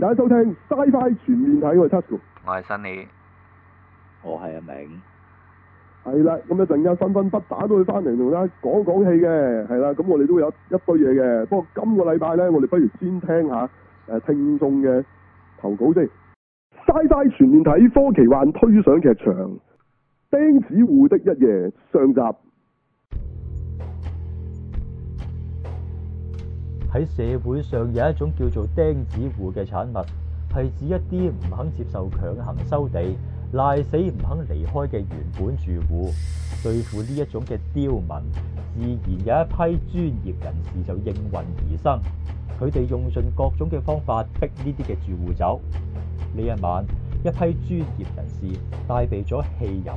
大家收聽《Sci-Fi 全面睇》，我係 Tasuku，我係 Sunny，我係阿明。係啦，咁一陣間分分不打都去翻嚟同大家講講戲嘅。係啦，咁我哋都會有一堆嘢嘅。不過今個禮拜呢，我哋不如先聽下誒聽眾嘅投稿先，《Sci Fi< 樂>全面睇》科奇幻推上劇場，《釘子戶的一夜》上集。喺社會上有一種叫做釘子戶嘅產物，係指一啲唔肯接受強行收地、賴死唔肯離開嘅原本住戶。對付呢一種嘅刁民，自然有一批專業人士就應運而生。佢哋用盡各種嘅方法逼呢啲嘅住戶走。呢一晚，一批專業人士帶備咗汽油、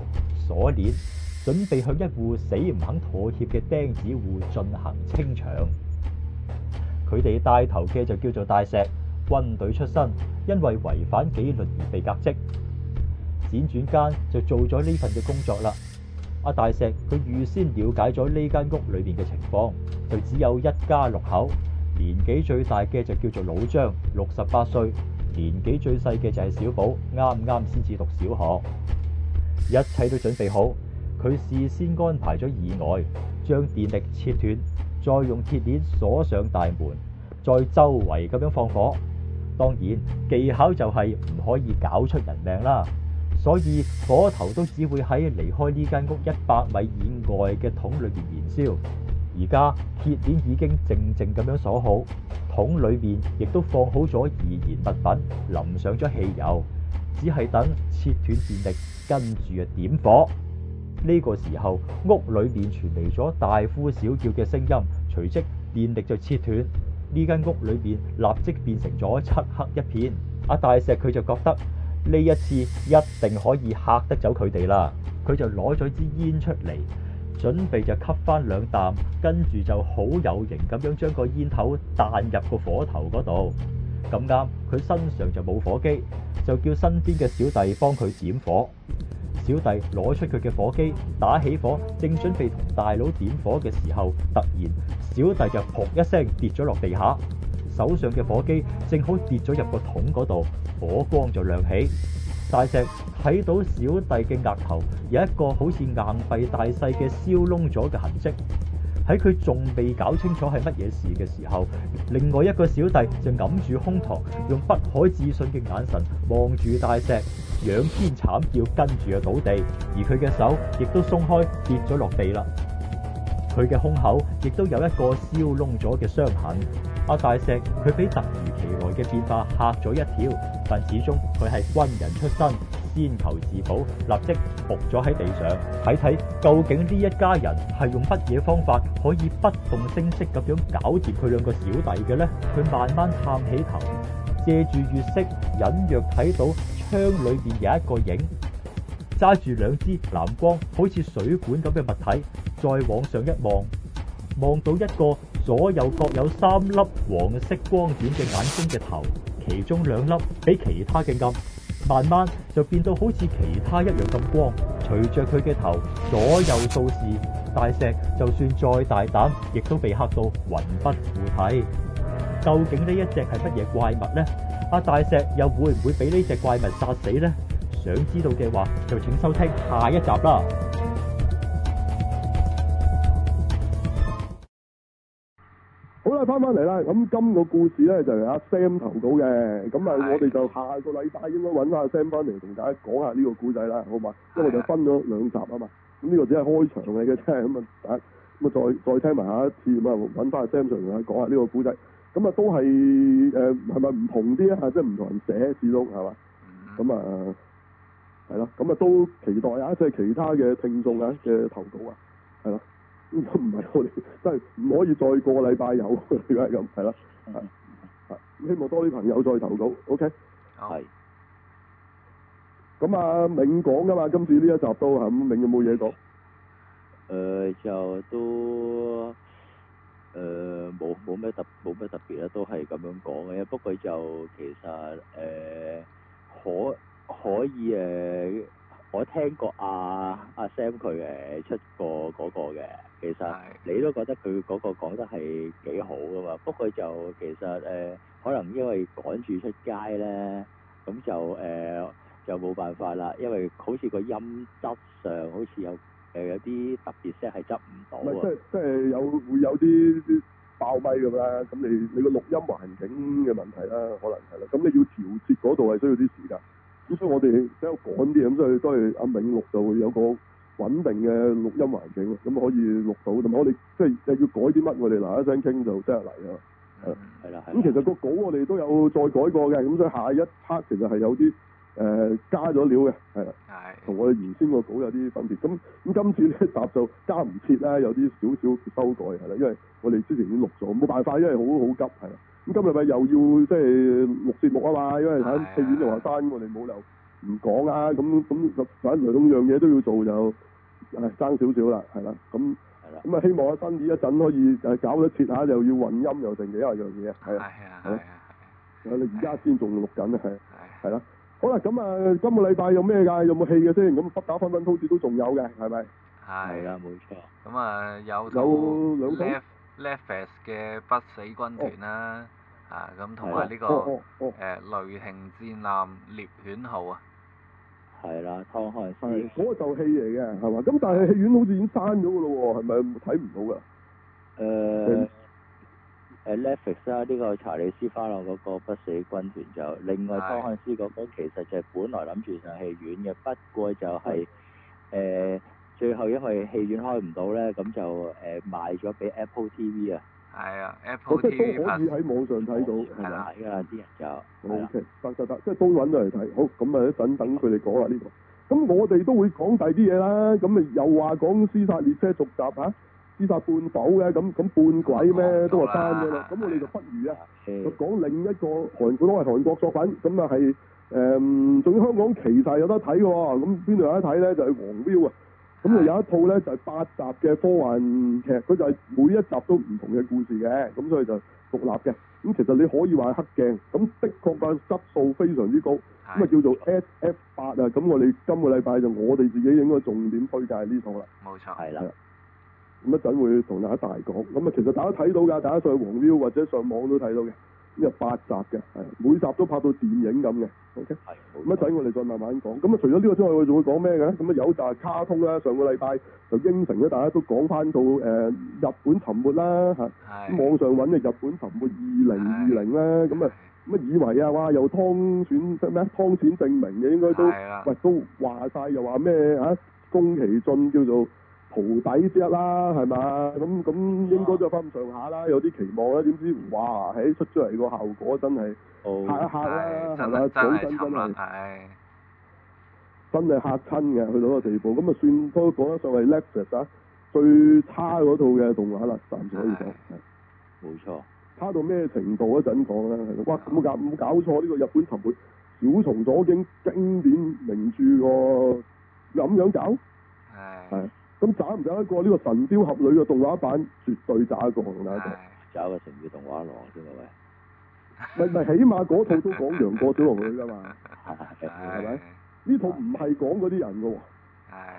鎖鏈，準備向一戶死唔肯妥協嘅釘子戶進行清場。佢哋帶頭嘅就叫做大石，軍隊出身，因為違反紀律而被革職。輾轉間就做咗呢份嘅工作啦。阿大石佢預先了解咗呢間屋裏邊嘅情況，就只有一家六口，年紀最大嘅就叫做老張，六十八歲；年紀最細嘅就係小寶，啱啱先至讀小學。一切都準備好，佢事先安排咗意外，將電力切斷。再用鐵鏈鎖上大門，再周圍咁樣放火，當然技巧就係唔可以搞出人命啦。所以火頭都只會喺離開呢間屋一百米以外嘅桶裏邊燃燒。而家鐵鏈已經靜靜咁樣鎖好，桶裏面亦都放好咗易燃物品，淋上咗汽油，只係等切斷電力，跟住啊點火。呢個時候，屋裏邊傳嚟咗大呼小叫嘅聲音，隨即電力就切斷，呢間屋裏邊立即變成咗漆黑一片。阿大石佢就覺得呢一次一定可以嚇得走佢哋啦，佢就攞咗支煙出嚟，準備就吸翻兩啖，跟住就好有型咁樣將個煙頭彈入個火頭嗰度。咁啱，佢身上就冇火機，就叫身邊嘅小弟幫佢點火。小弟攞出佢嘅火機打起火，正準備同大佬點火嘅時候，突然小弟就撲一聲跌咗落地下，手上嘅火機正好跌咗入個桶嗰度，火光就亮起。大石睇到小弟嘅額頭有一個好似硬幣大細嘅燒窿咗嘅痕跡，喺佢仲未搞清楚係乜嘢事嘅時候，另外一個小弟就揞住胸膛，用不可置信嘅眼神望住大石。仰天慘叫，跟住就倒地，而佢嘅手亦都鬆開，跌咗落地啦。佢嘅胸口亦都有一個燒窿咗嘅傷痕。阿、啊、大石佢俾突如其來嘅變化吓咗一跳，但始終佢係軍人出身，先求自保，立即伏咗喺地上睇睇究竟呢一家人係用乜嘢方法可以不動聲色咁樣搞掂佢兩個小弟嘅咧。佢慢慢探起頭，借住月色隱約睇到。箱裏邊有一個影，揸住兩支藍光，好似水管咁嘅物體，再往上一望，望到一個左右各有三粒黃色光點嘅眼睛嘅頭，其中兩粒比其他嘅暗，慢慢就變到好似其他一樣咁光。隨着佢嘅頭左右掃視，大石就算再大膽，亦都被吓到魂不附體。究竟呢一隻係乜嘢怪物呢？大石又會唔會俾呢隻怪物殺死咧？想知道嘅話，就請收聽下一集啦。好啦，翻翻嚟啦。咁、這、今個故事咧就係阿 Sam 投稿嘅。咁啊的，我哋就下個禮拜應該揾下 Sam 翻嚟同大家講下呢個故仔啦，好嘛？因為就分咗兩集啊嘛。咁呢的個只係開場嚟嘅啫。咁啊，咁啊，再再聽埋下一次，咁啊，揾翻 Sam 上嚟講下呢個故仔。咁、嗯、啊，都係誒，係咪唔同啲啊？即係唔同人寫，始終係嘛？咁、嗯、啊，係咯。咁、嗯、啊、嗯，都期待啊！即係其他嘅聽眾啊嘅投稿啊，係咯。唔唔係我哋，即係唔可以再過禮拜有，如果係咁，係、嗯、啦，係、嗯。啊、嗯，希望多啲朋友再投稿，OK 是。係、嗯。咁啊，銘講㗎嘛？今次呢一集都係咁，銘有冇嘢講？誒、呃，就都。誒，冇冇咩特冇咩特別啦，都係咁樣講嘅。不過就其實誒、呃、可可以誒、呃，我聽過阿、啊、阿、啊、Sam 佢誒出過嗰個嘅，其實你都覺得佢嗰個講得係幾好㗎嘛。不過就其實誒、呃，可能因為趕住出街咧，咁就誒、呃、就冇辦法啦，因為好似個音質上好似有。誒有啲特別聲係執唔到，唔係，即係即係有會有啲啲爆咪咁啦，咁你你個錄音環境嘅問題啦，可能係啦。咁你要調節嗰度係需要啲時間。咁所以我哋比較趕啲，咁所以都係阿明錄，就會有個穩定嘅錄音環境，咁可以錄到。同埋我哋即係要改啲乜，我哋嗱一聲傾就即刻嚟啊！係啦係啦。咁其實個稿我哋都有再改過嘅，咁所以下一 part 其實係有啲。誒加咗料嘅，係啦，同我哋原先個稿有啲分別。咁咁今次呢集就加唔切啦，有啲少少修改係啦，因為我哋之前已經錄咗，冇辦法，因為好好急係啦。咁今日咪又要即係錄節目啊嘛，因為喺戲院就話刪我哋冇理由唔講啦。咁咁反來咁樣嘢都要做就係爭少少啦，係啦。咁咁啊，希望阿新呢一陣可以誒搞得切下，又要混音又剩幾啊樣嘢，係啊，係你而家先仲錄緊啊，係係啦。好啦，咁啊，今個禮拜有咩噶？有冇戲嘅先？咁《不打分分》好似都仲有嘅，係咪？係啊，冇錯。咁啊，有 ef, 有兩套。Netflix 嘅《不死軍團》啦，啊，咁同埋呢個誒《雷霆戰艦獵犬號》啊。係啦，湯漢斯嗰個就戲嚟嘅，係嘛？咁但係戲院好似已經閂咗噶咯喎，係咪睇唔到噶？誒、呃。誒 Netflix 啊，呢個查理斯花浪嗰個不死軍團，就另外方翰斯嗰個，其實就係本來諗住上戲院嘅，不過就係誒最後因為戲院開唔到咧，咁就誒賣咗俾 Apple TV 啊。係啊，Apple TV 都可以喺網上睇到。係啊，啲人就 O K，得就得，即係都揾到嚟睇。好，咁啊，等等佢哋講啦呢個。咁我哋都會講第啲嘢啦。咁咪又話講《屍殺列車》續集啊。司法半島嘅咁咁半鬼咩都話刪咗啦，咁我哋就不如啊，就講另一個韓國，都係韓國作品，咁啊係誒，仲、呃、有香港其實有得睇喎，咁邊度有得睇呢？就係、是、黃標啊，咁就有一套呢，就係八集嘅科幻劇，佢就係每一集都唔同嘅故事嘅，咁所以就獨立嘅。咁其實你可以話係黑鏡，咁的確個質素非常之高，咁啊叫做 SF8 啊，咁我哋今個禮拜就我哋自己應該重點推介呢套啦，冇錯，係啦。一陣會同大家大講？咁啊，其實大家睇到㗎，大家上黃標或者上網都睇到嘅。呢啊，八集嘅，係每集都拍到電影咁嘅。O K，係一陣我哋再慢慢講。咁啊，除咗呢個之外，我仲會講咩嘅？咁啊，有就係卡通啦。上個禮拜就應承咗大家都講翻到誒日本沉沒啦嚇。係的。網上揾嘅日本沉沒二零二零啦，咁啊乜以為啊哇又湯淺咩咧？湯淺政明嘅應該都的喂都話晒，又話咩嚇？宮崎駿叫做。塗底啲啦，係嘛？咁咁應該都係翻上下啦，有啲期望啦，點知哇，喺出出嚟個效果真係嚇一嚇啦，係嘛？講真真係真係嚇親嘅，去到個地步咁啊，算都講得上 l 作為叻嘅啦，最差嗰套嘅動畫啦，暫時可以講。冇錯，差到咩程度一陣講啦。哇！咁夾冇搞錯呢個日本沉沒《小松左京》經典名著喎，咁樣搞係。咁打唔打得過呢個神雕俠侶嘅動畫版？絕對打一個紅眼度，打一個神雕動畫來添啊喂！咪咪 起碼嗰套都講楊過小龍女噶嘛，係咪？套哎、呀呢套唔係講嗰啲人嘅喎，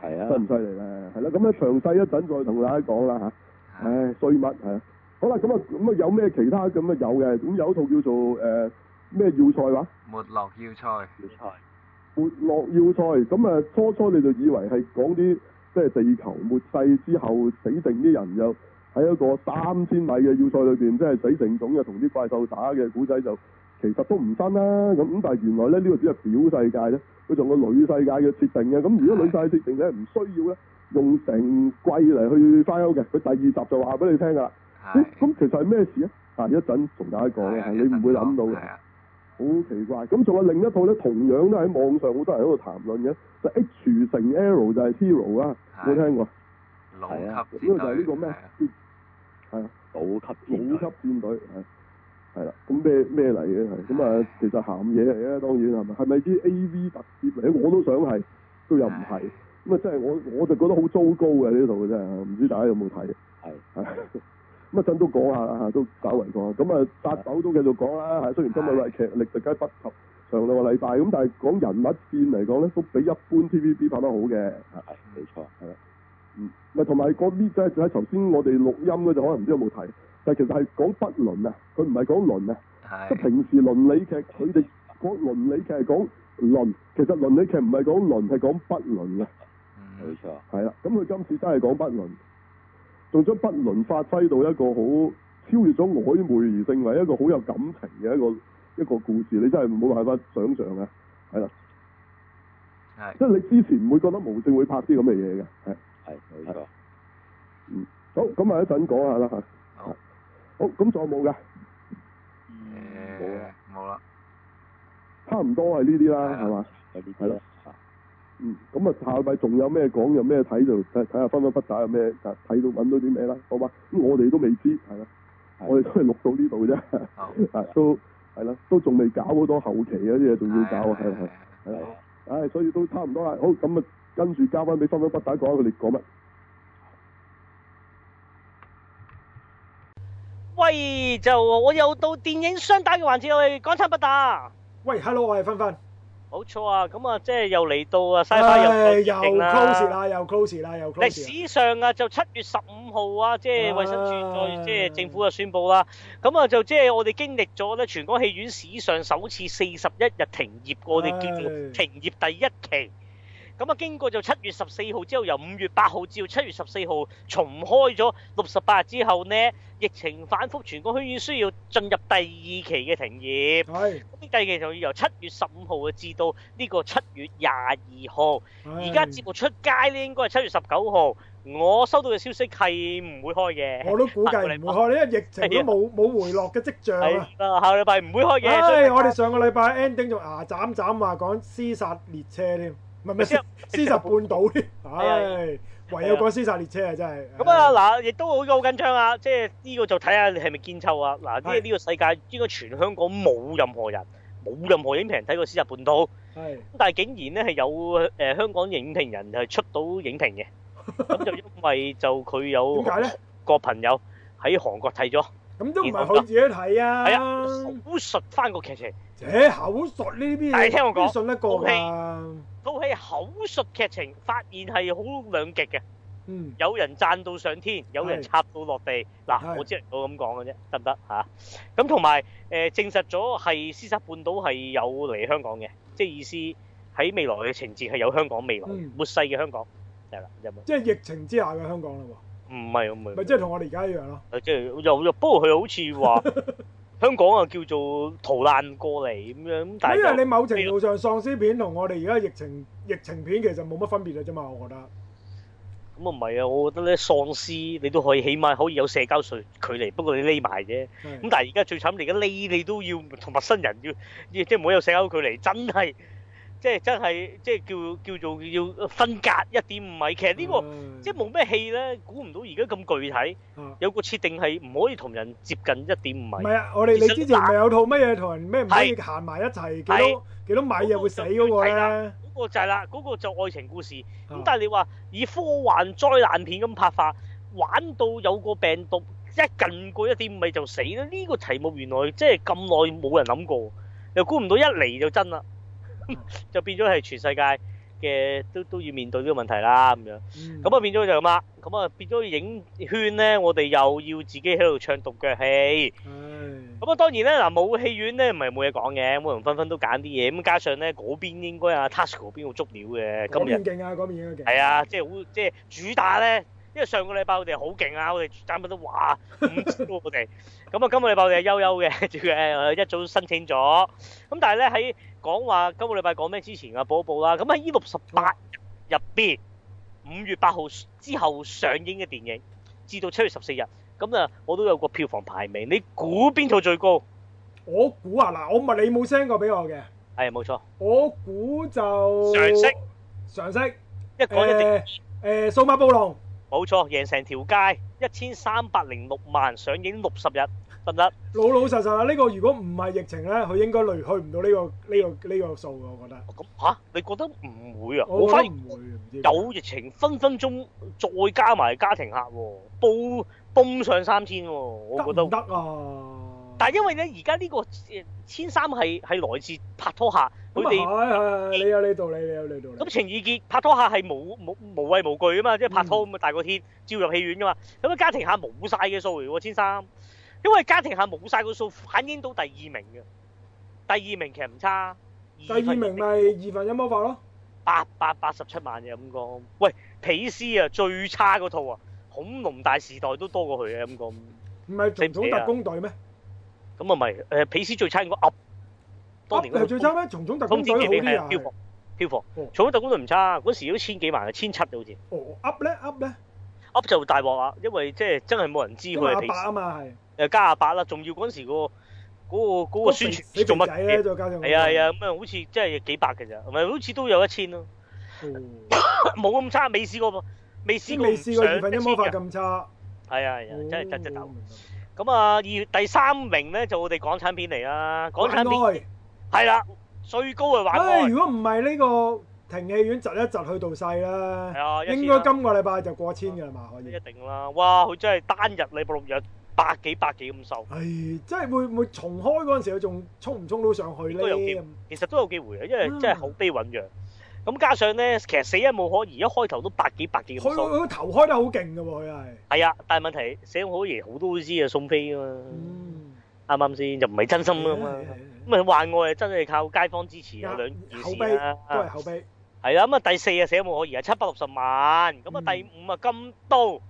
係啊， 犀唔犀利咧？係啦，咁咧詳細一陣再同大家講啦吓，唉、哎，衰物係啊！好啦，咁啊咁啊，有咩其他咁啊有嘅？咁有一套叫做誒咩、呃、要塞話？沒落要塞，要菜塞，沒落要塞。咁啊，初，初初你就以為係講啲。即係地球末世之後死剩啲人，又喺一個三千米嘅要塞裏邊，即係死剩種嘅同啲怪獸打嘅古仔，就其實都唔新啦。咁咁，但係原來咧呢、呢個只係表世界咧，佢仲個女世界嘅設定嘅。咁如果女世界設定咧唔是的 需要咧，用成季嚟去 fight 嘅，佢第二集就話俾你聽噶啦。咁是的、欸、其實係咩事啊？啊，一陣同大家講，的你唔會諗到好奇怪，咁仲有另一套咧，同樣都喺網上好多人喺度談論嘅，就 H 乘 L 就係 Hero 啦，有冇聽過？老級戰隊，就係呢個咩？係啊，老級老級戰隊係係啦，咁咩咩嚟嘅係，咁啊，其實鹹嘢嚟嘅，當然係咪？係咪啲 AV 特輯嚟？我都想係，都又唔係，咁啊，即係我我就覺得好糟糕嘅呢度真係，唔知大家有冇睇？係。乜真都講下啦，都搞圍講。咁、嗯、啊，達手都繼續講啦。嚇，雖然今日劇力特級不及上兩個禮拜，咁但係講人物線嚟講咧，都比一般 TVB 拍得好嘅。係、哎，冇錯。係咯。嗯。咪同埋個咩咧？睇頭先我哋錄音嗰陣，可能唔知有冇睇。但係其實係講不倫啊，佢唔係講倫啊。即係的平時倫理劇，佢哋講倫理劇係講倫。其實倫理劇唔係講倫，係講不倫啊。冇、嗯、錯。係啦，咁、嗯、佢今次真係講不倫。仲將不倫發揮到一個好超越咗我曖昧，而成為一個好有感情嘅一個一個故事。你真係冇辦法想象啊！係啦，係，即係你之前唔會覺得無綫會拍啲咁嘅嘢嘅，係係係嗯，好，咁啊一陣講下啦，係，好，咁仲有冇嘅？冇冇啦，差唔多係呢啲啦，係嘛？係呢啲咯。嗯，咁啊下個禮拜仲有咩講有咩睇就睇睇下分分不打有咩睇到揾到啲咩啦，好嘛？咁我哋都未知，係啦，我哋都係錄到呢度啫，都係啦，都仲未搞好多後期嗰啲嘢，仲要搞，係係係，唉，所以都差唔多啦。好，咁啊跟住交翻俾分分不打講，佢哋講乜？喂，就我又到電影雙打嘅環節，我係港產不打。喂，Hello，我係分分。冇錯啊！咁啊，即係又嚟到啊，曬翻入冬型啦，又 close 啦，又 close 啦，又 close 啦。歷史上啊，就七月十五號啊，即係衞生署再即係政府啊，宣佈啦。咁啊，就即係我哋經歷咗咧，全港戲院史上首次四十一日停業，我哋叫做停業第一期。咁啊，經過就七月十四號之後，由五月八號至到七月十四號重開咗六十八日之後咧。疫情反覆，全港戲院需要進入第二期嘅停業。係咁，第二期就要由七月十五號啊，至到呢個七月廿二號。而家節目出街咧，應該係七月十九號。我收到嘅消息係唔會開嘅。我都估計你唔開，因為疫情都冇冇回落嘅跡象啊。下個禮拜唔會開嘅。所以，我哋上個禮拜 ending 仲牙斬斬啊，講屍殺列車添，唔係唔係屍殺半島添，唉。唯有講《屍殺列車》。嗯嗯、啊，真係咁啊！嗱，亦都好好緊張啊！即係呢個就睇下你係咪堅抽啊！嗱、啊，呢是個世界應該全香港冇任何人冇任何影評人睇過私《屍殺半島》，但係竟然咧係有誒、呃、香港影評人係出到影評嘅，咁 就因為就佢有個朋友喺韓國睇咗。咁都唔係好自己睇啊！口述翻個劇情，誒口述呢啲嘢，你聽我講，信得過嘛？都係口述劇情，發現係好兩極嘅。嗯。有人讚到上天，有人插到落地。嗱，我只係我咁講嘅啫，得唔得嚇？咁同埋誒，證實咗係屍殺半島係有嚟香港嘅，即係意思喺未來嘅情節係有香港未來末世嘅香港，係啦，有冇？即係疫情之下嘅香港啦喎。唔係唔係，即係同我哋而家一樣咯、啊。即係又不過佢好似話香港啊，叫做逃難過嚟咁樣咁， 但係因為你某程度上喪屍 片同我哋而家疫情疫情片其實冇乜分別嘅啫嘛，我覺得咁啊唔係啊，我覺得咧喪屍你都可以起碼可以有社交距距離，不過你匿埋啫。咁的但係而家最慘你而家匿你都要同陌生人要即係唔好有社交距離，真係。即係真係，即係叫叫做要分隔一點五米。其實、呢個嗯、呢個即係冇咩戲咧，估唔到而家咁具體。嗯、有個設定係唔可以同人接近一點五米。唔係啊，我哋你之前咪有套乜嘢同人咩唔可以行埋一齊？幾多幾多米又會死嗰個咧？嗰個就係啦，嗰、嗰個嗰個就愛情故事。咁、嗯、但係你話以科幻災難片咁拍法，玩到有個病毒一近過一點五米就死咧。呢、呢個題目原來即係咁耐冇人諗過，又估唔到一嚟就真啦。 就變咗係全世界嘅都都要面對呢個問題啦，咁、嗯、樣，咁啊變咗就咁啦，咁啊變咗影圈咧，我哋又要自己喺度唱獨角戲，咁啊當然咧嗱，冇戲院咧唔係冇嘢講嘅，冇人紛紛都揀啲嘢，咁加上咧嗰邊應該啊 t u s c o 邊會捉料嘅，今日勁啊，邊係啊，即係好即係主打咧。因為上個禮拜我哋好勁啊，我哋賺咗都話五千喎，我哋咁啊，今個禮拜我哋悠悠嘅，主要係一早申請咗。咁但係咧喺講話今個禮拜講咩之前啊，報一報啦。咁喺呢六十八入邊，五月八號之後上映嘅電影，至到七月十四日，咁啊，我都有個票房排名。你估邊套最高？我估啊嗱，我問你冇 send 過俾我嘅。係冇錯。我估就常識，常識一講一定誒數碼暴龍。冇錯，贏成條街一千三百零六萬，上映六十日得唔得？行行老老實實啦，呢、這個如果唔係疫情咧，佢應該累去唔到呢、這個呢、這個呢、這個數嘅，我覺得。咁嚇、啊？你覺得唔會啊？我，我反得唔有疫情分分鐘再加埋家庭客，暴崩上三千喎，我覺得。得唔得啊？但係因為咧，而家呢個千三係係來自拍拖客，佢哋麼們你有你道理，你有你道理。咁情意結拍拖客係冇冇無畏無懼啊嘛，即係拍拖咁啊大過天，嗯、照入戲院噶嘛。咁、那、啊、個、家庭下冇晒嘅數嚟喎，千三，因為家庭下冇晒個數反映到第二名嘅，第二名其實唔差。第二名咪二分一魔法咯，八百八十七萬嘅咁講。喂，鄙視啊，最差嗰套啊，恐龍大時代都多過佢嘅咁講。唔係仲有特工隊咩？是咁啊咪誒皮斯最差應該噏，當年嗰個，通天記皮咪飄浮，飄浮，除咗特工隊唔差，嗰時都千幾萬啊，千七啊好似。哦噏咧噏咧，噏就大鑊啊，因為即係真係冇人知佢係皮斯。廿八啊嘛係，加廿八啦，仲要嗰時個嗰個宣傳，做乜嘢？係啊係啊，咁啊好似真係幾百嘅咋，唔係好似都有一千咯。冇咁差，未試過噃，未試未試過月份嘅咁差。係啊係啊，真係得真牛。咁啊，二月第三名咧就我哋港產片嚟啦，港產片係啦愛，最高嘅話，誒、哎，如果唔係呢個停氣，院經窒一窒去到細啦。係啊，應該今個禮拜就過千嘅啦嘛，可以。啊、一定啦！哇，佢真係單日禮拜六日百幾百幾咁收。唉、哎，真係會唔會重開嗰陣時候，佢仲衝唔衝到上去咧？都有機會，其實都有機會嘅，因為真係口碑醞釀。嗯咁加上咧，其實死因冇可疑，一開頭都百幾百幾咁收。佢佢頭開得好勁㗎喎，佢係。係啊，但係問題死因冇可疑好多都知啊，送飛㗎嘛。啱啱先？就唔係真心㗎嘛。咁咪話我真係靠街坊支持，有兩件事都係口碑。係啦，咁啊第四啊死因冇可疑啊七百六十萬，咁啊第五啊咁刀。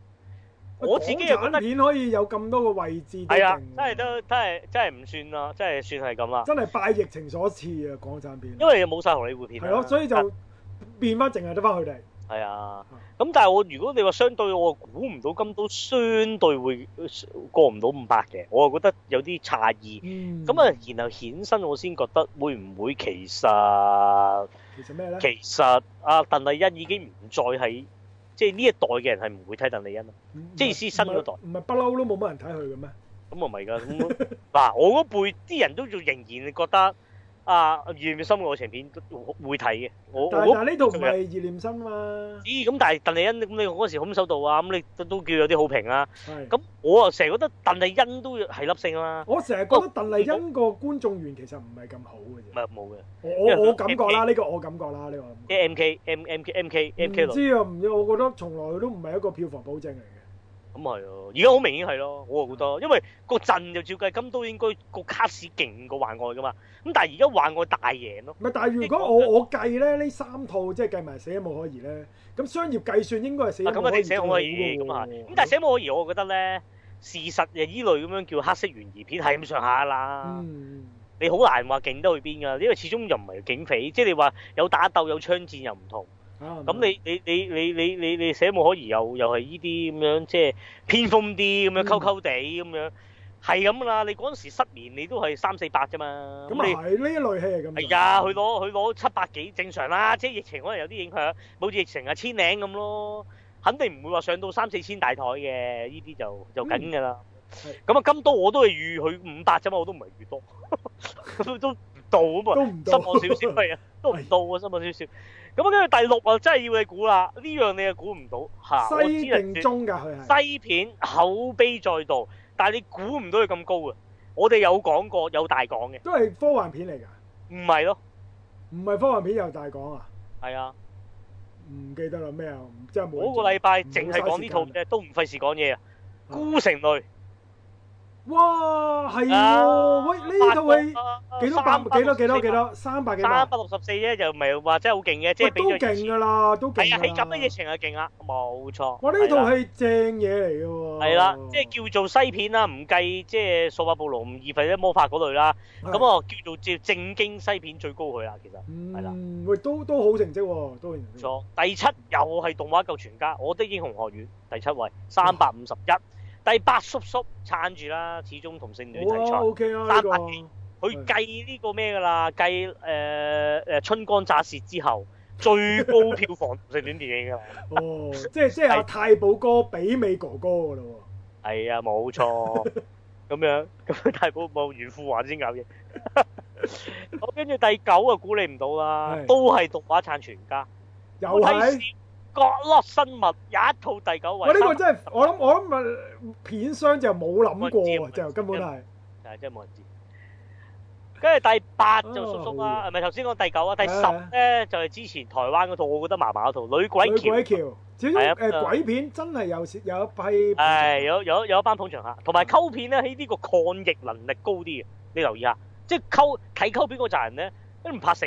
我自己又覺得。片可以有咁多個位置。係啊，真係都真係真係唔算啦，真係算係咁啦。真係拜疫情所賜啊！港產片。因為冇晒荷里活片。係咯，所以就。變翻淨係得翻佢哋，係啊。咁但係我如果你話相對，我估唔到咁多，相對會過唔到五百嘅，我就覺得有啲詫異。咁啊、嗯，然後衍生我先覺得會唔會其實其實咩咧？其實阿、啊、鄧麗欣已經唔再係即係呢一代嘅人係唔會睇鄧麗欣，啊。即係新嗰代。唔係不嬲都冇乜人睇佢嘅咩？咁啊唔係㗎，嗱我嗰輩啲人都仲仍然覺得。啊，葉念琛愛情片會睇嘅，我我但係呢度唔係葉念琛嘛。咦，咁但係鄧麗欣咁你嗰時《空手道》啊，咁你都都叫有啲好評啊。係。咁我啊成日覺得鄧麗欣都係粒星啊嘛。我成日覺得鄧麗欣個觀眾緣其實唔係咁好嘅。唔係冇嘅。我我感覺啦，呢個我感覺啦，呢個。M K M M K M K M K。唔知啊，唔知，我覺得從來都唔係一個票房保證嚟。咁係咯，而家好明顯係咯，好過好多！因為個陣就照計，咁都應該個卡士勁過幻外噶嘛。咁但係而家幻外大贏咯。唔係，但係如果我這樣 我計咧，呢三套即係計埋《死無可疑》咧，咁商業計算應該係《死無可疑》最好嘅喎。咁啊，咁但係《死無可疑》，疑我覺得咧，事實係依類咁樣叫黑色懸疑片係咁、就是、上下啦。嗯。你好難話勁得去邊㗎？因為始終又唔係警匪，即係你話有打鬥有槍戰又唔同。咁、啊、你你你你你你你寫冇可疑又又係依啲咁樣，即係偏風啲咁樣，溝溝地咁樣，係咁啦。你嗰時失眠，你都係三四百啫嘛。咁、嗯、你係呢一類戲係咁。係呀，佢攞佢攞七百幾正常啦，即係疫情可能有啲影響，冇似疫情啊千零咁咯，肯定唔會話上到三四千大台嘅，依啲就就梗㗎啦。咁啊、嗯、金刀我都係預佢五百啫嘛，我都唔係預多。 都到咁啊，失望少少係啊，都唔到啊，失望少少。咁啊，跟住第六啊，真係要你估啦，呢樣你又估唔到吓。西定中㗎係西片口碑在度，但係你估唔到佢咁高啊！我哋有講過有大講嘅。都係科幻片嚟㗎？唔係咯，唔係科幻片又大講啊？係啊的，唔記得啦咩啊？即係冇嗰個禮拜淨係講呢套都唔費事講嘢啊！孤城淚。哇，係喎！喂，呢套戲幾多百？幾多幾多幾多？三百幾萬？三百六十四啫，又唔係話真係好勁嘅，即係比最勁噶啦，都勁，係啊！喺咁嘅疫情係勁啊，冇錯。我呢套係正嘢嚟嘅喎。係啦，即係叫做西片啦，唔計即係數碼暴龍二或者魔法嗰類啦。咁我叫做叫正經西片最高佢啦，其實係啦，喂，都都好成績喎，當然冇錯。第七又係動畫夠全家，我的英雄學院第七位，三百五十一。第八，叔叔撐住啦，始終同性戀比賽三百幾，佢計呢個咩噶啦？計誒誒春光乍泄之後最高票房性戀電影噶 哦，即係即係太保哥比美國哥哥噶啦。係啊，冇錯。咁 樣咁太保冇袁富華先搞嘢。咁跟住第九啊，估你唔到啦，都係動畫撐全家。又係是。角落生物有一套第九位，呢個真係我諗我諗咪片商就冇諗過就根本都係，係真冇人知。跟住第八就叔叔啦，係咪？頭先講第九啊，第十咧就係之前台灣嗰套，我覺得麻麻嗰套女鬼橋，係啊，誒鬼片真係有有一批，係有有有一班捧場客，同埋溝片咧喺呢個抗疫能力高啲嘅，你留意下，即係溝睇溝邊個賺咧，都唔怕死，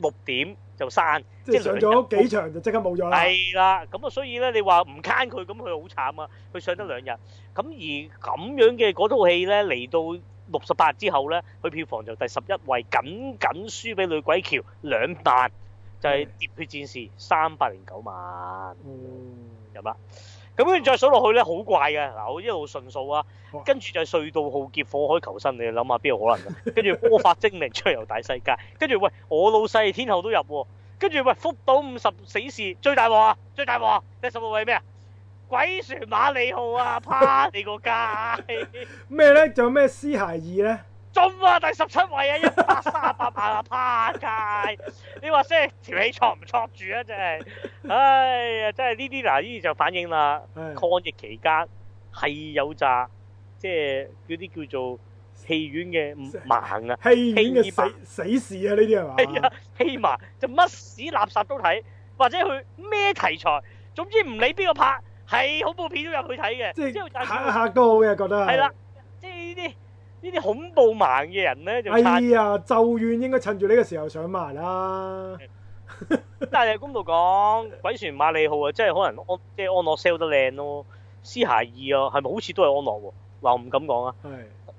六點就散，即係上咗幾場就即刻冇咗啦。係啦，咁啊，所以咧，你話唔撐佢，咁佢好慘啊。佢上咗兩日，咁而咁樣嘅嗰套戲咧，嚟到六十八之後咧，佢票房就第十一位，僅僅輸俾女鬼橋兩萬，就係《喋血戰士》三百零九萬，咁啦。咁跟住再數落去咧，好怪嘅。嗱，我一路順數啊，哇跟住就係隧道浩劫火海求生，你諗下邊度可能？跟住魔法精靈出遊大世界， 跟住喂我老細天后都入喎、啊，跟住喂福島五十死士最大鑊啊，最大鑊啊，第十六位咩啊？鬼船馬里號啊，趴 你個街！咩 咧？仲有咩屍鞋二咧？中啊！第十七位啊，一百三十八萬啊，仆街！你話先，條氣挫唔挫住啊？真係，唉，呀，真係呢啲嗱，呢就反映啦，抗疫期間係有扎即係嗰啲叫做戲院嘅盲啊，戲院嘅死死事啊！呢啲係嘛？係啊嗎，戲麻就乜屎垃圾都睇，或者佢咩題材，總之唔理邊個拍，係恐怖片都入去睇嘅，嚇嚇、就係、都好嘅、啊，覺得係啦，即係呢啲。呢啲恐怖盲嘅人咧就哎呀，咒怨應該趁住呢個時候上埋啦。但係公道度講《鬼船馬里號》啊，即係可能安即係安樂 sell 得靚咯，《屍骸二》啊，係咪好似都係安樂喎？嗱，我唔敢講啊。係。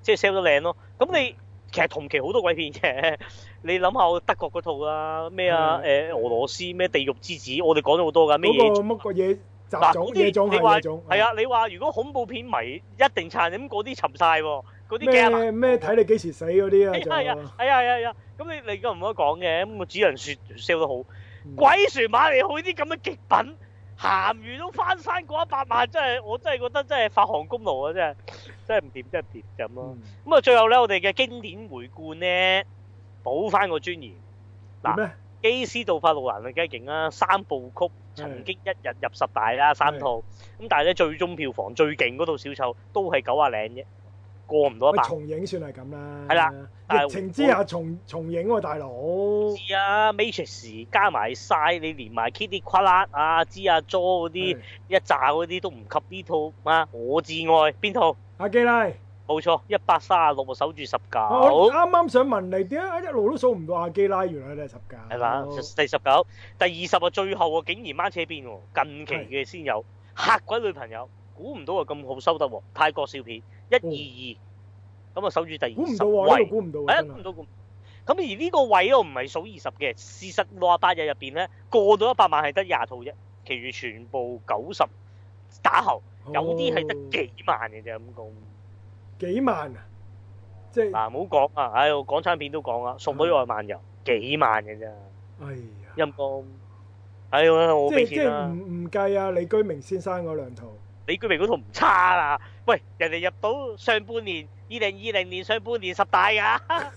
即係 sell 得靚咯。咁、嗯、你其實同期好多鬼片嘅，你諗下我德國嗰套啦，咩啊？誒、呃，俄羅斯咩《地獄之子》？我哋講咗好多㗎，咩嘢？嗰乜個嘢雜種，種？你話係啊？你話如果恐怖片迷一定撐，咁嗰啲沉曬喎。嗰啲鏡啊，咩睇你幾時死嗰啲啊？係啊係啊係啊咁你你而家唔好講嘅咁我只能說笑得好鬼船馬嚟去啲咁嘅極品鹹魚都翻山過一百萬，真係我真係覺得真係發行功勞啊！真係真係唔掂真係掂咁咯。咁啊、嗯，最後咧我哋嘅經典回顧呢，補翻個尊嚴嗱，麼基斯杜化路蘭啊，梗係勁啦。三部曲曾經一日入十大啦，三套咁，的但係咧最終票房最勁嗰套小丑都係九啊零啫。過唔到一百重影算係咁啦，係啦，疫情之下重重影喎、啊，大佬。知啊，Matrix 加埋晒，你連埋 Kitty Quat 啊、知、啊，啊 Jo 嗰啲一紮嗰啲都唔及呢套嘛。我至愛邊套？阿基拉。冇錯，一百三十六，我守住十九。我啱啱想問你點解一路都數唔到阿基拉，原來佢哋係十九，係嘛？第十九，第二十啊，最後竟然掹車邊喎？近期嘅先有嚇鬼女朋友，估唔到啊咁好收得喎，泰國笑片。一二二，咁、哦、啊守住第二十位。估唔到估唔到嘅。估唔到咁。咁而呢個位我唔係數二十嘅。事實六啊八日入邊咧，過到一百萬係得廿套啫，其餘全部九十打後，哦、有啲係得幾萬嘅啫。陰、那、公、個、幾萬啊？嗱，唔好講啊！唉，港、哎、產片都講啊，送到外漫遊幾萬嘅啫。陰公、哎呀，唉、哎、呀，我俾錢唔唔計啊李居明先生嗰兩套。李居明嗰套唔差啊！喂，人哋入到上半年二零二零年上半年十大噶，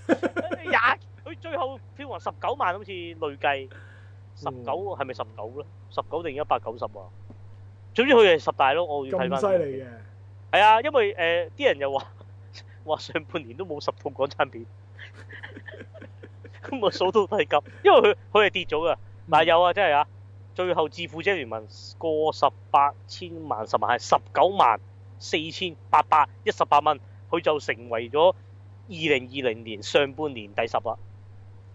廿佢最後票房十九萬，好似累計十九係咪十九咧？十九定一百九十啊？總之佢係十大咯。我要睇返咁犀利嘅係啊，因為誒啲、呃、人又話話上半年都冇十套港產片咁啊， 數到都係咁，因為佢佢係跌咗噶，唔、嗯、有啊，真係啊，最後《致富者聯盟》過十八千萬十萬係十九萬。四千八百一十八蚊，佢就成為咗二零二零年上半年第十啦，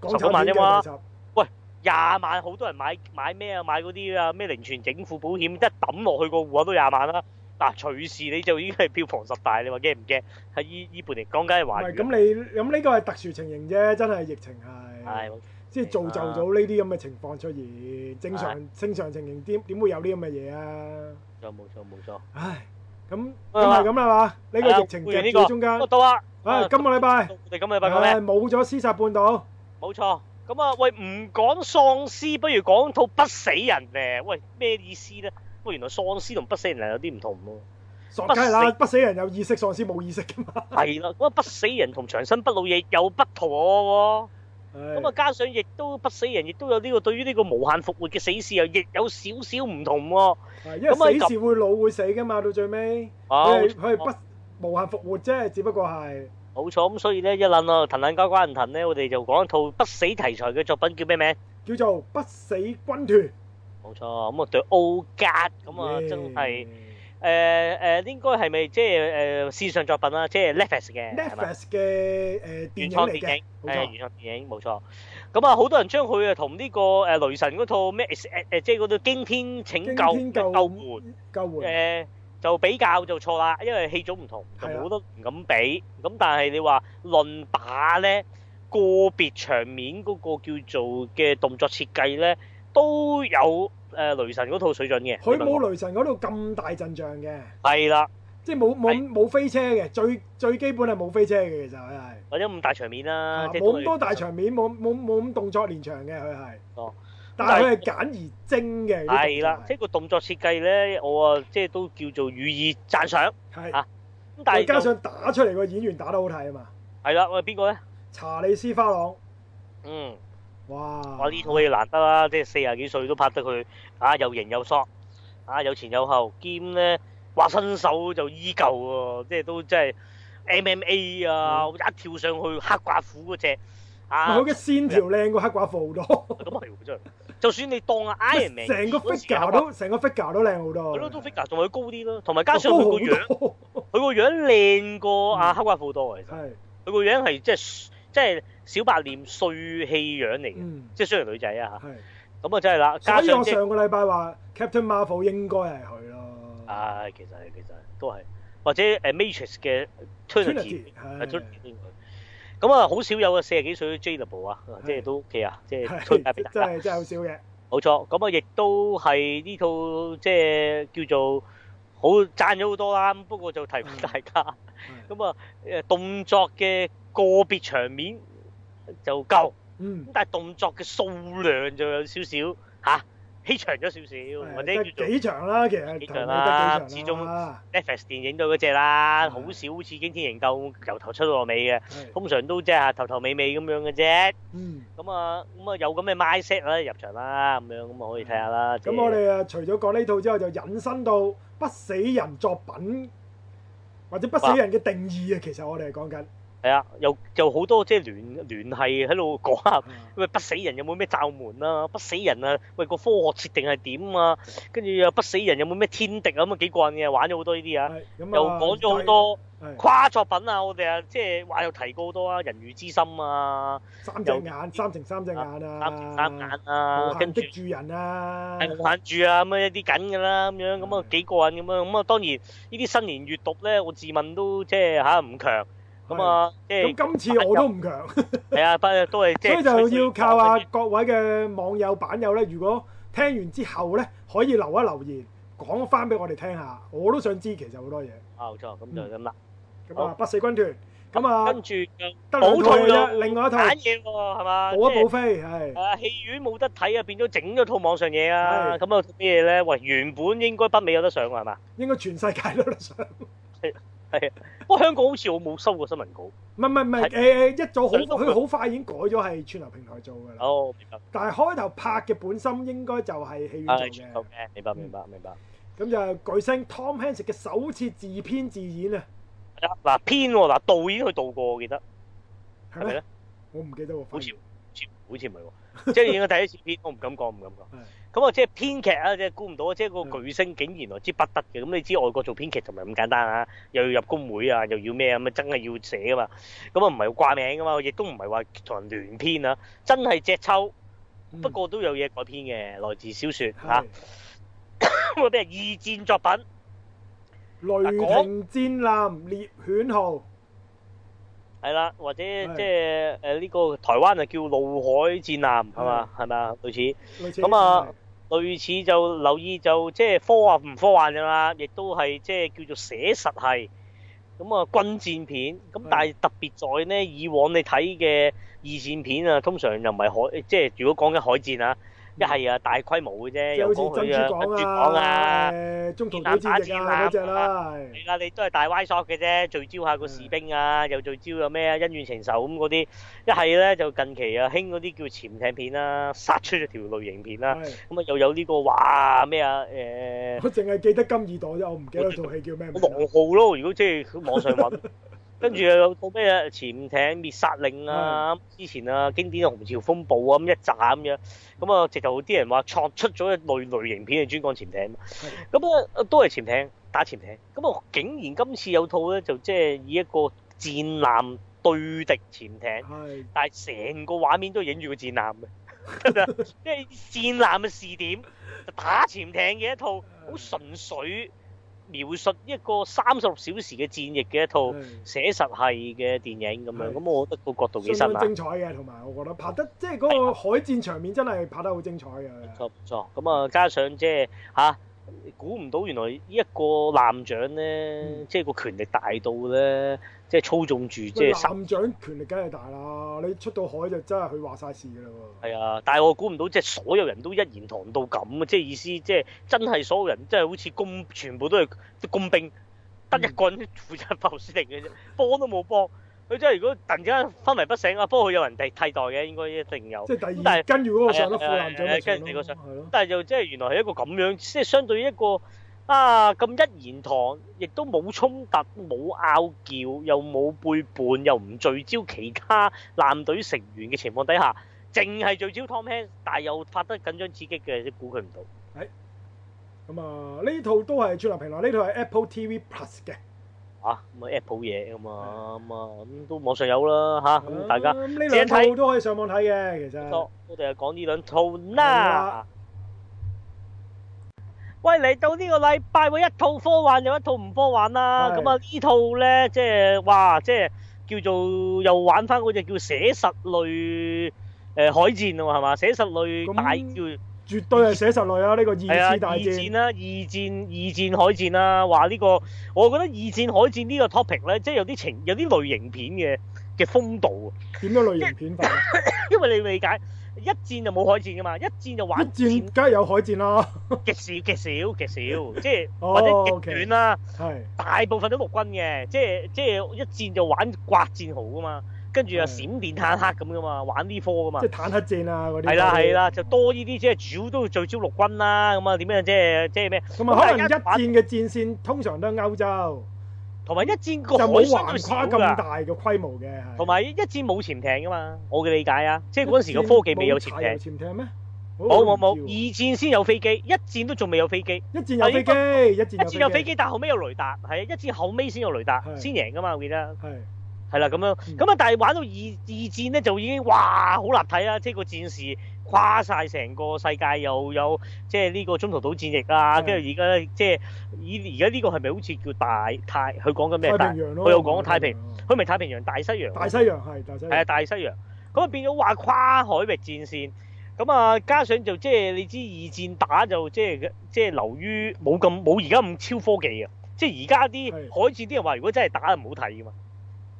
十九萬啫嘛。十喂，廿萬好多人買買咩啊？買嗰啲啊咩零存整付保險，一抌落去個戶口都廿萬啦。嗱、啊，隨時你就已經係票房十大，你話驚唔驚？喺依依半年講緊係話咁，你咁呢個係特殊情形啫，真係疫情係，哎、okay，即係造就咗呢啲咁嘅情況，出現正常、哎、正常情形點點會有呢咁嘅嘢啊？冇錯冇錯，唉。咁咁係咁啦嘛，呢個疫情就喺中間。到啊，唉，今個禮拜，我哋今個禮拜冇咗《屍殺半島》。冇錯，咁啊喂，唔講喪屍，不如講套不死人咧。喂，咩意思咧？喂，原來喪屍同不死人係有啲唔同咯。梗係啦，不死人有意識，喪屍冇意識噶嘛。係啦，不死人同長生不老嘢有不同喎。咁啊，加上亦都不死人，亦都有呢個對於呢個無限復活嘅死侍，又亦有少少唔同喎。因為死侍會老會死嘅嘛，到最尾佢佢係不無限復活啫，只不過係冇錯。咁所以咧一諗啊，騰騰交關騰咧，我哋就講一套不死題材嘅作品叫咩名？叫做《不死軍團》。冇錯，咁啊對 O G，咁啊真係。誒誒、呃，應該係咪即係誒線上作品啦？即係 Netflix 嘅 n e 嘅誒、呃、原創電,錯、呃、電影，誒原創電影冇錯。咁、嗯、啊，好多人將佢啊同呢個誒雷神嗰套咩誒、呃，即係嗰套驚天拯救嘅救,救,救援，救援誒就比較就錯啦，因為戲種唔同，就冇得咁比。咁的但係你話論打咧，個別場面嗰個叫做嘅動作設計咧都有。誒，雷神嗰套水準嘅，佢冇雷神嗰套咁大陣仗嘅，係啦，即係冇冇冇飛車嘅，最最基本係冇飛車嘅，其實係，或者咁大場面啦，冇咁多大場面，冇冇冇咁動作連場嘅，佢係，哦，但係佢係簡而精嘅，係啦，即係個動作設計咧，我啊即係都叫做予以讚賞，係吓，咁但係加上打出嚟個演員打得好睇啊嘛，係啦，喂，邊個咧？查理斯花朗，嗯。哇！哇！呢套戲難得啦，即係四廿幾歲都拍得佢啊，又型又索，啊有前有後，兼咧話身手就依舊喎，即係都真係 MMA 啊，一跳上去黑寡婦嗰隻啊，佢嘅線條靚過黑寡婦好多，咁啊，真係。就算你當阿 Iron Man，成個 figure 都成個 figure 都靚好多。係咯，都 figure，仲會高啲咯，同埋加上佢個樣，佢個樣靚過阿黑寡婦多。其實係，佢個樣係即係即係。小白臉帥氣樣嚟嘅，即係雖然女仔啊嚇，咁啊真係啦。加上上個禮拜話 Captain Marvel 應該係佢咯。係，其實係其實都係，或者誒 Matrix 嘅 Trinity 咁啊好少有啊四十幾歲嘅 Jable 啊，即係都 OK 啊，即係推介俾大家，真係真係好少嘅。冇錯，咁啊亦都係呢套即係叫做好讚咗好多啦。不過就提翻大家，咁啊誒動作嘅個別場面。就夠，咁但係動作嘅數量就有少少嚇，起長咗少少，或者叫做幾長啦，其實幾長啦，始終 FX 電影都嗰隻啦，好少似《驚天營救》由頭出到落尾嘅，通常都即係嚇頭頭尾尾咁樣嘅啫。嗯，咁啊，咁啊有咁嘅 mindset 啦入場啦，咁樣咁啊可以睇下啦。咁我哋啊，除咗講呢套之後，就引申到不死人作品或者不死人嘅定義啊。其實我哋係講緊。係啊，又又好多即係聯聯繫喺度講下喂不死人有冇咩罩門啊？不死人啊，喂個科學設定係點啊？跟住又不死人有冇咩天敵啊？咁啊幾過癮嘅，玩咗好多呢啲啊，又講咗好多誇作品啊！我哋啊即係話又提過好多啊，《人魚之心》啊，三隻眼，三乘三隻眼啊，眼啊，跟住，住人啊，我眼住啊咁啊一啲緊㗎啦，咁樣咁啊幾過癮咁啊咁啊當然呢啲新年閲讀咧，我自問都即係嚇唔強。咁啊，即係咁今次我都唔強。係啊，都都係，所以就要靠阿各位嘅網友版友咧。如果聽完之後咧，可以留一留言，講翻俾我哋聽下，我都想知其實好多嘢。冇錯，咁就咁啦。咁啊，不死軍團。咁啊，跟住好脆咯，另外一套嘢喎，係嘛？冇得補飛，係。啊，戲院冇得睇啊，變咗整咗套網上嘢啊。咁啊，咩咧？喂，原本應該北美有得上嘅係嘛？應該全世界都有得上。係，我香港好似我冇收過新聞稿，唔係唔係唔係，誒一早好，佢好快已經改咗係串流平台做噶啦。哦，明白。但係開頭拍嘅本身應該就係戲院做嘅。好嘅，明白明白明白。咁就巨星 Tom Hanks 嘅首次自編自演啊。嗱，編嗱導演佢導過，我記得係咪咧？我唔記得喎，好似好似好似唔係喎，即係應該第一次編，我唔敢講唔敢講。咁啊，即係編劇啊，即係估唔到，即係個巨星竟然來之不得嘅。咁你知外國做編劇就唔係咁簡單啊，又要入工會啊，又要咩咁啊，真係要寫噶嘛。咁啊，唔係掛名噶嘛，亦都唔係話同人聯編啊，真係隻抽。不過都有嘢改編嘅，來自小說嚇。嗰啲二戰作品，《雷霆戰艦》、《獵犬號》。係啦，或者即係誒呢個台灣啊叫《怒海戰艦》係嘛？係咪啊？類似咁啊。類似就留意就即係科，科幻唔科幻㗎啦，亦都係即係叫做寫實，係咁啊，軍戰片咁，但係特別在呢以往你睇嘅二戰片啊，通常又唔係海即係如果講緊海戰啊。一係啊，大規模嘅啫，有講佢啊，跟住講啊，誒，中途島打仗嗰隻啦，係啦，你都係大歪 shot 嘅啫，聚焦下個士兵啊，又聚焦有咩啊，恩怨情仇咁嗰啲，一係咧就近期啊，興嗰啲叫潛艇片啦，殺出咗條類型片啦，咁啊又有呢個哇咩啊誒，我淨係記得金耳朵啫，我唔記得嗰套戲叫咩名，黃浩咯，如果即係網上揾。跟住又有套咩啊？潛艇滅殺令啊！嗯、之前啊，經典《紅潮風暴》啊，咁一集咁樣，咁啊，直頭有啲人話創出咗類類型片嘅專講潛艇。咁啊、嗯嗯，都係潛艇打潛艇。咁、嗯、啊，竟然今次有套咧，就即係以一個戰艦對敵潛艇，嗯、但係成個畫面都影住個戰艦嘅，即係、嗯、 戰艦嘅視點，打潛艇嘅一套好純粹。描述一個三十六小時嘅戰役嘅一套寫實系嘅電影咁的樣，咁我覺得個角度幾新啊！精彩嘅，同埋我覺得拍得即係嗰個海戰場面真係拍得好精彩嘅。唔錯唔錯，咁啊、嗯、加上即係嚇，估、啊、唔到原來呢一個艦長咧，即係、嗯、個權力大到咧。即係操縱住，以即係是船長權力，梗係大啦！你出到海就真係佢話晒事嘅啦喎。係啊，但係我估唔到，即係所有人都一言堂到咁。即係意思，即係真係所有人，即係好似工全部都係啲工兵，得一個人負責爆屍定嘅啫， 幫都冇幫。佢真係如果突然間昏迷不醒啊，不過佢有人替替代嘅，應該一定有。即係第二，但係是跟住嗰個上到副船長嘅。但係就即係原來係一個咁樣，即係相對於一個。啊咁一言堂，亦都冇衝突，冇拗撬，又冇背叛，又唔聚焦其他艦隊成員嘅情況底下，淨係聚焦 Tom Hanks，但又拍得緊張刺激嘅，都估佢唔到。係咁啊！呢套都係主流平台，呢套係 Apple TV Plus 嘅。啊，咁啊 Apple 嘢啊嘛，咁啊咁都網上有啦吓，咁大家。呢兩套都可以上網睇嘅，其實。我哋係講呢兩套啦。啊喂，嚟到呢個禮拜喎，會一套科幻又一套唔科幻啦。咁啊是，套呢套咧，即係哇，即係叫做又玩翻嗰隻叫寫實類誒、呃、海戰啊，係嘛？寫實類、嗯、大叫絕對係寫實類啊！呢二個二次大戰啦、啊，二戰二戰海戰啦、啊。話呢、呢個我覺得二戰海戰呢個 topic 咧，即係有啲情有啲類型片嘅嘅風度啊。點樣類型片法？ 因為你理解。一戰就冇海戰噶嘛，一戰就玩。一戰梗係戰有海戰啦 極，極少極少極少，即係、oh, 或者極短啦、啊。係 okay. 大部分都陸軍嘅，即係即係一戰就玩刮戰壕噶嘛，跟住又閃電坦克咁噶嘛，玩呢科噶嘛。即係坦克戰啊嗰啲。係啦係啦，就多呢啲即係主要都聚焦陸軍啦、啊，咁啊點樣，樣即係即係咩？咁啊可能一戰嘅戰線通常都係歐洲。同埋一戰就冇橫跨咁大嘅規模嘅，同埋一戰冇潛艇噶嘛，我嘅理解啊，即係嗰陣時個科技未有潛艇，潛艇咩？冇冇冇，二戰先有飛機，一戰都仲未有飛機，一戰有飛機，一戰有飛機，但係後尾有雷達，係啊，一戰後尾先有雷達，先贏噶嘛，我記得，係係啦咁樣，咁啊，但係玩到二二戰咧就已經哇好立體啦，即係個戰事。跨晒成個世界又有即係呢個中途島戰役啊，跟住而家咧即係而而家呢個係咪好似叫大太？佢講緊咩？太平洋佢又講太平洋，佢咪太，太平洋，大西洋。大西洋係大西洋。係啊，大西洋。咁啊變咗話跨海域戰線，咁啊加上就即係你知二戰打就即係即係流於冇咁冇而家咁超科技啊。即係而家啲海戰啲人話如果真係打唔好睇嘅嘛，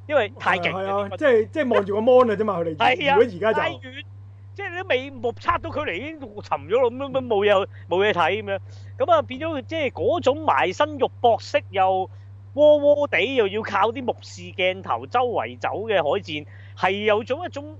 因為太勁即係即係望住個 mon 啊啫嘛，佢哋如果而家就對。即係你都未目測到距離已經沉咗咁樣，咁冇嘢冇嘢睇咁樣，咁啊變咗即係嗰種埋身肉搏式又窩窩地又要靠啲目視鏡頭周圍走嘅海戰，係有種一種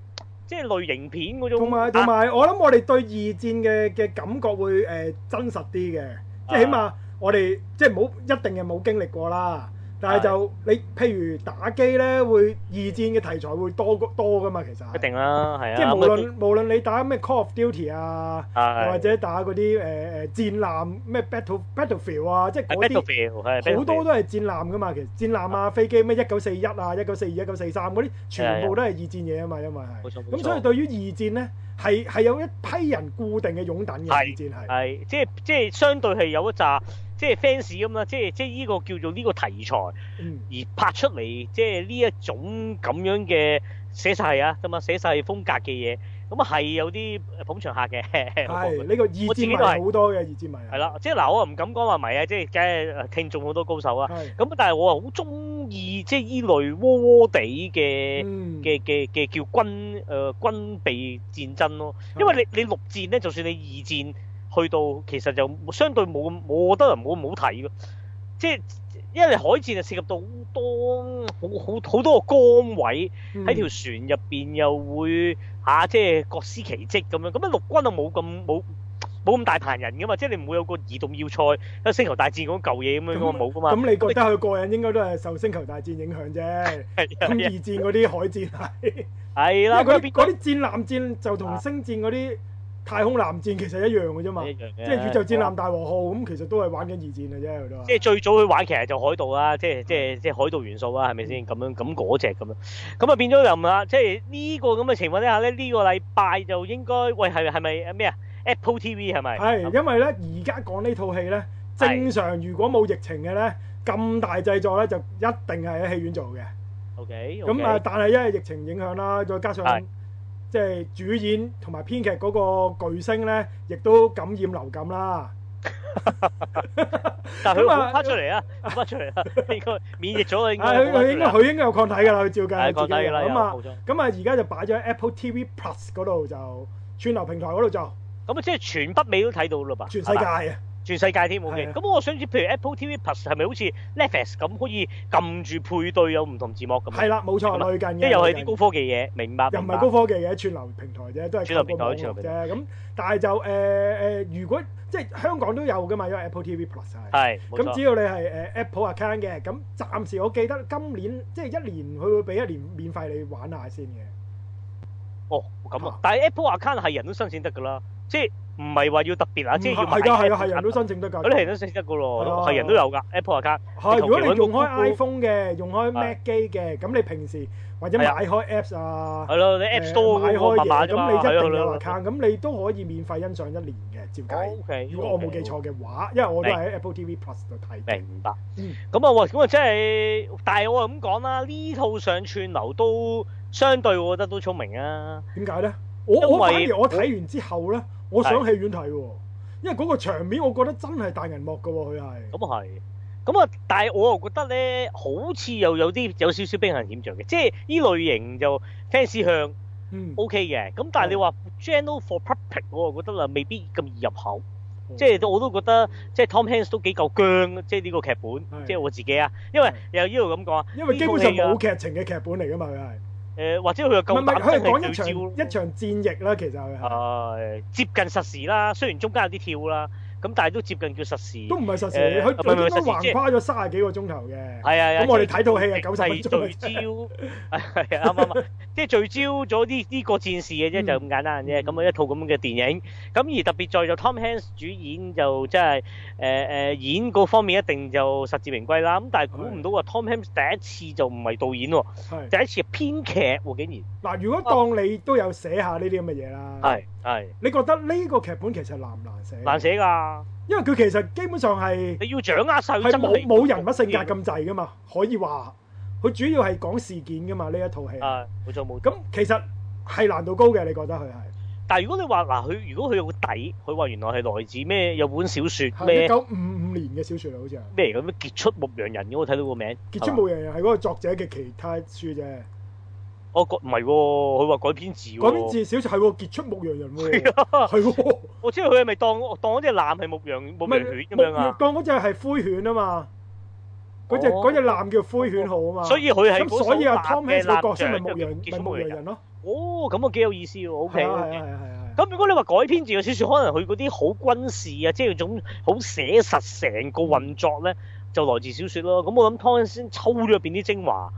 即係類型片嗰種。同埋同埋，啊、我諗我哋對二戰嘅嘅感覺會誒、呃、真實啲嘅，即係起碼我哋、啊、即係冇一定係冇經歷過啦。但係就你譬如打機咧，會二戰嘅題材會多多㗎嘛？其實一定啦，係啊。即係無論這些 無論你打咩 Call of Duty 啊，是的 或者打嗰啲誒誒戰艦咩 Battle Battlefield 啊，即係嗰啲好多都係戰艦㗎嘛。其實戰艦啊，的嗯、飛機咩一九四一啊，一九四二、一九四三嗰啲全部都係二戰嘢啊嘛，因為係。冇錯咁所以對於二戰咧，係係有一批人固定嘅擁躉嘅。二戰係。係即係即係相對係有一紮。即係 fans 咁啦，即係即係呢個叫做呢個題材，嗯、而拍出嚟即係呢一種咁樣嘅寫晒啊，咁啊寫晒、啊、風格嘅嘢，咁啊係有啲捧場客嘅。係呢、哎、 我個二戰都係好多嘅二戰迷。係啦是，即係嗱，我唔敢講話迷啊，即係梗係聽眾好多高手啊。咁是、嗯、但係我啊好中意即係依類窩窩地嘅嘅嘅嘅叫軍誒軍備戰爭咯。嗯、因為你你陸戰咧，就算你二戰。去到其實就相對冇咁，我得人冇咁好睇咯。即係因為海戰就涉及到多好好好多個崗位喺條船入邊，又會嚇即係各司其職咁樣。咁啊陸軍就冇咁冇冇咁大羣人噶嘛。即係你唔會有個移動要塞，有星球大戰嗰嚿嘢咁樣冇噶嘛。咁你覺得佢過癮應該都係受星球大戰影響啫。咁二戰啲海戰係係啦，嗰啲嗰啲戰艦戰就同星戰嗰啲。太空藍戰其實一樣嘅啫嘛，一樣即係宇宙戰艦大和號咁，嗯、其實都係玩緊二戰嘅啫，即係最早去玩其實就海盜啦，嗯、即係即係即係海盜元素啦，係咪先？咁樣咁嗰隻咁樣，咁啊、那個那個、變咗又問啦，即係呢個咁嘅情況之下咧，呢、這個禮拜就應該喂係係咪咩啊？Apple TV 係咪？係因為咧，而家講呢套戲咧，正常如果冇疫情嘅咧，咁的大製作咧就一定係喺戲院做嘅。OK，咁 okay ,啊、嗯，但係因為疫情影響啦，再加上。即係主演同埋編劇嗰個巨星咧，亦都感染流感啦。但佢話，拍出嚟啦，拍出嚟啦，應該免疫咗啦，應該。佢佢應該佢應該有抗體㗎啦，佢照計。係抗體㗎啦。咁啊，咁啊，而家就擺咗喺 Apple TV Plus 嗰度就串流平台嗰度就。咁啊，即係全北美都睇到嘞吧？全世界啊！全世界添，冇記。咁的我想知，譬如 Apple TV Plus 係咪好似 Netflix 咁，可以撳住配對有唔同字幕咁？係啦，冇錯，最近即又係啲高科技嘢。明白。明白又唔係高科技嘅串流平台啫，都係串流平台嚟嘅啫。咁，但係就誒誒、呃呃，如果即係香港都有㗎嘛，因為呢個 Apple TV Plus 係。係。咁只要你係誒 Apple Account 嘅，咁暫時我記得今年即係一年，佢會俾一年免費你玩下先嘅。哦，咁啊！但係 Apple Account 係人都申請得㗎啦，即係。唔係話要特別啊，即係係人都申請得㗎。嗰啲人都識得㗎咯，係人都有㗎 Apple account。係，如果你用開 iPhone 嘅，用開 Mac 機嘅，咁你平時或者買開 Apps 啊，係咯，你 Apps 多嘅，買開嘢咁你一定有 account，咁你都可以免費欣賞一年嘅，照計。O K，如果我冇記錯嘅話，因為我都喺 Apple TV Plus 度睇。明白。嗯。咁啊，喂，咁啊，即係，但係我咁講啦，呢套上串流都相對，我覺得都聰明啊。點解咧？我反而我睇完之後咧。我想戲院睇喎，哦，因為嗰個場面我覺得真係大銀幕嘅喎，哦，佢係、嗯。咁啊係，咁啊，但係我又覺得咧，好似又有啲有少少兵行險象嘅，即係依類型就 fans 向，OK 嘅。咁、嗯 OK，但係你話，嗯、general for puppet 我啊覺得啦，未必咁易入口。嗯、即係我都覺得，即係 Tom Hanks 都幾夠僵，即係呢個劇本，嗯、即係我自己啊。因為又依度咁講啊，的因為因為基本上冇劇情嘅劇本嚟噶嘛，佢係。誒、呃、或者佢又夠膽，即係是一場招招一場戰役啦，其實係、啊、接近實時啦，雖然中間有啲跳啦。咁但係都接近叫實時，都唔係實時，佢佢都橫跨咗三十幾個鐘頭嘅。係啊，咁我哋睇套戲係九十分鐘，聚焦，係啊，唔唔即係聚焦咗呢呢個戰事嘅啫，就咁簡單啫。咁啊一套咁嘅電影，咁而特別在就 Tom Hanks 主演就真係誒誒演嗰方面一定就實至名歸啦。咁但係估唔到啊，Tom Hanks 第一次就唔係導演喎，第一次係編劇喎，竟然。嗱，如果當你都有寫下呢啲咁嘅嘢啦，係係，你覺得呢個劇本其實難唔難寫？難寫㗎。因為佢其實基本上係你要掌握晒，係冇冇人物性格咁滯噶嘛，可以話佢主要係講事件噶嘛呢一套戲。啊，冇錯，冇錯。咁其實係難度高嘅，你覺得佢係？但係如果你話嗱，佢如果佢有個底，佢話原來係來自咩？有本小說咩？一九五五年嘅小說啦，好似係咩嚟嘅咩？《傑出牧羊人》咁，我睇到個名。傑出牧羊人係嗰吧個作者嘅其他書啫。我唔係喎，佢話改編自，改編自小説係喎，傑出牧羊人喎，係喎，我知佢係咪當當嗰隻艦係牧羊牧羊犬咁樣啊？當嗰隻係灰犬啊嘛，嗰隻隻艦叫灰犬好啊嘛，所以佢係咁，所以阿 Tom 咪牧羊傑出牧羊人咯。哦，咁啊幾有意思喎，OK，係係係。咁如果你話改編自嘅小説，可能佢嗰啲好軍事啊，即係種好寫實成個運作咧，就來自小説咯。咁我諗 Tom 先抽咗入邊啲精華，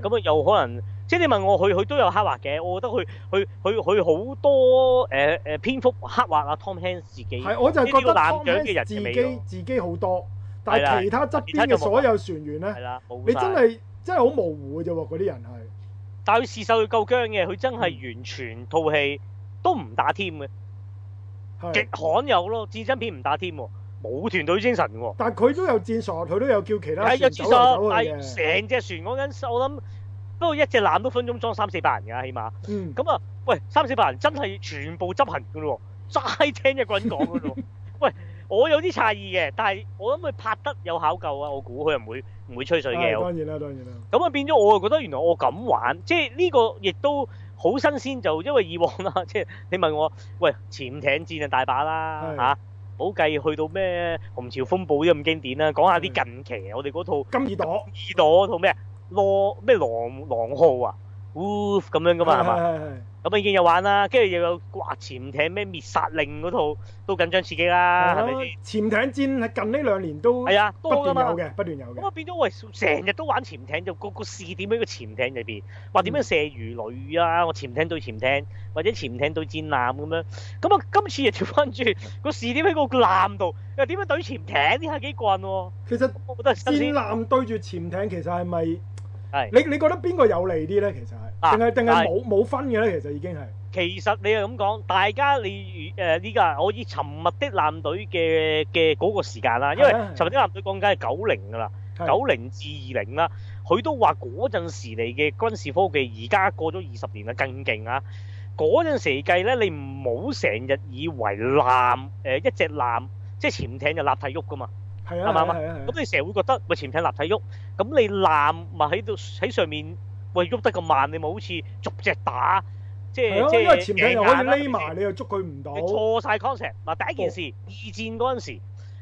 咁啊又可能。即係你問我佢佢，都有刻畫嘅，我覺得佢佢佢佢好多誒、誒篇幅刻畫阿 Tom Hanks 自己係，我就覺得 Tom Hanks 自己自己好多，但係其他側邊嘅所有船員咧，你真係了真係好模糊嘅啫喎，嗰啲，嗯、人係。但係佢視手佢夠僵嘅，佢真係完全套戲都唔打添嘅， 極罕有咯。戰爭片唔打添喎，冇團隊精神喎。但係佢都有戰傻，佢都有叫其他船走下走成隻船嗰陣，是我諗。不過一隻艦都分鐘裝三四百人㗎，起碼。咁啊、嗯，喂，三四百人真係全部執行㗎咯，齋聽一個人講㗎咯。 喂，我有啲詫異嘅，但係我諗佢拍得有考究啊，我估佢唔會唔會吹水嘅、哎。當然啦，當然啦。咁啊變咗，我又覺得原來我咁玩，即係呢個亦都好新鮮，就因為以往啦，即係你問我，喂，潛艇戰是啊大把啦嚇，冇計去到咩《紅潮風暴》都咁經典啦，講下啲近期啊，是我哋嗰套金耳朵、耳朵套咩羅咩狼狼嚎啊咁樣㗎嘛係嘛？咁的的啊，已經有玩啦，跟住又有掛潛艇咩滅殺令嗰套都緊張刺激啦、啊，係、啊、潛艇戰係近呢兩年都係啊，都不斷有嘅，不斷有嘅。咁啊變咗，喂，成日都玩潛艇就、那個個視點喺個潛艇裏邊，話點樣射魚雷啊？嗯、我潛艇對潛艇，或者潛艇對戰艦咁樣，咁啊今次又調翻轉個視點喺個艦度，又點樣對潛艇？呢下幾戱喎？其實我覺得先艦對住潛艇，其實係咪？係你是你覺得邊個有利啲咧？其實係，定係定係冇冇分嘅咧？其實已經係。其實你又咁講，大家你如誒呢個我以沉默的艦隊嘅嘅嗰個時間啦，因為沉默的艦隊講緊係九零噶啦，九零的至二零啦，佢是的 都話嗰陣時嚟嘅軍事科技而家過咗二十年啦，更勁啊！嗰陣時計咧，你唔好成日以為艦誒、呃、一隻艦即係潛艇就立體喐噶嘛。係啊，係啊吧，係啊，係啊。咁你成日會覺得喂，潛艇立體喐，咁你艦咪喺度喺上面喂喐得咁慢，你咪好似逐隻打，即係是、啊、即係是。因為潛艇可以匿埋，是是你又捉佢唔到。你錯晒 concept。嗱，第一件事，過 二戰嗰陣時，呢、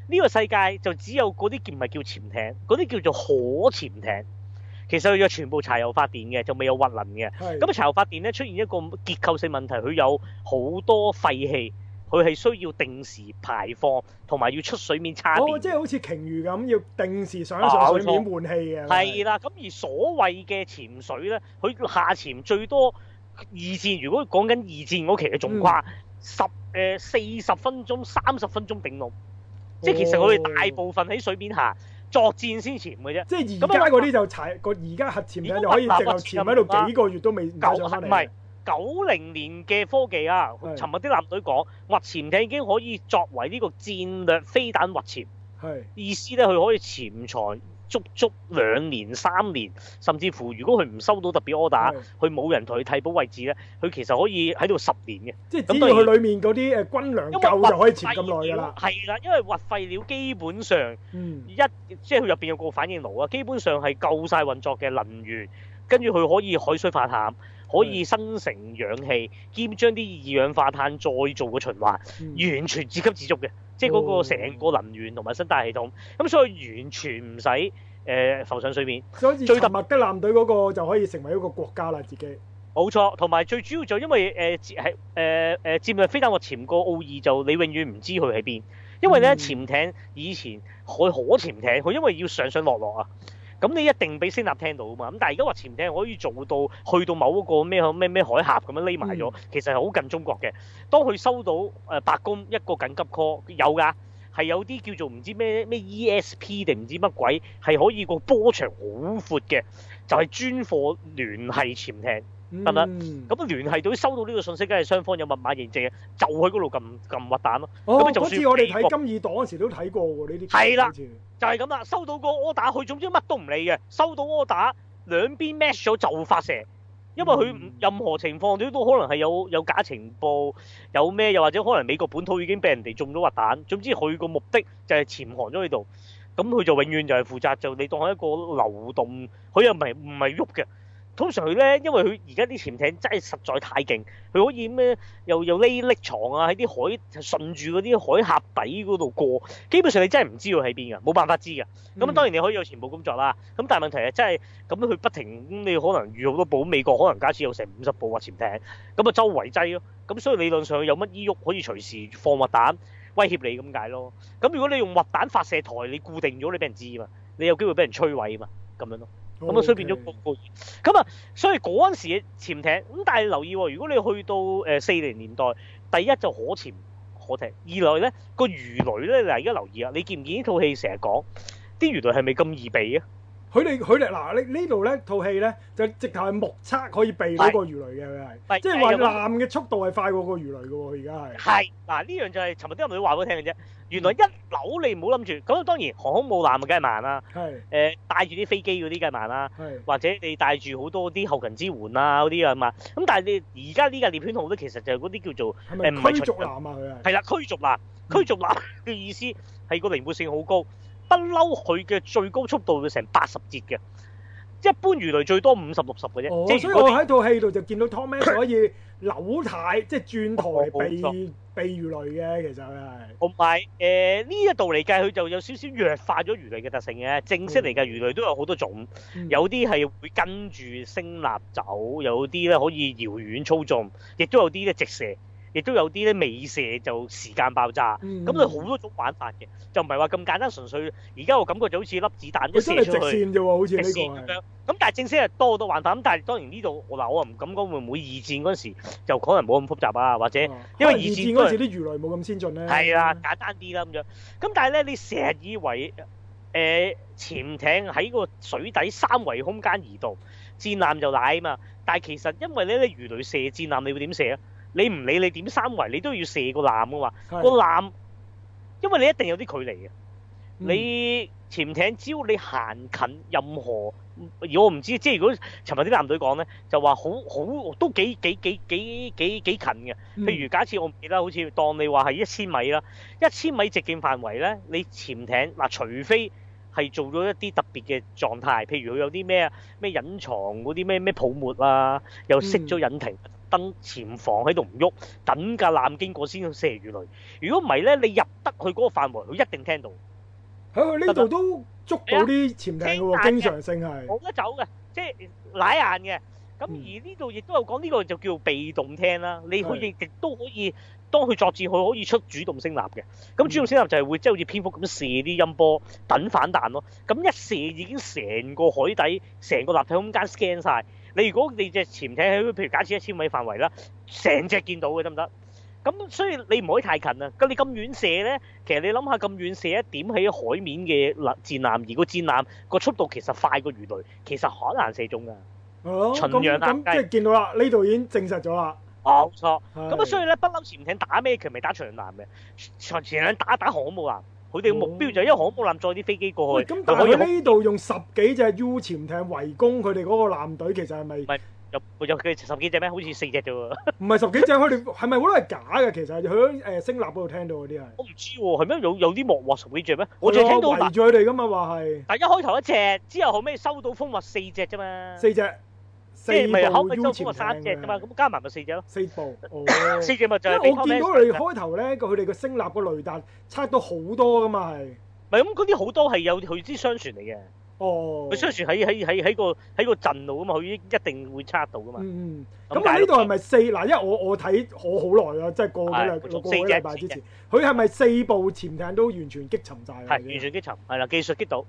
呢個世界就只有嗰啲唔係叫潛艇，嗰啲叫做可潛艇。其實佢全部柴油發電嘅，就未有核能嘅。咁是啊柴油發電咧，出現一個結構性問題，佢有好多廢氣。佢係需要定時排放，同埋要出水面差別。哦、即係好似鯨魚咁，要定時上一上水面換氣嘅。係啦、哦，咁而所謂嘅潛水咧，佢下潛最多二戰，如果講緊二戰嗰期，佢仲話十誒四十分鐘、三十分鐘頂籠。哦、即係其實佢哋大部分喺水面下作戰先潛嘅啫。即係而家嗰啲就踩個而家核潛艇可以直頭潛喺度、嗯哦，幾個月都未帶上翻九零年嘅科技啊！尋日啲艦隊講，核潛艇已經可以作為呢個戰略飛彈核潛，是意思咧，佢可以潛藏足足兩年、三年，甚至乎如果佢唔收到特別 order，佢冇人同佢替，替補位置咧，佢其實可以喺度十年嘅。即係只係佢裡面嗰啲誒軍糧夠就可以潛咁耐㗎啦。係啦，因為核廢料基本上、嗯、一即係佢入邊有個反應爐啊，基本上係夠晒運作嘅能源，跟住佢可以海水化淡。可以生成氧氣，兼將啲二氧化碳再做個循環，完全自給自足嘅，嗯、即係嗰個成個能源同埋生態系統。咁所以完全唔使誒浮上水面。所以沉默嘅艦隊嗰個就可以成為一個國家啦，自己。冇錯，同埋最主要就因為誒、呃呃呃、佔係誒誒佔嘅飛彈或潛個奧義就你永遠唔知佢喺邊，因為咧、嗯、潛艇以前海可潛艇，佢因為要上上落落啊。咁你一定俾聲納聽到啊嘛，咁但係而家話潛艇可以做到去到某一個咩咩咩海峽咁樣匿埋咗，其實係好近中國嘅。當佢收到誒白宮一個緊急 call，有㗎，係有啲叫做唔知咩咩 ESP 定唔知乜鬼，係可以個波長好闊嘅，就係、是、專貨聯繫潛艇。係咪？咁咁、嗯嗯、聯繫到收到呢個信息，梗係雙方有密碼認證嘅，就喺嗰度撳撳核彈咯。哦，嗰次我哋睇金耳黨嗰時都睇過喎，呢啲係啦，的次就係咁啦。收到個 order，佢總之乜都唔理嘅。收到 order，兩邊 match 咗就發射，因為佢任何情況都、嗯、都可能係有有假情報，有咩又或者可能美國本土已經畀人哋中咗核彈。總之佢個目的就係潛航咗喺度，咁佢就永遠就係負責就你當係一個流動，佢又唔係唔係喐嘅。通常佢咧，因為佢而家啲潛艇真係實在太勁，佢可以咩、嗯、又又匿匿藏啊喺啲海順住嗰啲海峽底嗰度過。基本上你真係唔知佢喺邊噶，冇辦法知噶。咁當然你可以有全部工作啦。咁但係問題係真係咁樣佢不停，你可能遇好多部美國可能假設有成五十部啊潛艇，咁啊周圍擠咯、啊。咁所以理論上有乜依喐可以隨時放核彈威脅你咁解咯。咁如果你用核彈發射台，你固定咗你俾人知嘛，你有機會俾人摧毀嘛，咁樣咯。咁啊，衰以變咗個個熱。咁啊，所以嗰陣時嘅潛艇。咁但係留意喎、哦，如果你去到誒四零年代，第一就可潛可艇，二來咧個魚雷咧嗱，而家留意啊，你見唔見呢套戲成日講啲魚雷係咪咁易避嘅？佢哋佢咧嗱，你呢度咧套戲咧就直頭係目測可以避嗰個魚雷嘅，係是即係話、呃、艦嘅速度係快過個魚雷嘅喎，而家係。係嗱，呢樣就係尋日啲人咪話畀我聽嘅啫。原來一扭你唔好諗住，咁當然航空母艦啊，梗係慢啦。係誒、呃，帶住啲飛機嗰啲梗係慢啦、啊，是或者你帶住好多啲後勤支援啊嗰啲啊嘛。咁但係你而家呢架獵犬號咧，其實就嗰啲叫做係咪驅逐艦啊，係啦、呃，驅逐艦，驅逐艦嘅意思係個靈活性好高。不嬲，佢嘅最高速度會成八十節嘅，一般魚雷最多五十六十嘅啫。哦，所以我喺套戲度就見到 Tommy 可以扭軚，即係轉台避避魚雷嘅，其實係。同埋誒呢一度嚟計，佢、呃、就有少少弱化咗魚雷嘅特性嘅，正式嚟嘅魚雷都有好多種，嗯、有啲係會跟住聲納走，有啲咧可以遙遠操縱，亦都有啲咧直射。亦都有啲咧，未射就時間爆炸。咁佢好多種玩法嘅，就唔係話咁簡單純粹。而家我感覺就好似粒子彈一射出去。佢真係直線啫喎，好似你講咁。咁但係正式係多到玩法，咁但係當然呢度嗱，我唔敢覺唔敢講會唔會二戰嗰陣時就可能冇咁複雜啊？或者、啊、因為二戰嗰陣時啲魚雷冇咁先進咧。係啊，簡單啲啦咁樣。咁但係咧，你成日以為誒、呃、潛艇喺個水底三維空間移動，戰艦就瀨啊嘛。但係其實因為咧，啲魚雷射戰艦，你會點射啊？你唔理你點三圍，你都要射個艦噶嘛。個艦的，因為你一定有啲距離嘅。嗯、你潛艇只要你行近任何，而我唔知，即係如果尋日啲艦隊講咧，就話好好都幾幾幾幾幾幾近嘅。譬如假設我唔記得，好似當你話係一千米啦，一千米直徑範圍咧，你潛艇嗱、啊，除非係做咗一啲特別嘅狀態，譬如佢有啲咩啊，咩隱藏嗰啲咩咩泡沫啊，又熄咗引擎。嗯等潛防喺度唔喐，等架艦，艦經過先射魚雷。如果唔係咧，你入得去嗰個範圍，佢一定聽到。喺佢呢度都捉到啲潛艇嘅喎，的經常性係冇得走嘅，即係賴眼嘅。咁、嗯、而呢度亦都有講，呢、這個就叫做被動聽啦。嗯、你可以亦的都可以當佢作戰，佢可以出主動聲納嘅。咁主動聲納就係會即係好似蝙蝠咁射啲音波，等反彈咯。咁一射已經成個海底、成個立體空間 scan 曬。你如果你隻潛艇喺譬如假設一千米範圍啦，成隻見到嘅得唔得？咁所以你唔可以太近啊！咁你咁遠射咧，其實你諗下咁遠射一點喺海面嘅戰艦，而個戰艦個速度其實快過魚雷，其實可能射中噶。哦，巡洋艦咁咁即係見到啦，呢度已經證實咗啦。哦，冇錯。咁啊的，所以咧不嬲潛艇打咩佢咪打巡洋艦嘅，巡洋艦打一打航母啊！佢哋嘅目標就因為航空母艦載啲飛機過去，咁、嗯、但係呢度用十幾隻 U 潛艇圍攻佢哋嗰個艦隊，其實係咪？唔係，有有佢哋十幾隻咩？好似四隻啫喎。唔 係十幾隻，佢哋係咪好多係假嘅？其實佢誒升級嗰度聽到嗰啲係。我唔知喎、啊，係咩有有啲莫喎？十幾隻咩？我仲有聽到圍住佢哋㗎嘛，話係。但係一開頭一隻，之後後尾收到風話四隻啫嘛。四隻。四部 U 型嘅三隻噶嘛，咁加埋咪四隻咯。四部，四隻咪就係你。我見到佢哋開頭咧，佢哋個聲納個雷達測到好多噶嘛係。唔係咁，嗰啲好多係有佢啲雙船嚟嘅。哦。佢雙船喺喺喺喺個喺個陣度噶嘛，佢一定會測到噶嘛。咁但呢度係咪四？嗱，因為我我睇我好耐啦，即係過個幾個禮拜之前，佢係咪四部潛艇都完全擊沉晒？係？完全擊沉，係啦，技術擊倒。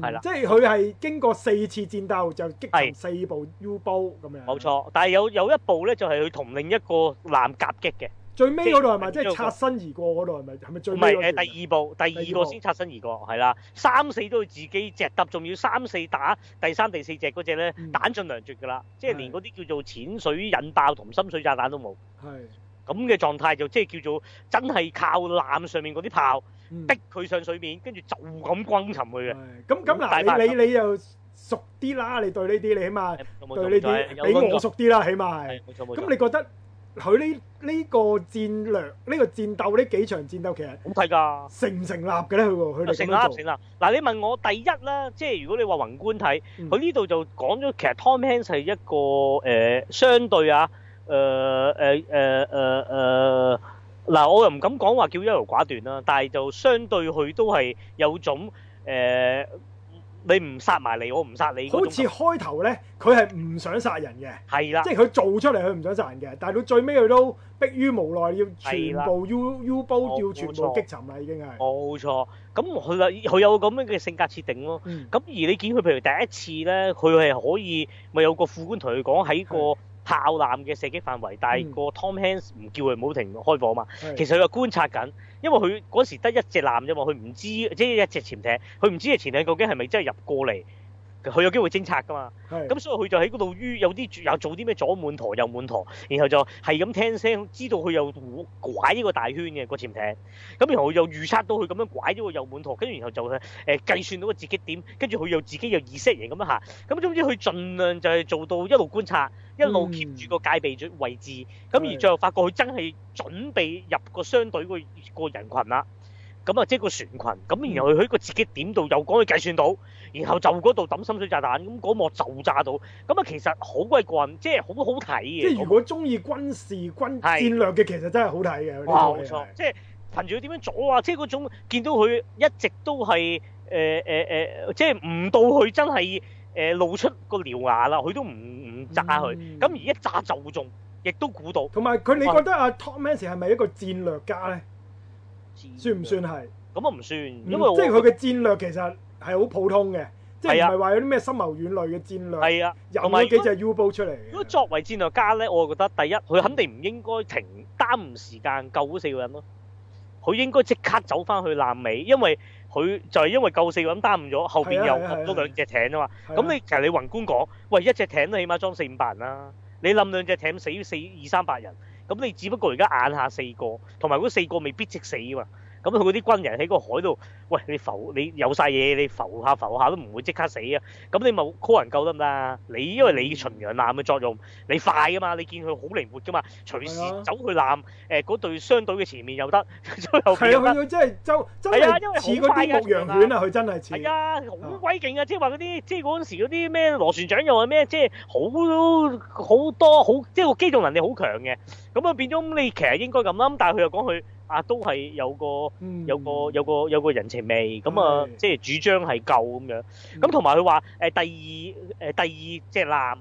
係啦，即係佢係經過四次戰鬥就擊沉四部 U-boat 咁樣。冇錯，但係有有一部咧就係佢同另一個艦夾擊嘅。最尾嗰度係咪即係擦身而過嗰度係咪係咪最？唔係，誒，第二部第二個先擦身而過，係啦，三四都要自己隻揼，仲要三四打第三、第四隻嗰隻咧，彈盡糧絕噶啦，即係連嗰啲叫做淺水引爆同深水炸彈都冇。係咁嘅狀態就即係叫做真係靠艦上面嗰啲炮。逼佢上水面，跟住就咁轟沉佢嘅對。咁咁嗱，你你你就熟啲啦，你對呢啲，你起碼對呢啲，你我熟啲啦，起碼係。咁你覺得佢呢呢個戰略，呢、這個戰鬥，呢、這個、幾場戰鬥，其實好睇㗎。成唔成立嘅咧？佢喎，成立，成立。嗱，你問我第一啦，即、就、係、是、如果你話宏觀睇，佢呢度就講咗，其實 Tom Hanks 係一個誒、呃、相對啊，誒誒誒誒誒。呃呃呃呃呃呃嗱，我又唔敢講話叫優柔寡斷啦，但係就相對佢都係有種誒、呃，你唔殺埋你，我唔殺你嗰種。好似開頭咧，佢係唔想殺人嘅，係啦的，即係佢做出嚟，佢唔想殺人嘅，但係到最尾佢都迫於無奈，要全部 U U boat 全部擊沉啦，已經係。冇、哦、錯，咁佢佢有咁樣嘅性格設定咯。咁、嗯、而你見佢譬如第一次咧，佢係可以咪有個副官同佢講喺個炮艦嘅射擊範圍，但係個 Tom Hanks 唔叫佢唔好停開火啊嘛，其實佢就觀察緊，因為佢嗰時得一隻艦啫嘛，佢唔知即係、就是、一隻潛艇，佢唔知隻潛艇究竟係咪真係入過嚟。佢有機會偵察㗎嘛？咁的所以佢就喺嗰度於有啲又做啲咩左滿舵、右滿舵，然後就係咁聽聲，知道佢又拐呢個大圈嘅個潛艇。咁然後佢又預測到佢咁樣拐咗個右滿舵，跟住然後就誒、呃、計算到個截擊點，跟住佢又自己又意識型咁樣行。咁總之佢盡量就係做到一路觀察，一路 keep 住個戒備位置。咁而最後發覺佢真係準備入個商隊個人群啦。咁啊，即係個船群。咁然後佢喺個截擊點度又講佢計算到。然後就嗰度抌深水炸彈，咁嗰幕就炸到。咁啊，其實好鬼過癮，即係好好睇嘅。即係如果中意軍事軍是戰略嘅，其實真係好睇嘅。冇錯哇，即係憑住佢點樣阻啊！即係嗰種見到佢一直都係誒誒誒，即係唔到佢真係誒露出個獠牙啦，佢都唔唔炸佢。咁、嗯、而一炸就中，亦都估到。同埋佢，你覺得阿 Tom Hanks 係咪一個戰略家咧？略算唔算係？咁啊，唔算，因為、嗯、即係佢嘅戰略其實。係好普通嘅，即係唔係話有啲咩深謀遠慮嘅戰略？係啊，有嗰幾隻 U-Boat 出嚟。如果作為戰略家咧，我覺得第一，佢肯定唔應該停耽誤時間救嗰四個人咯。佢應該即刻走翻去南美，因為佢就係因為救四個人耽誤咗，後邊又多兩隻艇啊嘛。咁、啊啊啊、你其實你宏觀講，喂，一隻艇都起碼裝四五百人啦，你冧兩隻艇死四二三百人，咁你只不過而家眼下四個，同埋嗰四個未必即死啊嘛。咁同佢啲軍人喺個海度，喂，你浮你有晒嘢，你浮下浮下都唔會即刻死啊！咁你咪 call 人救得唔得啊？你因為你巡洋艦嘅作用，你快㗎嘛，你見佢好靈活㗎嘛，隨時走去艦誒嗰隊相對嘅前面又得，咁又變咗。係啊，佢、就係、真係周周啊，因為好快㗎嘛。係啊，好鬼勁啊！即係話嗰啲，即係嗰陣時嗰啲咩螺旋槳又係咩？即係好好多，好，多好，即係個機動能力好強嘅。咁啊變咗你其實應該咁諗。但係佢又講佢。啊，都係有個、嗯、有個有個有個人情味咁啊，即係、嗯、主張係夠咁樣。咁同埋佢話誒第二誒、呃、第二隻艦，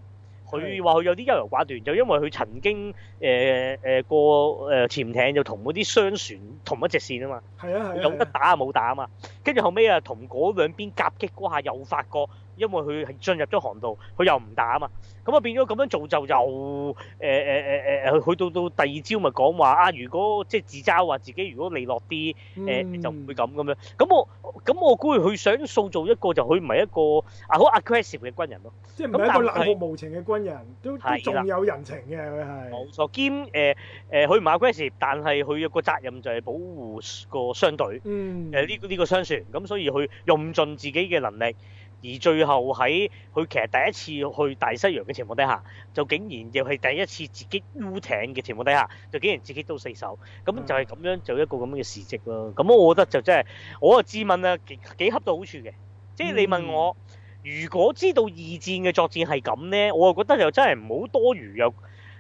佢話佢有啲優柔寡斷，就因為佢曾經誒誒過誒潛艇就同嗰啲商船同一隻線啊嘛，係啊係啊，啊有得打啊冇打啊嘛。跟住後尾啊，同嗰兩邊夾擊嗰下又發覺。因為佢係進入咗航道，佢又唔打啊嘛，咁啊變咗咁樣做就又誒誒誒誒去到到第二朝咪講話啊，如果即係自嘲話自己如果利落啲誒、呃嗯、就唔會咁咁樣，樣，咁我咁我估佢想塑造一個就佢唔係一個啊好 aggressive 嘅軍人咯，即係唔係一個冷漠無情嘅軍人，是都仲有人情嘅佢係冇錯，兼誒誒、呃、佢唔、呃、係、呃、aggressive，但係佢有個責任就係保護個商隊，誒呢呢個商船，咁所以佢用盡自己嘅能力。而最後喺佢其實第一次去大西洋嘅情況底下，就竟然又係第一次截擊 U 艇嘅情況底下，就竟然截擊到四艘，咁就係咁樣、嗯、就一個咁嘅事蹟咯。咁我覺得就真係，我啊自問啊幾幾恰到好處嘅。即係你問我，嗯、如果知道二戰嘅作戰係咁咧，我啊覺得就真係唔好多餘又，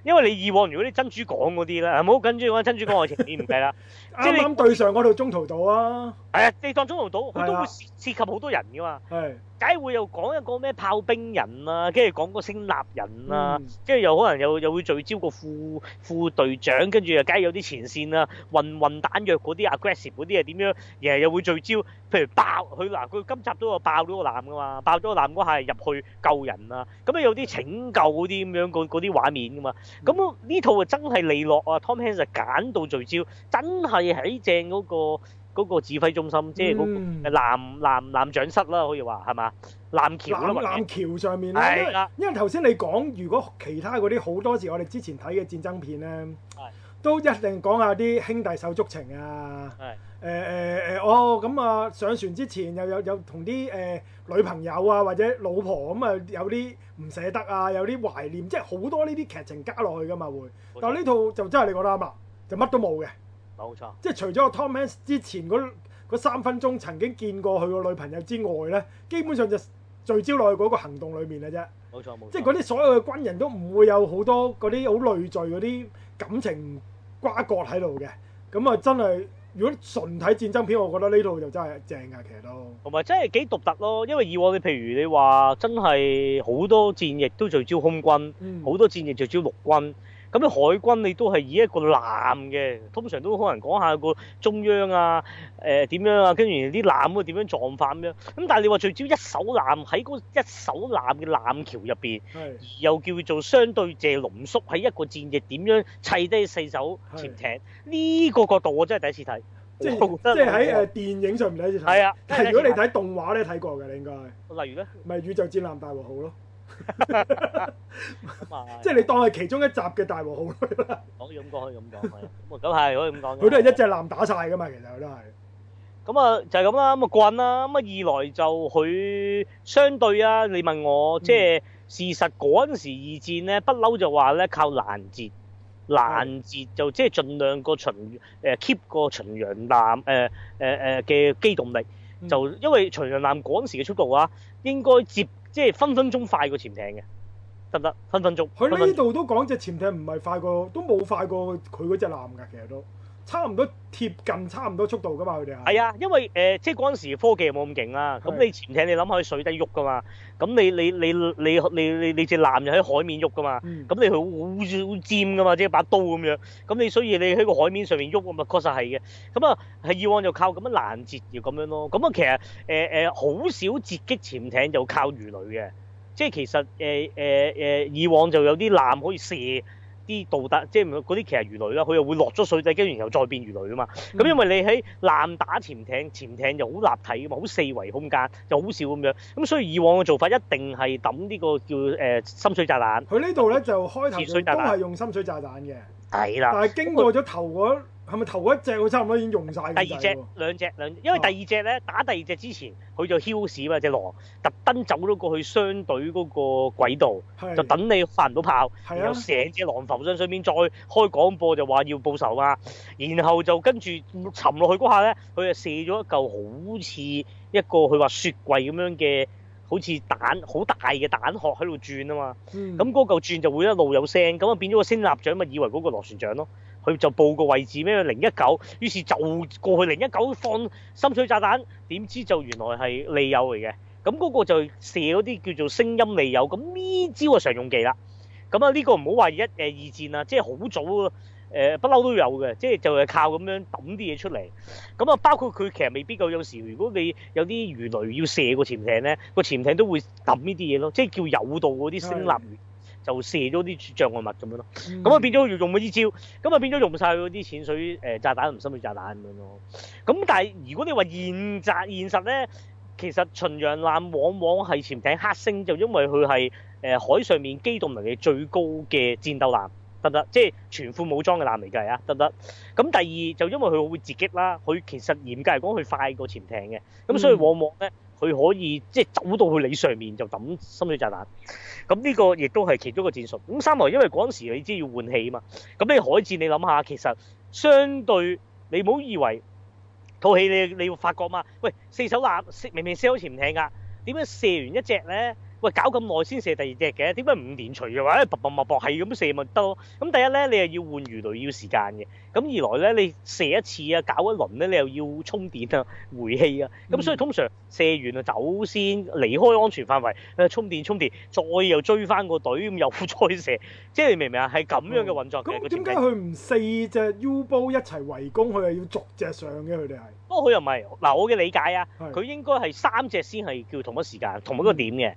因為你以往如果你珍珠港嗰啲咧，唔、啊、好緊住講珍珠港愛情片唔計啦。 啱啱對上嗰套中途島啊！係啊、哎，即當中途島，佢都會涉及好多人噶嘛。係的，梗係會又講一個咩炮兵人啊，跟住講個星納人啊，跟住、嗯、又可能又又會聚焦個副副隊長，跟住又梗係有啲前線啊，混混彈藥嗰啲 aggressive 嗰啲係點樣？誒又會聚焦，譬如爆佢嗱佢今集都有爆咗個艦噶嘛，爆咗個艦嗰下入去救人啊，咁啊有啲拯救嗰啲咁樣嗰啲畫面噶嘛。咁呢、嗯、套啊真係利落啊，Tom Hanks 就揀到聚焦，真係。喺正嗰、那個那個指揮中心，即、就、係、是、個艦、嗯、艦艦長室啦，好可以話係嘛？艦橋啦嘛？上面啦。的因為頭先你講，如果其他嗰啲好多時，我哋之前睇嘅戰爭片咧，是的 都一定講下啲兄弟手足情啊。係是的、呃。誒誒誒，哦咁啊，上船之前又有有同啲誒女朋友啊，或者老婆咁啊，有啲唔捨得啊，有啲懷念，即係好多呢啲劇情加落去㗎嘛會。但係呢套就真係你覺得啱啦，就乜都冇嘅。冇錯，即係除咗個 Tom Hanks 之前嗰嗰三分鐘曾經見過佢個女朋友之外咧，基本上就聚焦落去嗰個行動裏面嘅啫。冇錯，冇錯，即係嗰啲所有嘅軍人都唔會有好多嗰啲好累贅嗰啲感情瓜葛喺度嘅。咁啊，真係如果純睇戰爭片，我覺得呢套就真係正㗎，其實都同埋真係幾獨特咯。因為以往你譬如你話真係好多戰役都聚焦空軍，好、嗯、多戰役聚焦陸軍。咁樣海軍你都係以一個艦嘅，通常都可能講下個中央啊，誒、呃、點樣啊，跟住啲艦會點樣撞翻咁、啊、樣。咁但係你話最主要一艘艦喺嗰一艘艦嘅艦，艦橋入邊，是又叫做相對借濃縮喺一個戰役點樣砌低四艘潛艇呢是個角度我真係第一次睇，即係即係喺誒電影上唔第一次睇，係啊，但如果你睇動畫咧睇過嘅，應該，你應該例如咧，咪宇宙戰艦大和號咯。即係你當係其中一集嘅大和號可以咁講，可以咁講。咁係可以咁講。佢都係一隻艦打晒噶嘛，其實佢都係。咁啊，就係咁啦。咁啊，慣啦。咁啊，二來就佢相對啊。你問我即係事實嗰陣時二戰呢，不嬲就話咧靠攔截，攔截就即係盡量個巡誒 keep 個巡洋艦誒誒誒嘅機動力。就因為巡洋艦嗰陣時嘅速度啊，應該接。即係分分鐘快過潛艇嘅，得唔得？分分鐘。佢呢度都講隻潛艇唔係快過，都冇快過佢嗰隻艦㗎，其實都。差唔多貼近，差唔多速度噶嘛，佢哋啊。係啊，因為誒、呃，即係嗰陣時科技冇咁勁啦。咁的你潛艇，你諗下喺水底喐噶嘛？咁你你你你你你你隻艦就喺海面喐噶嘛？咁、嗯、你好好尖噶嘛，即係把刀咁樣。咁你所以你喺個海面上面喐，咪確實係嘅。咁啊，係以往就靠咁樣攔截而咁樣咯。咁啊，其實誒誒好少截擊潛艇就靠魚雷嘅。即係其實誒誒誒，以往就有啲艦可以射。啲導彈即係嗰啲其實魚雷啦，佢又會落咗水底，跟住然後又再變魚雷啊嘛。咁、嗯、因為你喺攬打潛艇，潛艇又好立體嘅嘛，好四維空間，又好少咁樣。咁所以以往嘅做法一定係揼呢個叫誒、呃、深水炸彈。佢呢度咧就開頭都係用深水炸彈嘅，係啦的。但係經過咗頭嗰。係咪頭一隻我差唔多已經用晒。第二隻兩隻兩隻，因為第二隻咧、啊、打第二隻之前，佢就囂屎嘛隻狼，特登走咗過去商隊嗰個軌道，是就等你發唔到炮，啊、然後成隻狼浮上水面再開廣播就話要報仇嘛。然後就跟住沉落去嗰下咧，佢就射咗一嚿好似一個佢話雪櫃咁樣嘅，好似蛋好大嘅蛋殼喺度轉啊嘛。咁嗰嚿轉就會一路有聲，咁啊變咗個星立獎，咪以為嗰個螺旋槳咯。佢就報個位置咩零一九，19，於是就過去零一九放深水炸彈，點知就原來係利友嚟嘅，咁嗰個就射嗰啲叫做聲音利友，咁呢招啊常用技啦。咁啊呢個唔好話一誒二戰啦，即係好早誒不嬲都有嘅，即係就係靠咁樣揼啲嘢出嚟。咁啊包括佢其實未必夠，有時如果你有啲魚雷要射個潛艇咧，個潛艇都會揼呢啲嘢咯，即係叫誘導嗰啲聲納。就射咗啲障礙物咁樣咯，咁啊變咗用用嗰啲招，咁啊變咗用晒嗰啲淺水誒炸彈同深水炸彈咁樣咯。咁但係如果你話現實現實咧，其實巡洋艦往往係潛艇黑星就因為佢係誒海上面機動能力最高嘅戰鬥艦，得唔得？即係全副武裝嘅艦嚟計啊，得唔得？咁第二就因為佢會自擊啦，佢其實嚴格嚟講佢快過潛艇嘅，咁所以往往咧。嗯佢可以即係走到去你上面就抌深水炸彈，咁呢個亦都係其中一個戰術。咁三號，因為嗰陣時你知要換氣啊嘛，咁咧海戰你諗下，其實相對你唔好以為套戲你你會發覺嘛，喂四手攬，明明射咗條艇噶，點解射完一隻咧？喂，搞咁耐先射第二隻嘅，點解五點除嘅話，唉，勃勃脈係咁射咪得咯？咁第一咧，你又要換魚雷，要時間嘅。咁二來咧，你射一次啊，搞一輪咧，你又要充電啊，回氣啊。咁所以通常射完啊，走先離開安全範圍，誒充電充電，再又追翻個隊，咁又再射。即係你明唔明啊？係咁樣嘅運作嘅。咁點解佢唔四隻 U 波一齊圍攻？佢係要逐隻上嘅，佢哋係。不過佢又唔係嗱，我嘅理解啊，佢應該係三隻先係叫同一時間，同一個點嘅。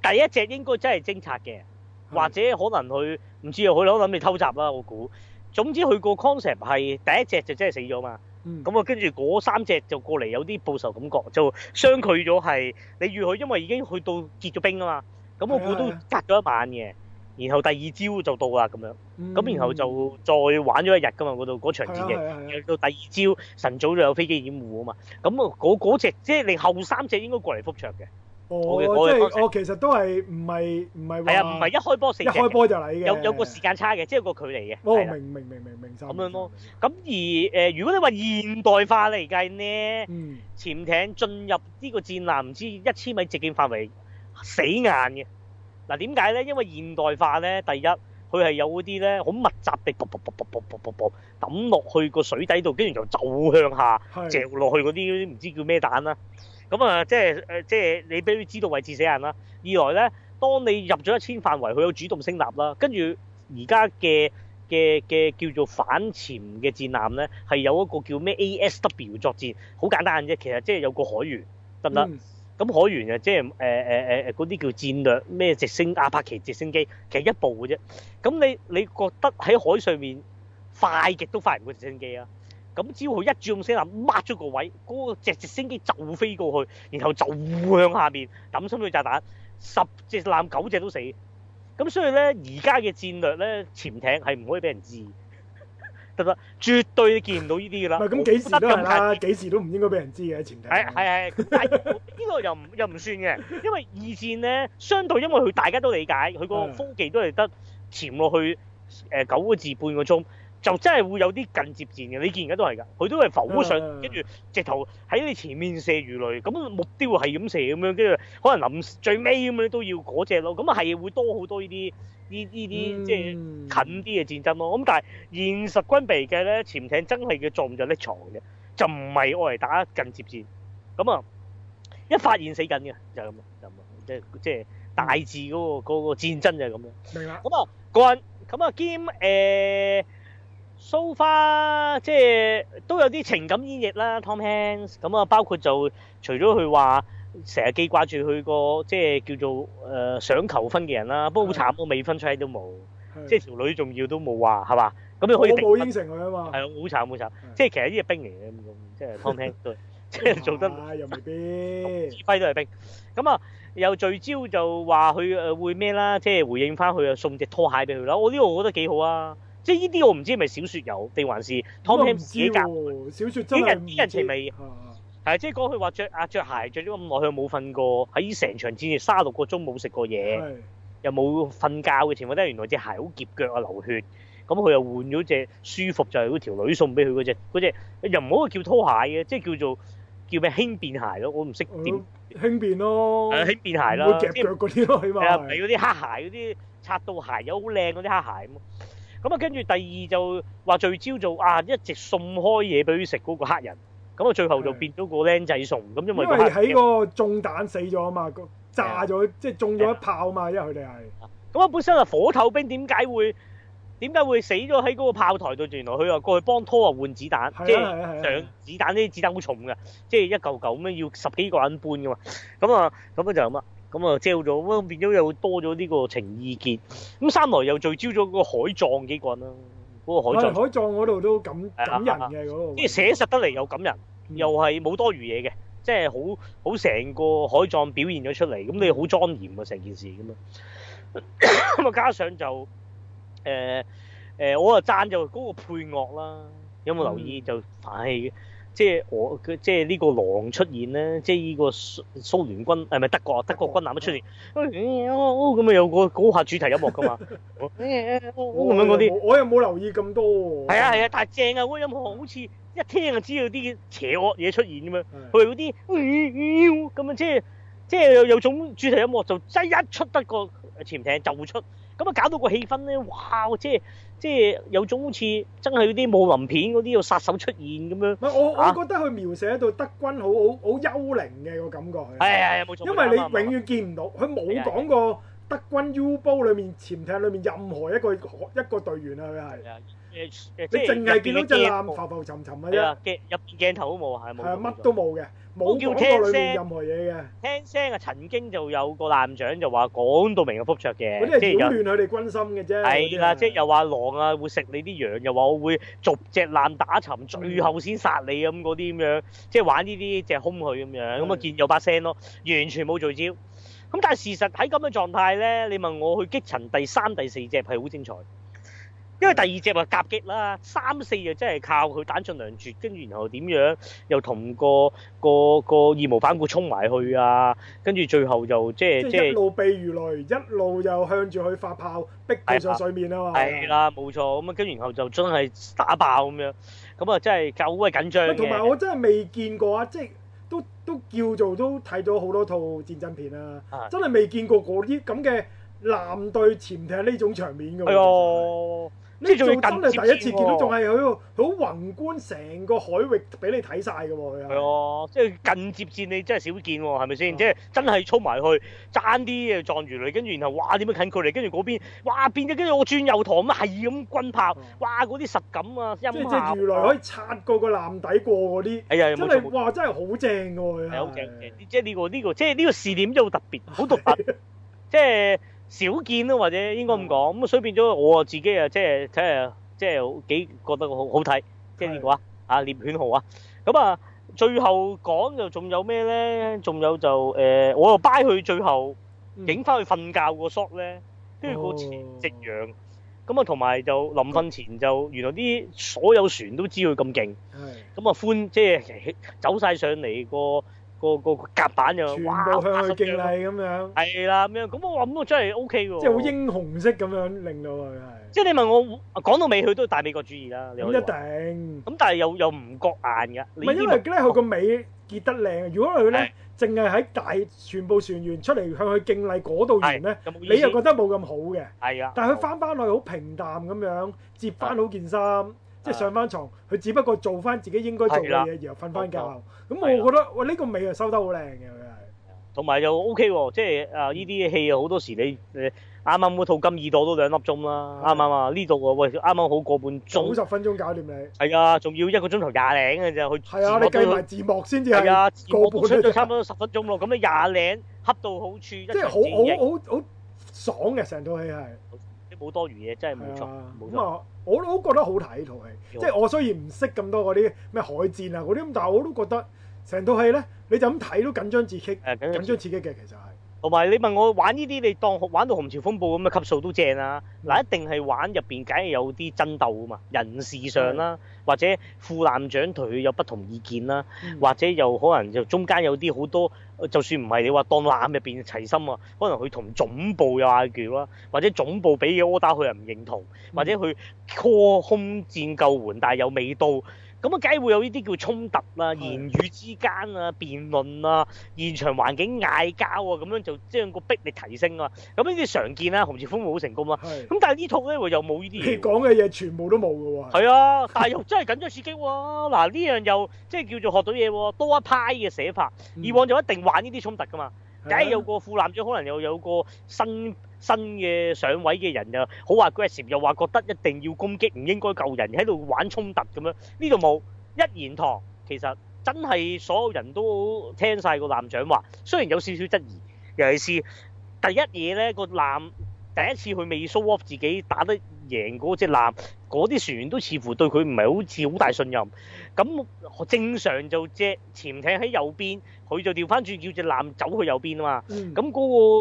第一隻應該真係偵察嘅，的或者可能佢唔知啊，佢諗諗你偷襲啦，我估。總之佢個 concept 係第一隻就真係死咗嘛，咁啊、嗯、跟住嗰三隻就過嚟有啲報仇感覺，就相距咗係你預佢，因為已經去到結咗冰啊嘛，咁我估都隔咗一晚嘅，是的是的然後第二朝就到啊咁樣，咁、嗯、然後就再玩咗一日㗎嘛嗰度嗰場戰役，然後到第二朝晨早就有飛機掩護啊嘛，咁啊嗰嗰隻即係後三隻應該過嚟復場嘅。我我其實都係唔係唔係，係啊，唔係一開波四隻，一開波就嚟嘅，有有個時間差嘅，即係個距離嘅。哦，明明明明明咁樣咯。咁而誒，如果你話現代化嚟計呢，潛艇進入呢個戰艦唔知一千米直徑範圍死硬嘅。嗱點解咧？因為現代化咧，第一佢係有嗰啲咧好密集地啵啵啵啵啵啵啵啵抌落去個水底度，跟住就走向下著落去嗰啲唔知叫咩彈啦。咁啊、嗯，即係誒，即係你俾佢知道位置死人啦。二來咧，當你入咗一千範圍，佢有主動聲納啦。跟住而家嘅嘅嘅叫做反潛嘅戰艦咧，係有一個叫咩 ASW 作戰，好簡單嘅啫。其實即係有個海員得唔得？咁、嗯、海員啊，即係誒誒誒誒嗰啲叫戰略咩直升阿帕奇直升機，其實一部嘅啫。咁你你覺得喺海上面快極都快唔過直升機啊？咁只要佢一轉身，諗挖咗個位，嗰隻直升機就飛過去，然後就向下邊抌深水炸彈，十隻艦九隻都死。咁所以咧，而家嘅戰略咧，潛艇係唔可以俾人知，得得？絕對見唔到呢啲噶啦，咁幾 時都係都唔應該俾人知嘅 潛艇。係係係，但係依個又唔又唔算嘅，因為二戰咧，相對因為佢大家都理解，佢 個風技都係得潛落去誒九個字半個鐘。就真係會有啲近接戰嘅，你見而家都係㗎，佢都係浮上，跟住、yeah, yeah , yeah. 直頭喺你前面射魚雷，咁目標係咁射咁樣，跟住可能臨最尾咁樣都要嗰隻咯，咁啊係會多好多呢啲呢呢啲即係近啲嘅戰爭咯。咁但係現實軍備嘅咧，潛艇真係嘅作用就匿藏嘅，就唔係愛嚟打近接戰。咁啊，一發現死緊嘅就係咁，就即係即係大致嗰、嗰個嗰、mm. 個戰爭就係咁樣。明白、mm. 啊。咁啊個人，咁啊兼誒。欸 So far 即係都有啲情感演繹啦，Tom Hanks 咁啊，包括就除咗佢話成日記掛住佢個即係叫做誒、呃、想求婚嘅人啦，不過好慘，我對 未婚妻都冇，對 即係條女仲要都冇話係嘛，咁你可以我冇應承佢啊嘛，係啊，好慘好慘，慘對 即係其實呢嘢兵嚟嘅咁，即係 Tom Hanks 都即係做得又未必指揮都係兵，咁、嗯、啊、嗯、又聚焦就話佢誒會咩啦，即係回應翻佢啊送隻拖鞋俾佢啦，我呢個我覺得幾好啊。即係呢啲我唔知係咪小說有定還是 Tommy 自己夾？小說真係唔知。啲人人情味係即係講佢話着啊著鞋着咗咁耐，佢冇瞓過，喺成場戰事三十六個鐘冇食過嘢，是又冇瞓覺嘅情況底下，原來隻鞋好夾腳啊，流血。咁佢又換咗隻舒服，就係嗰條女送俾佢嗰隻嗰隻，又唔好叫拖鞋嘅、啊，即係叫做叫咩輕便鞋咯、啊，我唔識點輕便咯，輕、啊、便鞋咯，夾腳嗰啲咯，起碼俾啲黑鞋嗰啲擦到鞋油好靚嗰啲黑鞋。咁啊，跟住第二就話聚焦做啊，一直送開嘢俾佢食嗰個黑人，咁啊最後就變咗個僆仔送，咁因為佢喺個中彈死咗啊嘛，炸咗即係中咗一炮啊嘛，因為佢哋係，咁啊、就是、本身啊火頭兵點解會點解會死咗喺嗰個炮台度？原來佢啊過去幫拖啊換子彈，即係、啊、上子彈呢啲子彈好重㗎，即係一嚿嚿咁樣要十幾個人搬噶嘛，咁啊咁樣就咁啊。咁啊，即係好咗，咁變咗又多咗呢個情意結。咁三來又聚焦咗嗰個海葬幾棍啦，嗰個海葬。海葬嗰度都感感人嘅嗰個。即係寫實得嚟又感人，又係冇多餘嘢嘅，即係好好成個海葬表現咗出嚟，咁你好莊嚴啊成件事咁樣。咁啊，加上就誒誒，我啊贊就嗰個配樂啦，有冇留意就反氣。即係我即係呢個狼出現咧，即係呢個蘇蘇聯軍誒，係咪德國德國軍艦都出現，咁啊有個嗰下主題音樂噶嘛，咁樣嗰啲，我又冇留意咁多喎、哦。係啊係啊，但係正啊嗰音樂好似一聽就知道啲邪惡嘢出現咁、哎、樣，佢嗰啲咁樣即係即係有有種主題音樂就即一出德國潛艇就會出。咁啊搞到個氣氛咧，哇！即係即係有種好似真係啲武林片嗰啲要殺手出現咁樣。我，我覺得佢描寫到德軍好好好幽靈嘅個感覺。係係係，冇錯，因為你永遠見唔到，佢冇講過德軍 U-Boat 裏面潛艇裏面任何一個一個隊員啊，佢係。你淨係見到隻艦浮浮沉沉嘅啫，入邊鏡頭都冇啊，係冇。係啊，乜都冇嘅，冇叫聽聲任何嘢嘅。聽聲啊，曾經就有個艦長就話講到明個伏雀嘅。嗰啲係擾亂佢哋軍心嘅啫。係啦，即係又話狼啊會食你啲羊，又話我會逐隻艦打沉，最後先殺你咁嗰啲咁樣，即係玩呢啲即係哄佢咁樣。咁啊見有把聲咯，完全冇聚焦。咁但係事實喺咁嘅狀態咧，你問我去擊沉第三、第四隻係好精彩。因為第二隻話夾擊啦，三四就真係靠佢彈盡糧絕，跟住然後點樣又同個個個義無反顧衝埋去啊，跟住最後就係、即係即係一路避魚雷，係一路又向住佢發炮，逼佢上水面啊嘛。係啦，冇錯咁啊，跟住然後就真係打爆咁樣，咁啊真係夠鬼緊張。同埋我真係未見過啊，即、就、係、係、都都叫做都睇咗好多套戰爭片啊。真係未見過嗰啲咁嘅艦隊潛艇呢種場面㗎喎。係咯、哎呦。哎呢種咁你第一次見到，仲係嗰好宏觀，成個海域俾你睇晒嘅喎，佢即係近接戰你真係少見喎、啊，係咪先？ 即係真係衝埋去爭啲嘅撞魚雷，跟住然後哇點樣近距離，跟住嗰邊哇變咗跟住我轉右塘咁啊係咁轟炮，嗯、哇嗰啲實感啊，音效、啊。即係魚雷可以拆過個艦底過嗰啲。哎呀，真係哇，真係好正喎、啊！係好正即係呢、呢個呢、呢個、呢個、即係呢個試點真係特別，好獨特， 即係。少見咯，或者應該咁講，咁啊所以變咗我啊自己啊即係睇下即係幾覺得好好睇，即係呢個啊？啊獵犬號啊，咁啊最後講就仲有咩咧？仲有就誒，我又擺去最後影翻去瞓覺個 shot 咧，跟住個夕陽，咁啊同埋就臨瞓前就原來啲所有船都知佢咁勁，咁啊寬即係走晒上嚟個。個個夾板又全部向佢敬禮咁樣，係啦咁樣，咁我諗咁我真係 O K 喎，即係好英雄式咁樣令到佢係。即係你問我講到尾，佢都係大美國主義啦，唔一定。咁但係又又唔覺眼嘅，唔係因為咧，佢個尾結得靚。如果佢咧淨係喺大全部船員出嚟向佢敬禮嗰度完咧，你又覺得冇咁好嘅。係啊，但係佢翻返去好平淡咁樣，接翻好件衫。即係上翻床，佢只不過做翻自己應該做嘅嘢，然後瞓翻覺。咁我覺得，喂，呢個尾就收得好靚嘅佢係。同埋又 OK 喎，即係啊呢啲戲好多時你誒啱啱嗰套金耳朵都兩粒鐘啦。啱啱啊，呢度啊，喂，啱啱好個半鐘。九十分鐘搞掂你。係啊，仲要一個鐘頭廿零嘅啫，佢字幕都。係啊，你計埋字幕先至係啊。個半上咗差唔多十分鐘咯，咁你廿零恰到好處，即係好好好好爽嘅成套戲係。冇多餘嘢，真係冇錯。冇錯。我都覺得好睇呢套戲，嗯、即係我雖然唔識咁多啲咩海戰啊啲咁，但係我都覺得成套戲咧，你就咁睇都緊張刺激，緊張、嗯、刺激嘅其實。同埋你問我玩呢啲，你當玩到《紅潮風暴》咁嘅級數都正啊。嗱，嗯、一定係玩入邊，梗係有啲爭鬥㗎嘛，人事上啦，嗯、或者副艦長同佢有不同意見啦，嗯、或者又可能就中間有啲好多，就算唔係你話當艦入邊齊心啊，可能佢同總部有嗌交啦，或者總部俾嘅 order 佢又唔認同，或者佢 call 空戰救援，但係又未到。咁啊，梗係會有呢啲叫衝突啦、啊、的言語之間啊、辯論啊、現場環境嗌交啊，咁樣就將個逼力提升啊。咁呢啲常見啊？洪志峰冇成功啊。咁的但係呢套咧又冇呢啲嘢你講嘅嘢全部都冇嘅喎。係啊，但係、啊、真係緊張刺激喎、啊。嗱，呢樣又即係叫做學到嘢喎、啊，多一派嘅寫法。嗯、以往就一定玩呢啲衝突噶嘛，梗係的有個富男仔可能又有個新。新嘅上位嘅人、啊、好又好話 grasp，又話覺得一定要攻擊，唔應該救人，喺度玩衝突咁樣。呢度冇一言堂，其實真係所有人都聽晒個艦長話，雖然有少少質疑，尤其是第一嘢咧，個艦第一次去未 show off 自己打得。贏過隻艦，嗰啲船員都似乎對佢唔係好似好大信任。咁正常就隻潛艇喺右邊，佢就調翻轉叫隻艦走去右邊啊嘛。咁嗰、嗯嗰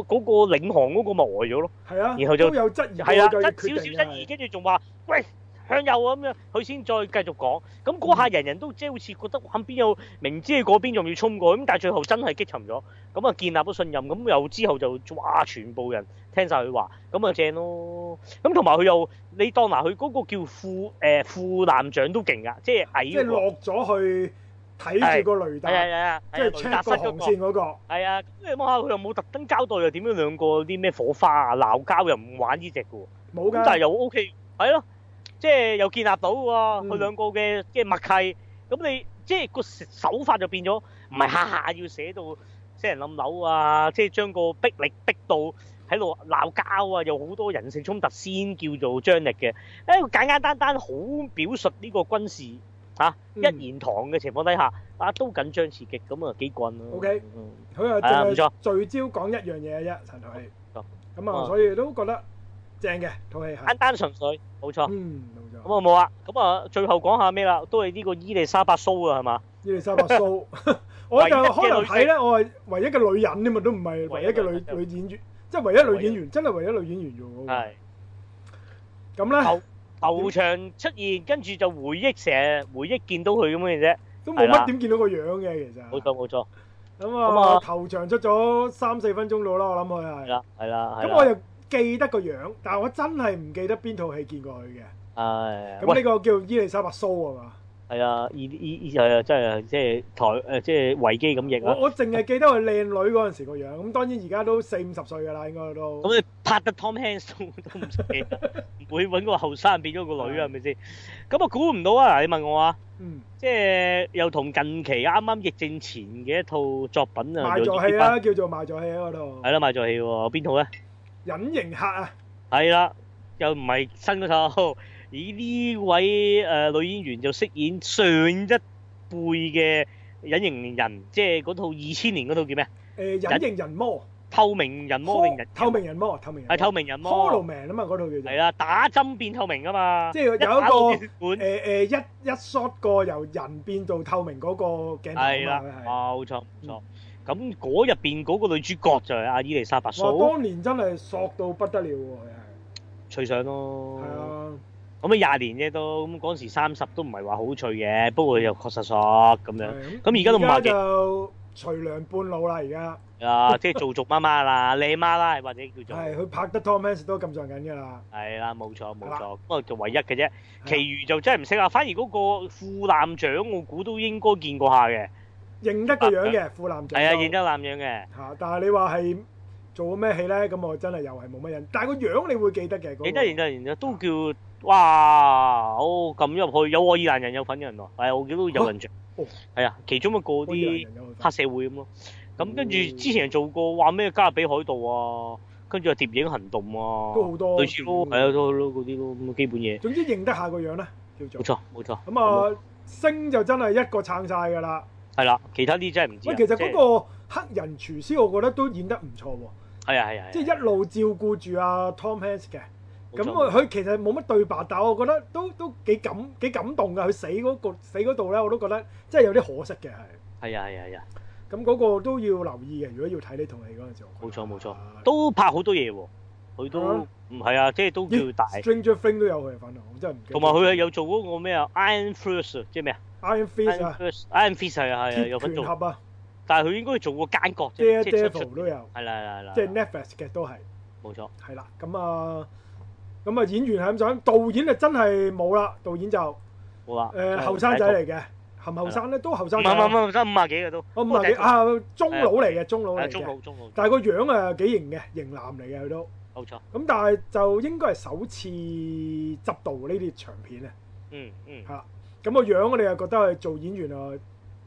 個嗰、嗰個、領航嗰個咪呆咗咯。係啊，然後就都有質疑，係啊，質少少質疑，跟住仲話喂，向右啊咁樣，佢先再繼續講。咁嗰下人人都即係好似覺得，哇邊有明知去嗰邊仲要衝過咁，但係最後真係擊沉咗。咁啊建立咗信任，咁又之後就哇全部人聽晒佢話，咁啊正咯。咁同埋佢又你當埋佢嗰個叫副誒、欸、副艦長都勁㗎，即係矮落咗、那個、去睇住個雷達，即係 check 個航線嗰個。啊、那個，你望下佢又冇特登交代，又點樣兩個啲咩火花啊鬧交又唔玩呢隻嘅喎。冇咁的，但係又 O K 係咯。即係又建立到喎、啊，佢、嗯、兩個嘅即係默契。咁你即係個手法就變咗，唔係下下要寫到死人冧樓啊，即係將個逼力逼到喺度鬧交啊，有好多人性衝突先叫做張力嘅。誒，簡簡單單好表述呢個軍事嚇、啊嗯、一言堂嘅情況底下，啊都緊張刺激咁啊幾棍咯。O K，好啊，冇錯 Okay,、嗯，聚焦講一樣嘢嘅啫，陳同咁啊，嗯嗯嗯、所以都覺得。正嘅，空氣，單單純粹，冇錯，嗯，冇錯，咁啊冇啊，咁啊最後講下咩啦，都係呢個伊利沙伯蘇啦，係嘛？伊利沙伯蘇，我就開頭睇咧，我係唯一嘅女人添嘛，都唔係唯一嘅女女演員，即係唯一女演員，真係唯一女演員用嘅，係。咁咧頭頭場出現，跟住就回憶成日回憶見到佢咁嘅啫，都冇乜點見到個樣嘅，其實，冇錯冇錯，咁啊頭場出咗三四分鐘到啦，我諗佢係，係啦，咁我又。記得個樣，但係我真係唔記得邊套戲見過佢嘅。誒，咁呢個叫伊麗莎白蘇啊嘛？係啊，伊伊又真係即係台誒即係維基咁譯啦。我我淨係記得佢靚女嗰陣時個樣，咁當然而家都四五十歲㗎啦，應該都。咁你拍得 Tom Hanks 都唔識記得，唔會揾個後生變咗個女係咪先？咁啊估唔到啊！嗱，你問我啊，嗯，即係又同近期啱啱疫症前嘅一套作品啊，賣座戲啦，叫做賣座戲喺嗰度。係啦，賣座戲喎，邊套咧？隱形客啊！係啦，又唔係新嗰套。咦，呢位誒女演員就飾演上一輩嘅隱形人，即係嗰套二千年嗰套叫咩啊？誒隱形人魔，透明人魔透明人魔，透明人係透明人魔。Follow me 啊嘛，嗰套叫做係啦，打針變透明啊嘛，即係有一個誒誒一一 shot 過由人變做透明嗰個鏡。係啦，冇錯，冇錯。咁嗰入邊嗰個女主角就係阿伊麗莎白蘇。我當年真係索到不得了喎、啊，又係。脆上咯。係啊。咁啊廿年啫都，咁嗰時三十都唔係話好脆嘅，不過又確實索咁樣。咁而家都唔係嘅。而家就徐娘半老啦，而家。啊，即係做做媽媽啦， 你媽啦，或者叫做。係、啊，佢拍得《Tom Hanks》都咁上緊㗎啦。係啦，冇錯冇錯，不過就唯一嘅啫，其餘就真係唔識啦。啊、反而嗰個副艦長，我估都應該見過下嘅。認得個樣嘅富男仔，係啊，認得男樣嘅嚇。但係你話係做咗咩戲咧？咁我真係又係冇乜人。但係個樣你會記得嘅。認得，認得，認得，都叫哇！哦，咁入去有愛爾蘭人，有粉人喎。係啊，我記得都有印象。係啊，其中一個啲黑社會咁咯。咁跟住之前做過話咩《加勒比海盜》啊，跟住《諜影行動》啊，都好多類似咯，係啊，都係咯，嗰啲咯，咁基本嘢。總之認得下個樣咧，叫做冇錯，冇錯。咁啊，星就真係一個撐晒㗎啦。係啦，其他啲真係唔知。喂，其實嗰個黑人廚師，我覺得都演得唔錯喎。係啊係啊，即係一路照顧住阿 Tom Hanks 嘅。咁佢其實冇乜對白，但係我覺得都都幾感幾感動㗎。佢死嗰個死嗰度咧，我都覺得真係有啲可惜嘅。係。係啊係啊，咁嗰個都要留意嘅。如果要睇呢套戲嗰陣時，我覺得。冇錯冇錯，都拍好多嘢喎。佢都唔係啊，即係都叫大。Stranger Things 都有佢啊，反正我真係唔記得。同埋佢有做嗰個咩啊，Iron Fist，即係咩啊？Iron Fist 啊，Iron Fist 係啊係啊，又分做，但係佢應該做過間角啫，Daredevil 都有，係啦係啦係啦，即係 Netflix 嘅都係，冇錯，係啦咁啊，咁啊演員係咁想，導演啊真係冇啦，導演就冇啦，誒後生仔嚟嘅，冚後生咧都後生，唔唔唔後生，五啊幾嘅都，哦五啊幾啊中佬嚟嘅，中佬嚟嘅，中佬中佬，但係個樣啊幾型嘅，型男嚟嘅佢都，冇錯，咁但係就應該係首次執導呢啲長片啊，嗯嗯吓。咁個樣我哋又覺得係做演員啊，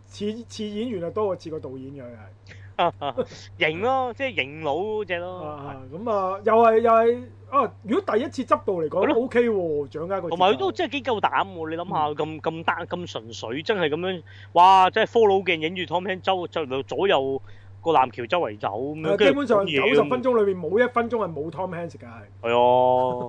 似似演員啊多過似個導演嘅係、啊啊，型咯，即係型佬嗰隻咯。咁 啊，啊，又係又係啊！如果第一次執導嚟講，O K 喎，掌握、嗯、個。同埋佢都真係幾夠膽喎！你諗下，咁咁單咁純粹，真係咁樣，哇！即係 follow 鏡影住 Tom Hanks 周到左右個南橋周圍走咁樣，啊、後基本上九十分鐘裏邊冇一分鐘係冇 Tom Hanks 嘅係。係啊。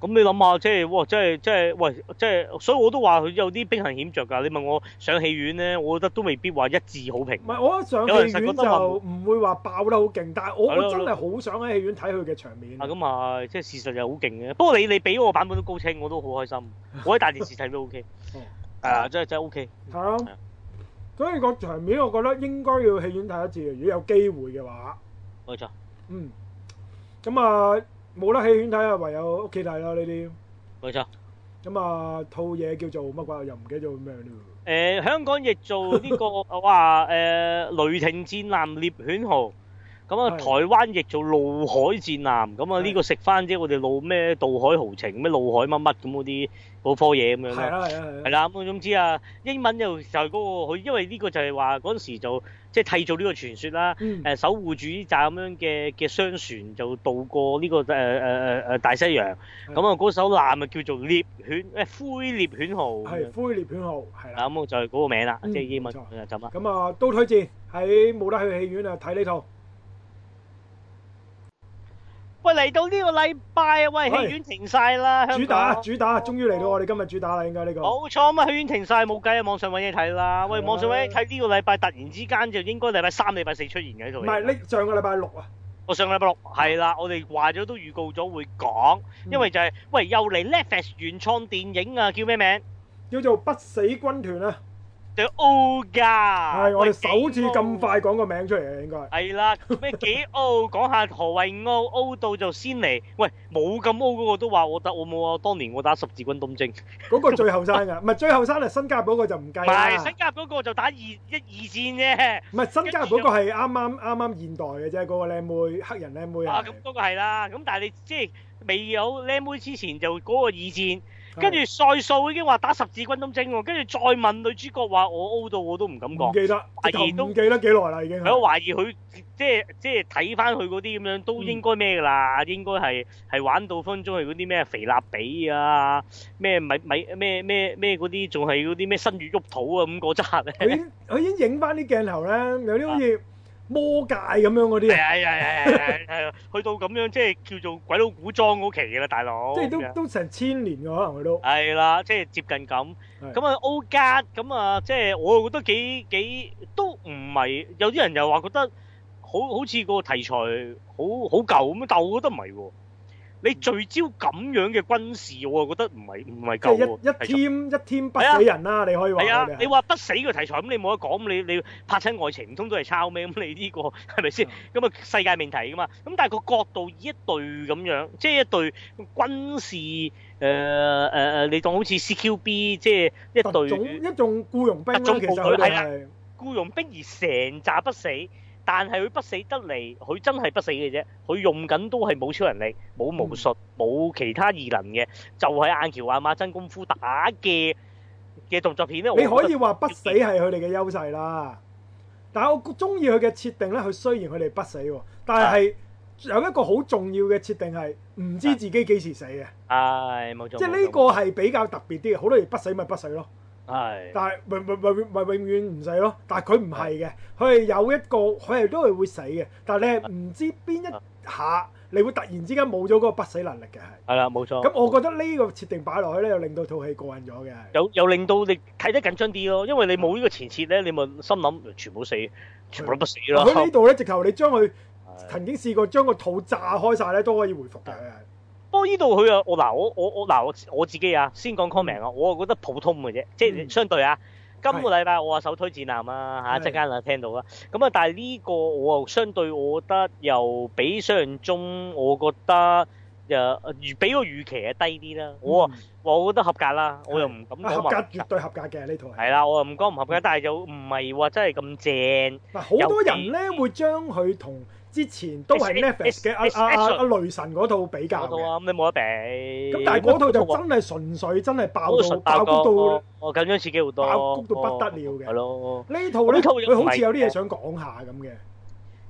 咁你諗下，即係哇，即係即係，喂，即係，所以我都話佢有啲兵行險著㗎。你問我上戲院咧，我覺得都未必話一致好評。唔係，我覺得上戲院就唔會話爆得好勁，但係我真係好想喺戲院睇佢嘅場面。係咁係，即係事實就好勁嘅。不過你你俾我版本都高清，我都好開心。我喺大電視睇都 OK，係 啊，真係真係 OK、嗯。係咯、嗯。所以個場面我覺得應該要戲院睇一次，如果有機會嘅話。冇錯對對、嗯。嗯。咁啊。冇得戲院睇啊，唯有屋企睇咯呢啲。冇錯，咁啊套嘢叫做乜鬼？又唔記得做咩嘞？誒、呃，香港亦做呢、這個，我話、 呃、雷霆戰艦獵犬號，咁啊的台灣亦做怒海戰艦，咁啊呢的個食翻啫，我哋怒咩？怒海豪情咩？怒海乜乜咁嗰啲。嗰科嘢咁樣係啦係啦咁我總之啊，英文又就係嗰、那個佢，因為呢個就係話嗰陣時就即係替造呢個傳說啦。誒、嗯，守護住呢扎咁樣嘅嘅商船就渡過呢、這個誒誒誒誒大西洋。咁啊嗰艘艦啊叫做獵犬誒灰獵犬號，係的灰獵犬號，係啦。咁的、嗯、就係、是、嗰個名啦，即係、嗯、英文就咁啊。咁啊都推薦喺冇得去戲院啊睇呢套。喂，嚟到呢個禮拜啊，喂，戲院停晒啦喂港，主打終於、哦、主打，終於嚟到我哋今日主打啦，應該呢、這個。冇錯，咁啊，戲院停晒，冇計啊，網上揾嘢睇啦。的喂，網上揾嘢睇呢個禮拜突然之間就應該禮拜三、禮拜四出現嘅呢套。唔、這、係、個，你上個禮拜六啊？我、哦、上個禮拜六係啦的，我哋話咗都預告咗會講，因為就係、是，嗯、喂，又嚟 Netflix 原創電影啊，叫咩名？叫做不死軍團啊。對澳噶，係我哋首次咁快講個名出嚟，應該係啦。咩幾澳？講 下何為澳？澳到就先嚟。喂，冇咁澳嗰個都話我得，我冇啊！我當年我打十字軍東征，嗰個最後生噶，唔係 最後生係新加坡嗰個就唔計。唔係新加坡嗰個就打二一二戰啫。唔係新加坡嗰個係啱啱啱啱現代嘅啫，嗰、那個靚妹黑人靚妹啊。咁、嗯、嗰、那個係啦，咁但係你即係未有靚妹之前就嗰個二戰。跟住細數已經話打十字軍東征喎，跟住再問女主角話我 O 到我都唔敢講。唔記得，懷記疑都唔記得幾耐啦已經。係啊，懷疑佢即係即係睇翻佢嗰啲咁樣，都應該咩㗎啦？應該係係玩到分分鐘係嗰啲咩肥臘比啊，咩咪咪咩咩咩嗰啲，仲係嗰啲咩新月喐肚啊咁嗰扎。佢佢已經影翻啲鏡頭咧，有啲好似。 魔界咁樣嗰啲係係係係係去到咁樣即係叫做鬼佬古裝嗰期嘅啦，大佬即係都都成千年㗎，可能佢都係啦，即係接近咁咁啊，而家咁啊，即係我覺得幾幾都唔係有啲人又話覺得好好似個題材好好舊咁啊，但我覺得唔係喎。你聚焦咁樣嘅軍事，我覺得唔係唔係夠喎。即係一一天一天不死人啦，你可以話。係啊，你話不死嘅題材，咁你冇得講，咁你你拍親愛情，唔通都係抄咩？咁你呢個係咪先？咁啊世界命題㗎嘛。咁但係個角度以一隊咁樣，即係一隊軍事誒誒誒，你當好似 CQB，即係一隊一種僱傭兵。一種部隊係啦。僱傭兵而成扎不死。但係佢不死得嚟，佢真係不死嘅啫。佢用緊都係冇超能力、冇巫術、冇其他異能嘅，就係硬橋硬馬真功夫打嘅嘅動作片咯。你可以話不死係佢哋嘅優勢啦。但係我中意佢嘅設定咧，佢雖然佢哋不死喎，但係有一個好重要嘅設定係唔知自己幾時死嘅。係，唉，冇錯。即係呢個係比較特別啲嘅，好多人不死咪不死咯。係，但係永永永永永遠唔使咯。但係佢唔係嘅，佢係有一個，佢係都係會死嘅。但係你係唔知邊一下，你會突然之間冇咗嗰個不死能力嘅。係。係啦，冇錯。咁我覺得呢個設定擺落去咧，又令到套戲過癮咗嘅。又又令到你睇得緊張啲咯，因為你冇呢個前設咧，你咪心諗全部死，全部都不死咯。喺呢度咧，直頭你將佢的曾經試過將個肚炸開晒咧，都可以回復嘅。不過呢度佢啊，我嗱我我我嗱我我自己啊，先講 comment 啊，嗯、我啊覺得普通嘅啫，即係相對啊，嗯、今個禮拜我話首推展覽啊嚇，陣間啊聽到啦。咁啊，但係呢個我啊相對我覺得又比想像中，我覺得誒預、呃、比個預期又低啊低啲啦。嗯、我我覺得合格啦，的我又唔敢講合，合、啊、合格，絕對合格嘅呢套係。係啦，我又唔講唔合格，但係又唔係話真係咁正。好多人咧會將佢同。之前都係 Netflix 嘅阿阿阿雷神嗰套比較嘅，咁你冇得比。咁但係嗰套就真係純粹真係爆到爆谷到，我緊張刺激好多，爆谷到不得了嘅。係咯。呢套呢套佢好似有啲嘢想講下咁嘅。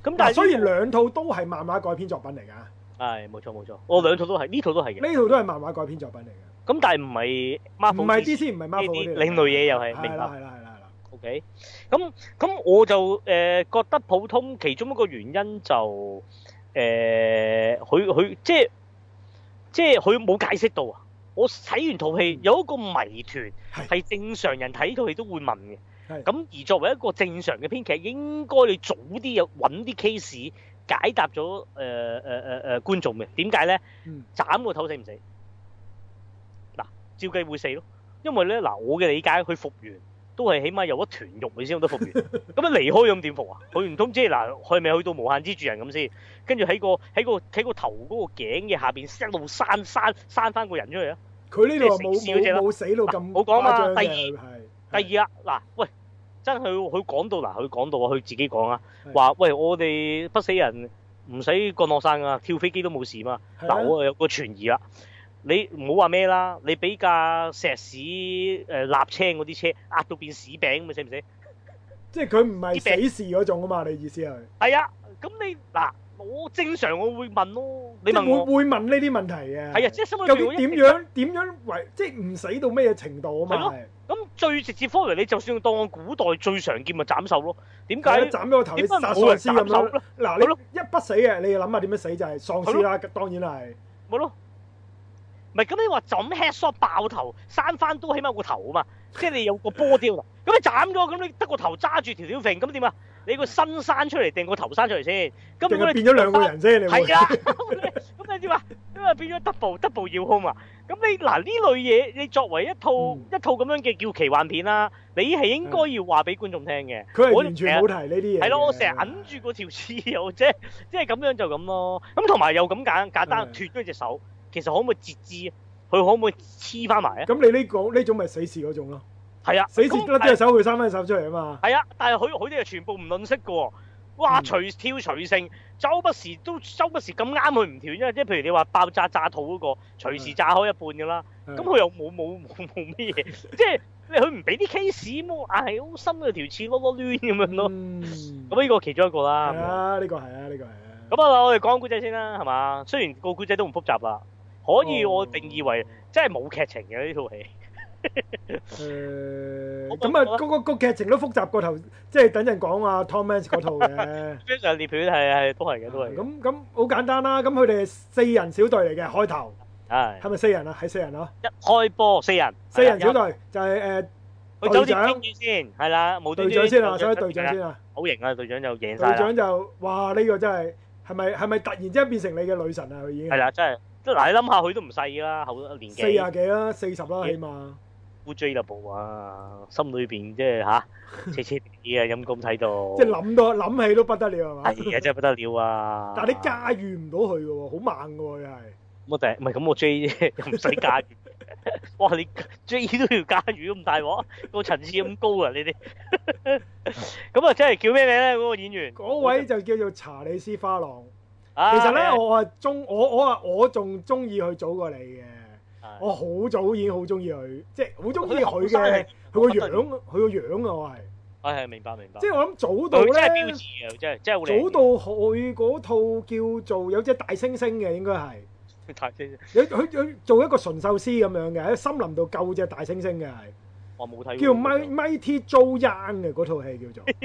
咁但係雖然兩套都係漫畫改編作品嚟㗎。係，冇錯冇錯，我兩套都係呢套都係嘅，呢套都係漫畫改編作品嚟嘅。咁但係唔係，唔係 DC，唔係 Marvel 另類嘢又係，明白。OK，咁咁我就誒、呃、覺得普通，其中一個原因就誒，佢、呃、佢即即係佢冇解釋到啊！我睇完套戲有一個謎團，係正常人睇套戲都會問嘅。咁 而作為一個正常嘅編劇，應該你早啲有搵啲 case 解答咗誒誒誒誒觀眾嘅點解咧？斬 個頭死唔死？嗱，照計會死咯，因為咧嗱，我嘅理解佢復原。都係起碼有一團肉，你先都復完。咁 樣離開咁點復啊？去唔通即係嗱，去咪去到無限之住人咁先？跟住喺個喺個喺個頭嗰個頸嘅下邊一邊一路生生生翻個人出嚟啊！佢呢度又冇冇冇死到咁，冇講啊嘛。第二的第二啊嗱，喂，真係佢講到嗱，佢、啊、講到啊，佢自己講啊，話的喂，我哋不死人唔使降落傘噶，跳飛機都冇事嘛。嗱、啊的啊啊，我有個傳言啊。你唔好話咩啦！你俾架石屎誒立青嗰啲車壓到變屎餅咁啊，死唔死？即係佢唔係死士嗰種啊嘛？你意思係？係啊，咁你嗱，我正常我會問咯。你問我會問呢啲問題啊。係啊，即係究竟於點樣點樣即係唔死到咩程度啊嘛？咁最直接 for example 你就算當古代最常見咪斬首咯？點解斬咗頭你殺喪屍咁咯？嗱，一不死嘅你諗下點樣死就係喪屍啦。當然係。冇咯。唔係咁，你話就 headshot 爆頭，生翻都起碼個頭啊嘛，即、就、係、是、你有個波雕掉，咁 你斬咗，咁你得個頭揸住條條縐，咁點啊？你個身生出嚟定個頭生出嚟先？咁變你變咗兩個人啫，你係啊樣？咁你點啊？因為變咗 double double 要空嘛。咁你嗱呢類嘢，你作為一套、嗯、一套咁樣嘅叫奇幻片啦，你係應該要話俾觀眾、嗯、聽嘅到。佢係完全冇提呢啲嘢。係咯，我成日揞住個條刺我啫，即係咁樣就咁咯。咁同埋又咁簡簡單脫咗隻手。其實可唔可以截肢？啊？佢可唔可以黐翻埋咧？咁你呢個呢種咪死侍嗰種咯？係啊，死侍咧都係收佢三分手出嚟啊嘛。係啊，但係佢佢啲係全部唔論息嘅喎。哇，隨挑隨性，周不時都周不時咁啱佢唔調，因為即係譬如你話爆炸炸肚嗰個，隨時炸開一半㗎啦。咁佢又冇冇冇冇咩嘢？即係佢唔俾啲 case 麼？好深佢條刺攞攞攣咁樣咯。咁呢依個其中一個啦。係啊，呢個係啊，呢個係啊。咁啊，我哋講古仔先啦，係嘛？雖然個古仔都唔複雜啦。可以，我定義為真係冇劇情嘅呢套戲。誒，咁啊，個個個劇情都複雜過頭，即係等陣講啊 Tom Hanks 嗰套咧。《非常獵犬》係係都係嘅都係。咁咁好簡單啦，咁佢哋係四人小隊嚟嘅開頭。係。係咪四人啊？係四人啊！一開波四人，四人小隊就係誒，佢酒店傾住先，係啦，冇隊長先啊，所以隊長先啊，好型啊，隊長就贏晒啦。隊長就，哇！呢個真係係咪係咪突然之間變成你嘅女神啊？佢已經係啦，真係。即係嗱，你諗下佢都唔細啦，好多年紀。四廿幾啦，四十啦，起碼。烏 J 啦部啊，心裏邊即係吓，徹徹底底啊，陰公睇到。即係諗到諗起都不得了係嘛？係啊，真係不得了啊！但係你駕馭唔到佢嘅喎，好猛嘅喎，又係。我第唔係咁，我 J 又唔使駕馭。哇！你 J 都要駕馭咁大鑊，個層次咁高啊！呢啲咁啊，真係叫咩名咧？嗰個演員？嗰位就叫做查理斯·花郎。其實咧，我啊中我我啊我仲鍾意佢早過你嘅，我好早已經好鍾意佢，即係好鍾意佢嘅佢個樣，佢個樣啊，我係，係係明白明白，即係我諗早到咧，佢真係標致嘅，佢真係，早到佢嗰套叫做有隻大猩猩嘅，應該係大猩猩，佢佢佢做一個馴獸師咁樣嘅喺森林度救隻大猩猩嘅係。我冇睇過叫《Mighty Joe Young》嘅嗰套戲叫做，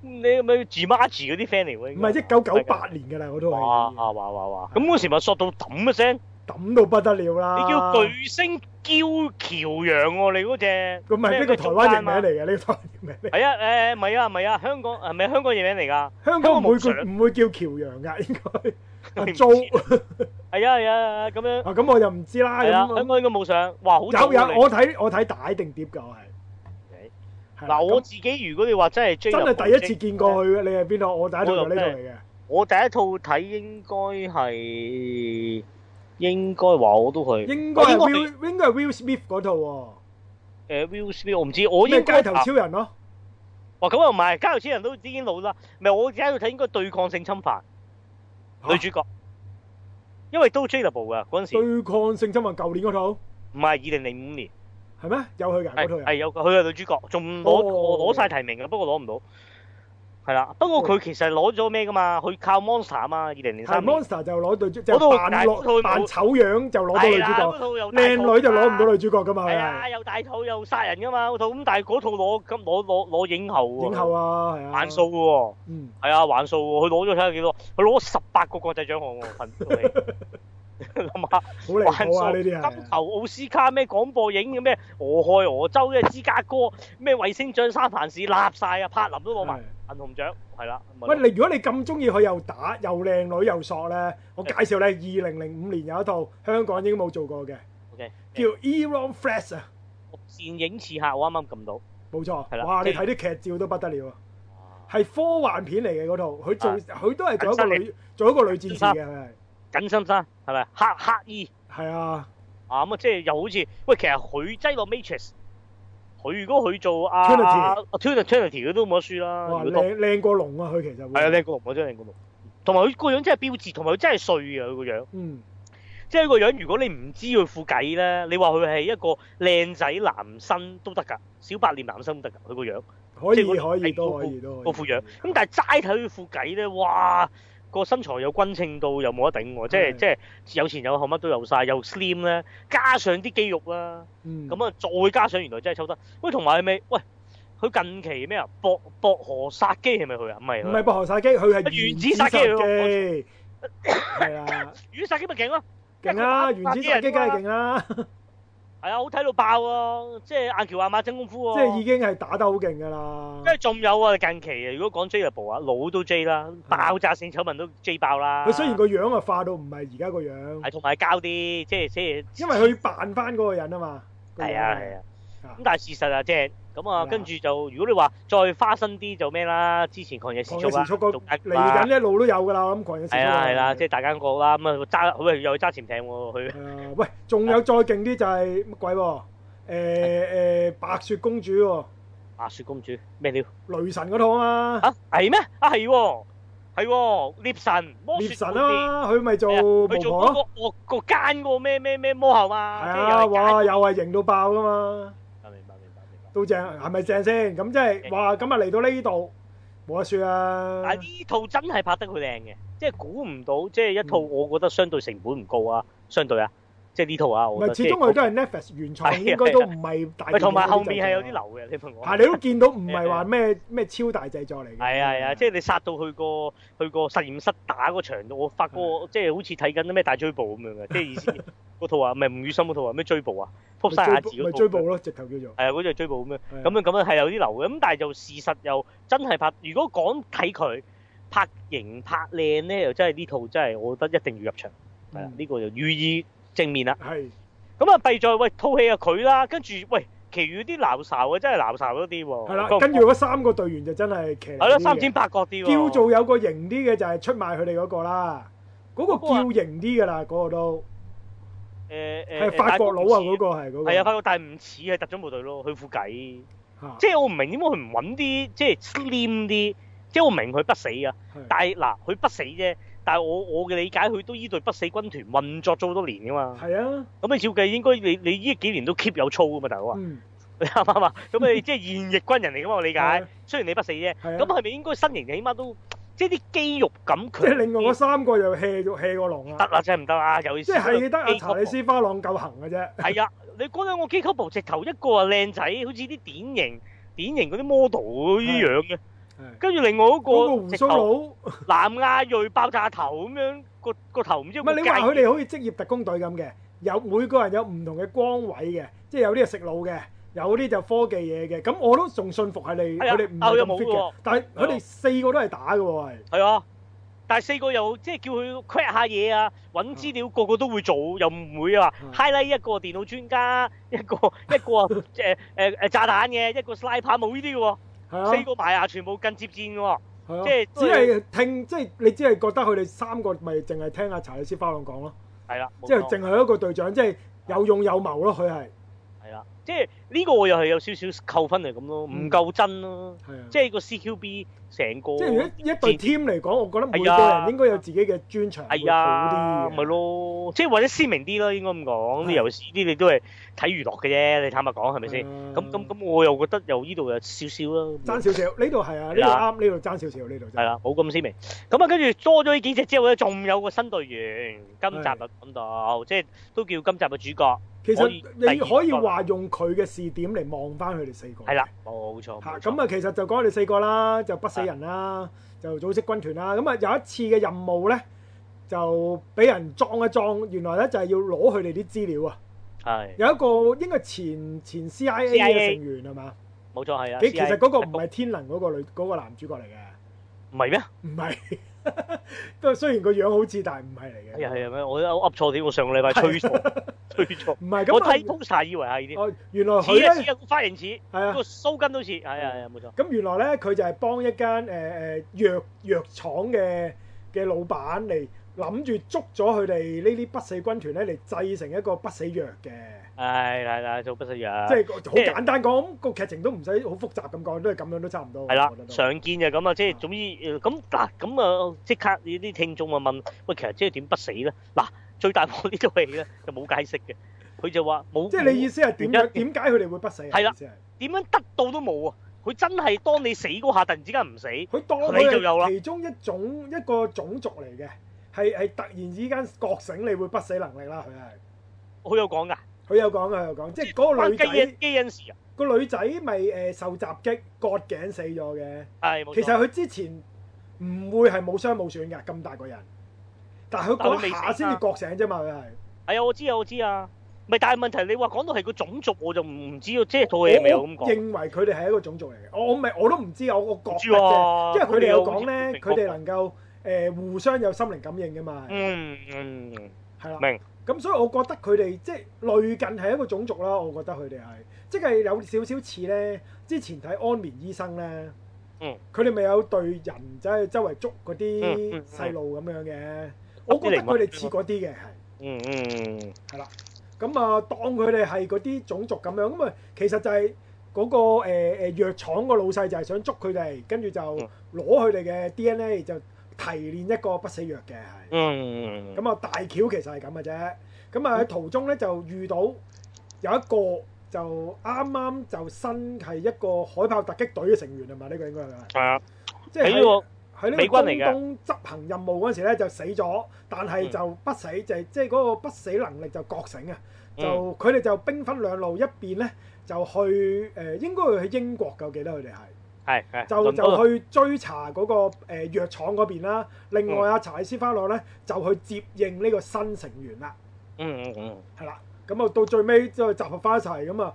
你咪住 Margie 嗰啲 fan 嚟嘅，唔係一九九八年嘅啦，嗰套戲啊。哇哇哇，咁嗰的時咪索到揼一聲。抌到不得了啦！你叫巨星焦喬陽喎，你嗰隻？唔係呢個台灣人名嚟嘅呢個，係啊誒，唔係啊，唔係啊，香港係咪香港人名嚟㗎？香港唔會唔會叫喬陽㗎，應該阿租係啊係啊咁樣啊，咁我就唔知啦。咁香港應該冇上。哇！好有我睇我睇大定碟㗎，係嗱我自己。如果你話真係追，真係第一次見過佢嘅。你係邊套？我第一套係呢套嚟嘅。我第一套睇應該係。應該話我都去，應該係 Will 應該係 Will Smith 嗰套喎，啊呃。誒，Will Smith 我唔知，我應該街頭超人咯，啊。哇，啊，咁又唔係街頭超人都已經老啦，唔係我而家要睇應該對抗性侵犯女主角，因為都追嗰部噶嗰陣時。對抗性侵犯，舊年嗰套？唔係二零零五年係咩？有去噶嗰係有，佢係女主角，仲攞攞晒提名噶，不過攞唔到。係啦，不過佢其實攞咗咩噶嘛？佢靠 Monster 啊，二零零三年。Monster 就攞，對，即係扮落套扮醜樣就攞到女主角。係靚女就攞唔到女主角噶嘛。係啊，又大肚又殺人噶嘛，套咁大嗰套攞金攞攞攞影后。影后啊，係啊，玩數嘅喎，嗯，係啊，玩數佢攞咗睇下幾多？佢攞十八個國際獎項喎，神到你，阿馬，玩數啊呢啲啊，金球奧斯卡咩廣播影嘅咩俄亥俄州嘅芝加哥咩衛星獎三藩市立晒啊，柏林都攞埋。銀銅獎係啦，喂你如果你咁中意佢又打又靚女又索咧，我介紹咧二零零五年有一套香港人應該冇做過嘅，ok 叫 Aeon Flux 啊，電影刺客我啱啱撳到，冇錯，哇你睇啲劇照都不得了，係科幻片嚟嘅嗰套，佢做佢都係做一個女做一個女戰士嘅係咪？井深山係咪？黑黑衣係啊，咁啊即係又好似喂其實佢擠落 Matrix。佢如果佢做阿 Trinity 佢都冇得輸啦。哇，靚靚過龍啊！佢其實係啊，靚過龍我真係靚過龍。同埋佢個樣真係標誌，同埋佢真係碎啊！佢個樣，嗯，即係佢個樣。如果你唔知佢副計咧，你話佢係一個靚仔男生都得㗎，小白臉男生都得㗎。佢個樣可以樣可以都可以都、哎、個副樣。咁但係齋睇佢副計咧，哇！個身材有均稱到又冇得頂喎、啊，的即係即係有前有後乜都有晒，又 slim 咧，加上啲肌肉啦、啊，咁啊、嗯、再加上原來真係抽得，喂同埋係咪？喂，佢近期咩啊？薄薄荷殺機係咪佢啊？唔係，唔係薄荷殺機，佢係原子殺機。係啊，原子殺機咪勁咯，勁啊！的 原子殺機梗係勁啦。 係啊、哎，好睇到爆啊！即係阿喬阿媽真功夫喎、啊，即係已經係打得好勁噶啦。跟住仲有啊，近期啊，如果講 J 嘅部啊，老都 J 啦，的爆炸性醜聞都 J 爆啦。佢雖然個樣啊化到唔係而家個樣，係同埋膠啲，即係即係。因為佢扮翻嗰個人啊嘛，係啊。咁但係事實啊，即係咁啊，跟住就如果你話再花心啲就咩啦，之前狂野時速啊，嚟緊一路都有噶啦。咁狂野時速係啊，係啦，即係大間國啦，咁啊揸，佢咪又揸潛艇喎佢。喂，仲有再勁啲就係乜鬼喎？誒誒，白雪公主喎。白雪公主咩料？雷神嗰套啊？嚇係咩？啊係喎係喎，獵神。獵神啊嘛，佢咪做巫婆。惡個奸個咩咩咩魔后嘛。係啊，哇，又係型到爆噶嘛。都正，係咪正先？咁即係哇，今日嚟到呢度冇得說啊！啊，呢套真係拍得好靚嘅，即係估唔到，即係一套，我覺得相對成本唔高啊，嗯、相對啊。即係呢套啊，唔始終佢都係 Netflix 原創，應該都唔係大。同埋後面係有啲流嘅你同我。係你都見到，唔係話咩咩超大製作嚟。係係啊，即係你殺到去個去個實驗室打個場，我發覺即係好似睇緊啲咩大追捕咁樣嘅，即係意思。嗰套啊，唔係吳宇森嗰套啊，咩追捕啊，撲晒亞子嗰套追捕咯，直頭叫做係啊，嗰啲追捕咁樣，咁樣咁樣係有啲流嘅，咁但係就事實又真係拍。如果講睇佢拍型拍靚咧，又真係呢套真係我覺得一定要入場。係啊，呢個就寓意。正面啦，係咁啊，弊在喂套戲啊佢啦，跟住喂，其餘啲鬧哨啊，真係鬧哨多啲喎。係啦，跟住嗰三個隊員就真係騎。係咯，三千八角啲叫做有個型啲嘅就係出賣佢哋嗰個啦，嗰個叫型啲噶啦，嗰個都。誒誒，係法國佬啊，嗰個係嗰個。係啊，法國，第五次似特種部隊咯，去副計，即係我唔明點解佢唔揾啲即係 Slim 啲，即係我明佢不死啊，但係嗱，佢不死啫。但係我我嘅理解，佢都依隊不死軍團運作咗好多年噶嘛。係啊。咁你照計應該你你依幾年都 keep 有操噶嘛，大佬啊。 你啱啱啊咁你即係現役軍人嚟噶嘛？我理解。啊、雖然你不死啫。咁係咪應該身形起碼都即係啲肌肉感強啲？佢即係另外嗰三個又 hea 肉 hea 過龍啊。得啦，真係唔得啊。有意思。即係係得啊，查理絲花朗夠行嘅啫。係啊，你講緊我基丘博，po, 直頭一個啊靚仔，好似啲典型典型嗰啲 model 嗰啲樣嘅。跟住另外嗰個胡鬚佬，南亞裔爆炸頭咁樣，個個頭唔知乜鬼。唔係你話佢哋好似職業特工隊咁嘅，有每個人有唔同嘅崗位嘅，即係有啲係食腦嘅，有啲就科技嘢嘅。咁我都仲信服係你，佢哋唔係咁 fit 嘅。但係佢哋四個都係打嘅喎。係啊，但係四個又即係叫佢 cut 下嘢啊，揾資料個個都會做，又唔會啊。Highlight 一個電腦專家，一個一個誒誒誒炸彈嘅，一個 sniper 冇呢啲嘅喎。啊、四個牌啊，全部近接戰㗎喎，即係只係聽，即係你只係覺得佢哋三個咪淨係聽阿查理斯花朗講咯，係啦、啊，即係淨係一個隊長，即、就、係、是、有勇有謀咯，佢係。即係呢個我又係有少少扣分嚟咁咯，唔夠真咯。係啊，即係個 CQB 成個。即係一隊 team 嚟講，我覺得每個人應該有自己嘅專長，好啲。咁咪咯，即係或者鮮明啲咯，應該咁講。尤其係呢你都係睇娛樂嘅啫，你坦白講係咪先？咁咁咁我又覺得又呢度有少少咯。爭少少，呢度係啊，呢度啱，呢度爭少少，呢度。係啊，冇咁鮮明。咁啊，跟住多咗呢幾隻之後咧，仲有個新隊員，今集就講到，即係都叫今集嘅主角。其實你可以話用佢嘅視點嚟望翻佢哋四個。係啦，冇錯。嚇，咁啊、嗯，其實就講佢哋四個啦，就不死人啦，是的 就組織軍團啦。咁、嗯、啊，有一次嘅任務咧，就俾人撞一撞，原來咧就係要攞佢哋啲資料啊。係。是的 有一個應該前前 CIA 嘅成員係嘛？冇 CIA 吧錯係啊。其實嗰個唔係天能嗰個女嗰、嗰個男主角嚟嘅。唔係咩？唔係。都係 雖然個樣好似，但係唔係嚟嘅。又係咩？我我噏錯添，我上個禮拜吹錯，是啊、吹錯。唔係咁，我睇通晒，以為係呢啲。哦，原來佢咧髮型似，係是啊，啊，個鬚根都似。係啊，冇錯、啊。咁原來咧，佢就係幫一間誒誒藥藥廠嘅嘅老闆嚟諗住捉咗佢哋呢啲不死軍團咧嚟製成一個不死藥嘅。係係係做不死人，即係好簡單講，個劇情都唔使好複雜咁講，都係咁樣都差唔多係啦。常見嘅咁啊，即係總之咁嗱咁啊，即刻呢啲聽眾啊問喂，其實即係點不死咧？嗱最大部呢個戲咧， 就冇解釋嘅。佢就話冇，即係你意思係點樣點解佢哋會不死啊？係啦，點樣得到都冇啊！佢真係當你死嗰下，突然之間唔死，佢當你就有啦。其中一種 一個種族嚟嘅，係係突然之間覺醒，你會不死能力啦。佢係好有講噶。佢有講，佢有講，即係嗰個女仔個女仔咪誒受襲擊割頸死咗嘅。係，其實佢之前唔會係冇傷冇損嘅，咁大個人，但係佢嗰下先至覺醒啫嘛，佢係。係啊，我知啊，我知啊。咪但係問題，你話講到係個種族，我就唔唔知道即係套嘢未啊咁講。認為佢哋係一個種族嚟嘅，我咪我都唔知啊，我覺得啫。即係佢哋又講咧，佢哋能夠誒互相有心靈感應嘅嘛。嗯，係啦。明。咁所以我覺得佢哋即係類近係一個種族啦，我覺得佢哋係，即係有少少似咧。之前睇《安眠醫生》咧，嗯，佢哋咪有對人走去周圍捉嗰啲細路咁樣嘅，我覺得佢哋似嗰啲嘅，係，嗯，嗯嗯，係啦。咁啊，當佢哋係嗰啲種族咁樣，咁啊，其實就係嗰個誒誒藥廠個老細就係想捉佢哋，跟住就攞佢哋嘅 DNA 就提煉一個不死藥嘅係，咁啊、嗯嗯、大橋其實係咁嘅啫。咁啊喺途中咧就遇到有一個就啱啱就新係一個海豹突擊隊嘅成員係嘛？呢、呢個應該係係啊，即係喺呢個喺呢個東東執行任務嗰時咧就死咗，但係就不死、嗯、就即係嗰個不死能力就覺醒啊！嗯、就佢哋就兵分兩路，一邊咧就去誒、呃、應該會去英國㗎，我記得佢哋係。係，就就去追查嗰、那個誒、呃、藥廠嗰邊啦。另外阿、嗯、查理斯花洛咧就去接應呢個新成員啦。嗯嗯嗯，係、嗯、啦，咁、嗯、啊到最尾再集合翻一齊咁啊，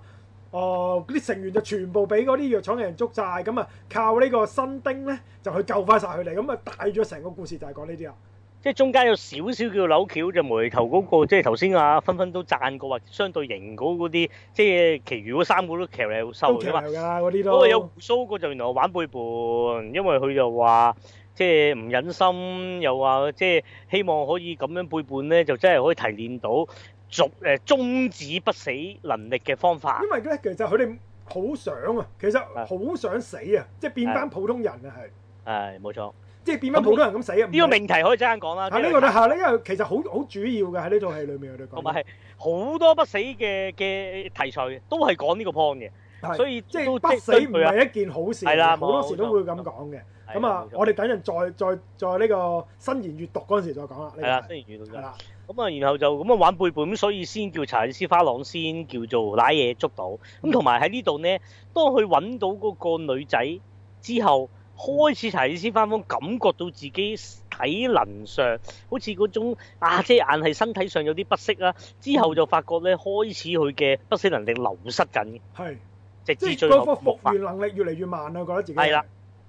哦、嗯，啲、呃、成員就全部俾嗰啲藥廠嘅人捉晒。咁、嗯、啊靠呢個新丁咧就去救翻晒佢哋，咁啊大咗成個故事就係講呢啲啦。即係中間有少少叫扭橋，就無釐頭嗰、嗰個，即係頭先啊，分分都讚過話相對型嗰啲，即係其餘嗰三個都其實係瘦嘅嘛。都係嘅啦，嗰啲都。不過有鬚嗰就原來玩背叛，因為佢就話即係唔忍心，又話即係希望可以咁樣背叛咧，就真係可以提煉到終誒終止不死能力嘅方法。因為咧，其實佢哋好想啊，其實好想死啊，哎、即係變返普通人啊，係。係、哎，冇錯。即係變翻普通人咁死啊！呢個命題可以真係講啦。呢個咧嚇咧，因為其實好好主要嘅喺呢套戲裡面，我哋講同埋係好多不死嘅嘅題材都係講呢個 point 嘅。所以即係不死唔係一件好事。係啦，好多時都會咁講嘅。咁啊，我哋等人等陣再再再呢個新言閲讀嗰陣時再講啦。係啦，新言閲讀啦。咁啊，然後就咁啊玩背背咁，所以先叫查爾斯花郎，先叫做揦嘢捉到。咁同埋喺呢度咧，當佢揾到嗰個女仔之後。開始查理斯返工，感覺到自己體能上好似嗰種啊，即係係身體上有啲不適啊。之後就發覺咧，開始佢嘅不死能力流失緊嘅，是直至最後復原能力越嚟越慢啦，覺得自己。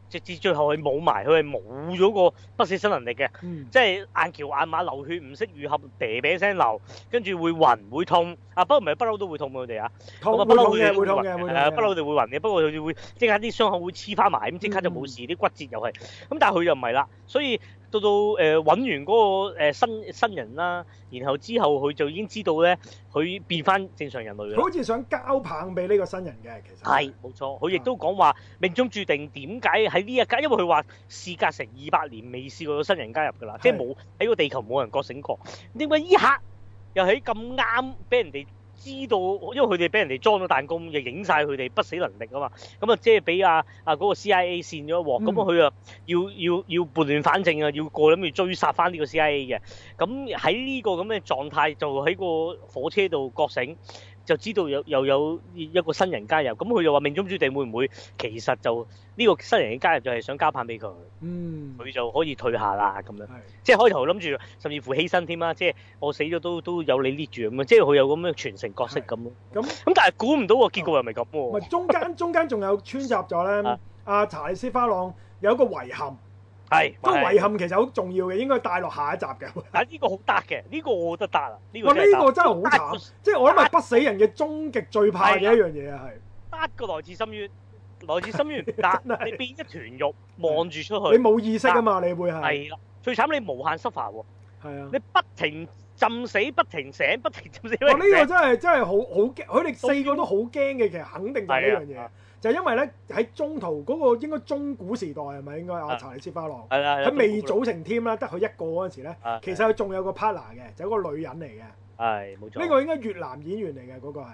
直至最後佢冇埋，佢係冇咗個不死身能力嘅，嗯、即係硬橋硬馬流血唔識愈合，喋喋聲流，跟住會暈會痛。啊，不過唔係不嬲都會痛嘅，佢哋啊，痛嘅不嬲嘅，係啊，不嬲我哋會暈嘅，不過佢會即刻啲傷口會黐翻埋，咁即刻就冇事，啲、嗯、骨折又係。咁但係佢又唔係啦，所以。到到誒揾完嗰、那個、呃、新新人啦，然後之後佢就已經知道咧，佢變翻正常人類啦。好似想交棒俾呢個新人嘅，其實係冇錯。佢亦都講話命中注定點解喺呢一家，因為佢話事隔成二百年未試過有新人加入㗎啦，是即係冇喺個地球冇人覺醒過，點解依刻又喺咁啱俾人哋？知道，因為佢哋俾人哋裝咗彈弓，又影晒佢哋不死能力啊嘛。咁啊，即係俾啊啊嗰個 CIA 線咗一鑊，咁佢啊要要要撥亂反正啊，要過諗住追殺翻呢個 CIA 嘅。咁喺呢個咁嘅狀態，就喺個火車度覺醒。就知道有又有一個新人加入，咁佢又話命中注定會唔會？其實就呢個新人嘅加入就係想交棒俾佢，嗯，佢就可以退下啦咁樣。是即係開頭諗住，甚至乎犧牲添啦，即係我死咗都都有你捏住咁啊！即係佢有咁嘅傳承角色咁咯。咁咁但係估唔到喎，結果又咪係咁喎。唔係、啊、 中間中間仲有穿插咗咧，阿、啊啊、查理斯花浪有一個遺憾。係，都遺憾其實好重要嘅，應該帶落下，下一集嘅。但呢個好 dark 嘅，呢、這個我覺得 dark 啊。呢個呢個真係好、這個、慘，即係我諗係不死人嘅終極最怕嘅一樣嘢啊，係。得個來自深淵，來自深淵，得 是你變一團肉望住的出去。你冇意識啊嘛，你會係。係啦。最慘你無限 suffer 喎。係啊。你不停浸死，不停醒，不停浸死。呢哇個真係真係好好驚，佢哋四個都好驚嘅，其實肯定就係呢樣嘢。就因為咧喺中途嗰個，應該中古時代係咪應該啊查理斯巴洛？係啦，佢未組成 team 啦，得佢一個嗰陣時咧，其實佢仲有個 partner 嘅，就係個女人嚟嘅。係冇錯。呢個應該越南演員嚟嘅嗰個係。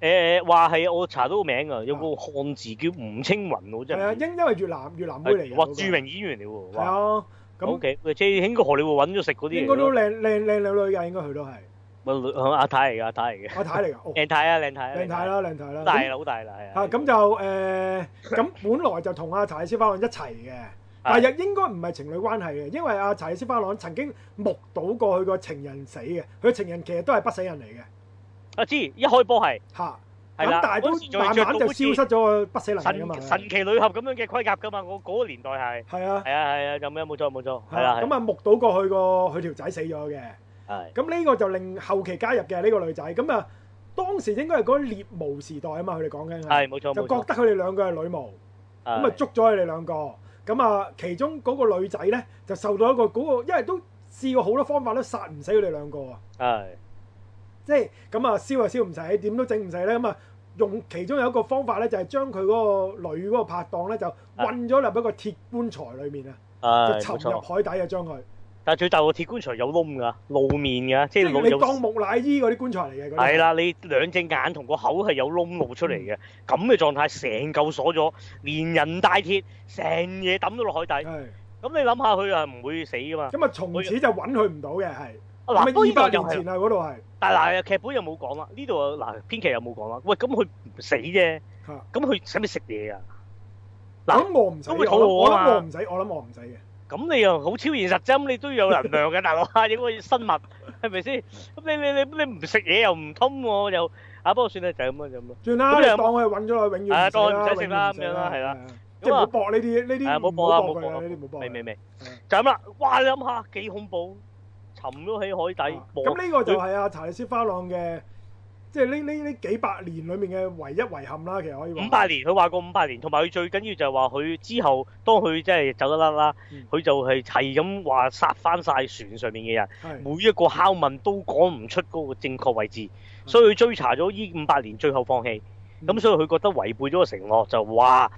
誒，話係我查到個名㗎，有個漢字叫吳青雲喎，真係。係啊，因因為越南越南妹嚟嘅。哇！著名演員嚟喎。係啊，咁 OK。車慶哥何嚟會揾咗食嗰啲？應該都靚靚靚靚女㗎，應該佢都係。冇阿太嚟噶，阿太嚟嘅。阿太嚟噶，靚太啊，靚太啊。靚太啦，靚太啦。大啦，好大啦，係啊。吓，咁就誒，咁本來就同阿柴斯花朗一齊嘅，但係應該唔係情侶關係嘅，因為阿柴斯花朗曾經目睹過佢個情人死嘅，佢個情人其實都係不死人嚟嘅。阿之，一開波係。吓。咁但係都慢慢就消失咗個不死人啊嘛。神奇女俠咁樣嘅規格噶嘛，我嗰個年代係。係啊係啊係啊，咁樣冇錯冇錯。係啦。咁啊，目睹過去個佢條仔死咗嘅。係，咁呢個就令後期加入嘅呢個女仔，咁啊，當時應該係嗰獵巫時代啊嘛，佢哋講緊係，冇錯，就覺得佢哋兩個係女巫，咁啊是捉咗佢哋兩個，咁啊其中嗰個女仔咧就受到一個嗰、嗰個，因為都試過好多方法都殺唔死佢哋兩個是、就是、啊，係，即係咁啊燒又燒唔死，點都整唔死咧，咁啊用其中有一個方法咧就係將佢嗰個女嗰個拍檔咧就困咗入一個鐵棺材裏面啊，是就沉入海底啊將佢。但係最大個鐵棺材有窿噶，露面嘅，即係你當木乃伊嗰啲棺材嚟嘅。係啦，你兩隻眼同個口係有窿露出嚟嘅，咁嘅狀態，成嚿鎖咗，連人帶鐵，成嘢抌到落海底。係，咁你諗下佢啊，唔會死噶嘛？咁啊，從此就揾佢唔到嘅，係。啊，嗱，二百年前啊，嗰度係。但嗱，劇本又冇講啦，呢度啊，嗱，編劇又冇講啦。喂，咁佢唔死啫，咁佢使唔使食嘢啊？諗我唔使，我諗我唔使，我諗我唔使嘅。咁你又好超現實啫，咁你都要有能量嘅，大佬，要個生物係咪先？咁你你你你唔食嘢又唔通喎，又啊，不過算啦，就係咁啦，就咁。算啦，咁就當佢揾咗啦，永遠。係啊，當唔使食啦，咁樣啦，係啦。咁啊，唔好搏呢啲，呢啲。係啊，唔好搏啊，唔好搏啊，呢啲唔好搏。未未未，就咁啦。哇，你諗下幾恐怖，沉咗喺海底。咁呢個就係啊查理斯花浪嘅。即係呢呢呢幾百年裏面嘅唯一遺憾啦，其實可以話。五百年，佢話過五百年，同埋佢最緊要就係話佢之後，當佢即係走得甩啦，佢、嗯、就係係咁話殺翻晒船上面嘅人，嗯、每一個敲問都講唔出嗰個正確位置，嗯、所以佢追查咗呢五百年，最後放棄。咁、嗯、所以佢覺得違背咗個承諾，就話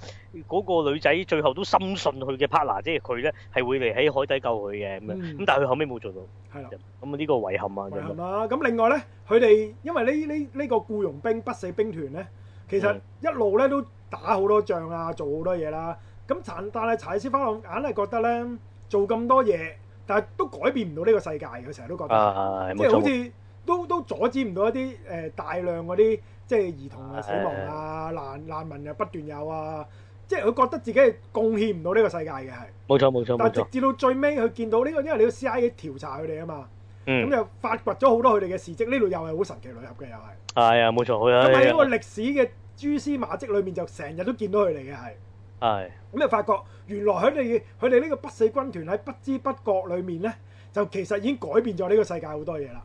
嗰、嗰個女仔最後都深信佢嘅 partner，即係佢咧係會嚟喺海底救佢嘅咁樣。咁但係佢後尾冇做到，係啦的。咁啊呢個遺憾，遺憾啊，遺憾啦。咁另外咧，佢哋因為呢呢呢個僱傭兵不死兵團咧，其實一路咧都打好多仗啊，做好多嘢啦。咁查但係查理絲花朗硬係覺得咧，做咁多嘢，但係都改變唔到呢個世界。佢成日都覺得，啊啊即係好似都都，都阻止唔到一啲誒、呃、大量嗰啲。即係兒童啊，死亡啊，難難民又、啊、不斷有啊！即係佢覺得自己係貢獻唔到呢個世界嘅係。冇錯冇錯。錯，但係直至到最尾，佢見到呢、呢個因為你要 CIA 調查佢哋啊嘛，咁又、嗯、發掘咗好多佢哋嘅事蹟，呢度又係好神奇旅入嘅又係。係啊、哎，冇錯，好啊。咁喺呢個歷史嘅蛛絲馬跡裏面，就成日都見到佢哋嘅係。係。咁又、哎、發覺原來佢哋佢哋呢個不死軍團喺不知不覺裏面咧，就其實已經改變咗呢個世界好多嘢啦。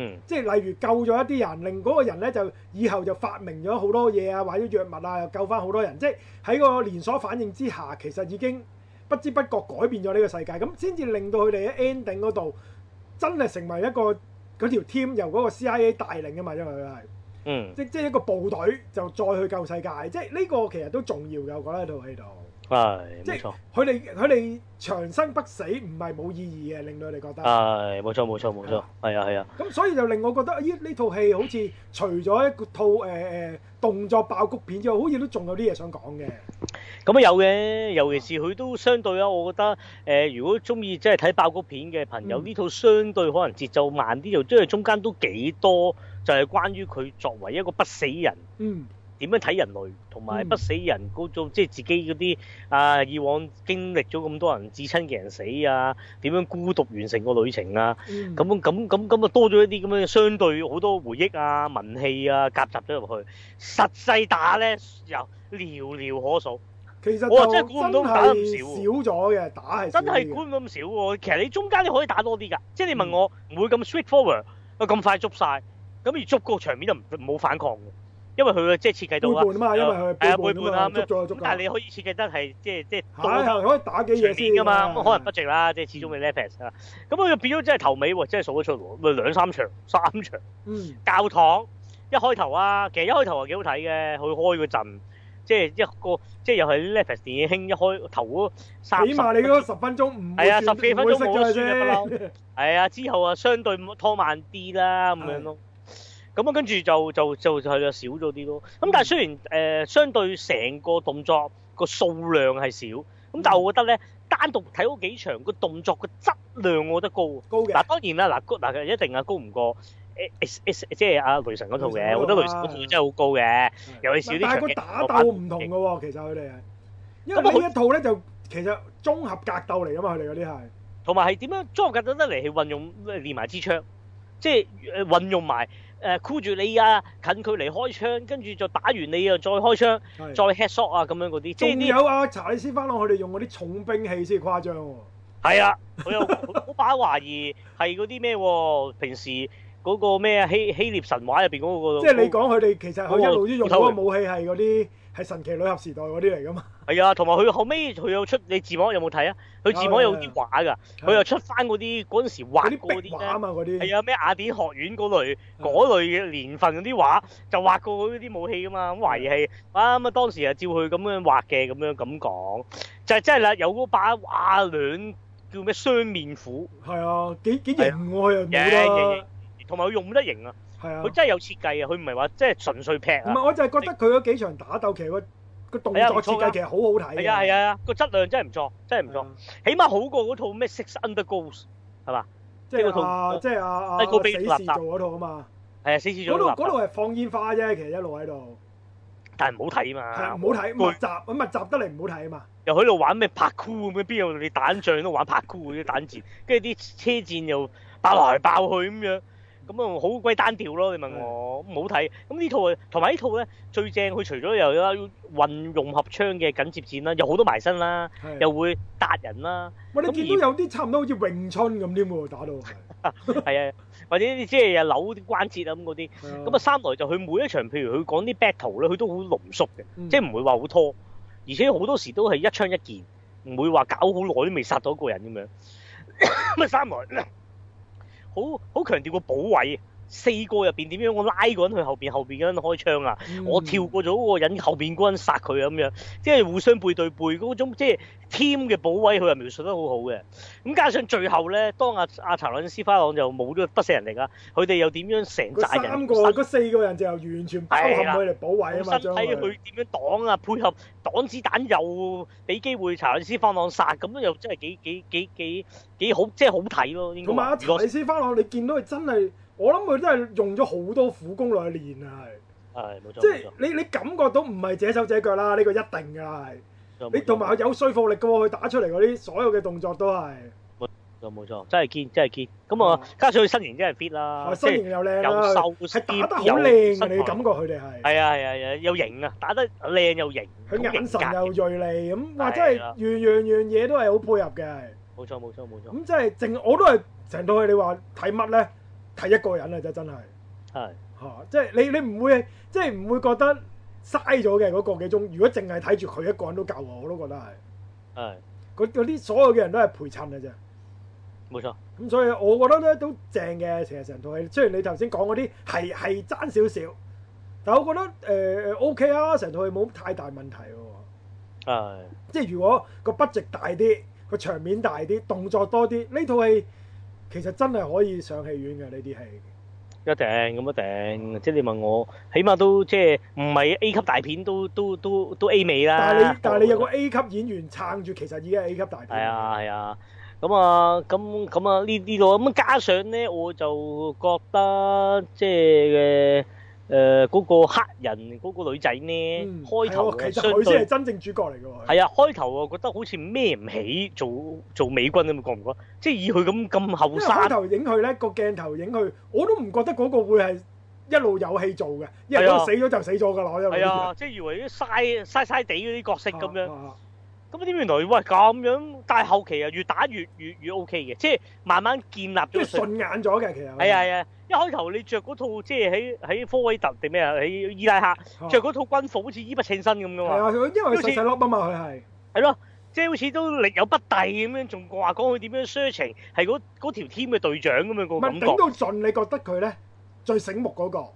嗯，即係例如救咗一啲人，令嗰個人咧就以後就發明咗好多嘢啊，或者藥物啊，又救翻好多人，即係喺個連鎖反應之下，其實已經不知不覺改變咗呢個世界，咁先至令到佢哋喺 ending 嗰度真係成為一個嗰條 team 由嗰個 CIA 帶領㗎嘛，因為佢係，嗯，即即係一個部隊就再去救世界，即係呢個其實都重要嘅，我覺得喺套戲度。係，即係佢哋佢哋長生不死唔係冇意義嘅，令到你覺得係，冇錯冇錯冇錯，係啊係啊。咁所以就令我覺得呢呢套戲好似除咗一套誒誒動作爆谷片之外，好似都仲有啲嘢想講嘅。咁啊有嘅，尤其是佢都相對啊，我覺得誒，如果中意即係睇爆谷片嘅朋友，呢套相對可能節奏慢啲，就即係中間都幾多，就係關於佢作為一個不死人。嗯。點樣睇人類同埋不死人嗰種，嗯、即係自己嗰啲啊，以往經歷咗咁多人至親嘅人死啊，點樣孤獨完成個旅程啊？咁咁咁咁啊，多咗一啲咁嘅相對好多回憶啊、文氣啊，夾雜咗入去。實際打咧又寥寥可數。其實我真係估唔到打咁少，少咗嘅打係真係估唔到咁少喎。其實你中間你可以打多啲㗎，即係你問我唔、嗯、會咁 straightforward，咁快捉晒，咁而捉個場面就唔冇反抗。因為佢嘅即係設計到啊，背半啫嘛，因為佢背半啦。咁但係你可以設計得係即係即係，係係可以打幾嘢先㗎嘛？咁可能不值啦，即係始終未 Netflix 啦。咁佢變咗即係頭尾喎，即係數得出來兩三場，三場。教堂一開頭啊，其實一開頭係幾好睇嘅，佢開嗰陣，即係一個即係又係 Netflix 電影興一開頭三十。起碼你嗰十分鐘唔係啊，十四分鐘我算啦。係啊，之後啊，相對拖慢啲啦，咁樣咯。咁啊，跟住就就就係啊，少咗啲咯。咁但係雖然誒，相對成個動作個數量係少，咁但係我覺得咧，單獨睇嗰幾場個動作個質量，我覺得高。高嘅嗱，當然啦，嗱嗱一定啊，高唔過 S S S，即係阿雷神嗰套嘅，我覺得雷神嗰套真係好高嘅，尤其少啲打鬥唔同嘅喎。其實佢哋因為呢一套咧就其實綜合格鬥嚟㗎嘛，佢哋嗰啲係同埋係點樣綜合格鬥得嚟？去運用連埋支槍，即係誒運用埋。誒箍住你啊！近距離開槍，跟住就打完你啊，再開槍，的再 head shot 啊咁樣嗰啲。仲有啊些查理斯翻落去，佢哋用嗰啲重兵器先誇張喎。係啊，我有，我有 懷疑係嗰啲咩喎？平時嗰個咩希希，希臘神話入邊嗰個，即係你講佢哋其實佢一路都用嗰個武器係嗰啲。 係神奇女俠時代嗰啲嚟噶嘛？係啊，同埋佢後尾，佢又出你字幕有冇睇啊？佢字幕有啲畫噶，佢又出翻嗰啲嗰陣時畫過嗰啲咧。係啊，咩雅典學院嗰類嗰類嘅年份嗰啲畫，啊、就畫過嗰啲武器噶嘛，咁懷疑係啊咁啊、嗯！當時係照佢咁樣畫嘅，咁樣咁講就係真係啦。有嗰把畫兩叫咩雙面斧？係啊，幾幾型我又冇啦。同埋佢用得型啊！係啊，佢真係有設計啊，佢唔係話即係純粹平。唔係，我就係覺得佢嗰幾場打鬥其實個個動作設計其實好好睇。係啊係啊，個質量真係唔錯，真係唔錯，起碼好過嗰套咩 Six Underground 係嘛？即係嗰套，即係啊啊！死侍做嗰套啊嘛。係啊，死侍做嗰套。嗰度係放煙花啫，其實一路喺度。但係唔好睇啊嘛。唔好睇，咁咪雜，咁咪集得嚟唔好睇啊嘛。又喺度玩咩拍酷咁樣，邊有你打戰都玩拍酷嗰啲打戰。跟住啲車戰又爆來爆去咁樣。咁啊，好鬼單調咯！你問我唔、嗯、好睇。咁呢套啊，同埋呢套咧最正，佢除咗又有運用合槍嘅緊接戰啦，又好多埋身啦，的又會揼人啦。哇！你見到有啲差唔多好似詠春咁添喎，打到。係 啊， 或者即係扭啲關節啊咁嗰啲。咁啊的，三嚟就佢每一場，譬如佢講啲 battle 咧，佢都好濃縮嘅，即係唔會話好拖。而且好多時都係一槍一件，唔會話搞好耐都未殺到一個人咁樣。乜 三嚟？好好強調個補位。四個入邊點樣？我拉個人去後邊，後邊嗰個人開槍啊！嗯、我跳過咗嗰個人，後邊嗰人殺佢咁樣，即係互相背對背嗰種，即係 team 嘅保衞，佢又描述得好好嘅。咁、嗯、加上最後咧，當阿、啊、阿、啊、查理斯花朗就冇咗不死人嚟㗎！佢哋又點樣成扎人過？嗰四個人就完全配合佢嚟保衞啊嘛！是是將佢身體去點樣擋啊？配合擋子彈又俾機會查理斯花朗殺，咁又真係幾幾幾幾幾好，即係好睇咯！應該查理、啊、斯花朗你見到佢真係。我諗佢真係用咗好多苦功落去練啊，係冇錯，即係你你感覺到唔係隻手隻腳啦，呢個一定嘅，係你同埋佢有説服力嘅喎，佢打出嚟嗰啲所有嘅動作都係冇錯冇錯，真係堅真係堅咁啊！加上佢身形真係 fit 啦，身形又靚啦，係打得好靚，你感覺佢哋係係啊係啊，又型啊，打得靚又型，佢眼神又銳利咁，哇！真係樣樣嘢都係好配合嘅，冇錯冇錯冇錯。咁即係淨我都係成套，你話睇乜咧？睇一個人的啊，真真係，係嚇，即係你你唔會即係唔會覺得嘥咗嘅嗰個幾鐘。如果淨係睇住佢一個人都夠喎，我都覺得係。係的，嗰啲所有嘅人都係陪襯嘅啫。冇錯。咁、嗯、所以，我覺得咧都正嘅，其實成套戲。雖然你頭先講嗰啲係係爭少少，但我覺得誒 O K 啊，成套戲冇太大問題喎。的即係如果個 budget 大啲，個場面大啲，動作多啲，呢套戲。其實真係可以上戲院嘅呢啲戲，一定，咁一定。即係你問我，起碼都即係唔係 A 級大片都都都都 A 美啦。但係你但係你有個 A 級演員撐住，其實已經係 A 級大片。係啊係啊，咁啊咁咁啊呢呢度咁加上咧，我就覺得即嘅。呃誒嗰、呃那個黑人嗰、那個女仔咧，嗯、開頭啊，佢先係真正主角嚟㗎喎。係她啊，開頭啊覺得好似孭唔起做做美軍咁啊，覺唔覺？即係以佢咁咁後生，因為開頭影佢咧個鏡頭影佢，我都唔覺得嗰個會係一路有戲做嘅，因為佢死咗就死咗㗎啦，啊、我一路。係啊，即係以為啲嘥嘥嘥地嗰啲角色咁樣、啊。啊啊咁點，原來喂，咁樣，但係後期啊越打越越越 O K 嘅，即係慢慢建立咗。即係順眼咗嘅，其實。係啊係啊，一開頭你着嗰套即係喺喺科威特定咩啊？喺伊拉克着嗰套軍服，好似衣不稱身咁噶嘛。係啊，因為細細粒啊嘛，佢係是。係咯，即係好似都力有不逮咁樣，仲話講佢點樣 searching，係嗰條 team 嘅隊長咁樣個感覺。唔係頂到盡，你覺得佢咧最醒目嗰個？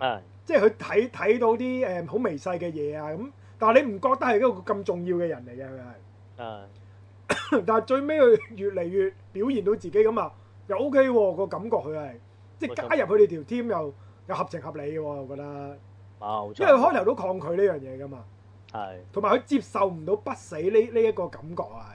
嗯、即係佢睇睇到啲誒好微細嘅嘢啊咁。但係你唔覺得係一個咁重要嘅人嚟嘅，佢係，但係最尾佢越嚟越表現到自己咁啊，又 OK 喎、啊個感覺佢係，即係加入佢哋條 team 又、嗯、又合情合理嘅喎、哦，我覺得，啊、因為開頭都抗拒呢樣嘢噶嘛，係，同埋佢接受唔到不死呢呢一個感覺啊，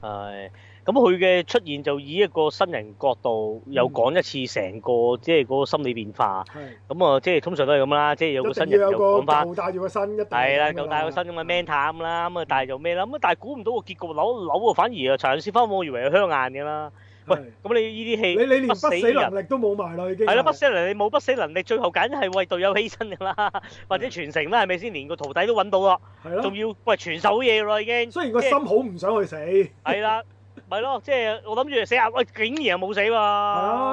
係。Uh, 咁佢嘅出現就以一個新人角度又講一次成個即係嗰個心理變化。咁啊，即係通常都係咁啦，即係有個新人又講翻。舊帶住個新，一定係啦。舊帶個新咁嘅 menta 咁啦，咁啊，但係就咩啦？咁啊，但係估唔到個結局，扭扭啊，反而啊，長孫花我以為為佢香硬嘅啦。喂，咁你呢啲戲，你你連不死能力都冇埋啦，已經。係啦，不死能力你冇不死能力，最後梗係為隊友犧牲㗎啦，或者傳承啦，係咪先？連個徒弟都揾到啦，係咯，仲要喂傳授啲嘢㗎啦，已經。雖然個心好唔想去死。係啦。係咯，即係我諗住死啊！喂，竟然又冇死嘛？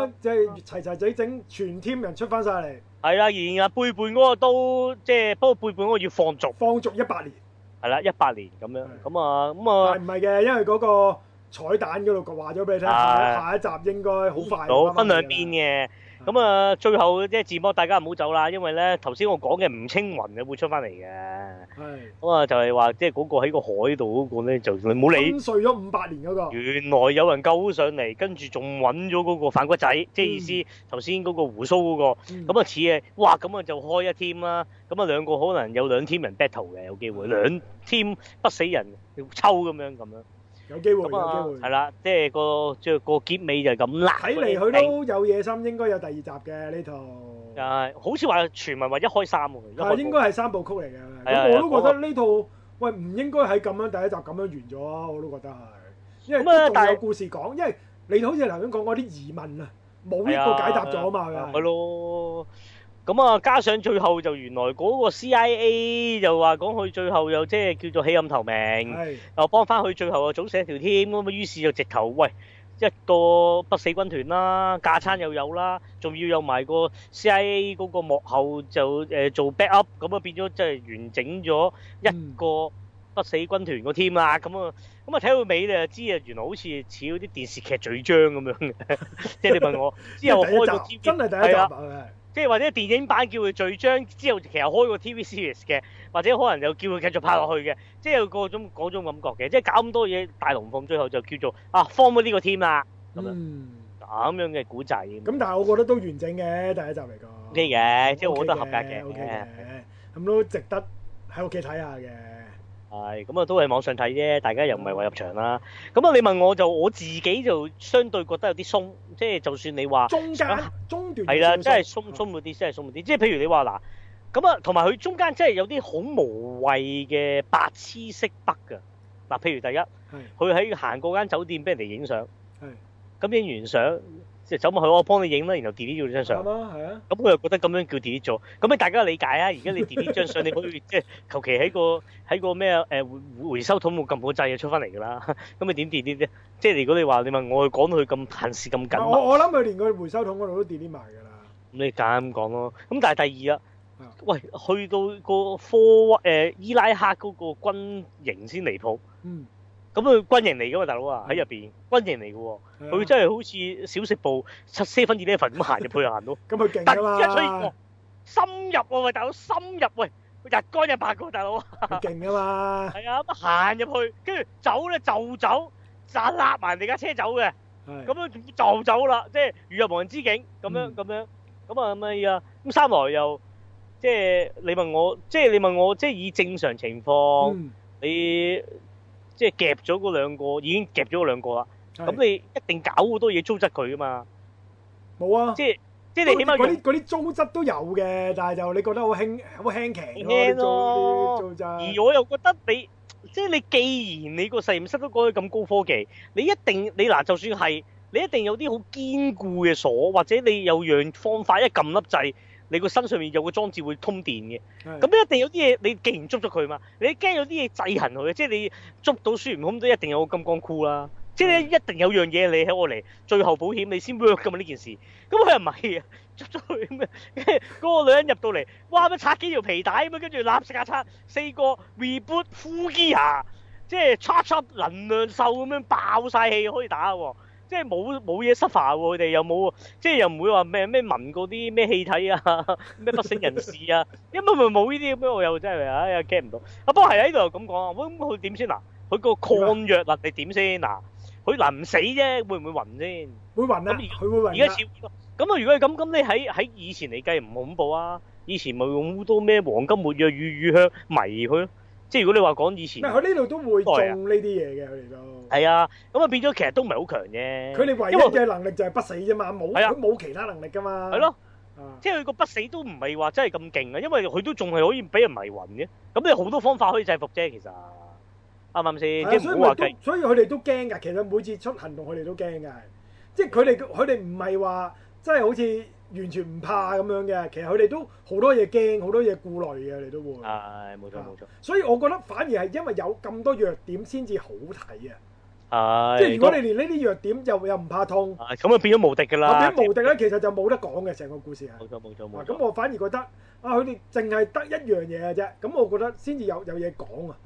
係啊，即係齊齊仔整全 team 人出翻晒嚟。係啦，然啊背叛嗰個都即係，不過背叛嗰個要放逐。放逐一百年。係啦，一百年咁樣咁啊咁啊。唔係嘅，因為嗰個彩蛋嗰度話咗俾你聽，的下一集應該好快。好分兩邊嘅。咁啊，最後即係字幕，大家唔好走啦，因為咧頭先我講嘅吳青雲你會出翻嚟嘅。係的。咁啊，就係話即係嗰個喺個海度嗰個咧，就冇理。沉睡咗五百年嗰、那個。原來有人救上嚟，跟住仲揾咗嗰個反骨仔，即係意思頭先嗰個鬍鬚嗰個。咁啊似啊，哇！咁啊就開一 team 啦。咁啊兩個可能有兩 team 人 battle 嘅，有機會的兩 team 不死人要抽咁樣咁樣。有機會，有機會，係啦，即係個即係個結尾就係咁啦。睇嚟佢都有野心，應該有第二集嘅呢套。係，好似話傳聞話一開三喎。但係應該係三部曲嚟嘅。咁我都覺得呢套喂，唔應該係咁樣第一集咁樣完咗啊！我都覺得係，因為仲有故事講。因為你好似頭先講嗰啲疑問啊，冇一個解答咗嘛㗎。係咯。咁啊，加上最後就原來嗰個 CIA 就話講佢最後又即係叫做棄暗投明，又幫翻佢最後又組寫條添咁啊。於是就直頭，喂一個不死軍團啦，架撐又有啦，仲要有埋個 CIA 嗰個幕後就誒做 backup，咁啊變咗即係完整咗一個不死軍團個 team 啦。咁啊，咁啊睇到尾你就知啊，原來好似似嗰啲電視劇嘴張咁樣嘅，即係你問我，之後我開個真係第一集啊。即係或者電影版叫佢續章之後，其實開個 TV series 嘅，或者可能又叫佢繼續拍落去嘅，即係有種嗰種感覺嘅，即係搞咁多嘢大龍鳳，最後就叫做啊 form 呢個 team 啦，咁樣咁、嗯、樣嘅故仔。咁但係我覺得都完整嘅第一集嚟講。OK 嘅，即係我覺得都合格嘅，OK 嘅，咁、okay、嘅都值得喺屋企睇下嘅。係咁啊，都係網上睇啫，大家又唔係話入場啦。咁啊，你問我就我自己就相對覺得有啲鬆，即係就算你話中間了中段係啦，真係鬆鬆嗰啲先係鬆嗰啲，即係譬如你話嗱，咁啊，同埋佢中間真係有啲好無謂嘅白痴式 bug 嘅嗱，譬如第一，佢喺是行過間酒店俾人哋影相，咁影是完相。即走埋去，我幫你影啦，然後 delete 咗張相。咁啊，係啊。咁佢又覺得咁樣叫 delete 咗，咁你大家理解啊？而家你 delete 張相， 你可以即係求其喺個喺個咩誒、呃、回，回收桶度撳個掣出翻嚟㗎啦。咁 你點 delete 啫？即係如果你話你問我，講到佢咁限時咁緊，我我諗佢連個回收桶嗰度都 delete 埋㗎啦。咁你簡單咁講咯。咁但係第二啊， 喂，去到個科誒、呃、伊拉克嗰個軍營先離譜。嗯。咁佢軍營嚟㗎嘛，大佬、嗯、啊，喺入邊軍營嚟㗎喎，佢真係好似小食部七 seven eleven 咁行入去行到。咁佢 突然一出現，深入喎，喂大佬，深入、啊、深入喂，日幹日白個、啊，大佬勁啊嘛！係啊，咁 行入去，跟住走咧就走、走，就拉埋你架車走嘅。咁的樣就走啦，即係如入無人之境咁樣咁樣。咁啊咁啊咁三來又即係你問我，即係你問我，即係以正常情況你。是即係夾咗嗰兩個，已經夾咗嗰兩個啦。咁是你一定搞好多嘢，糟質佢㗎嘛？冇啊！即係即係你起碼嗰啲嗰啲糟質都有嘅，但係就你覺得好輕好輕騎咯。啊啊、而我又覺得你即係你，既然你個實驗室都過去咁高科技，你一定你嗱，就算係你一定有啲好堅固嘅鎖，或者你有樣方法一撳粒掣。你個身上面有個裝置會通電嘅，咁的一定有啲嘢。你既然捉咗佢嘛，你驚有啲嘢制衡佢，即係你捉到孫悟空都一定有個金剛箍啦。的即係一定有樣嘢你喺我嚟最後保險你，你先 work 㗎嘛呢件事。咁佢又唔係啊，捉咗佢咩？嗰個女人入到嚟，哇！咁拆幾條皮帶咁啊，跟住立即拆四個 reboot 呼吸器，即係 charge up 能量獸咁樣爆晒氣可以打喎、啊。即係冇冇嘢失發喎，佢哋又冇，即係又唔會話咩咩聞過啲咩氣體啊，咩不省人事啊，因咪咪冇呢啲咁，我又真係唉呀驚唔到。啊不過係喺度咁講啊，咁佢點先嗱？佢個抗藥力嗱，你點先嗱？佢臨死啫，會唔會暈先？會暈啊！佢會暈啊！咁而家似咁啊？如果係咁，咁你喺喺以前嚟計唔恐怖啊？以前咪用好多咩黃金沒藥與乳香迷佢。即係如果你話講以前，佢呢度都會做呢啲嘢嘅佢哋都，係啊，咁啊變咗其實都唔係好強啫。佢哋唯一嘅能力就係不死啫嘛，冇冇、啊、其他能力噶嘛。係咯、啊，啊、即係佢個不死都唔係話真係咁勁啊，因為佢都仲係可以俾人迷魂嘅。咁你好多方法可以制服啫，其實啱唔啱先？係、啊，即係，所以咪都，所以佢哋都驚㗎。其實每次出行動，佢哋都驚㗎。即係佢哋佢哋唔係話真係好似。完全唔怕咁樣嘅，其實佢哋都好多嘢驚，好多嘢顧慮嘅，你都會。係，冇錯冇錯。所以我覺得反而係因為有咁多弱點先至好睇啊！係，即係如果你連呢啲弱點又又唔怕痛，咁啊變咗無敵㗎啦！變咗無敵咧，其實就冇得講嘅成個故事係。冇錯冇錯。咁我反而覺得啊，佢哋淨係得一樣嘢嘅啫，咁我覺得先至有有嘢講啊。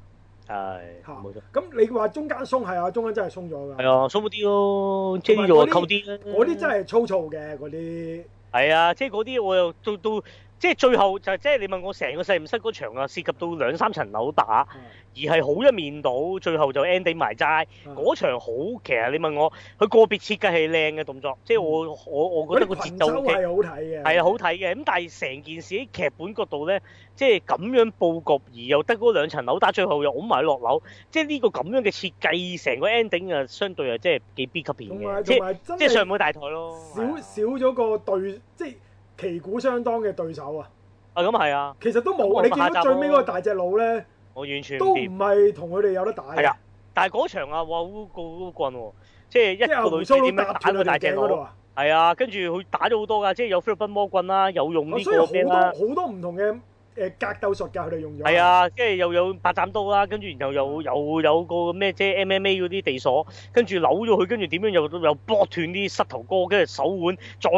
係嚇，冇錯。咁你話中間鬆係啊，中間真係鬆咗㗎。係啊，鬆啲咯，蒸咗溝啲。嗰啲真係粗糙嘅嗰啲。係啊，即係嗰啲我又都都。都即係最後就即係你問我成個實驗室嗰場啊，涉及到兩三層樓打，嗯、而係好一面倒，最後就 ending 埋齋。嗰、嗯、場好其實你問我，佢個別設計係靚嘅動作，即、就、係、是、我我我覺得個節奏係、OK，好睇嘅，係啊好睇嘅。咁但係成件事喺劇本角度咧，即係咁樣佈局，而又得嗰兩層樓打，最後又拱埋落樓，即係呢個咁樣嘅設計，成個 ending 啊，相對啊即係幾 B 級別嘅，即係的上唔到大台咯，少少咗個對即係。就是旗鼓相當嘅對手啊！啊咁啊係啊！嗯嗯、其實都冇啊！嗯、你見到最尾嗰個大隻佬咧、嗯，我完全都唔係同佢哋有得打。係啊！但係嗰場啊，哇好高高棍喎，即係一個女仔點樣打到大隻佬啊？係、嗯、啊，跟住佢打咗好多㗎，即係有菲律賓魔棍啦，有用呢嘅啦。咁所以好多好多唔同嘅。誒格鬥術嘅佢哋用咗，係啊，跟住又有八斬刀啦，跟住然後又又有、嗯、有，有個咩啫 MMA 嗰啲地鎖，跟住扭咗佢，跟住點樣又又剝斷啲膝頭哥，跟住手腕，再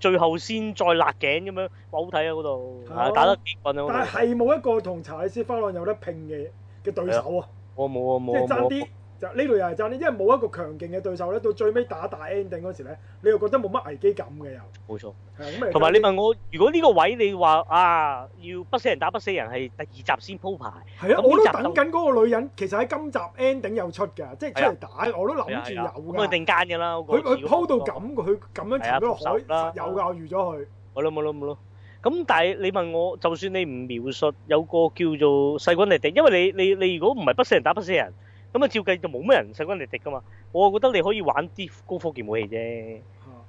最後先再勒頸咁樣，哇！好睇啊嗰度，係啊，哦、打得極盡啊！但係冇一個同查理斯花浪有得拼嘅嘅對手啊！我冇啊冇，啊啊啊即係爭啲。就呢度又係爭呢，因為冇一個強勁嘅對手咧，到最尾打大 ending 嗰時咧，你又覺得冇乜危機感嘅又。冇錯，係咁。同埋你問我，如果呢個位你話啊，要不死人打不死人係第二集先鋪排。係啊，我都等緊嗰個女人，其實喺今集 ending 又出嘅，即係出嚟打，我都諗住有㗎。咁啊，定奸㗎啦，我估。佢佢鋪到咁，佢咁樣沉咗落海，有㗎，我預咗佢。冇咯冇咯冇咯，咁但係你問我，就算你唔描述有個叫做細菌嚟定，因為你你你如果唔係不死人打不死人。咁啊，嗯、照計就冇咩人勢均力敵㗎嘛，我覺得你可以玩啲高科技武器啫，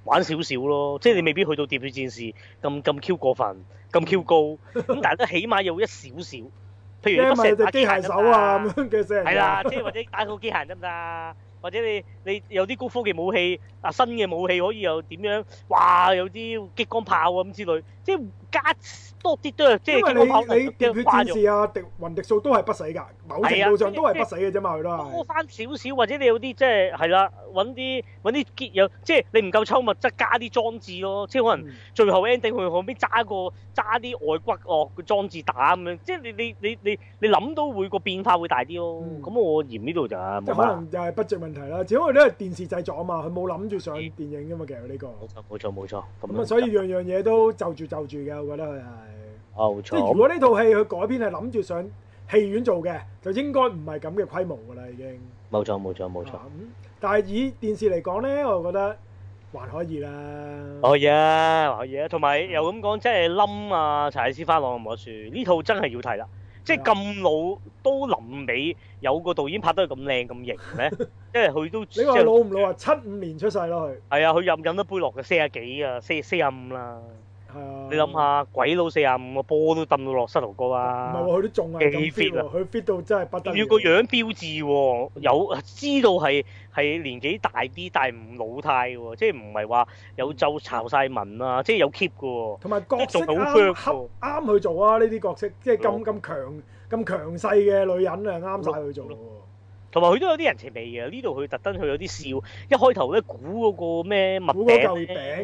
玩少少咯，即係你未必去到《喋血戰士》咁咁 Q 過分，咁 Q 高，咁但係都起碼有一少少，譬如你咁成把機械手啊咁嘅嘢，係 啦，即係或者打個機械人得唔得？ 或者你你有啲高科技武器啊，新嘅武器可以又點樣？哇，有啲激光炮咁之類，即係。加多啲都係，即係你你點決戰啊？敵雲敵數都係不死㗎，某程度上都係不死嘅啫嘛，佢啦，多翻少少，或者你有啲即係係啦，揾啲揾啲結有，即係你唔夠抽物質，加啲裝置咯。即係可能最後 ending 佢後邊揸個揸啲外骨骼嘅裝置打咁樣，即係你你你你你諗到會個變化會大啲咯。咁我嫌呢度就可能就係筆跡問題啦，只不過呢電視製作啊嘛，佢冇諗住上電影㗎嘛，其實呢個。冇錯，冇錯，冇錯。咁所以樣樣嘢都就住就住嘅。我覺得佢係哦，冇錯。即係如果呢套戲佢改編係諗住上戲院做嘅，就應該唔係咁嘅規模噶啦，已經。冇錯，冇錯，冇錯。咁，但係以電視嚟講咧，我覺得還可以啦。可以啊，可以啊。同埋又咁講，即係冧啊！柴師傅翻我咁多書，呢套真係要睇啦。即係咁老都臨尾，有個導演拍得咁靚咁型咩？即係佢都你話老唔老啊？七五年出世咯，佢係啊，佢飲飲得杯落嘅，四啊幾啊，四四啊五啦。啊、你諗下，鬼佬四廿五個波都抌到落膝頭哥啊？唔係喎，佢都仲啊。幾 fit 啊？佢 fit 到真係不得了。要個樣標致喎，有知道係係年紀大啲，但係唔老態喎，即係唔係話有皺巢晒紋啊，即係有 keep 嘅喎。同埋角色啱，啱去做啊！呢啲角色即係咁咁強咁強勢嘅女人啊，啱晒去做六。同埋佢都有啲人情味嘅，呢度佢特登佢有啲笑。一開頭咧，估嗰個咩物餅，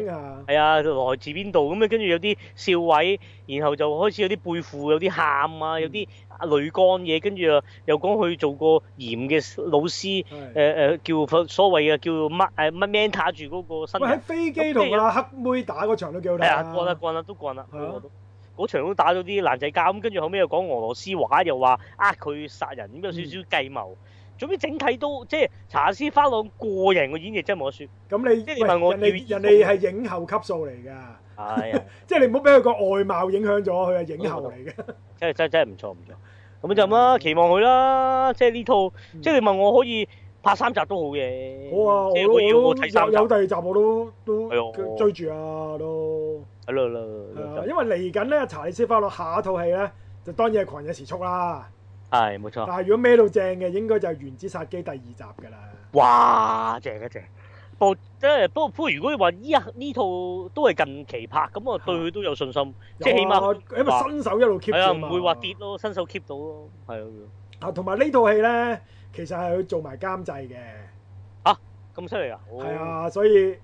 估啊。係啊，來自邊度咁咧？跟住有啲笑位，然後就開始有啲背負，有啲喊啊，有啲淚幹嘢。跟住又講佢做過嚴嘅老師，誒誒叫所謂嘅叫乜誒乜 Man 住嗰個身。喺飛機度，嗰黑妹打嗰場都幾好睇啊！係啊，慣啦慣啦都慣啦，嗰場都打咗啲爛仔交。咁跟住後尾又講俄羅斯話，又話呃佢殺人咁，有少少計謀。總之整體都即係查斯花朗過人嘅演技真係冇得説。咁你即你問我，人哋人係影后級數嚟㗎。係啊，即係你唔好俾佢個外貌影響咗，佢係影后嚟嘅。真係真真係唔錯唔錯。咁就咁啦，期望佢啦。即係呢套，即係你問我可以拍三集都好嘅。好啊，我都有有第二集我都都追住啊都。係啦係啊，因為嚟緊咧，查斯花朗下一套戲咧就當然係《狂野時速》啦。係，冇錯。但係如果孭到正嘅，應該就《原子殺機》第二集噶啦。哇，正嘅正。部即係不過如果你話依呢套都係近期拍，咁我對佢都有信心，啊、即係起碼因為新手一路 keep 唔會話跌咯，新手 keep 到咯，係啊。啊，同埋呢套戲咧，其實係佢做埋監製嘅。啊，咁犀利啊！係啊，所以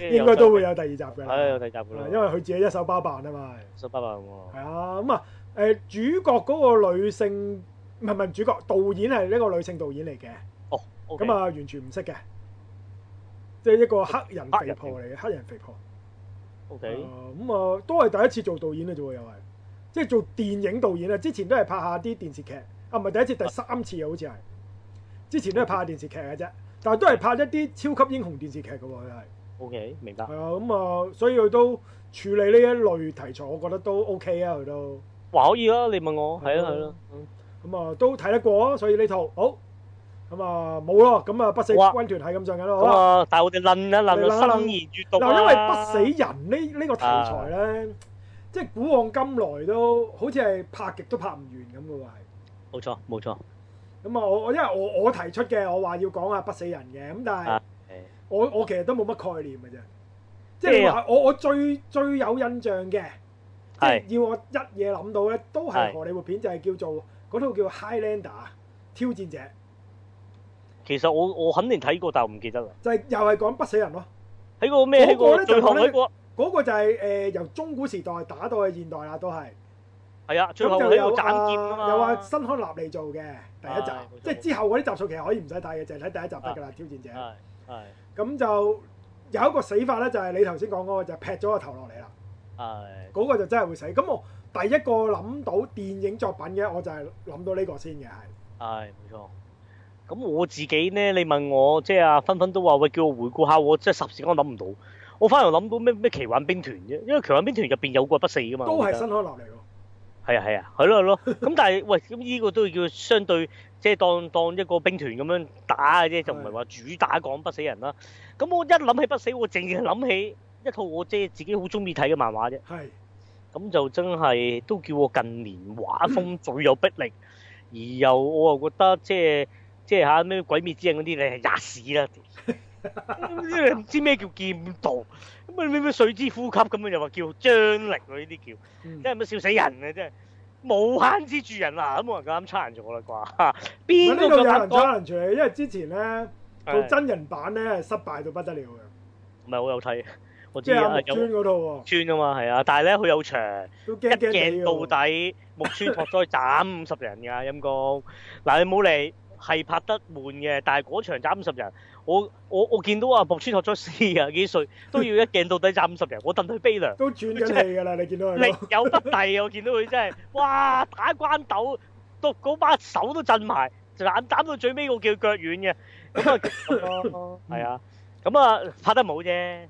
應該都會有第二集嘅。係有第二集噶啦。因為佢自己一手包辦啊嘛。一手包辦喎。係啊，咁啊。誒，主角嗰個女性唔係唔係主角，導演係呢個女性導演嚟嘅。哦，咁啊，完全唔識嘅，即係一個黑人肥婆嚟嘅黑人肥婆。O K. 咁啊，都係第一次做導演嘅啫喎，又係，即係做電影導演啊。之前都係拍下啲電視劇，啊唔係第一次，第三次啊，好似係，之前都係拍下電視劇嘅啫，但係都係拍一啲超級英雄電視劇嘅，佢係。O K. 明白。係啊，咁啊，所以佢都處理呢一類題材，我覺得都 O K. 啊，佢都。話可以啦、啊，你問我係啦係啦，咁 啊樂、嗯、都睇得過啊，所以呢套好，咁啊冇咯，咁啊不死軍團係咁上緊咯，哇！但係我哋諗一諗啊，深研閱讀啦，因為不死人呢呢個題材咧，啊、即係古往今來都好似係拍極都拍唔完咁嘅話係，冇錯冇錯。咁啊，我我因為我因為我提出嘅，我話要講下不死人嘅，咁但係我、啊、我其實都冇乜概念嘅啫，即係我我最最有印象嘅。即係要我一嘢諗到咧，都係荷里活片，就係叫做嗰套叫《Highlander》挑戰者。其實我我肯定睇過，但係我唔記得啦。就係又係講不死人咯。睇過咩？嗰個咧就講嗰個就係誒由中古時代打到去現代啦，都係。係啊，最後嗰個斬劍啊，新康納利做嘅第一集，即係之後嗰啲集數其實可以唔使睇嘅，淨係睇第一集得噶啦，《挑戰者》。係。咁就有一個死法咧，就係你頭先講嗰個，就係劈咗個頭落嚟啦。係，嗰、哎、個就真係會死。咁我第一個諗到電影作品嘅，我就係諗到呢個先嘅，係。係、哎，冇錯。咁我自己咧，你問我，即係啊，分分都話喂，叫我回顧下我，即係霎時間我諗唔到，我反而諗到咩咩奇幻兵團啫，因為奇幻兵團入邊有個不死嘅嘛，都係新開落嚟嘅。係啊係啊，係咯係咯。咁、啊啊啊啊啊、但係喂，咁、這、呢個都要叫相對，即係當當一個兵團咁樣打嘅啫，就唔係話主打講不死人啦。咁的我一諗起不死，我淨係諗起。一套我即係自己好中意睇嘅漫畫啫是，咁就真係都叫我近年畫風最有逼力、嗯，而又我又覺得即係即係嚇咩鬼滅之刃嗰啲咧，吔屎啦！ 因為唔知咩叫劍道，乜咩咩水之呼吸咁樣又話叫張力喎？呢啲叫真係咪笑死人啊！真係無限之住人，人，人了了、嗯、啊！咁冇人夠膽差人咗啦啩？邊個夠差人除？因為之前咧做真人版咧失敗到不得了嘅，唔係好有睇。我知啊，木村嗰度喎，木村啊嘛，係啊，但係咧佢有場，怕怕一鏡到底，你的 木村拓哉斬五十人㗎陰公。嗱 你唔好理，係拍得悶嘅，但係嗰場斬五十人，我我我見到啊木村拓哉四啊幾歲都要一鏡到底斬五十人，我戥佢悲涼。都轉咗氣㗎啦，你見到佢力有不逮 我見到佢真係，哇打關鬥，到嗰把手都震埋，就硬斬到最尾我叫腳軟嘅。咁、那、啊、個，啊。 咁啊，拍得冇啫，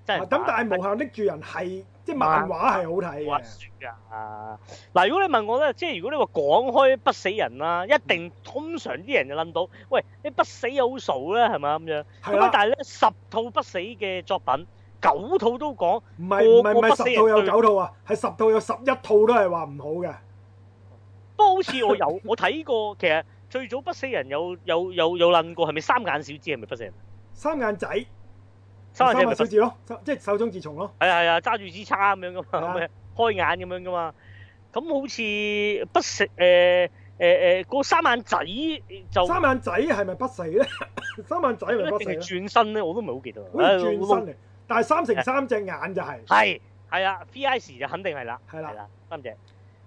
真係咁，但係無限拎住人係即係漫畫係好睇嘅。啊！嗱，如果你問我咧，即、就、係、是、如果你話講開不死人啦，一定通常啲人就諗到，喂，你不死有好嘈咧，係咪？咁樣咁、啊、的但係、啊、咧，十套不死嘅作品，九套都講唔係唔係唔係十套有九套啊，係十套有十一套都係話唔好嘅。 不過好似我有我睇過，其實最早不死人有有有有諗過，係咪 三眼小子係咪不死人？ 三眼仔。三眼仔咪手指咯，即係手中自從咯。係啊係啊，揸住支叉咁樣噶嘛，開眼咁樣噶嘛。咁好似不食誒誒誒三眼仔就三眼仔係咪不死咧？三眼仔係咪不死轉身咧，我都唔係好記得。誒，轉身嘅。但係三成三隻眼就係係係啊，V I S 就肯定係啦。係啦，三隻。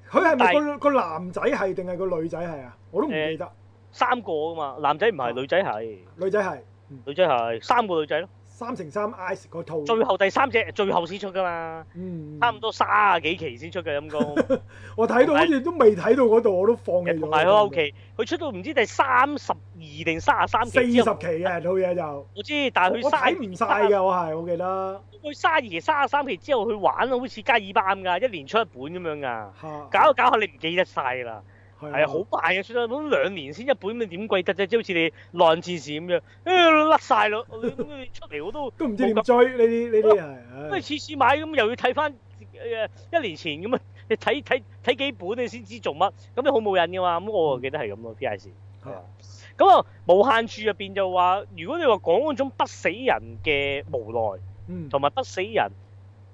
佢係咪個個男仔係定係個女仔係啊？我都唔記得。三個噶嘛，男仔唔係，女仔係。女仔係。女仔係三個女仔咯。三乘三 Ice 嗰套，最後第三隻，最後先出㗎嘛，嗯、差唔多卅幾期先出嘅陰功。那個、 我睇到好似都未睇到嗰度，我都放棄咗。唔係，OK，佢出到唔知第三十二定卅三期之後四十期嘅套嘢就，我知，但係佢我睇唔曬嘅，我係我記得。佢卅二期、卅三期之後，去玩好似加爾班㗎，一年出一本咁樣㗎， 搞下搞下你唔記得晒啦。係啊，好慢嘅，算啦、啊，咁兩年先一本，你點攰得啫？即好似你烙印戰士咁樣，甩晒咯，你出嚟我都 都唔知點追呢啲呢啲係，因為次次買咁又要睇翻誒一年前咁啊，你睇睇睇幾本你先知做乜，咁你好冇癮噶嘛？咁我啊記得係咁咯。嗯、P.I. 是，係啊，咁啊無限住入邊就話，如果你話講嗰種不死人嘅無奈，嗯，同埋不死人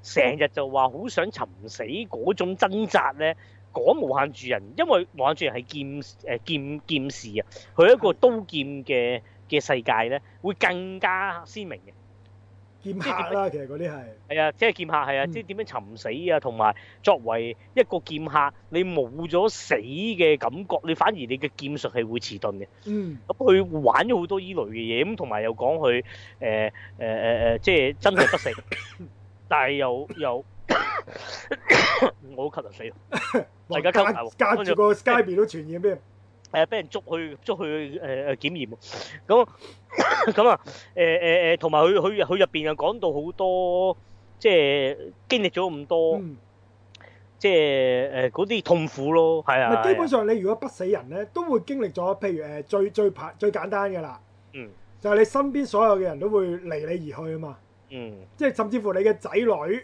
成日就話好想尋死嗰種掙扎咧。講無限住人，因為無限住人係劍誒劍劍士啊，佢一個刀劍嘅嘅世界咧，會更加鮮明嘅劍客啦、啊，其實嗰啲係係啊，嗯、即係劍客係啊，即係點樣尋死啊，同埋作為一個劍客，你冇咗死嘅感覺，你反而你嘅劍術係會遲鈍嘅。嗯，咁佢玩咗好多依類嘅嘢，咁同埋又講佢誒誒誒誒，即係真係不死， 但係又又。又又又 我好吸到死，而家隔住個 SkyBee 都傳染咩？係啊，俾人捉去捉去誒誒檢驗。咁咁啊，誒誒誒，同埋佢佢佢入邊又講到好多，即係經歷咗咁多，嗯、即係誒嗰啲痛苦咯。係啊，基本上你如果不死人咧，都會經歷咗。譬如誒，最最排最簡單嘅啦，嗯，就係你身邊所有嘅人都會離你而去啊嘛，嗯，即係甚至乎你嘅仔女。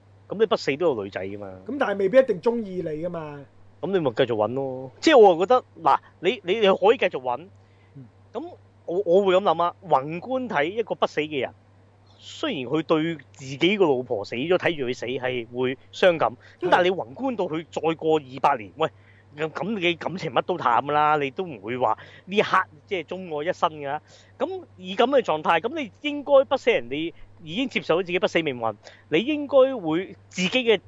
咁你不死都有女仔，噶嘛？咁但係未必一定中意你噶嘛？咁你咪繼續揾咯。即係我又覺得嗱，你你你可以繼續揾。咁我我會咁諗啊。宏觀睇一個不死嘅人，雖然佢對自己個老婆死咗，睇住佢死係會傷感。咁的但係你宏觀到佢再過二百年，喂咁你嘅感情乜都淡噶啦，你都唔會話呢刻即係鍾愛一生噶。咁以咁嘅狀態，咁你應該不死人哋。已經接受到自己不死命運，你應該會自己嘅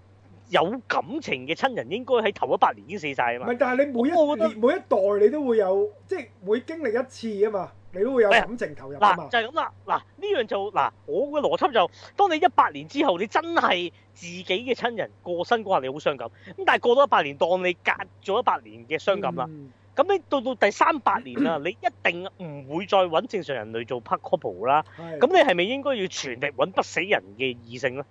有感情嘅親人應該喺頭一百年已經死晒啊嘛。唔係，但係你每一個每一代你都會有，即係每經歷一次啊嘛，你都會有感情投入啊嘛嗱、哎、就係咁啦，嗱呢樣就嗱我嘅邏輯就，當你一百年之後你真係自己嘅親人過身嗰日你好傷感，咁但係過多一百年當你隔咗一百年嘅傷感啦。嗯咁你到到第三百年啦， 你一定唔會再揾正常人類做 partner 啦。咁 你係咪應該要全力揾不死人嘅異性咧？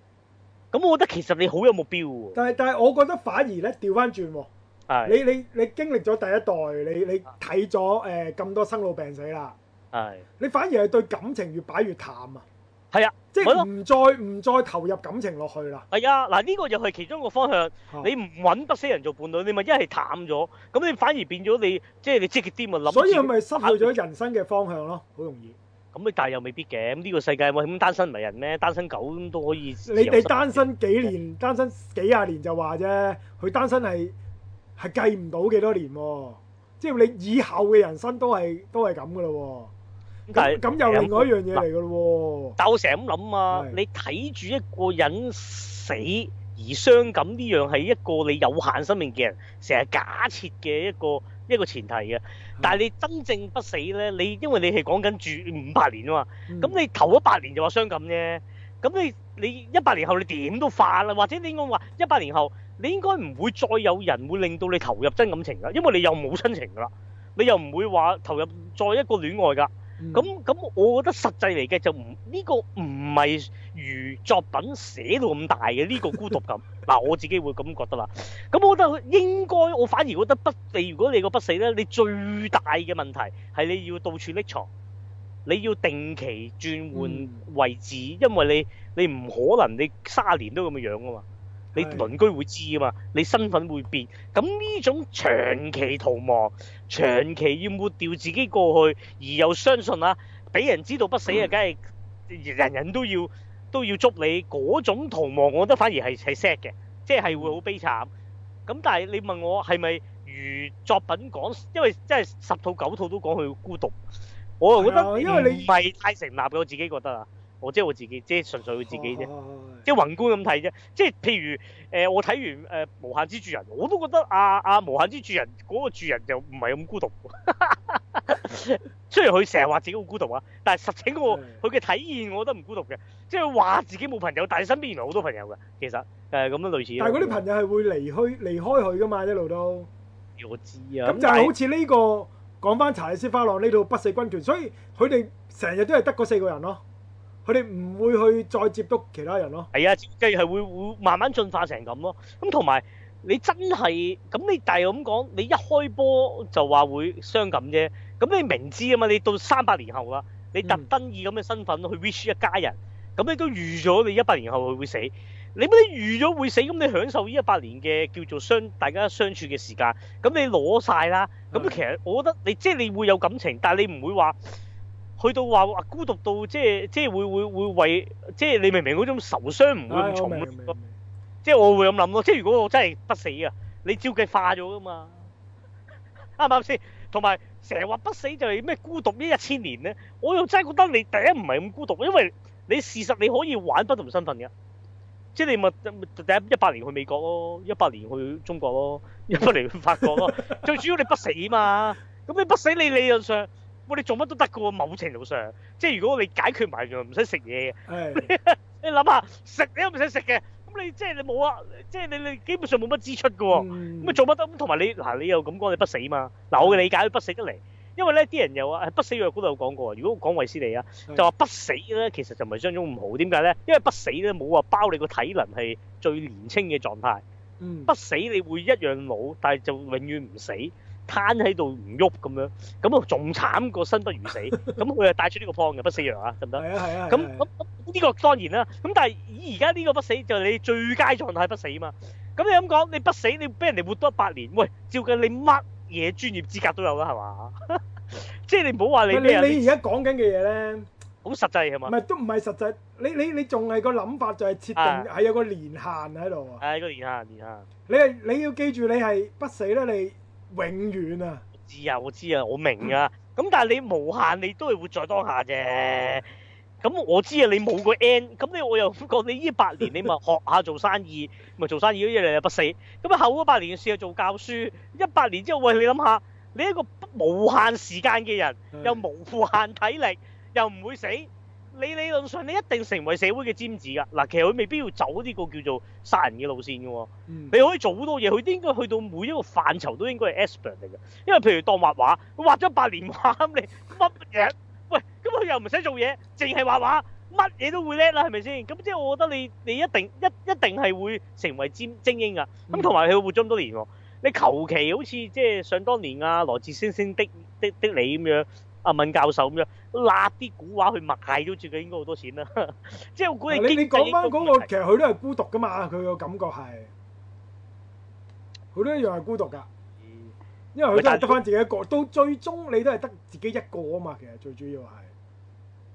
咁我覺得其實你好有目標喎。但係但係，我覺得反而咧調翻轉喎。係。你你你經歷咗第一代，你你睇咗誒咁多生老病死啦。係。 你反而係對感情越擺越淡啊！係啊，即係唔再唔、啊、再投入感情落去啦。係啊，嗱、這、呢個又係其中一個方向。啊、你唔揾得死人做伴侶，你咪一係淡咗。咁你反而變咗你，即係你積極啲咪諗。所以咪失去咗人生嘅方向咯，好容易。咁、嗯、但係又未必嘅，咁、這、呢個世界咪咁單身唔係人咩？單身狗都可以。你哋單身幾年？單身幾廿年就話啫。佢單身係係計唔到幾多年、啊，即係你以後嘅人生都係都係咁噶咯。但係咁、嗯、又另外一樣嘢嚟㗎咯喎。但我成日咁諗啊，是你睇住一個人死而傷感呢樣係一個你有限生命嘅人成日假設嘅一個一個前提嘅。但係你真正不死咧，你因為你係講緊住五百年啊嘛，咁、嗯、你頭一百年就話傷感啫。咁你你一百年後你點都化啦，或者你應該話一百年後你應該唔會再有人會令到你投入真感情㗎，因為你又冇親情㗎啦，你又唔會話投入再一個戀愛㗎。咁咁，嗯、我覺得實際嚟嘅就唔呢、這個唔係如作品寫到咁大嘅呢、這個孤獨感。嗱， 我自己會咁覺得啦。咁我覺得應該我反而覺得不死。如果你個不死咧，你最大嘅問題係你要到處匿藏，你要定期轉換位置，嗯、因為你你唔可能你卅年都咁樣樣啊嘛。你鄰居會知啊嘛，你身份會變，咁呢種長期逃亡、長期要抹掉自己過去，而又相信啊，俾人知道不死啊，梗係人人都要都要捉你，嗰種逃亡，我覺得反而係係 sad 嘅，即係會好悲慘。咁但係你問我係咪如作品講，因為即係十套九套都講佢孤獨，我又覺得因為你唔係太成立嘅，我自己覺得啊。我即係我自己，即、就、係、是、純粹我自己啫，即係、oh, oh, oh. 宏觀咁睇啫。即、就、係、是、譬如誒、呃，我睇完誒、呃、無限之住人，我都覺得阿、啊、阿、啊、無限之住人嗰、那個住人就唔係咁孤獨。雖然佢成日話自己好孤獨啊，但係實情嗰個佢嘅體驗，我覺得唔孤獨嘅。即係話自己冇朋友，但係身邊原來好多朋友嘅。其實誒咁、呃、樣類似，但係嗰啲朋友係會離去離開佢噶嘛？一路都我知啊。咁就係好似呢、這個是講翻查理絲花朗呢度，這個、不死軍團，所以佢哋成日都係得嗰四個人咯。佢哋唔會去再接觸其他人咯。係啊，即係係會會慢慢進化成咁咯。咁同埋你真係咁你，但係咁講，你一開波就話會傷感啫。咁你明知啊嘛，你到三百年後啦，你特登以咁嘅身份去 wish、嗯、一家人，咁你都預咗你一百年後佢會死。你乜都預咗會死，咁你享受呢一百年嘅叫做相大家相處嘅時間，咁你攞晒啦。咁、嗯、其實我覺得你即係你會有感情，但係你唔會話。去到話話孤獨到即係即係會會會為即係你明唔明嗰種受傷唔會咁重咯、哎？即係我會咁諗咯。即係如果我真係不死啊，你照計化咗噶嘛？啱唔啱先？同埋成日話不死就係咩孤獨呢一千年咧？我又真係覺得你第一唔係咁孤獨，因為你事實你可以玩不同身份嘅，即係你咪第一一百年去美國咯，一百年去中國咯，一百年去法國咯。 最主要你不死嘛？咁你不死你理論上。你做乜都得㗎喎，某程度上，即係如果你解決埋 就唔使食嘢嘅。就是、你諗下，食你都唔使食嘅，咁你即係你冇啊，即係你你基本上冇乜支出㗎喎。咁啊、嗯、做乜得？咁同埋你嗱，你又咁講你不死嘛？嗱，我嘅理解都不死得嚟，因為咧啲人又話不死藥嗰度有講過，如果講衛斯理啊，以就話不死咧其實就唔係相中唔好，點解咧？因為不死咧冇話包你個體能係最年輕嘅狀態。嗯、不死你會一樣老，但係就永遠唔死。攤喺度唔喐咁樣，咁啊仲慘過生不如死，咁佢啊帶出呢個方嘅不死藥啊，得唔得？係啊係啊。咁咁呢個當然啦。咁但係而家呢個不死就係你最佳狀態不死啊嘛。咁你咁講，你不死，你俾人哋活多百年，喂，照計你乜嘢專業資格都有啦，係嘛？即係你唔好話你你你而家講緊嘅嘢咧，好實際係嘛？唔係都唔係實際，你你你仲係個諗法就係設定係有個年限喺度啊。係個年限，年限。你係你要記住，你係不死啦，你。永遠啊！我知啊，我知啊，我明啊。咁、嗯、但係你無限，你都係活在當下啫。咁我知啊，你冇個 n，咁 你我又覺你呢八年，你咪學下做生意，咪 做生意，一日日不死。咁啊後嗰八年試下做教書。 一八年之後，喂，你諗下，你一個無限時間嘅人， 又無限體力，又唔會死。你理論上你一定成為社會嘅尖子㗎，嗱，其實佢未必要走呢個叫做殺人嘅路線嘅、嗯、你可以做好多嘢，佢應該去到每一個範疇都應該係 expert 嚟嘅，因為譬如當畫畫，畫咗八年畫咁 你乜嘢？喂，咁佢又唔使做嘢，淨係畫畫，乜嘢都會叻啦，係咪先？咁即係我覺得你你一定一一定係會成為尖精英㗎，咁同埋佢活咗咁多年，你求其好似即係想當年啊，來自星星的的的你咁樣。阿敏教授咁樣揦啲古畫去賣都住佢應該好多錢啦，啊， 即係我估你，那個。你你講翻嗰個其實佢都係孤獨噶嘛，佢個感覺係，佢都一樣係孤獨噶。嗯、因為佢都係得翻自己一個。到最終你都係得自己一個啊嘛，其實最主要係。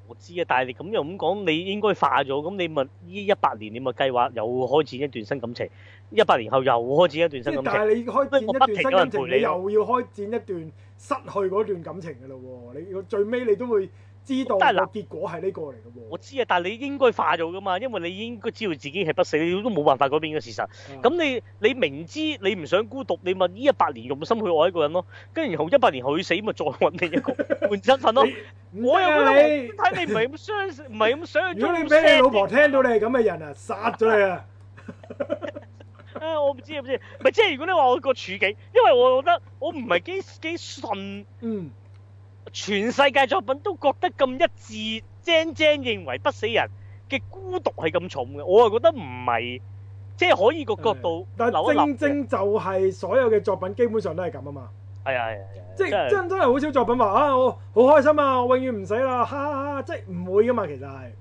我知啊，但係你咁又咁講，你應該化咗，咁你咪呢一百年你咪計劃又開始一段新感情，一百年後又開始一段新感情。但係你開唔停你，你又要開展一段。失去嗰段感情嘅咯喎，你最尾你都會知道但係個結果係呢個嚟嘅喎。我知啊，但係你應該化咗嘅嘛，因為你應該知道自己係不死，你都冇辦法改變嘅事實。咁你你明知你唔想孤獨，你咪呢一百年用心去愛一個人咯，跟住然後一百年後去死，咪再揾另一個換身份咯。我又唔睇你唔係咁想，唔係咁想。如果你俾你老婆聽到你係咁嘅人啊，殺咗你啊！啊！我唔知啊，唔知。即係如果你話我個處境，因為我覺得我唔係幾 幾順。嗯。全世界作品都覺得咁一致，正正認為不死人嘅孤獨係咁重嘅，我係覺得唔係，即係可以個角度、嗯。但係正正就係所有嘅作品基本上都係咁啊嘛。係啊，即係真真係好少作品話啊！我好開心啊！我永遠唔死啦！哈哈哈！即係唔會噶嘛，其實係。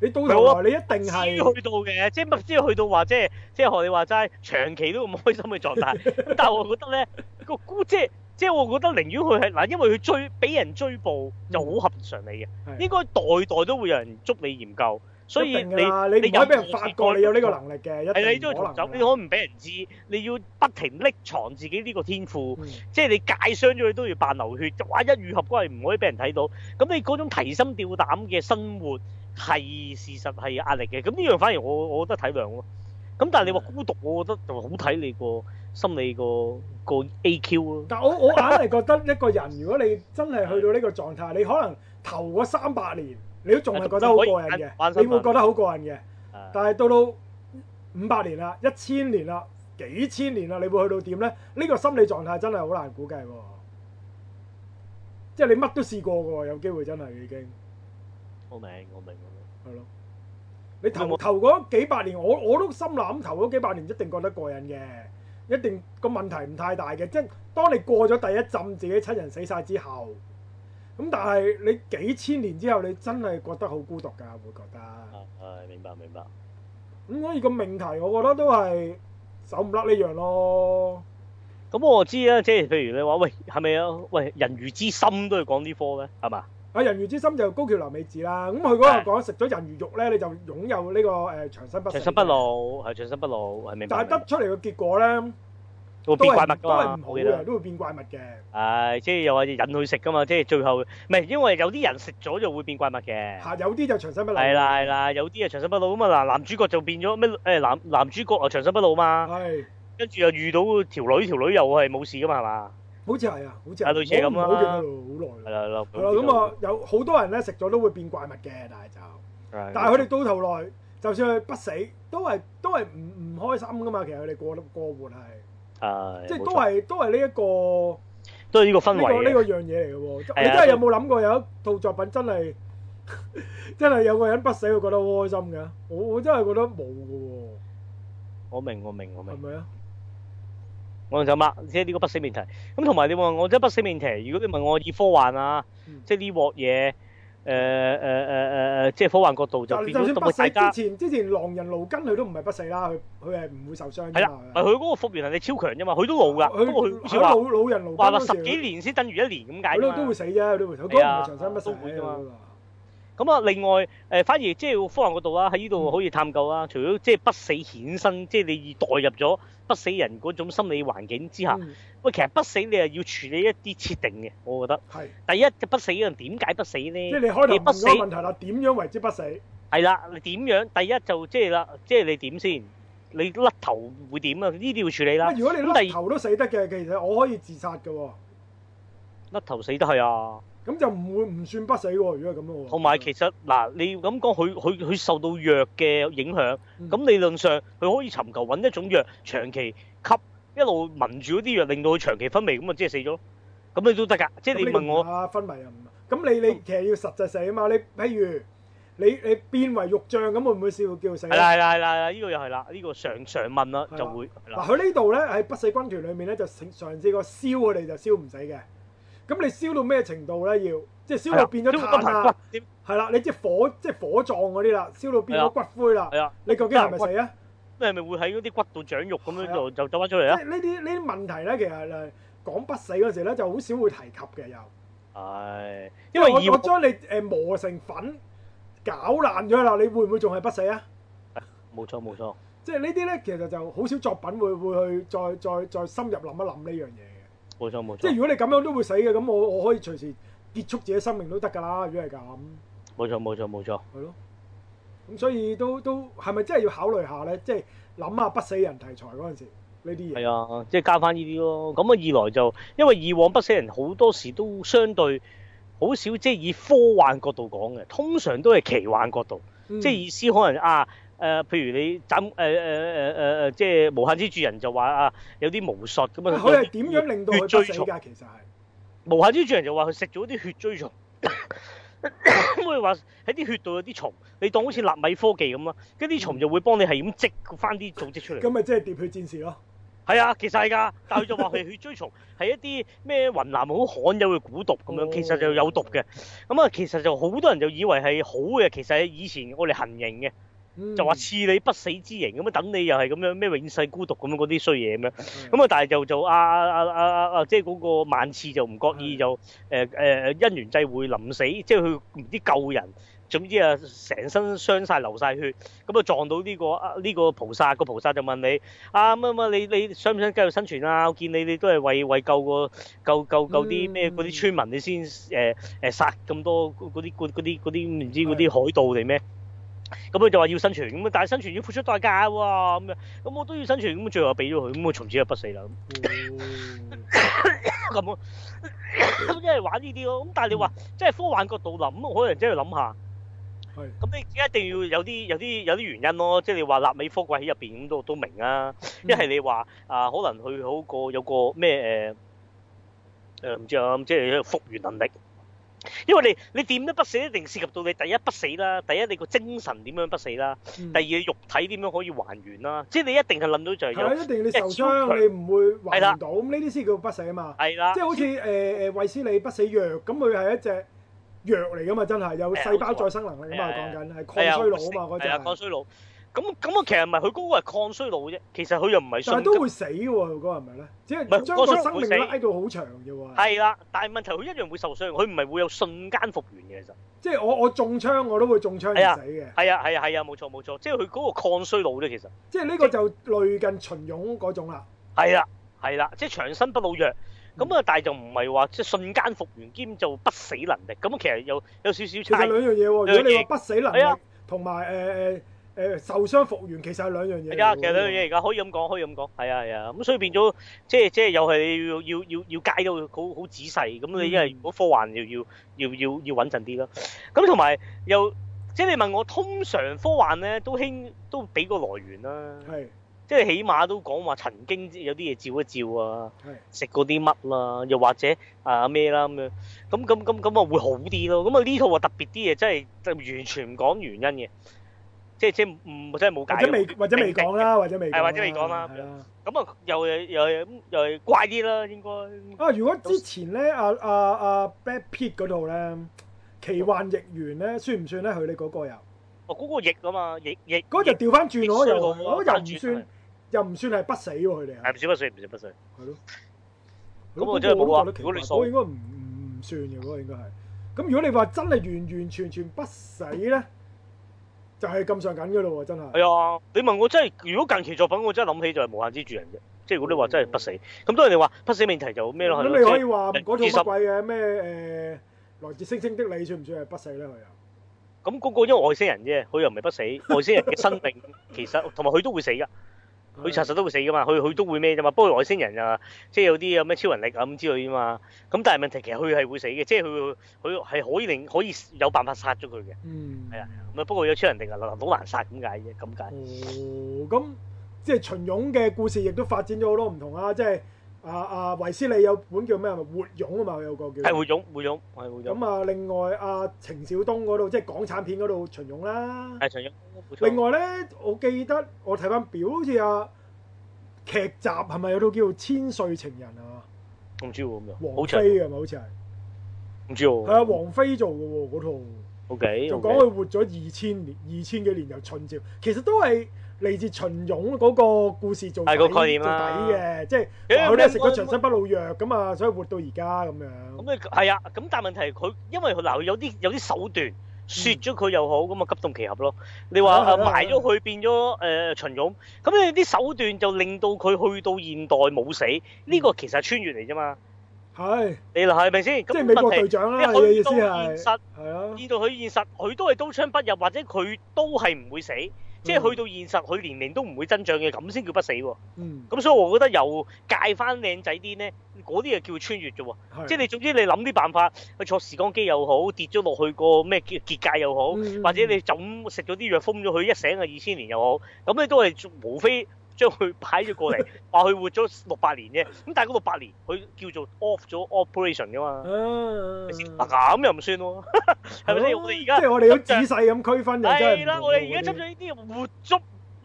你到頭你一定係去到嘅，即係乜知去到話，即係即係學你話齋長期都咁開心嘅狀態。但係我覺得咧，個姑 即係即係我覺得寧願佢係嗱，因為佢追俾人追捕又好合常理嘅。嗯、應該代代都會有人捉你研究。所以你你唔可俾人發覺你有呢個能力嘅，係是你都要同酒店可唔俾人知？你要不停匿藏自己呢個天賦，嗯、即係你介傷咗佢都要扮流血，哇！一愈合嗰係唔可以俾人睇到。咁你嗰種提心吊膽嘅生活係事實係壓力嘅。咁呢樣反而我我覺得體諒咯。咁但係你話孤獨，我覺得就好睇你個心理個個 A Q 咯。嗯、但我我硬係覺得一個人 如果你真係去到呢個狀態，你可能頭嗰三百年。你都仲係覺得好過癮嘅，你會覺得好過癮嘅。但係到到五百年啦、一千年啦、幾千年啦，你會去到點咧？呢個心理狀態真係好難估計喎。即係你乜都試過嘅喎，有機會真係已經。我明，我明，係咯。你頭頭嗰幾百年，我我都心諗頭嗰幾百年一定覺得過癮嘅，一定個問題唔太大嘅。即係當你過咗第一浸，自己親人死曬之後。咁但係你幾千年之後，你真係覺得好孤獨㗎，我會覺得。啊，明白明白。咁、嗯、所以個命題，我覺得都係走唔甩呢樣咯。咁、嗯、我知啦，即係譬如你話喂，係咪啊？喂，人魚之心都要講啲科咧，係嘛？啊，人魚之心就高橋留美子啦。咁佢嗰個講食咗人魚肉咧，你就擁有呢、這個誒、呃、長生不長生不老係長生不老係咪？明白，但係得出嚟嘅結果咧？都會變怪物㗎嘛，都係唔好嘅，都會變怪物嘅。係即係又話引佢食㗎嘛，即係最後唔係因為有啲人食咗就會變怪物嘅。嚇，有啲就長生不老。係啦係啦，有啲就長生不老咁啊嗱，男主角就變咗咩誒男男主角啊長生不老嘛，係跟住又遇到條女，條女又係冇事㗎嘛，係嘛？好似係啊，好似啊，類似咁啊，好似啊，好耐。係啦，係啦，係啦，咁啊有好多人咧食咗都會變怪物嘅，但係就但係佢哋到頭來就算係不死都係都係唔唔開心㗎嘛。其實佢哋過得過活係。誒，即係都係，都係呢一個，都係呢個氛圍，呢個呢個樣嘢嚟嘅。你真係有冇諗過有一套作品真係，真係有個人不死，會覺得好開心㗎？我我真係覺得冇㗎。我明，我明，我明。係咪啊？我仲想問，即係呢個不死命題。咁同埋你問我真係不死命題。如果你問我以科幻啊，即係呢鑊嘢。誒誒誒誒，即係科幻角度就變咗到大家。之前之前狼人勞根佢都唔係不死啦，佢佢係唔會受傷、啊。係啦，唔係佢嗰個復原能力超強啫嘛，佢都老㗎。佢老、啊、老人勞根話話十幾年先等如一年咁解嘛。都也會死啫，啲回手劍唔係長生不老嘅嘛。咁啊，另外誒、呃，反而即係科幻嗰度啊，喺呢度可以探究啊。嗯、除咗即係不死衍生，即、就、係、是、你已代入咗不死人嗰種心理環境之下，喂、嗯，其實不死你係要處理一啲設定嘅，我覺得。係是。第一，就不死嘅人點解不死咧？即係你開頭問緊個問題啦，點樣為之不死？係啦，你點樣？第一就即係啦，即、就、係、是、你點先？你甩頭會點啊？呢啲要處理啦。如果你頭都死得嘅，是其實我可以自殺嘅喎、哦。甩頭死得係啊！咁就唔會唔算不死喎，如果係咁樣我。同埋其實嗱，你咁講，佢佢佢受到藥嘅影響，咁理論上佢可以尋求揾一種藥，長期吸一路聞住嗰啲藥，令到佢長期昏迷，咁啊即係死咗，咁你都得㗎。即係你問我昏迷啊，咁你你其實要實際死啊嘛。你譬如你你變為肉醬，咁會唔會試過叫做死？係啦係啦係啦，呢個又係啦，呢個常常問啦，就會。嗱，佢呢度咧，喺不死軍團裏面咧，就嘗試過燒佢哋，就燒唔死嘅。咁你燒到咩程度咧？要即係燒到變咗炭啊！係啦，你即係火即係火葬嗰啲啦，燒到變咗骨灰啦。係啊，你究竟係咪死啊？你係咪會喺嗰啲骨度長肉咁樣就就走翻出嚟啊？即係呢啲呢啲問題咧，其實講不死嗰陣時咧，就好少會提及嘅。又係因為我我將你誒磨成粉，攪爛咗啦，你會唔會仲係不死啊？冇錯冇錯，即係呢啲咧，其實就好少作品會會去再再再深入諗一諗呢樣嘢。冇錯冇錯，即係如果你咁樣都會死嘅，咁我我可以隨時結束自己生命都得㗎啦。如果係咁，冇錯冇錯冇錯，係咯。咁所以都都係咪真係要考慮下咧？即係諗下不死人題材嗰陣時呢啲嘢。係啊，即係加翻呢啲咯。咁，嗯，啊二來就因為以往不死人好多時都相對好少，即係以科幻角度講嘅，通常都係奇幻角度，嗯，即係意思可能啊。誒，譬如你斬誒誒誒誒誒，即係無限之主人就話啊，有啲巫術咁樣。佢係點樣令到血追蟲？其實係無限之主人就話佢食咗啲血追蟲，咁佢話喺啲血度有啲蟲，你當好似納米科技咁啦，跟啲蟲就會幫你係咁積翻啲組織出嚟。咁咪即係喋血戰士咯？係啊，其實係㗎，但係佢就話佢血追蟲係一啲咩雲南好罕有嘅蠱毒咁樣，其實就有毒嘅。咁啊，其實就好多人就以為係好嘅，其實以前我哋行刑嘅。就話賜你不死之刑，咁啊等你又係咁樣咩永世孤獨咁樣嗰啲衰嘢咁樣，咁啊但係就就阿阿阿阿阿阿即係嗰個萬刺就唔覺意就誒誒誒因緣際會臨死，即係佢唔知救人，總之啊成身傷曬流曬血，咁啊撞到呢個呢個菩薩，個菩薩就問你啊乜乜你你想唔想繼續生存啊？我見你你都係為為救個救救救啲咩嗰啲村民，你先誒誒殺咁多嗰啲嗰嗰啲嗰啲唔知嗰啲海盜定咩？咁佢就話要生存，咁但係生存要付出代價喎，咁樣，咁我都要生存，咁啊最後我俾咗佢，咁我從此就不死啦，咁、mm，咁、hmm. 啊 ，mm hmm. 即係玩呢啲咯，咁但係你話即係科幻角度諗，咁我可能真係諗下，係、mm，咁、hmm. 你一定要有啲有啲有啲原因咯，即係你話納米科技喺入邊，咁都都明啊，一係你話啊、呃、可能佢好個有個咩誒誒唔知啊，即係復原能力。因為你你點都不死，一定涉及到你第一不死啦，第一你個精神點樣不死啦，嗯、第二個肉體點樣可以還原啦，即係你一定係諗到就係，係啊，一定你受傷你唔會還唔到，咁呢啲先叫不死啊嘛，係啦對了，即係好似誒誒衛斯理不死藥，咁佢係一隻藥嚟噶嘛，真係有細胞再生能力咁啊，講緊係抗衰老啊嘛，嗰隻抗衰老。咁咁啊，其實唔係佢嗰個係抗衰老嘅啫，其實佢又唔係瞬。但係都會死嘅喎、啊，佢嗰個係咪咧？即係唔係將個生命拉到好長啫喎。係啦、啊，但係問題佢一樣會受傷，佢唔係會有瞬間復原嘅。其實即係我我中槍我都會中槍而死嘅。係啊係啊係啊，冇、啊啊啊、錯冇錯，錯，即係佢嗰個抗衰老啫，其實。即係呢個就類近秦勇嗰種啦。係啦係啦，即係長生不老藥咁啊！嗯、但係就唔係話即係瞬間復原兼就不死能力。咁啊，其實有有少少差。其實兩樣嘢喎，如果你話不死能力同埋誒誒。誒受傷復原其實係兩樣嘢，而家其實兩樣嘢，而家可以咁講，可以咁講，係啊係啊，咁所以變咗，即係即係又係要要要要解到好好仔細，咁你因為如果科幻又要要要要穩陣啲咯，咁同埋又即係你問我通常科幻咧都興都俾個來源啦，係的，即係起碼都講話曾經有啲嘢照一照啊，食的過啲乜啦，又或者啊咩啦咁樣，咁咁咁咁啊會好啲咯，咁啊呢套話特別啲嘢，真係就完全唔講原因嘅。即即唔真係冇解，或者未或者未講啦，或者未，係或者未講嘛。咁啊又又又怪啲啦，應該。啊，如果之前咧，阿阿阿 Brad Pitt 嗰套咧，《奇幻逆緣》咧，算唔算咧？佢哋嗰個又？哦，嗰個逆啊嘛，逆逆。嗰就調翻轉咗，又又唔算，又唔算係不死喎。佢哋。係唔算不死，唔算不死。係咯。咁我真係冇話你，如果你數，我應該唔唔唔算嘅。嗰個應該係。咁如果你話真係完完全全不死咧？就係咁上緊嘅咯喎，真係。係啊、哎，你問我真係，如果近期作品，我真係諗起就係《無限之住人》啫、嗯，即係如果你話真係不死。咁多、嗯、人哋話不死命題就咩咯？嗯、是你咪可以話嗰套乜鬼嘅咩誒？來自星星的你算唔算係不死咧？我又咁嗰個因為外星人啫，佢又唔係不死， 外星人嘅生命其實同埋佢都會死㗎。佢實實都會死噶嘛，佢佢都會咩啫嘛，不過外星人啊，即係有啲有咩超能力啊咁之類啫嘛，咁但係問題其實佢係會死嘅，即係佢佢佢係可以令可以有辦法殺咗佢嘅，嗯，係啊，咁啊不過有超人力啊，嗱好難殺，點解嘅？咁解、嗯。哦，咁即係秦勇嘅故事亦都發展咗好多唔同啊，即係。啊啊，維斯利有本叫咩？係活俑啊嘛？有個叫係活俑》。活俑，係活俑。咁啊，另外啊，程小東嗰度即係港產片嗰度，秦俑啦。係秦俑。另外咧，我記得我睇翻表，好似啊劇集係咪有套叫《千歲情人》啊？唔知喎，王菲係咪？好似係，唔知喎。係啊，王菲做嘅喎，嗰套。O K。Okay, 就講佢活咗二千年，二千幾年又春照，其實都係。嚟自秦俑嗰個故事仲做底個概念啦、啊，即係佢後咧食咗長生不老藥咁啊，所以活到而家咁樣。哎呀哎呀。咁你係啊？咁但問題係佢因為嗱有啲有啲手段，説咗佢又好咁啊，急凍奇俠咯。你話、啊、埋咗佢變咗誒，秦俑，咁你啲手段就令到佢去到現代冇死。呢個其實穿越嚟啫嘛。係你話係咪先？即係美國隊長啦，係嘅意思啊。見到佢現實，佢都係刀槍不入，或者佢都係唔會死。即係去到現實，佢年齡都唔會增長嘅，咁先叫不死喎。嗯。咁、嗯、所以我覺得由戒翻靚仔啲咧，嗰啲又叫穿越啫喎。係。即係你總之你諗啲辦法，去坐時光機又好，跌咗落去個咩結界又好，嗯、或者你就食咗啲藥封咗佢，一醒啊二千年又好，咁你都係無非。將佢擺咗過嚟，話佢活咗六百年啫。咁但係嗰六百年佢叫做 off 咗 operation 㗎嘛？咁又唔算咯，係咪先？我哋而家即係我哋要仔細咁區分。係啦，我哋而家執咗呢啲活足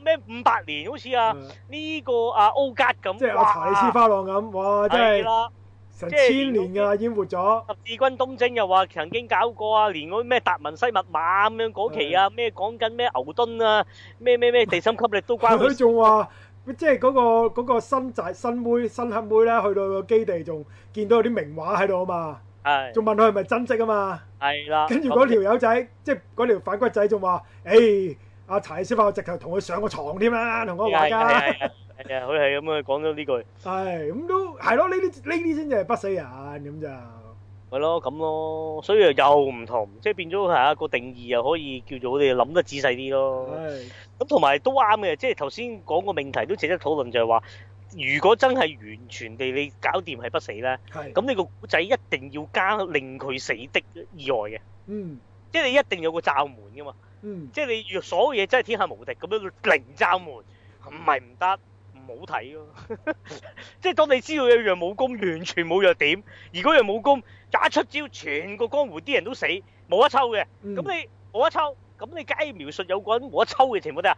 咩五百年好似啊呢個啊 Old Guard 咁，即係阿查理斯花朗咁，哇！真係成千年㗎已經活咗。十字軍東征又話曾經搞過啊，連嗰咩達文西密碼咁樣嗰期啊，咩講緊咩牛頓啊，咩咩咩地心吸力都關佢。佢仲話。即係嗰、嗰個嗰個新仔新妹新黑妹咧，去到個基地仲見到有啲名畫喺度啊嘛，係的，仲問佢係咪真跡啊嘛，係啦的，跟住嗰條友仔即係嗰條反骨仔仲話：誒、欸，阿柴小傅，我直頭同佢上個床添啦，同我話㗎，佢係，咁啊，講咗呢句，係，咁都係咯，呢啲呢啲先至係不死人咁就。係咯，咁咯，所以又唔同，即係變咗係一個定義，又可以叫做我哋諗得仔細啲咯。咁同埋都啱嘅，即係頭先講個命題都值得討論，就係話如果真係完全地你搞掂係不死咧，咁你個古仔一定要加令佢死的意外嘅。嗯，即係你一定有個罩門噶嘛。嗯，即係你若所有嘢真係天下無敵咁樣，零罩門唔係唔得。好睇咯， 即係當你知道有一樣武功完全冇弱點，而嗰樣武功一出招，全個江湖啲人都死冇得抽嘅，咁、嗯、你冇得抽，咁你梗係描述有個人冇得抽嘅情況底下，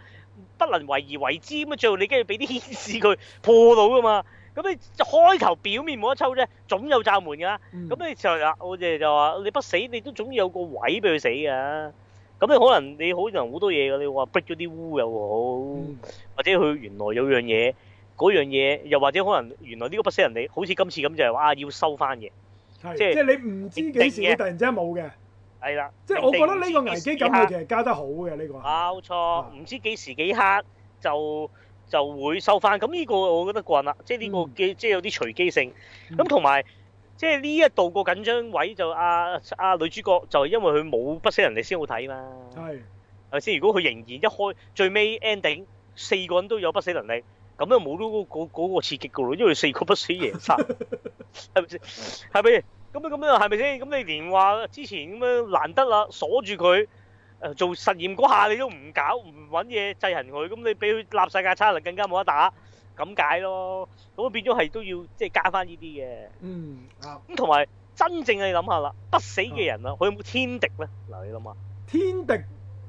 不能為而為之咁，最後你梗係俾啲暗示佢破到噶嘛，咁你開頭表面冇得抽啫，總有罩門噶，咁你就啊，嗯、就我哋就話你不死，你都總要有個位俾佢死噶、啊。咁你可能你好似能好多嘢嘅，你話逼咗啲污又好，嗯、或者佢原來有樣嘢，嗰樣嘢又或者可能原來呢個不死人哋，好似今次咁就係話要收翻嘅，是即係即係你唔知幾時你突然之間冇嘅，係啦。即係的我覺得呢個危機感我其實加得好嘅呢個，冇、啊、錯，唔、啊、知幾時幾刻就就會收翻。咁呢個我覺得慣啦，即係呢、呢個嘅、嗯、即係有啲隨機性。咁同埋。即係呢一度個緊張位就阿、啊、阿、啊，女主角就係因為佢冇不死能力先好睇嘛，係咪先？如果佢仍然一開最尾 ending 四個人都有不死能力，咁又冇到嗰個刺激噶咯，因為四個不死贏晒係咪先？係咪？ 咁樣咁樣係咪先？咁你連話之前咁樣難得啦，鎖住佢做實驗嗰下你都唔搞唔揾嘢制人佢，咁你俾佢立世界差能更加冇得打。咁解咯，咁啊變咗係都要即係加翻呢啲嘅。嗯。咁同埋真正你諗下啦，不死嘅人啊，佢有冇天敵咧？嗱，你諗下。天敵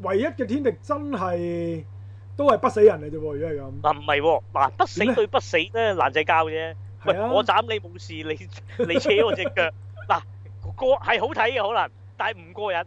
唯一嘅天敵真係都係不死人嚟啫喎，如果係咁。嗱唔係喎，嗱不死對不死咧難仔交啫。喂，我斬你冇事，你你扯我隻腳。嗱，過係好睇嘅好難，但係唔過癮。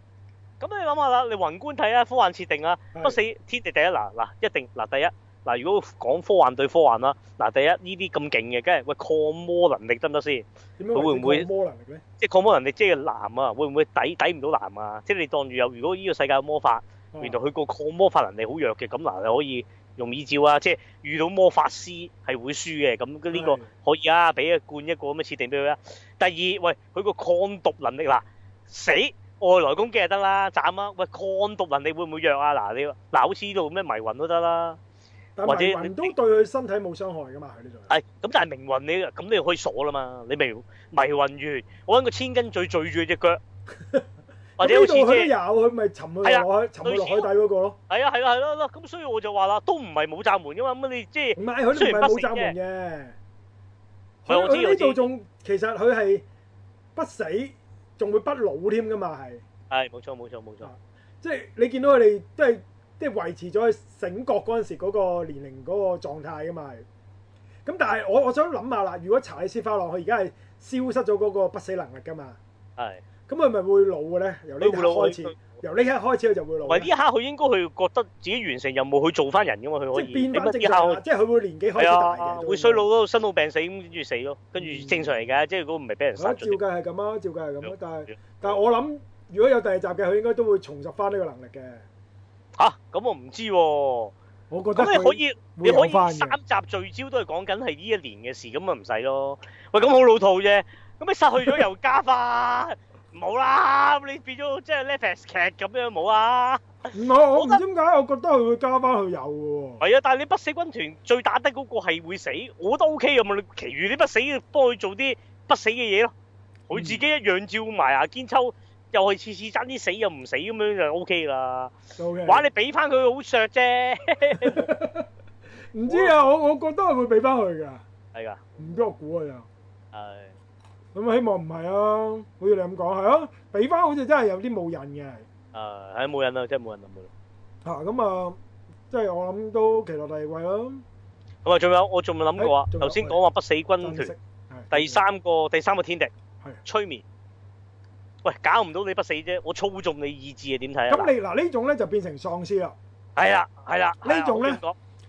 咁你諗下啦，你宏觀睇啊，科幻設定啊，不死天敵第一嗱嗱一定嗱第一。嗱，如果講科幻對科幻啦，嗱，第一呢啲咁勁嘅，梗係喂抗魔能力得唔得先？點樣會唔會抗魔能力咩？即係抗魔能力，即係男啊，會唔會抵抵唔到男啊？即係你當住有，如果呢個世界魔法，啊、原來佢個抗魔法能力好弱嘅，咁嗱你可以用耳罩啊，即係遇到魔法師係會輸嘅。咁呢個可以啊，俾的一灌一個咁嘅設定俾佢啊。第二，喂佢個抗毒能力啦，死外來攻擊就得啦，斬啊喂抗毒能力會唔會弱啊？嗱你嗱好似呢度咩迷魂都得啦。或者你都對佢身體冇傷害噶嘛喺呢度？係咁，但係迷魂你嘅，咁你可以鎖啦嘛？你咪迷魂魚，我揾個千斤墜，墜住佢隻腳。或者好似 有佢咪 沉去海，對沉落海底嗰個咯。係啊係啊係咯咯，咁所以我就話啦，都唔係冇罩門噶嘛。咁你即係唔係佢哋唔係冇罩門嘅。係我知有佢呢度仲其實佢係不死，仲會不老添噶嘛？係係冇錯冇錯冇錯，即係 你見到佢哋，即係。即係維持咗佢醒覺嗰陣時嗰個年齡嗰個狀態噶嘛，咁但係我我想諗下啦，如果查理絲花朗落去，而家係消失咗嗰個不死能力噶嘛，係，咁佢咪會老嘅咧？由呢一刻開始，由呢一刻開始佢就會老。喂，呢一刻佢應該佢覺得自己完成任務，去做翻人噶嘛？佢可以。即係邊即刻？即係佢會年紀開始大。嘅，啊，會衰老嗰度生老病死，跟住死咯，跟住正常嚟㗎。即係如果唔係俾人殺，照計係咁啊，照計係咁啊，但係但係我諗，如果有第二集嘅，佢應該都會重拾翻呢個能力嘅。吓，咁、啊、我唔知喎。咁你可以，你可以三集聚焦都係講緊係呢一年嘅事，咁咪唔使咯。喂，咁好老套啫。咁你失去咗又加翻，冇 啦。咁你變咗即係 Netflix 劇咁樣冇啊？唔係，我唔知點解，我覺得佢會加翻去有嘅喎。係啊，但係你不死軍團最打得嗰個係會死，我都 OK 嘅嘛。你其餘你不死嘅幫佢做啲不死嘅嘢咯。佢自己一樣照埋牙堅秋。嗯又係次次爭啲死又唔死咁樣就 O K 啦。OK，玩你俾翻佢好削啫，唔 知啊！我我覺得會俾翻佢噶。係噶的。唔多估啊！又。係。咁啊，希望唔係啊。好似你咁講係啊，俾翻好似真係有啲冇癮嘅。誒係冇人啦，真係冇人啦冇。啊咁啊，即係我諗都期待第二季啦。咁啊，仲有我仲諗過啊，頭先講話不死軍團第三個第三個天敵催眠。喂，搞唔到你不死啫，我操縱你意志啊，點睇啊？咁你嗱呢種咧就變成喪屍啊，係啦，係啦。呢種咧，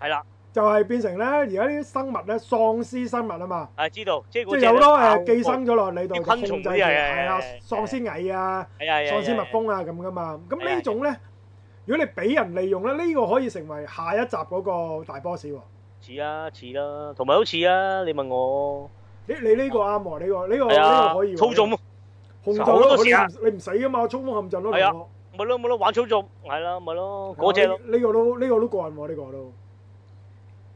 係啦，就係變成咧，而家啲生物咧，喪屍生物啊嘛。啊，知道，即係有好多誒寄生咗落你度嘅昆蟲仔啊，係啊，喪屍蟻啊，係啊，喪屍蜜蜂啊咁噶嘛。咁呢種咧，如果你俾人利用咧，呢個可以成為下一集嗰個大 boss。似啊，似啦，同埋好似啊，你問我，你你呢個阿莫，呢個呢個呢個可以操縱。紅豆咯，你唔你唔死啊嘛，衝鋒陷陣咯，咪咯冇咯，玩操作，係咯，咪咯，嗰隻咯，呢個都呢個都過癮喎，呢個都。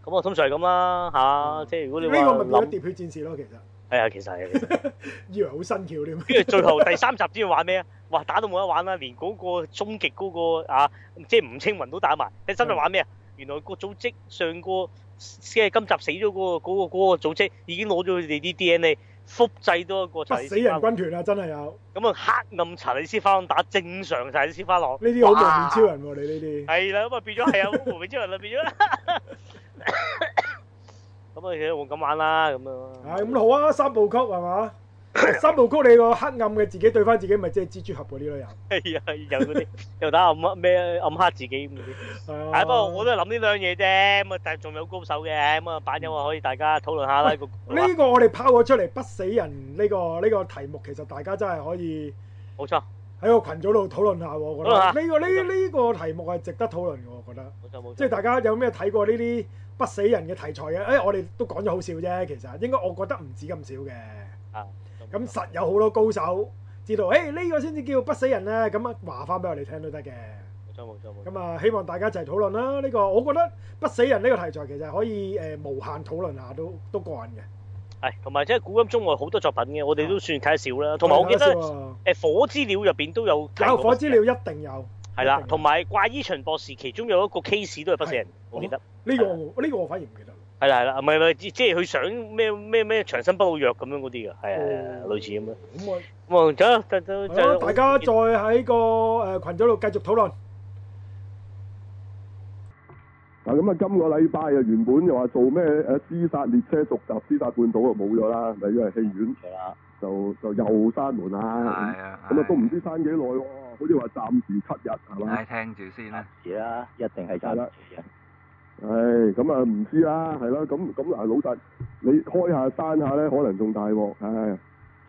咁啊，通常係咁啦，吓，即係如果你話，呢個咪冇一疊血戰士咯，其實。係啊，其實係。以為好新橋添。跟住最後第三集先玩咩啊？哇，打都冇得玩啦，連嗰個終極嗰個啊，即係吳青雲都打埋，你真係玩咩啊？原來個組織上個即係今集死咗嗰個嗰個嗰個組織已經攞咗佢哋啲 DNA。複製多一個不死人軍團啊！真係有咁啊，黑暗查理斯花朗打正常查理斯花朗。呢啲好無面超人喎、啊！哇你呢啲係啦，咁啊 變咗係啊無面超人啦，變咗咁啊，其實我咁玩啦咁樣，係咁、哎、好啊，三部曲係嘛？三部曲，你個黑暗嘅自己對翻自己，咪即係蜘蛛俠嗰啲咯？有，哎呀，有嗰啲又打暗咩暗黑自己嗰啲係啊。不過我都係諗呢兩嘢啫。咁啊，但仲有高手嘅咁啊，板友可以大家討論下啦。呢、啊、個我哋拋咗出嚟不死人呢、呢個呢、呢個題目，其實大家真係可以冇錯喺個群組度討論下。我覺得呢、呢個呢呢錯個題目係值得討論嘅。我覺得即係錯大家有咩睇過呢啲不死人嘅題材嘅？誒、哎，我哋都講咗好少啫。其實應該我覺得唔止咁少嘅啊。咁、嗯、實有好多高手知道，誒、欸、呢、這個先至叫不死人咧。咁啊，話翻俾我哋聽都得嘅。冇錯，冇錯。咁啊、嗯，希望大家一齊討論啦。呢、這個我覺得不死人呢個題材其實可以誒、呃、無限討論下，都都過癮嘅。係，同埋即係古今中外好多作品嘅，我哋都算睇少啦。同埋我記得誒火之鳥入邊都有。有火之鳥一定有。係啦了，同埋怪醫秦博士其中有一個 case 都係不死人，對我，我記得。呢個呢、這個我反而唔記得。係啦，係啦，唔係咪？即係佢想咩咩咩長生不老藥咁樣嗰啲嘅，係啊，類似咁樣。冇錯，都就大家再喺個誒羣組度繼續討論。嗱，咁啊，今個禮拜啊，原本又話做咩誒《屍殺列車》續集《屍殺半島》啊，冇咗啦，咪因為戲院就就又閂門啦。係啊，咁啊都唔知閂幾耐喎，好似話暫時七日係嘛？聽住先啦。暫時啦，一定係暫時。唉，咁啊唔知啦，係啦。咁咁嗱老實，你開下山下咧，可能仲大鑊，唉、哎，係、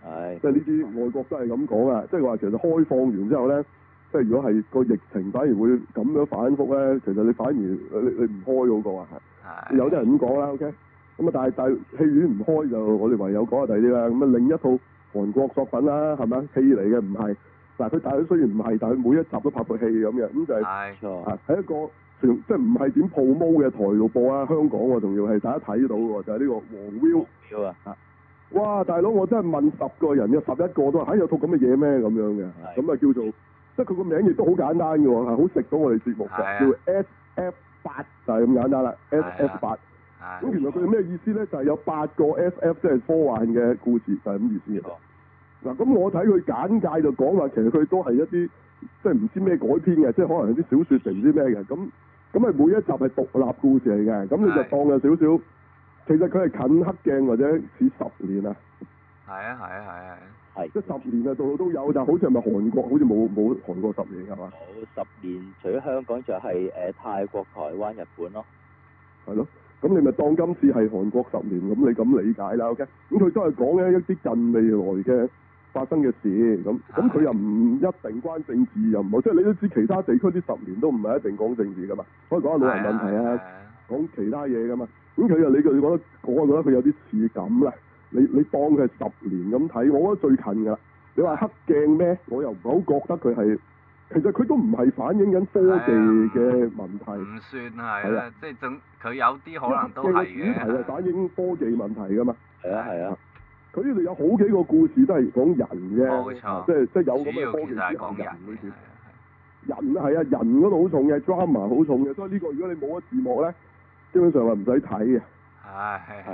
哎，即係呢啲外國都係咁講啊，即係話其實開放完之後咧，即、就、係、是、如果係個疫情反而會咁樣反覆咧，其實你反而你你唔開嗰、那個啊，哎、有啲人咁講啦，OK，咁啊但係但係戲院唔開就我哋唯有講下第二啲啦，咁啊另一套韓國作品啦，係咪啊，戲嚟嘅唔係，嗱佢但係佢雖然唔係，但係佢每一集都拍部戲咁嘅，咁就係、是，係、哎啊、一個。即係唔係點鋪毛嘅台度播啊？香港我、啊、仲要係大家睇到喎，就係、是、呢、這個黃 Will。Yo、啊、哇，大佬我真係問十個人，有十一個都話：嚇、哎、有套咁嘅嘢咩？咁樣嘅，咁啊的叫做即係佢個名亦都好簡單嘅喎，好食到我哋節目嘅， 的 叫 S F 八就係咁簡單啦。S F 八咁其實佢咩意思咧？就係、是、有八個 S F，即係科幻嘅故事，就係、是、咁意思嗱咁的、哦啊、我睇佢簡介就講話，其實佢都係一啲即係唔知咩改編嘅，即係可能係啲小説定唔知咩嘅咁。咁咪每一集係獨立故事嚟嘅，咁你就當嘅少少。的其實佢係近黑鏡或者似十年啊。係啊係啊係啊係。係。即十年啊，度度都有但好似係咪韓國？好似冇冇韓國十年㗎嘛？冇、哦、十年，除咗香港就係、是、誒、呃、泰國、台灣、日本咯。係咯，咁你咪當今次係韓國十年，咁你咁理解啦。OK，咁佢都係講緊一啲近未來嘅發生嘅事，咁咁佢又唔一定關政治又唔好，即係你都知其他地區啲十年都唔係一定講政治噶嘛，可以講下老人問題啊，講其他嘢噶嘛，咁佢又你佢覺得，我覺得佢有啲似咁啦，你你當佢係十年咁睇，我覺得最近噶啦，你話黑鏡咩？我又唔係好覺得佢係，其實佢都唔係反映緊科技嘅問題，唔算係，係即係佢有啲可能都係嘅。的黑鏡嘅主題係反映科技問題噶嘛？係啊係啊。的佢呢度有好幾個故事都係講人嘅，即係即係有咁嘅。主要其實係講人嗰啲，係人係啊，人嗰度好重嘅，drama 好重嘅，所以呢個如果你冇咗字幕咧，基本上係唔使睇嘅，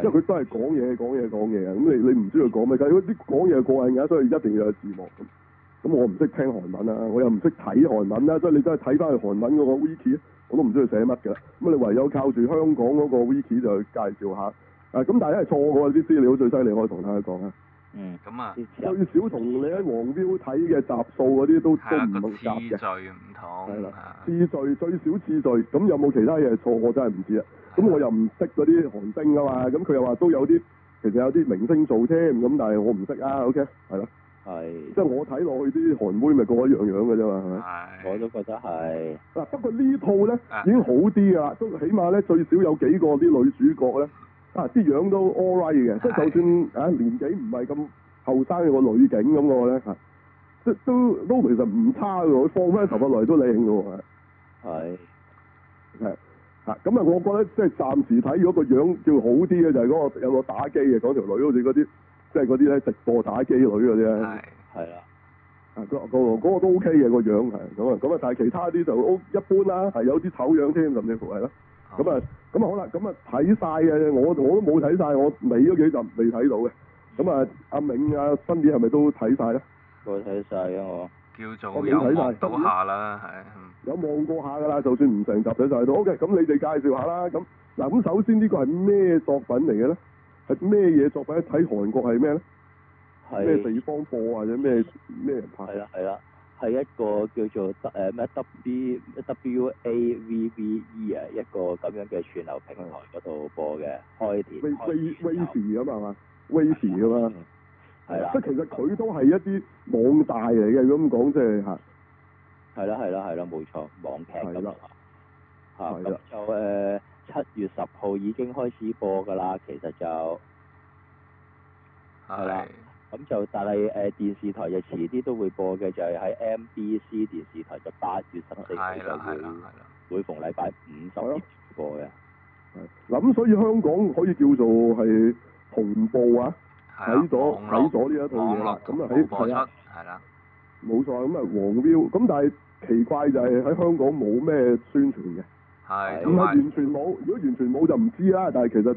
因為佢都係講嘢講嘢講嘢嘅，咁你你唔知佢講咩，因為啲講嘢係過癮嘅，所以一定要有字幕。咁咁我唔識聽韓文啊，我又唔識睇韓文啦，所以你真係睇翻去韓文嗰個 wiki，我都唔知佢寫乜嘅。咁你唯有靠住香港嗰個 wiki 就去介紹下。啊！咁但係咧係錯嘅喎，啲資料最犀利，可以同大家講啊。嗯，咁啊，最少同你喺黃標睇嘅集數嗰啲都唔合格嘅。的次序唔同。係啦，次序最少次序，咁、嗯、有冇其他嘢錯？我真係唔知啊。咁的我又唔識嗰啲韓星啊嘛。咁佢又話都有啲，其實有啲明星做添。咁但係我唔識啊。OK，係咯。係的。即係我睇落去啲韓妹咪個一樣樣嘅啫嘛，係咪的？我都覺得係。嗱，不過套呢套咧已經好啲啊，都起碼咧最少有幾個啲女主角咧。啊！啲樣都 all right 嘅，的即係就算啊年紀唔係咁後生嘅個女警咁嘅咧，係即的都都其實唔差嘅，放翻頭髮來都靚嘅喎。係係嚇，咁啊、嗯，我覺得即係暫時睇咗個樣叫好啲嘅，就係、是、嗰、嗰個有個打機嘅嗰條女，好似嗰啲即係嗰啲咧直播打機女嗰啲咧。係係啦，的啊、嗰個個嗰、嗰個都 OK 嘅個樣係咁啊，咁啊、嗯，但係其他啲就 O 一般啦，係有啲醜樣添，甚至乎係啦。咁啊，咁、嗯、啊好啦，咁啊睇晒嘅，我我都冇睇晒，我尾嗰幾集未睇到嘅。咁、嗯、啊，阿銘阿新姐係咪都睇晒咧？我睇晒啊我，叫做睇晒。到、啊嗯、下啦，係、嗯嗯、有望過下噶啦，就算唔成集睇晒都。嗯、OK，咁、嗯、你哋介紹下啦。咁、嗯、嗱，咁、啊、首先呢個係咩作品嚟嘅咧？係咩嘢作品咧？睇韓國係咩咧？係咩是地方播或者咩咩人拍？係啦，係啦。係一個叫做得、呃、W W A V V E 啊，一個咁樣嘅串流平台嗰度播嘅開電視。We We We TV 嘛，We TV 係啦。即係、嗯、其實佢都係一啲網大嚟嘅，嗯、如果咁講即係嚇。係啦係啦係啦，冇、啊啊啊啊、錯，網劇咁咯。嚇咁、啊啊嗯、就誒七、呃、月十號已經開始播㗎啦，其實就係啦。咁就，但係誒電視台就遲啲都會播嘅，就係喺 MBC 電視台就八月十四號就會，每逢禮拜五十一播嘅。係啦。咁所以香港可以叫做係同步啊，睇咗睇咗呢一套嘢，咁啊播出係啦，冇錯，咁啊黃標，咁但係奇怪就係喺香港冇咩宣傳嘅，咁啊完全冇，如果完全冇就唔知啦。但係其實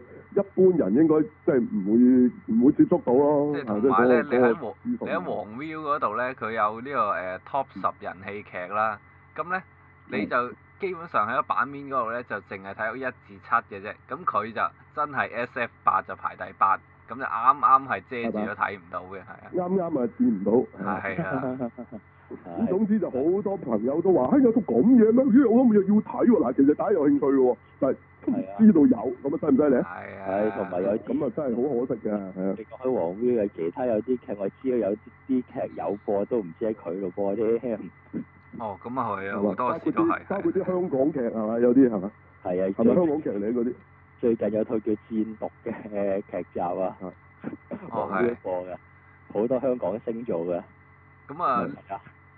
般人應該即係唔會唔會接觸到咯。即係同埋咧，你喺黃你喺黃 Viu 嗰度咧，佢有呢個誒 Top 十人氣劇啦。咁咧你就基本上喺個版面嗰度咧，就淨係睇到一至七嘅啫。咁佢就真係 SF 八就排第八，咁就啱啱係遮住都睇唔到嘅，係啊。啱啱啊，見唔到。係啊。總之就好多朋友都話，哎，有套咁嘢咩？咦，我都冇嘢要睇喎。嗱，其實大家有興趣嘅，但係都唔知道有，咁啊，犀唔犀利啊？係，同埋有啲咁啊，真係好可惜噶。你講喺黃標嘅其他有啲劇，我知有啲啲劇有播，都唔知喺佢度播啫。哦，咁啊，係啊，好多嘢都係。包括啲香港劇係嘛？有啲係嘛？係啊。係香港劇你嗰啲？最近有套叫《戰毒》嘅劇集啊，黃標播嘅，好多香港星做嘅。咁啊，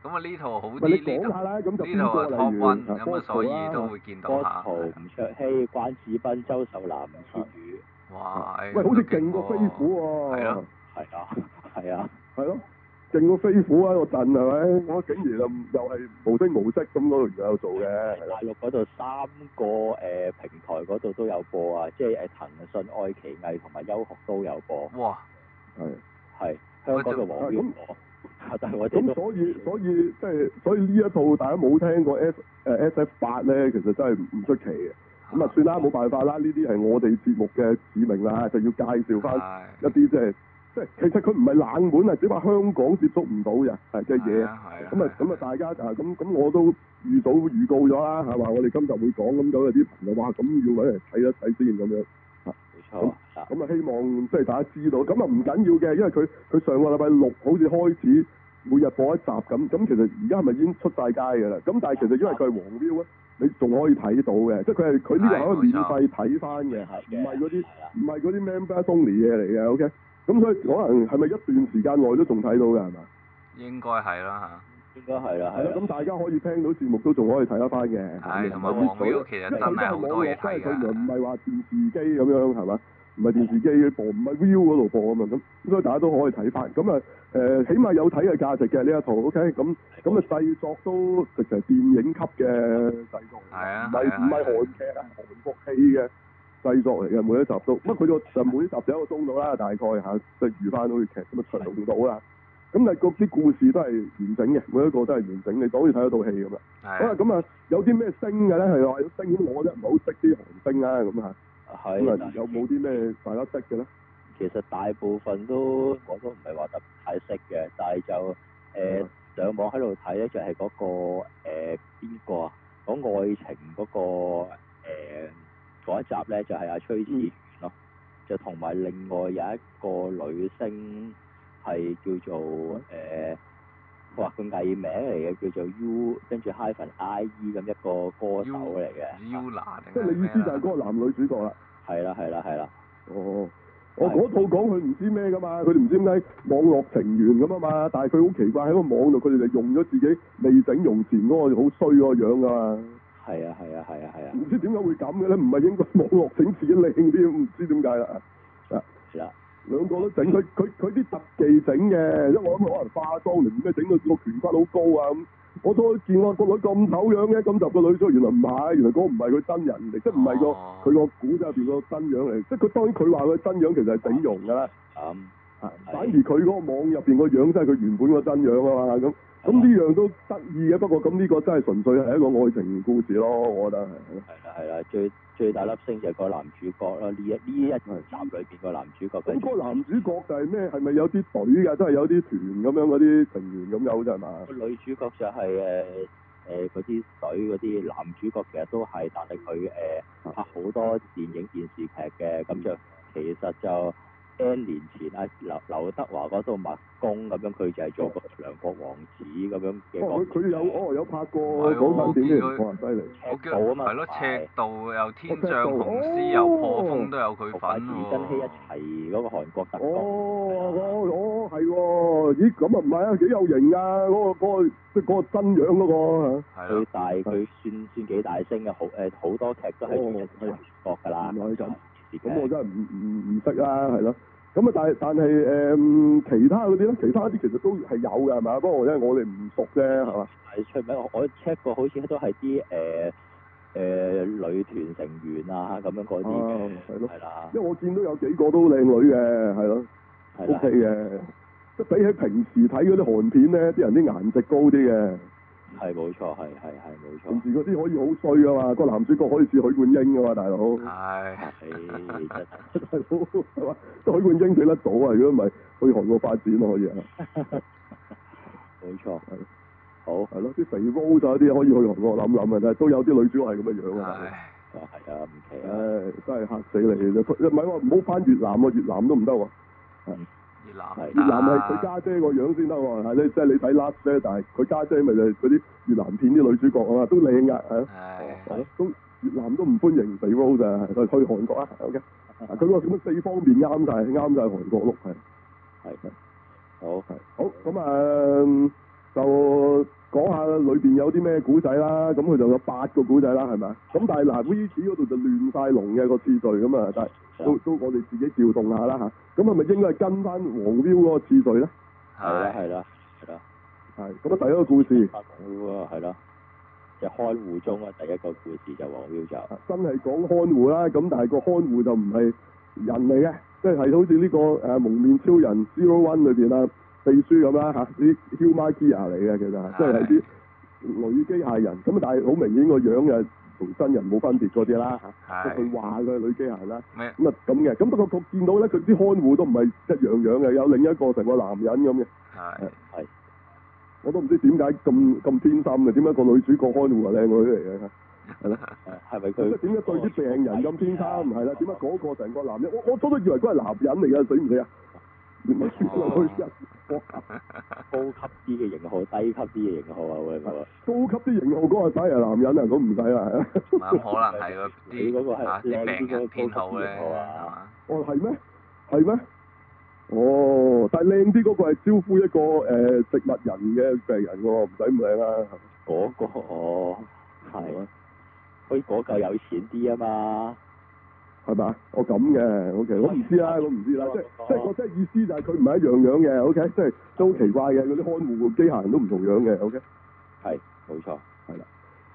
咁啊呢套好啲呢咁呢套係湯溫，咁啊所以都會見到下。吳卓羲、關智斌、周秀娜、吳卓羲。哇！喂，好似勁過飛虎喎。係啊，係啊，係啊，係咯，勁過飛虎喺度震係咪？我竟然又又係無聲無息咁嗰度又有做嘅。大陸嗰度三個誒平台嗰度都有播啊，即係誒騰訊、愛奇藝同埋優酷都有播。哇！係係，香港嘅黃標。咁、啊、所以所以即係所以呢一套大家冇聽過 S 呃 SF8 咧，其實真係唔出奇嘅。咁啊就算啦，冇辦法啦，呢啲係我哋節目嘅使命啦，就要介紹翻一啲即係即係其實佢唔係冷門啊，只係香港接觸唔到嘅係嘅嘢。咁啊咁啊，啊啊就大家啊咁咁我都預早預告咗啦，係嘛？我哋今集會講咁，有啲朋友話，咁要揾嚟睇一睇先咁樣。咁咁啊！希望即係大家知道，咁啊唔緊要嘅，因為佢佢上個禮拜六好似開始每日播一集咁，咁其實而家係咪已經出晒街嘅啦？咁但係其實因為佢係黃標啊，你仲可以睇到嘅，即係佢係佢呢個可以免費睇翻嘅，唔係嗰啲唔係嗰啲 member only 嘢嚟嘅，OK？咁所以可能係咪一段時間內都仲睇到嘅係嘛？應該係啦嚇。嗯應該係啊，係咯，咁的、嗯、大家可以聽到節目都仲可以睇一翻嘅，係同埋網嗰啲其實真係好多嘢嘅。因為佢唔係話電視機咁樣係嘛，唔係電視機的播，唔係 view 嗰度播啊嘛，咁咁所以大家都可以睇翻。咁啊誒，起碼有睇嘅價值嘅呢一套 OK，咁咁啊製作都直情電影級嘅製作，係啊的，唔係唔係韓劇啊，韓國戲嘅製作嚟嘅，每一集都乜佢個就的每一集就一，集一個鐘度啦，大概嚇、啊，就餘翻好似劇咁啊，長到啊。咁啊，嗰啲、嗯、故事都係完整嘅，每一個都係完整，嘅，就好似睇一套戲咁啊。啊，咁、嗯、啊，有啲咩星嘅咧？係話星，我咧唔好識啲韓星啦，咁啊。係、嗯。咁有冇啲咩大家識嘅咧？其實大部分都我都唔係話特太識嘅，但係就誒、呃嗯、上網喺度睇咧，就係、是、嗰、那個誒邊個啊講愛情嗰、那個嗰、呃、一集咧，就係、是、阿崔始啊，嗯、就同埋另外有一個女星。係叫做誒、呃，哇個藝名嚟嘅叫做 U 跟住 hyphen I E 咁一個歌手嚟嘅，U 啊、即係你意思就係嗰個男女主角啦。係啦係啦係啦。哦，我嗰套講佢唔知咩噶嘛，佢哋唔知點解網絡情緣咁啊嘛，但係佢好奇怪喺個網度，佢哋就用咗自己未整容前嗰、嗰個好衰嗰個樣噶嘛。係啊係啊係啊係啊！唔知點解會咁嘅咧？唔係應該網絡整自己靚啲？唔知點解啦。啊，係啦。兩個都整，佢佢佢啲特技整嘅，因為我諗可能化妝定咩整到個顴骨好高啊咁。我再見我個女咁醜樣嘅，咁就個女咗，原來唔係，原來嗰個唔係佢真人嚟，即係唔係個佢個古仔入邊個真樣嚟，即係佢當然佢話佢真樣其實係整容噶啦。啊，嗯、反而佢嗰個網入邊個樣真係佢原本個真樣啊嘛咁。咁呢、嗯、樣都得意嘅，嗯、不過咁呢個真係純粹係一個愛情故事咯，我覺得係。係啦，係啦，最最大粒星就係個男主角啦，呢一呢一個站裏邊個男主角。嗰個男主角就係咩、嗯？係咪最有啲隊啊？真係有啲團咁樣嗰啲成員咁有啫係嘛？個女主角就係誒誒嗰啲隊嗰啲男主角其實都係，但係佢誒拍好多電影電視劇嘅咁就其實就。N 年前啊，劉劉德華嗰套墨攻咁樣，佢就係做個梁國王子咁樣嘅角色。哦，佢佢有，哦有拍過嗰個點嘅，好驚啊嘛！係咯，赤道又天象，紅絲又破風都有佢份喎。係嗰個韓國特工。哦哦哦，係喎！咦咁啊唔係啊，幾有型啊嗰個即嗰個真樣嗰個佢大，佢算算幾大聲嘅，好誒好多劇都係做嘅韓國㗎啦。我呢就。咁、嗯、我真係唔唔唔識啦，係咯。咁啊，但係但係誒、呃，其他嗰啲咧，其他啲其實都係有嘅，係咪啊？不過因為我哋唔熟啫，係嘛。係出名，我我 check 過，好似都係啲誒誒女團成員啊咁樣嗰啲嘅，係咯，係啦。因為我見到有幾個都靚女嘅，係咯的，OK 嘅、呃。即比起平時睇嗰啲韓片咧，啲人啲顏值高啲嘅。係冇錯，係係係冇錯。同時嗰啲可以好衰噶嘛，個男主角可以似許冠英噶嘛，大佬。係 Element eng。其實大佬，許冠英記得對得到啊，如果唔係去韓國發展可以啊。冇錯， 係。好，係咯，啲肥佬嗰啲可以去韓國諗諗 的啊，但係都有啲女主角係咁嘅樣啊。係。係啊，唔奇。唉，真係吓死你啫！唔係話唔好翻越南啊，越南都唔得喎。 越南係佢家姐個樣先得喎，係即係你睇 last 咧，但係佢家姐咪就係嗰啲越南片啲女主角啊嘛，都靚噶嚇，都唉、啊、越南都唔歡迎肥佬咋，去韓國啊 OK，佢個、啊、四方面啱晒，啱晒韓國囉係，係係好係好咁啊是、嗯，就講下裏邊有啲咩古仔啦，咁佢就有八個古仔啦，係咪？咁但係嗱，Vicky 嗰度就亂晒龍嘅個次序咁啊，但係。都都我哋自己調動下啦嚇，咁係咪應該係跟翻黃標嗰個次序咧？係啦係啦係啦。係咁啊，第一個故事。係咯，就看護中啊，第一個故事就黃標就。啊、真係講看護啦，咁但係個看護就唔係人嚟嘅，即係係好似呢個誒蒙面超人 Zero One 裏邊啊秘書咁啦嚇，啲、啊、Humagear 嚟嘅其實係，即係啲類機械人。咁但係好明顯個樣嘅。同真人冇分別嗰啲啦，佢話佢係女機器人啦。咩麼？咁啊咁嘅，咁不過佢見到咧，佢啲看護都唔係一樣樣嘅，有另一個成個男人咁嘅。係係，我都唔知點解咁咁偏心啊？點解個女主角看護係靚女嚟嘅？係啦， 係咪佢？點解對啲病人咁偏心？係啦的，點解嗰個成個男人？我我都初以為佢係男人嚟嘅，死唔死啊？唔係輸落去呀！ 高級高級啲嘅型號，低級啲嘅型號啊！喂、那個，唔係、啊、高級啲型號嗰、那個低啊，男人啊，咁唔使啦，唔係咁可能係個啲嗰個係啊，病嘅天后咧，係哦、啊，係咩？係咩？哦，但係靚啲嗰個係招呼一個誒、呃、植物人嘅病人喎，唔使唔靚啊！嗰、那個哦，係啊，所以嗰嚿有錢啲啊嘛～係咪啊？我咁嘅，OK，我唔知啦，我唔知啦即錯，即係即係我即係意思就係佢唔係一樣樣嘅，OK，即係都好奇怪嘅，嗰啲看護機械人都唔同樣嘅，OK。係，冇錯，係啦，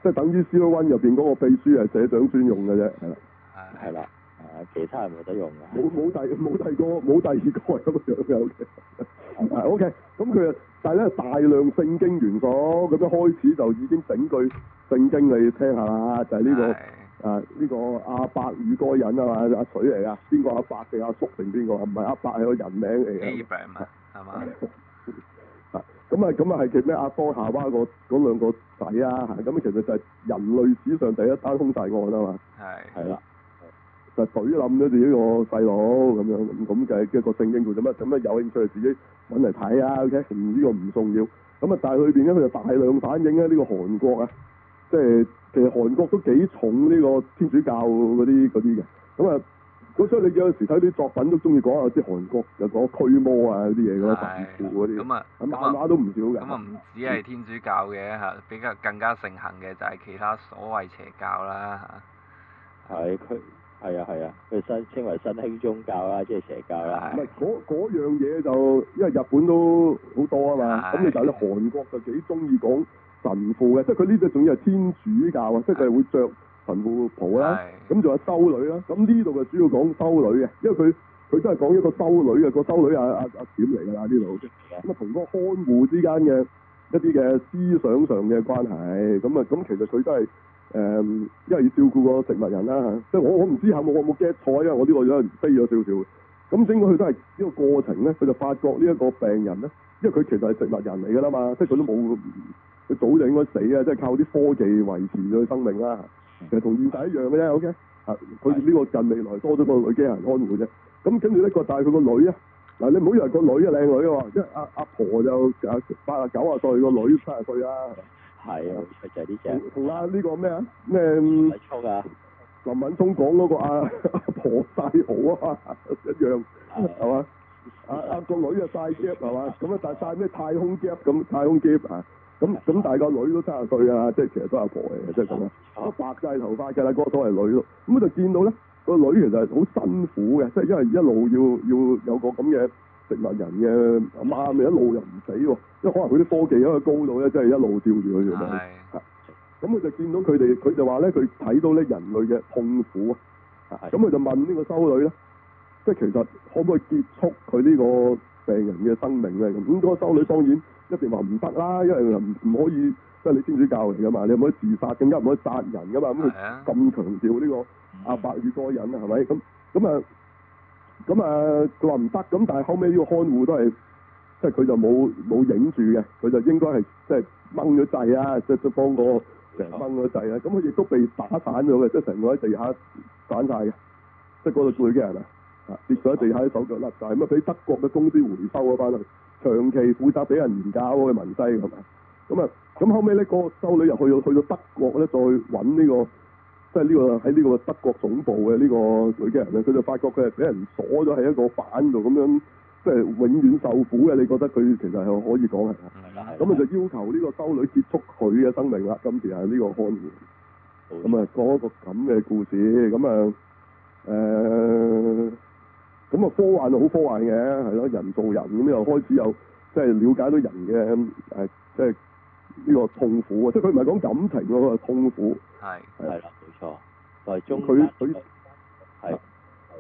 即係等於 C One 入邊嗰個秘書係社長專用嘅啫，係啦，係啦，啊，其他係冇得用嘅。冇冇第冇第二個冇第二個咁嘅樣嘅，OK，咁佢啊，但係咧大量聖經元素，咁樣開始就已經整句聖經你聽下啦，就係呢個。 啊！呢個阿伯與個人啊嘛，阿水嚟啊，邊個阿伯定阿叔定邊個啊？唔係阿伯係個人名嚟嘅，Abraham 係嘛？啊咁啊咁啊係記咩？阿方下巴個嗰兩個仔啊咁其實就係人類史上第一單兇殺案啊嘛。係係啦，就懟冧咗自己個細佬咁樣咁，就係一個聖經佢做乜咁啊有興趣自己揾嚟睇啊？OK，呢個唔重要。咁啊，但係裏邊咧佢就大量反映咧呢個韓國啊。即係其實韓國都幾重呢個天主教嗰啲啲嘅，咁啊，咁所以你有時睇啲作品都中意講下啲韓國又講驅魔啊嗰啲嘢嗰啲啲，咁啊，咁啊漫畫都唔少嘅。咁啊唔止係天主教嘅嚇，比較更加盛行嘅就係其他所謂邪教啦嚇。係佢係啊係啊，佢新稱為新興宗教啦，即係邪教啦。唔係嗰樣嘢就，因為日本都好多啊嘛，咁你但係你韓國就幾中意講。神父嘅，即係佢呢啲仲要係天主教，即係佢會着神父袍啦，咁仲、哎、有修女啦，咁呢度就主要講修女嘅，因為佢佢都係講一個修女嘅、那個修女阿阿阿點嚟㗎啦呢度，咁啊同、啊、個看護之間嘅一啲嘅思想上嘅關係，咁啊咁其實佢都係誒、嗯，因為要照顧個植物人啦嚇、啊，即係我我唔知嚇，我我冇腳台啊，我呢啲內衣飛咗少少，咁整到佢都係呢個過程咧，佢就發覺呢一個病人咧，因為佢其實係植物人嚟㗎啦嘛，即係佢都冇。佢早就應該死啊！即係靠啲科技維持佢生命啦。其實同現代一樣嘅啫，OK。啊，佢哋呢個近未來多咗個女機人看護啫。咁跟住呢個帶佢個女啊。嗱，你唔好以為個女啊靚女啊，即係阿阿婆就八十九啊歲，個女七十歲啦。係啊，就係呢隻。同啊，呢個咩啊咩？林允聰林允聰講嗰個阿阿婆帶好啊一樣，係嘛？阿阿個女啊帶夾係嘛？咁啊帶曬咩太空夾咁太空夾啊！咁咁，大、嗯、個女都三十歲啊，即、就、係、是、其實都阿婆嚟嘅，即係咁樣，白曬頭髮嘅啦，個都係女咯。咁佢就見到咧，個女其實係好辛苦嘅，即、就、係、是、因為一路要要有個咁嘅植物人嘅媽咪一路又唔死喎、啊，即可能佢啲科技喺佢高度咧，即係一路吊住佢住。係。咁佢就見到佢哋，佢就話咧，佢睇到咧人類嘅痛苦啊。咁佢是、嗯、就問呢個修女咧，即、就、係、是、其實可唔可以結束佢呢個病人嘅生命咧？咁、那、嗰個修女當然。嗯一定話唔得啦，因為唔唔可以，即係你天主教嚟噶嘛，你唔可以自殺，更加唔可以殺人噶嘛，咁咁強調呢個阿伯宇個人、嗯、啊，係咪咁咁啊咁啊？佢話唔得，咁但係後尾呢個看護都係即係佢就冇冇影住嘅，佢就應該係即係掹咗掣啊，即係幫個成日掹咗掣啦，咁佢亦都被打散咗嘅，即係成個喺地下散晒嘅，即係嗰度最嘅人啊！跌咗喺地下，啲手腳甩晒，咁啊俾德國嘅公司回收嗰班啊！長期負責俾人研究嘅文西係咪？咁啊，咁後尾呢、呢個修女又去到去到德國呢，再揾呢個，即係呢、呢個喺呢個德國總部嘅呢個女嘅人咧，佢就發覺佢係俾人鎖咗喺一個板度咁樣，即係永遠受苦嘅。你覺得佢其實係可以講係啊？咁啊就要求呢個修女結束佢嘅生命啦。今次係呢個看眠。咁啊的，嗯、講一個咁嘅故事，咁啊，誒、呃。咁啊，科幻就好科幻嘅，係咯，人造人咁又開始有，即係了解到人嘅誒，即係呢個痛苦啊，即係佢唔係講感情嗰個痛苦。係係啦，冇錯，但係中佢佢係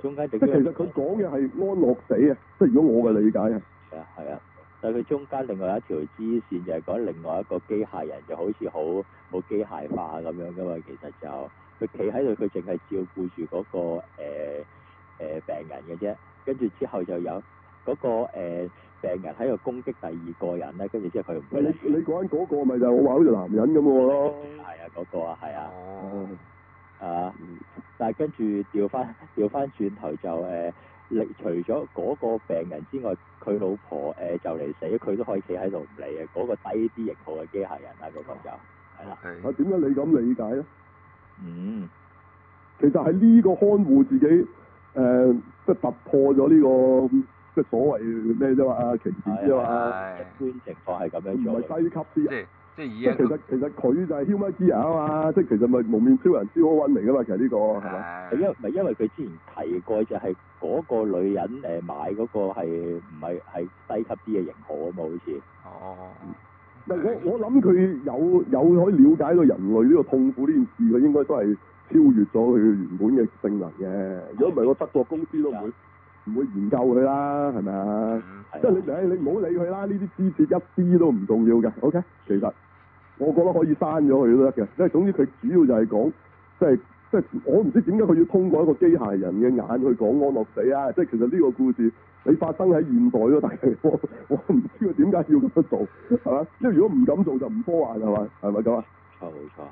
中間。其實佢講嘅係安樂死啊！即係如果我嘅理解啊。係啊係啊，但係佢中間另外一條支線就係講另外一個機械人就好似好冇機械化咁樣噶嘛，其實就佢企喺度，佢淨係照顧住嗰個誒誒，病人嘅啫，跟住之後就有嗰、那個誒、呃、病人喺度攻擊第二個人咧，跟住之後佢唔理會你。你你講緊嗰個咪就係我話好似男人咁嘅咯。係啊，嗰、那個啊，係啊。啊，但係跟住調翻調翻轉頭就誒、呃，除除咗嗰個病人之外，佢老婆誒、呃、就嚟死，佢都可以企喺度唔理啊。嗰、那個低啲型號嘅機械人啊，嗰、那、種、個、就係啦。啊，點、okay. 解、啊、你咁理解咧？嗯，其實喺呢個看護自己。誒、呃，即係突破咗、這個、呢個即係所謂咩啫嘛？啊，歧視啊嘛？一般情況係咁樣做，唔係低級啲，人，即係而，其實其實佢就係 Humagear 啊嘛，即係其實咪蒙面超人 Zero One 嚟噶嘛？其實呢、這個係咪？係因為佢之前提過就係嗰個女人誒買嗰個係唔係係低級啲嘅型號啊嘛？好似哦，唔係、嗯、我我諗佢有有可以了解到人類呢個痛苦呢件事，佢應該都係。超越咗佢原本嘅性能嘅，如果唔係，個德國公司都唔會唔 Yeah. 會研究佢啦，係咪啊？即係 Yeah. 你唔你唔好理佢啦，呢啲枝節一啲都唔重要嘅。OK，其實我覺得可以刪咗佢都得嘅，即係總之佢主要就係講，即係即係我唔知點解佢要通過一個機械人嘅眼去講安樂死啊！即係其實呢個故事你發生喺現代咯，大哥，我唔知佢點解要咁樣做，係嘛？因為如果唔敢做就唔科幻係嘛？係咪咁啊？錯，冇錯。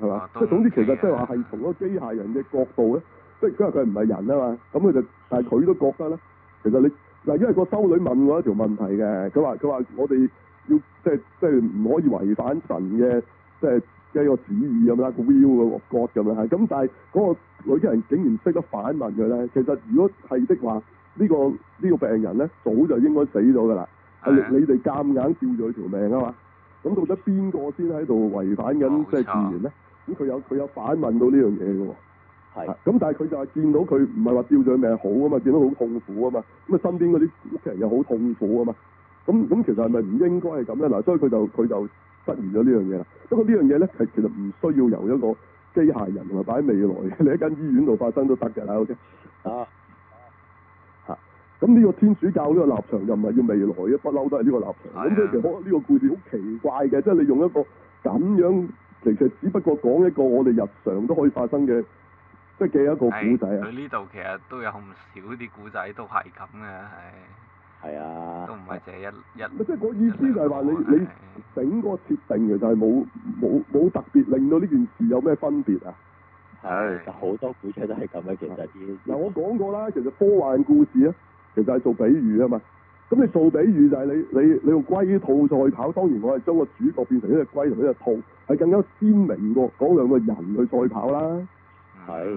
係嘛？即係、嗯、總之其實即係話係從嗰機械人嘅角度咧，即係佢話佢唔係人啊嘛，咁佢就但係佢都覺得咧，其實你嗱，因為個修女問我一條問題嘅，佢話佢話我哋要即係即係唔可以違反神嘅即係嘅一個旨意咁啦，嗰個 will 嘅國咁樣嚇。咁但係嗰個女人竟然識得反問佢咧，其實如果係的話，呢、呢個呢、呢個病人咧早就應該死咗㗎啦。係的你哋夾硬照咗佢條命啊嘛！咁到底邊個先喺度違反緊即係自然咧？咁佢像有佢有反問到呢樣嘢嘅喎。係是。咁但係佢就係見到佢唔係話吊住命好啊嘛，見到好痛苦啊嘛。咁啊身邊嗰啲屋企人又好痛苦啊嘛。咁咁其實係咪唔應該係咁咧？嗱，所以佢就佢就質疑咗呢樣嘢啦。不過呢樣嘢咧係其實唔需要由一個機械人同埋擺喺未來，你喺間醫院度發生都得嘅啦，OK。啊。咁呢個天主教呢個立場又唔係要未來嘅，不嬲都係呢個立場。咁即係其實可能呢個故事好奇怪嘅，即係你用一個咁樣，其實只不過講一個我哋日常都可以發生嘅，即係嘅一個古仔啊。佢呢度其實都有唔少啲古仔都係咁嘅，係。係啊。都唔係凈係一人。一即係個意思就係話你、嗯、你整個設定其實係冇冇冇特別令到呢件事有咩分別啊？係。好多古仔都係咁嘅，其實啲、嗯。嗱、啊、我講過啦，其實科幻故事啊。其實係做比喻啊嘛，咁你做比喻就係你你你用龜兔賽跑，當然我係將個主角變成一隻龜同一隻兔，係更加鮮明過講兩個人去賽跑啦。係的，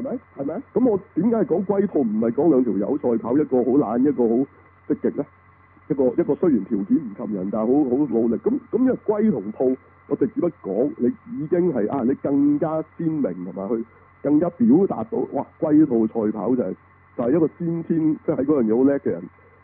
係咪？係咪？咁我點解係講龜兔唔係講兩條友賽跑，一，一個好懶，一個好積極呢？一個一個雖然條件唔及人，但係好好努力咁。咁因為龜同兔，我哋只不過講你已經係啊，你更加鮮明同埋去更加表達到哇，龜兔賽跑就係、是。就係一個先天即係喺嗰樣嘢好叻嘅人，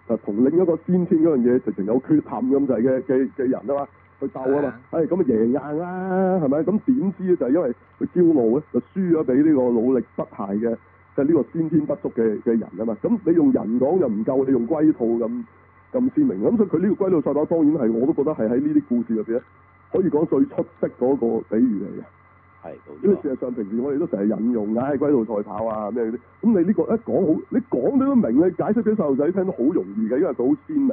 就同另一個先天嗰樣嘢直情有缺陷咁就係嘅嘅嘅人啊嘛，去鬥啊嘛，哎咁啊贏硬啦，係咪？咁點知咧就係因為佢驕傲咧，就輸咗俾呢個努力不懈嘅就係呢個先天不足嘅嘅人啊嘛。咁你用人講又唔夠，你用龜兔咁咁鮮明。咁所以佢呢個龜兔賽跑當然係我都覺得係喺呢啲故事入邊咧，可以講最出色嗰個比喻嚟嘅。係，因為事實上平時我哋都成日引用，嗌喺街道賽跑啊咩嗰啲，咁你呢個一講好，你講得都明，你解釋俾細路仔聽都好容易嘅，因為佢好鮮明。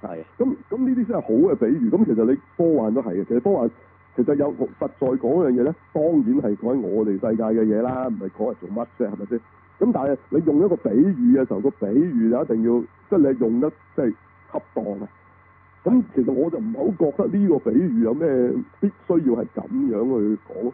係的。咁咁呢啲真係好嘅比喻，咁其實你科幻都係嘅，其實科幻其實有、嗯、實在講嗰樣嘢咧，當然係講喺我哋世界嘅嘢啦，唔係講人做乜啫，係咪先？咁但係你用一個比喻嘅時候，個比喻就一定要即係、就是、你係用得即係恰當啊。就是咁其實我就唔係好覺得呢個比喻有咩必須要係咁樣去講，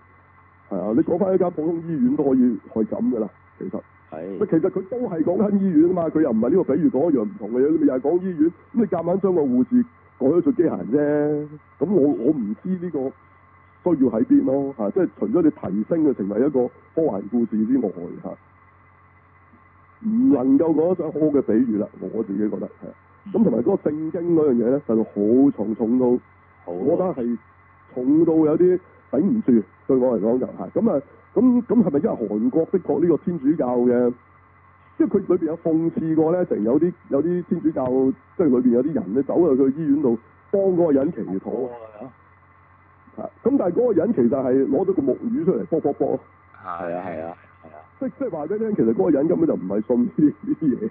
係啊？你講翻一間普通醫院都可以係咁噶啦，其實係。的其實佢都係講緊醫院啊嘛，佢又唔係呢個比喻講一樣唔同嘅嘢，又係講醫院。咁你夾硬將個護士改咗做機械啫。咁我我唔知呢個需要喺邊咯，嚇！即係除咗你提升佢成為一個科幻故事之外，嚇，唔能夠講得咁好嘅比喻啦。我自己覺得係。咁同埋嗰個正經嗰樣嘢咧，就好、是、重，重到我、oh. 覺得係重到有啲頂唔住。對我嚟講就係咁啊，咁咁係咪因為韓國的確呢個天主教嘅，即係佢裏邊有諷刺過咧，成日有啲有啲天主教即係裏邊有啲人咧，走去佢醫院度幫嗰個人祈禱。係、oh. oh. yeah. 啊，咁但係嗰個人其實係攞咗個木魚出嚟，卜卜卜。係啊，係啊，係 Yeah .啊、yeah. 就是，即即係話俾你聽，其實嗰個人根本就唔係信呢啲嘢，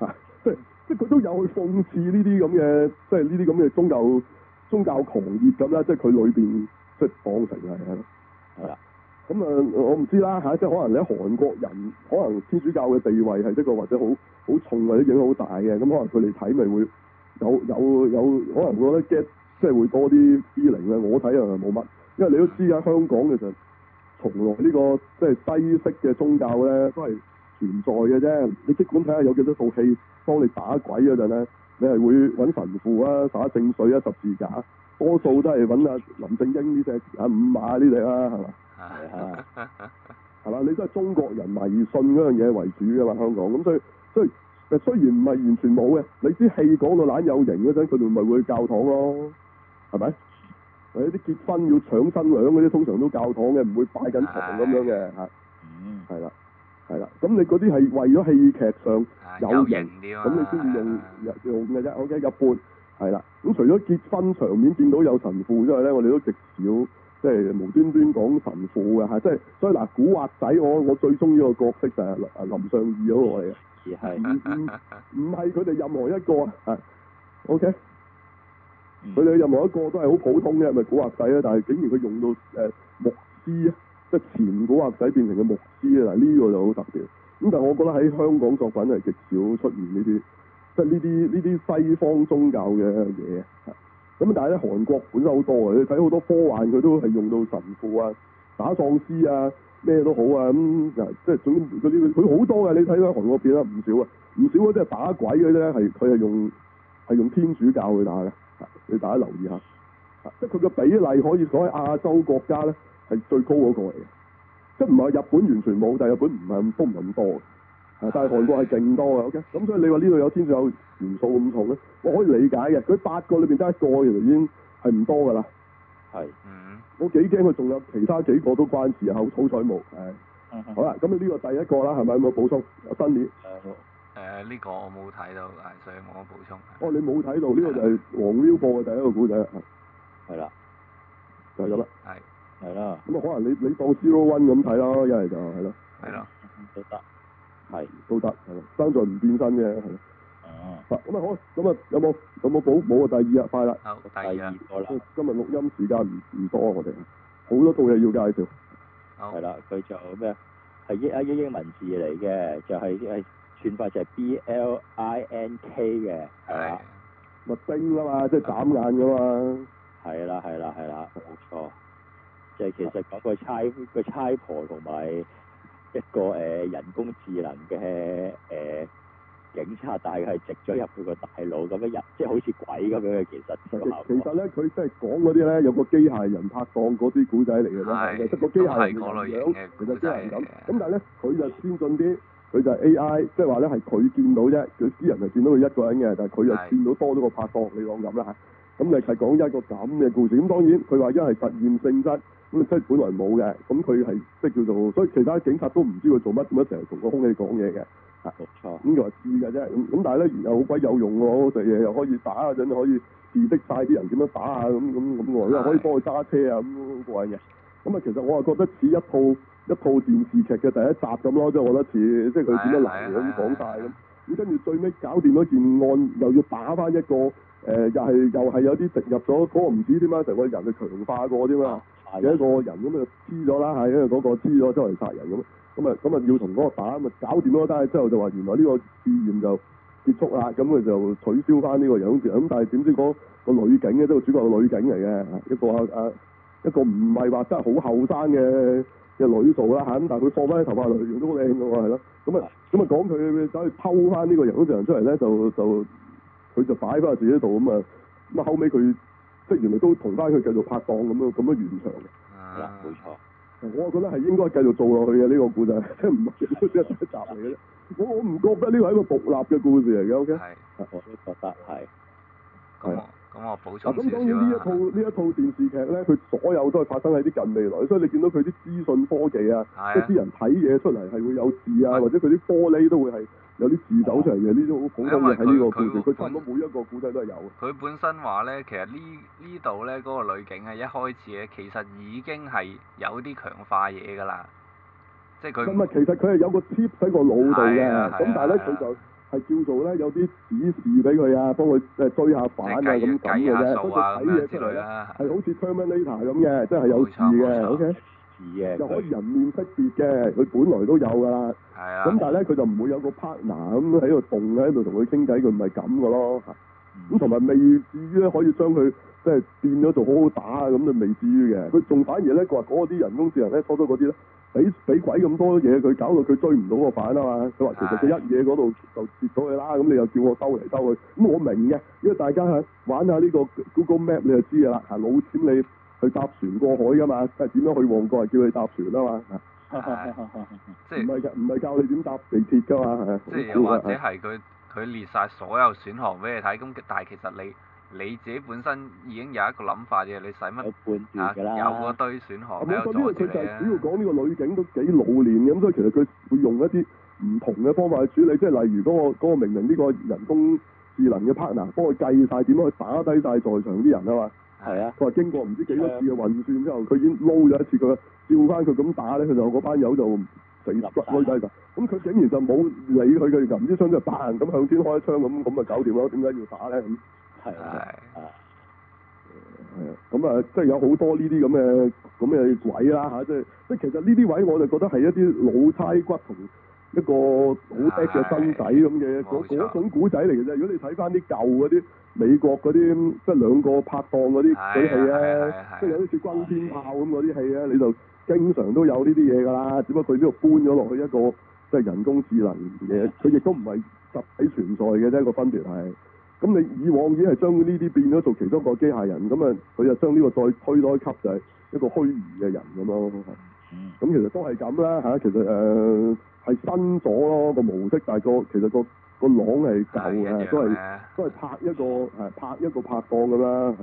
嚇 f。air 即佢都有去諷刺呢啲咁嘅，即係呢啲咁嘅宗教宗教狂熱咁啦。即係佢裏邊即係講成係係啦。咁的、嗯、啊，我唔知啦嚇。即係可能你喺韓國人，可能天主教嘅地位係一個或者好好重或者影響好大嘅。咁可能佢哋睇咪會有有有，有，可能會覺得 get 即係會多啲啲嚟嘅。我睇啊冇乜，因為你都知啊，香港其實從來呢、這個即係西式嘅宗教咧都係存在嘅啫。你即管睇下有幾多套戲。幫你打鬼嗰陣咧，你係會揾神父啊，打聖水啊，十字架，多數都係揾阿林正英呢隻啊五馬呢隻啦，係嘛？係啊，係嘛、係啊？你都係中國人迷信嗰樣嘢為主嘅嘛，香港咁。所以所以誒雖然唔係完全冇嘅，你啲戲講到懶有型嗰陣，佢哋咪會去教堂咯，係咪？誒啲結婚要搶新娘嗰啲，通常都教堂嘅，唔會擺緊堂咁樣嘅嚇，嗯，係啦是。係啦，咁你嗰啲係為咗戲劇上有型啲，咁、啊、你先用用嘅啫。的 o、OK, K。一般係啦，咁除咗結婚場面見到有神父之外咧，我哋都極少即係無端端講神父嘅嚇，即係所以嗱，古惑仔我我最中意個角色就係林尚義嗰個嚟嘅，唔係唔係佢哋任何一個啊。O K，佢哋任何一個都係好普通嘅咪古惑仔、欸、啊，但係竟然佢用到誒牧師啊。即係前古惑仔變成個牧師啊！嗱，呢個就好特別。咁但係我覺得喺香港作品係極少出現呢啲，即係呢啲呢啲西方宗教嘅嘢。咁但係咧，韓國本身好多嘅，你睇好多科幻佢都係用到神父啊、打喪屍啊、咩都好啊咁嗱，即、嗯、係、就是、總嗰啲佢好多嘅。你睇到韓國變得唔少啊，唔少嗰啲係打鬼嗰啲係佢係用係用天主教去打嘅。你大家留意下，即係佢嘅比例可以講係亞洲國家咧，係最高嗰個嚟嘅，即係唔係日本完全冇，但係日本唔係咁，都唔係咁多嘅，但係韓國係勁多嘅。OK，咁所以你話呢度有天上有元素咁重咧，我可以理解嘅。佢八個裏邊得一個，其實已經係唔多噶啦。係。嗯。我幾驚佢仲有其他幾個都關事後草彩毛。係。嗯嗯。好啦，咁呢個第一個啦，係咪有冇補充？新年、呃。誒呢、呃呢個我冇睇到，係所以我冇補充。哦，你冇睇到呢、呢個就係黃標播嘅第一個古仔啦。係啦。就係咁啦。係。係啦，咁啊可能你你當 slow one 咁睇咯，一係就係咯，係啦，都得，係都得，係啦，生在唔變身嘅，係咯，哦，咁啊好，咁啊有冇，有冇補補啊第二日快啦，第二個啦，今日錄音時間唔唔多我哋，好多套嘢，要介紹，好，係啦，佢就咩啊，係一啊一英文字嚟嘅，就係啲係串法就係 blink 嘅，係啦，咪冰啊嘛，即係眨眼噶嘛，係啦係啦係啦，冇、hmm. 錯。就係其實講個差、個差婆同埋一個誒人工智能嘅誒、呃、警察，大係佢係整咗入佢個大腦咁樣入，即、那、係、個就是、好似鬼咁樣嘅。其實其實咧，佢即係講嗰啲咧，有個機械人拍檔嗰啲古仔嚟㗎啦，得是個機械人兩。其實真係咁咁，的但係咧，佢就先進啲，佢就 AI，即係話咧係佢見到啫，佢啲人，見人就見到佢一個人嘅，但係佢又見到多咗個拍檔。你講咁啦嚇，咁咪係講一個咁嘅故事。咁當然佢話一係實驗性質。咁即係本來冇嘅，咁佢係即係叫做，所以其他警察都唔知佢做乜，咁樣成日同個空氣講嘢嘅，啊，咁佢話知㗎啫，咁咁但係咧又好鬼有用喎，成日又可以打啊，陣可以自逼晒啲人點樣打啊，咁咁咁喎，佢可以幫佢揸車啊，咁過癮嘅。咁啊、嗯，其實我啊覺得似一套一套電視劇嘅第一集咁咯，即係我覺得似，即係佢點樣嚟咁講晒。咁。咁跟住最尾搞掂咗件案，又要打翻一個，誒、呃、又係又係有啲植入咗嗰、嗰個唔知點啊，成個人去強化過添嘛。有一個人咁就黐咗啦，係因為嗰個黐咗之後嚟殺人咁，咁啊咁啊要同嗰個打，咁啊搞掂咗單之後就話原來呢個預言就結束啦，咁佢就取消翻呢個人工智能。咁但係點知嗰個女警嘅，即係主角個女警嚟嘅，一個啊一個唔係話真係好後生嘅嘅女做啦嚇，咁但係佢放翻啲頭髮落嚟，都好靚嘅喎，係咯。咁啊咁啊講佢走去偷翻呢個人工智能出嚟咧，就就佢就擺翻喺自己度咁啊，咁啊後尾佢。即係原來都同翻佢繼續拍檔咁樣咁樣完場嘅。啊，冇錯。我啊覺得係應該繼續做落去嘅呢、這個故事，唔係一集嚟嘅。我我唔覺得呢個係一個獨立嘅故事嚟嘅。O、okay? K 是。係、嗯，我覺得係。咁咁我補充、嗯嗯、少少，咁當然呢一套呢、啊、一,一套電視劇咧，佢所有都係發生喺啲近未來，所以你見到佢啲資訊科技啊，即係啲人睇嘢出嚟係會有字啊，或者佢啲玻璃都會係。有啲自走出嚟嘅。呢啲好古仔嚟睇呢個，其實佢差唔多每一個古仔都係有。佢本身話咧，其實呢呢度咧嗰個女警係一開始咧其實已經係有啲強化嘢㗎啦。即係佢。咁啊，其實佢係有個 tip 喺個腦度嘅，咁但係咧佢就係叫做咧有啲指示俾佢啊，幫佢誒追下板啊咁樣嘅啫，下數啊，睇嘢之類啦，係好似 terminator 咁嘅，即係有嘢嘅。就可以人面識別嘅，佢本來都有噶啦。係啊。咁但係咧，佢就唔會有個 partner 咁喺度動喺度同佢傾偈，佢唔係咁嘅咯。咁同埋未至於咧，可以將佢即係變咗做好好打啊咁，就未至於嘅。佢仲反而咧，佢話嗰啲人工智能咧，初初呢多咗嗰啲咧，俾俾鬼咁多嘢，佢搞到佢追唔到個反啊嘛。佢話其實佢一嘢嗰度就跌咗佢啦，咁你又叫我兜嚟兜去，咁我明嘅，因為大家係玩下呢個 Google Map，你就知噶啦，係老點你。去搭船過海㗎嘛，係點樣去旺角？係叫佢搭船啊嘛。唔係唔係教你點搭地鐵㗎嘛。即係是又 或者係佢佢列晒所有選項俾你睇，咁但係其實你你自己本身已經有一個諗法嘅，你使乜嚇有嗰堆選項有、啊？冇、啊，咁呢個佢就係主要講呢個女警都幾老練嘅，咁所以其實佢會用一啲唔同嘅方法去處理，即係例如、嗰個，如、那、果、個嗰個、明明呢個人工智能嘅 partner 幫佢計晒點樣去打低晒在場啲人啊嘛。係啊，佢話經過唔知幾多次嘅運算之後，佢、啊、已經撈咗一次佢，照翻佢咁打咧，佢就嗰班友就不死立立曬咁。佢打、呃、竟然就冇理佢佢就唔知槍就砰咁向天開一槍，咁咁咪搞掂咯？點解要打咧？咁係啊係啊，係啊，咁啊，即係有好多呢啲咁嘅咁嘅位啦嚇，即係即係其實呢啲位我就覺得係一啲老差骨同。一個好叻嘅新仔咁嘅，嗰、啊、種古仔嚟嘅啫。錯如果你睇翻啲舊嗰啲美國嗰啲，即係兩個拍檔嗰啲鬼戲咧，即係有啲似轟天炮咁嗰啲戲咧，哎、呀你就經常都有呢啲嘢㗎啦。只不過佢呢度搬咗落去一個即係、就係、人工智能嘅，佢亦都唔係實體存在嘅啫。一、嗰個分別係，咁你以往已經係將呢啲變咗做其中一個機械人，咁啊佢就將呢個再推多一級，就係一個虛擬嘅人咁樣。咁其實都係咁啦嚇，其實誒係新咗咯個模式，但係個其實個個朗係舊嘅，都係都係拍一個誒拍一個拍檔咁啦，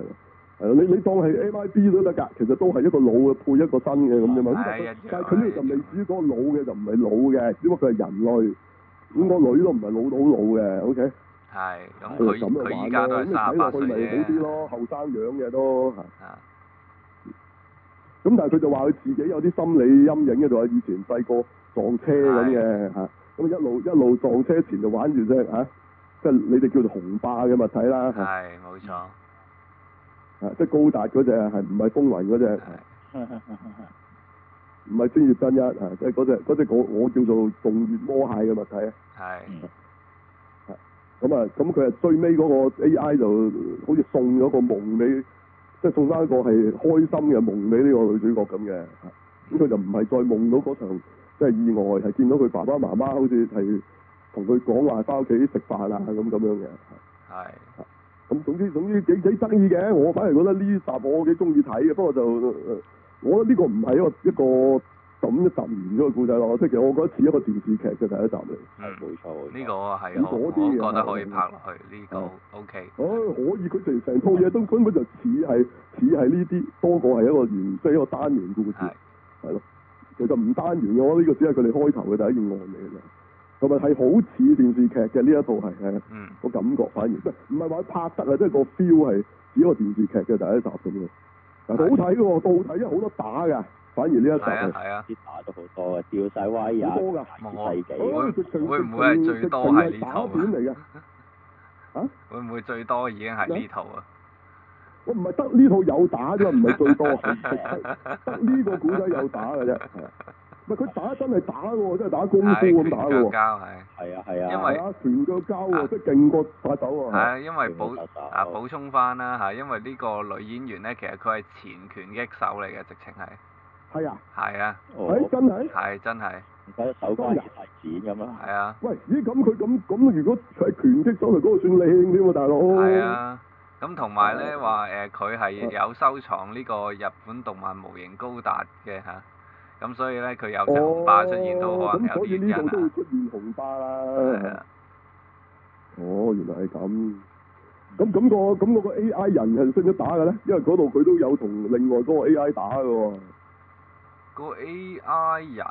係係你你當係 M I B 都得㗎，其實都係一個老嘅配一個新嘅咁啫嘛。但係佢呢就未至於嗰個老嘅就唔係老嘅，只不過係人類，咁個女都唔係老到好老嘅，O K。係咁佢佢依家都係卅八歲嘅，好啲咯，後生樣嘅都。咁但係佢就話佢自己有啲心理陰影嘅，就話以前細個撞車咁嘅嚇，咁的、啊、一路一路撞車前就玩住啫嚇，即係你哋叫做紅霸嘅物體啦。係，冇錯。啊，即係高達嗰隻係唔係風雲嗰隻？係，唔係專業真一啊，即係嗰隻嗰隻我叫做動越魔蟹嘅物體的、嗯、啊。係。咁啊，咁佢啊最尾嗰個 AI 就好似送咗個夢你。即係送返一個係開心嘅夢俾呢個女主角咁嘅，咁佢就唔係再夢到嗰場即係、就是、意外，係見到佢爸爸媽媽好似係同佢講話翻屋企食飯啊咁咁樣嘅。係是，咁總之總之幾幾得意嘅，我反而覺得呢集我幾中意睇嘅，不過就我覺得呢個唔係一個一個。一個咁一集完嗰個故仔咯，即係其實我覺得似一個電視劇嘅第一集嚟。嗯，冇錯，呢個係我覺得可以拍落去。呢、這個、嗯、OK、啊。可以，佢哋成套嘢都根本就似係似係呢啲，多過係一個完即係一個單元故事。係是。咯，其實唔單元嘅，我呢個只係佢哋開頭嘅第一件案嚟嘅。同埋係好似電視劇嘅呢一套係係，個、嗯、感覺反而即係唔係話拍得啊，即、就、係、是、個 feel 係似一個電視劇嘅第一集咁樣。好睇嘅，到底睇，因為好多打嘅。反而呢一集係啊，係啊，啲打都好多啊，掉晒威啊！好多㗎，冇係幾會唔會係最多係呢套啊？會唔會最多已經係呢套啊？我唔係得呢套有打啫，唔係最多係得呢個古仔有打嘅啫。唔係佢打真係打喎，真係打功夫咁打嘅喎。拳腳交係係，啊係啊，因為拳腳交喎，即係勁過阿斗喎。係啊，因為補啊補充翻啦嚇，因為呢個女演員咧，其實佢係前拳擊手嚟嘅，直情係。係啊，係啊，係真係，係真係，加啲手刀剪咁啊，係啊。喂，咦，咁佢咁咁，如果係拳擊手嚟，嗰個算靚添喎，大佬。係啊，咁同埋咧話誒，佢係有收藏呢個日本動漫模型高達嘅嚇，咁所以咧佢有隻紅巴出現到可能有啲原因啊。咁所以呢個會出現紅巴啦。係啊。哦，原來係咁。咁咁個咁嗰個 A I 人係識唔識打嘅咧？因為嗰度佢都有同另外嗰個 A I 打嘅喎。個 A I 人，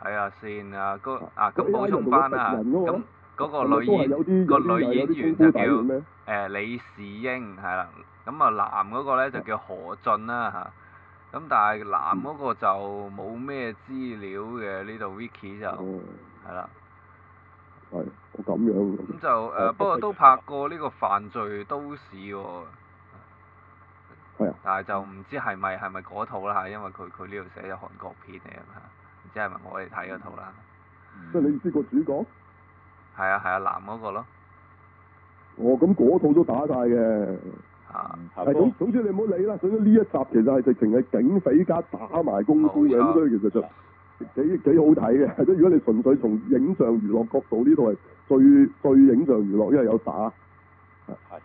看看啊，睇下先啊，個啊咁補充翻啦、啊，咁嗰個，個女演個女演員就叫誒、呃、李士英係啦，咁啊、嗯嗯嗯嗯、男嗰個咧就叫何俊啦嚇，咁但係男嗰個就冇咩資料嘅，呢度 Wiki 就係啦，係咁樣，咁就誒、是、不過都拍過呢個犯罪都市喎。啊啊、但係就唔知係咪係咪嗰套啦，吓，因為佢佢呢度寫咗韓國片嚟、嗯、啊，唔知係咪我哋睇嗰套啦。即係你唔知個主角？係啊係啊，男嗰個咯。哦，咁嗰套都打晒嘅。啊，係總但行總之你唔好理啦，總之呢一集其實係直情係警匪加打埋功夫嘅，咁、啊、所以其實就幾幾好睇嘅。即 如果你純粹從影像娛樂角度呢套係最最，最影像娛樂，因為有打。係是。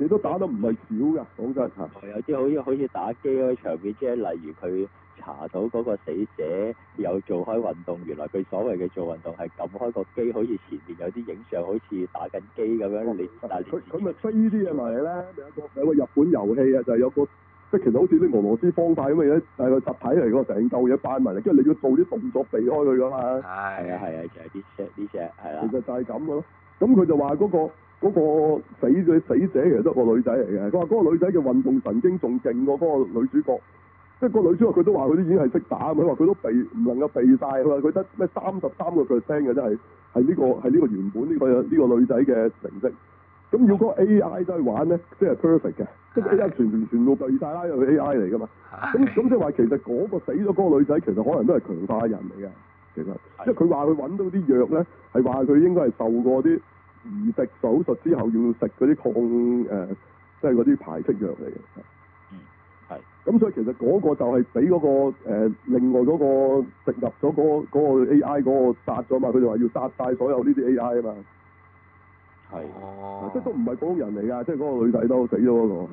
你都打得唔係少噶，好正係有啲好似好似打機嗰啲場面啫，例如佢查到嗰個死者有做開運動，原來佢所謂嘅做運動係撳開個機，好似前面有啲影相，好似打緊機咁樣。你、嗯、但係佢咪飛啲嘢嚟咧？有個有個日本遊戲啊，就係、是、有個即係其實好似啲俄羅斯方塊咁嘅嘢，係個實體嚟個，成嚿嘢搬埋，嚟，跟住你要做啲動作避開佢噶嘛。係啊係啊，就係啲 set 啲 set 係啦。其實就係咁個咯。哎呀咁佢就話嗰個嗰個死嘅死者其實都係個女仔嚟嘅。佢話嗰個女仔嘅運動神經仲勁過嗰個女主角，即係個女主角佢都話佢啲已經係識打，佢話佢都避唔能夠避晒。佢嘛。佢得咩三十三個 percent 嘅，真係係呢個係呢個原本呢個呢個女仔嘅成績。咁要個 AI 走去玩呢，即係 perfect 嘅，即住一全全全部避曬啦，因為 AI 嚟噶嘛。咁咁即係話其實嗰個死咗嗰個女仔其實可能都係強化人嚟嘅。其實，即係佢話佢揾到啲藥咧，係話佢應該係受過啲移植手術之後要食嗰啲抗誒，即係嗰啲排斥藥嚟嘅。嗯，係。咁、嗯、所以其實嗰個就係俾嗰個、呃、另外嗰個植入咗嗰、嗰個嗰個 AI 嗰個殺咗嘛，佢就話要殺晒所有呢啲 AI 啊嘛。係的。哦、啊。即係都唔係普通人嚟㗎，即係嗰個女仔都死咗㗎喎。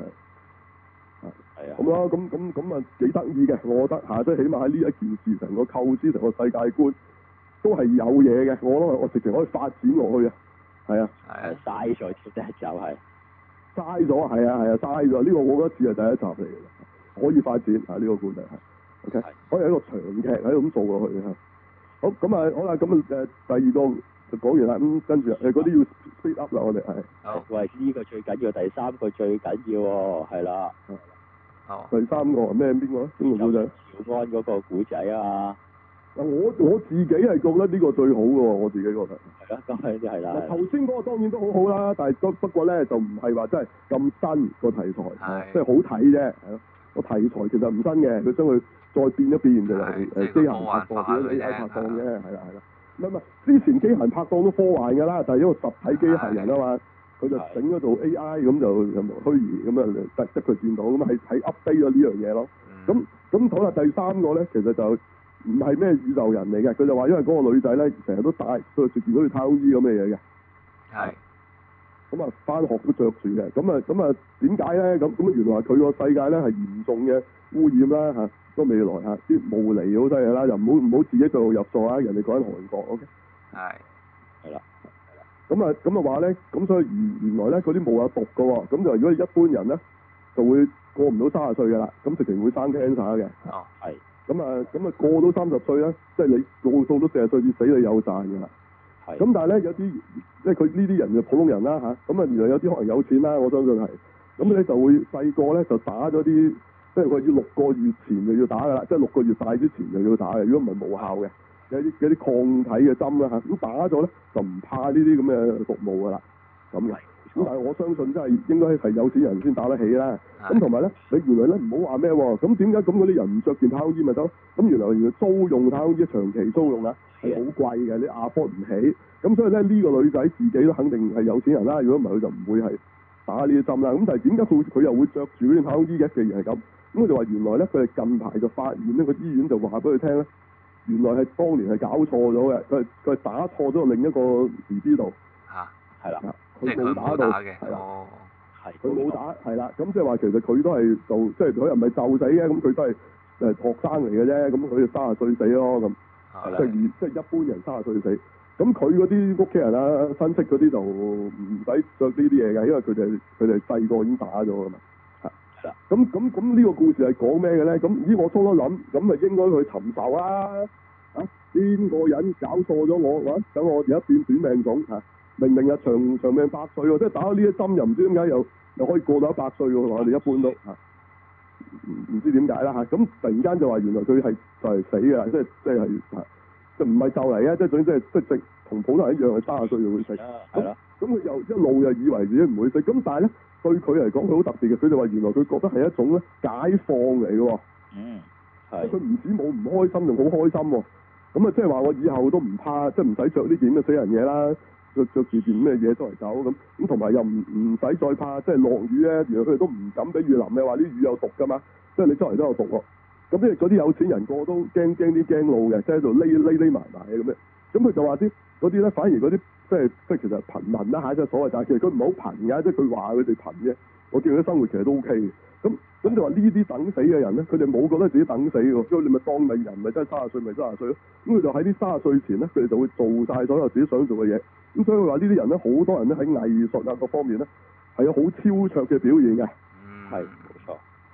係啊，咁咯，咁咁咁啊，幾得意嘅，我覺得吓，即係起碼喺呢一件事，成個構思，成個世界觀都係有嘢嘅。我諗我直情可以發展落去嘅。係啊，係啊，嘥咗啫，就係嘥咗，係啊，係啊，嘥咗。呢個我覺得只係第一集嚟嘅，可以發展吓呢個觀念係。OK，可以喺一個長劇喺度咁做落去啊。好，咁啊，好啦，咁啊，誒，第二個就講完啦。咁跟住，你嗰啲要 up 啦，我哋係。喂，呢個最緊要，第三個最緊要係啦。第三個係咩？邊個？中個古仔？小安嗰個古仔啊！嗱、嗯，我我自己係覺得呢個最好嘅喎，我自己覺得。係啦、嗯，咁樣就係啦。頭先嗰個當然都好好啦，但係不不過咧就唔係話真係咁新個題材，即係的好睇啫。個題材其實唔新嘅，佢將佢再變一變就係、是、誒的、呃、機械拍檔嘅機械拍檔嘅，係啦係啦。唔係的的之前機械拍檔都科幻嘅啦，但係呢個實體機械人啊嘛的。佢就整咗做 AI 咁，就虛就虛擬咁啊，得得佢見到咁啊喺喺 update 咗呢樣嘢咯。咁咁、嗯、好啦，第三個咧其實就唔係咩宇宙人嚟嘅。佢就話因為嗰個女仔咧成日都戴佢的、啊、著住嗰對太空衣咁嘅嘢嘅。係。咁啊翻學都着住嘅。咁啊咁啊點解咧？咁咁啊原來佢個世界咧係嚴重嘅污染啦、啊、嚇。個、啊、未來嚇啲霧嚟好犀利啦。又唔好唔好自己對號入座啊！人哋講喺韓國 OK 的。係。咁啊，咁啊話咧，咁所以原原來咧，嗰啲冇有毒噶，咁就如果你一般人咧，就會過唔到三十歲噶啦，咁直情會生 cancer 嘅。啊，係。咁啊，咁啊過到三十歲咧，即係你到到咗四十歲至死你就就是的 有曬噶啦。係。咁但係咧，有啲即係佢呢啲人就普通人啦嚇，咁啊原來有啲可能有錢啦，我相信係。咁你就會細個咧就打咗啲，是即係佢要六個月前就要打噶啦，即、就、係、是、六個月大之前就要打嘅，如果唔係無效嘅。有啲有啲抗體嘅針啦嚇，咁打咗咧就唔怕呢啲咁嘅服務噶啦，咁咁但係我相信真係應該係有錢人先打得起啦。咁同埋咧，你原來咧唔好話咩喎？咁點解咁嗰啲人唔着件太空衣咪得？咁原來原來租用太空衣長期租用啊，係好貴嘅，你阿波唔起。咁所以咧呢，呢個女仔自己都肯定係有錢人啦。如果唔係佢就唔會係打呢啲針啦。咁但係點解佢佢又會着住呢啲太空衣嘅？既然係咁，咁佢就話原來咧佢係近排就發現呢個醫院就話俾佢聽咧。原來係當年係搞錯咗嘅，佢佢打錯咗另一個 BB 度。嚇、啊，係啦，佢冇打到嘅，係啦，係佢冇打，係啦、嗯，咁即係話其實佢都係就，是就，即係佢又唔係就仔嘅，咁佢都係誒學生嚟嘅啫，咁佢就三十歲死咯，咁即係即係一般人三十歲死，咁佢嗰啲屋企人啦、啊、親戚嗰啲就唔使着呢啲嘢嘅，因為佢哋佢哋細個已經打咗㗎嘛。咁咁咁呢個故事係講咩嘅咧？咁依我初初諗，咁咪應該去尋仇啊？嚇、啊，邊個人搞錯咗我？哇、啊，咁我有一段短命種嚇，明明啊長長命百歲喎，即、啊、係打咗呢一針又唔知點解又又可以過到一百歲喎，我哋 一般都嚇，唔、啊、知點解啦嚇。咁、啊、突然間就話原來佢係就係死嘅，即係即係係就唔、是、係就嚟、是、嘅，即係總之即係即係同普通人一樣係三十、就是、歲就會死。係啦。咁佢又一路又以為自己唔會死，咁但係咧？對佢嚟講，佢好特別嘅。佢就話原來佢覺得係一種咧解放嚟嘅。嗯，係。佢唔止冇唔開心，仲好開心。咁啊，即係話我以後都唔怕，即係唔使着呢件嘅死人嘢啦。着着住件咩嘢出嚟走咁咁，同埋又唔唔使再怕，即係落雨咧。原來佢哋都唔敢俾雨淋嘅話，啲雨有毒噶嘛。即係你出嚟都有毒咯。咁因為嗰啲有錢人個個都驚驚啲驚路嘅，即係喺度匿匿匿埋埋咁樣。咁佢就話啲嗰啲咧，反而嗰啲。即係即係其實貧民啦嚇，即係所謂，但係其實佢唔係好貧㗎，即係佢話佢哋貧啫。我見佢啲生活其實都 OK 嘅。咁咁就話呢啲等死嘅人咧，佢哋冇覺得自己等死喎。咁你咪當咪人咪真係卅歲咪卅、就是、歲咯。咁佢就喺啲卅歲前咧，佢哋就會做晒所有自己想做嘅嘢。咁所以話呢啲人咧，好多人咧喺藝術啊各方面咧，係有好超卓嘅表現嘅。係冇、嗯、是錯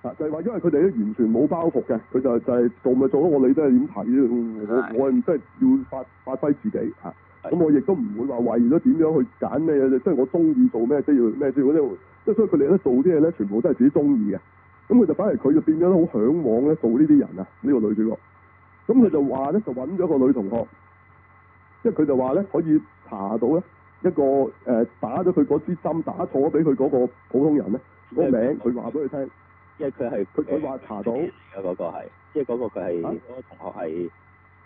啊，就係話因為佢哋完全冇包袱嘅，佢就就係、是、做咪做咯，我哋都係點睇我即係要發發揮自己嚇。啊。咁我亦都唔會話懷疑咗點樣去揀咩嘢，即係我中意做咩，即要咩，即係即係所以佢哋咧做啲嘢咧，全部都係自己中意嘅。咁佢就反而佢就變咗好向往咧，做呢啲人啊，呢個女主角。咁佢就話咧，就揾咗個女同學，即係佢就話咧，可以查到咧一個誒打咗佢嗰支針打錯咗俾佢嗰個普通人咧，嗰名佢話俾佢聽，因為佢係佢佢話查到啊嗰個係，即係嗰個佢係嗰個同學係。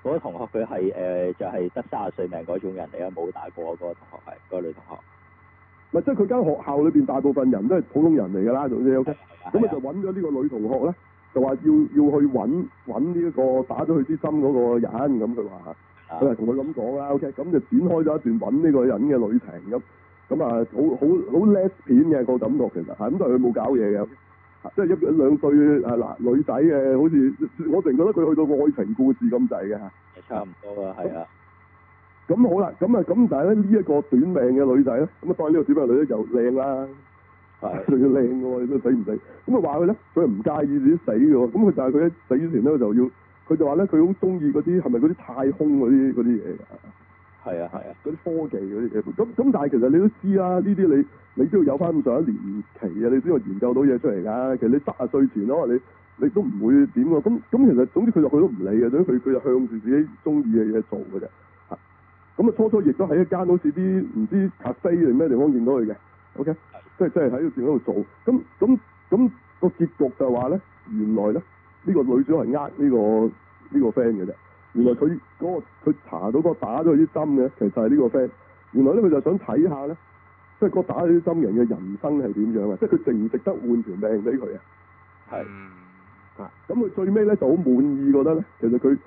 嗰個同學佢係誒就係、係、得卅歲命嗰種人嚟啊，冇打過啊，嗰、嗰個同學係、嗰個女同學。唔即係佢間學校裏邊大部分人都係普通人嚟㗎啦，總之有啫。咁咪、啊、就揾咗呢個女同學咧，就話要要去揾揾呢一個打咗佢啲心嗰個人咁，佢話。佢係同佢咁講啦，OK，咁就展開咗一段揾呢個人嘅旅程咁。咁啊，好好好 les 片嘅個感覺其實，係咁，但係佢冇搞嘢嘅。Okay? 即係一兩歲係嗱女仔嘅，好似我成日覺得佢去到愛情故事咁滯嘅吓，差唔多啊，係啊。咁、嗯、好啦，咁啊咁，但係咧呢一、這個短命嘅女仔咧，咁、嗯、啊，當然呢個短命女咧的就靚啦，係仲要靚嘅喎，你死唔死？咁啊話佢咧，佢唔介意自己死嘅喎，咁佢就係佢咧死之前咧就要，佢就話咧佢好中意嗰啲係咪嗰啲太空嗰啲嗰啲嘢。係啊係啊，嗰啲、啊、科技嗰啲嘢，咁咁但係其實你都知啦、啊，呢啲你你都要有翻咁上一年期啊，你先要研究到嘢出嚟㗎。其實你得啊歲前咯，你你都唔會點㗎。咁咁其實總之佢就佢都唔理嘅，所以佢佢就向住自己中意嘅嘢做㗎啫。嚇，咁、嗯、啊初初亦都喺一間好似啲唔知咖啡定咩地方見到佢嘅，OK，的即係即係喺嗰度做。咁咁咁個結局就話咧，原來咧呢、呢個女主係呃呢個呢、呢個 friend 嘅啫。原來佢、嗰個佢查到嗰個打咗佢啲針嘅，其實係呢個 friend。原來咧佢就想睇下咧，即係嗰打咗啲針人嘅人生係點樣值值啊？即係佢值唔值得換條命俾佢啊？係。嗯。啊。咁佢最尾咧就好滿意，覺得咧，其實佢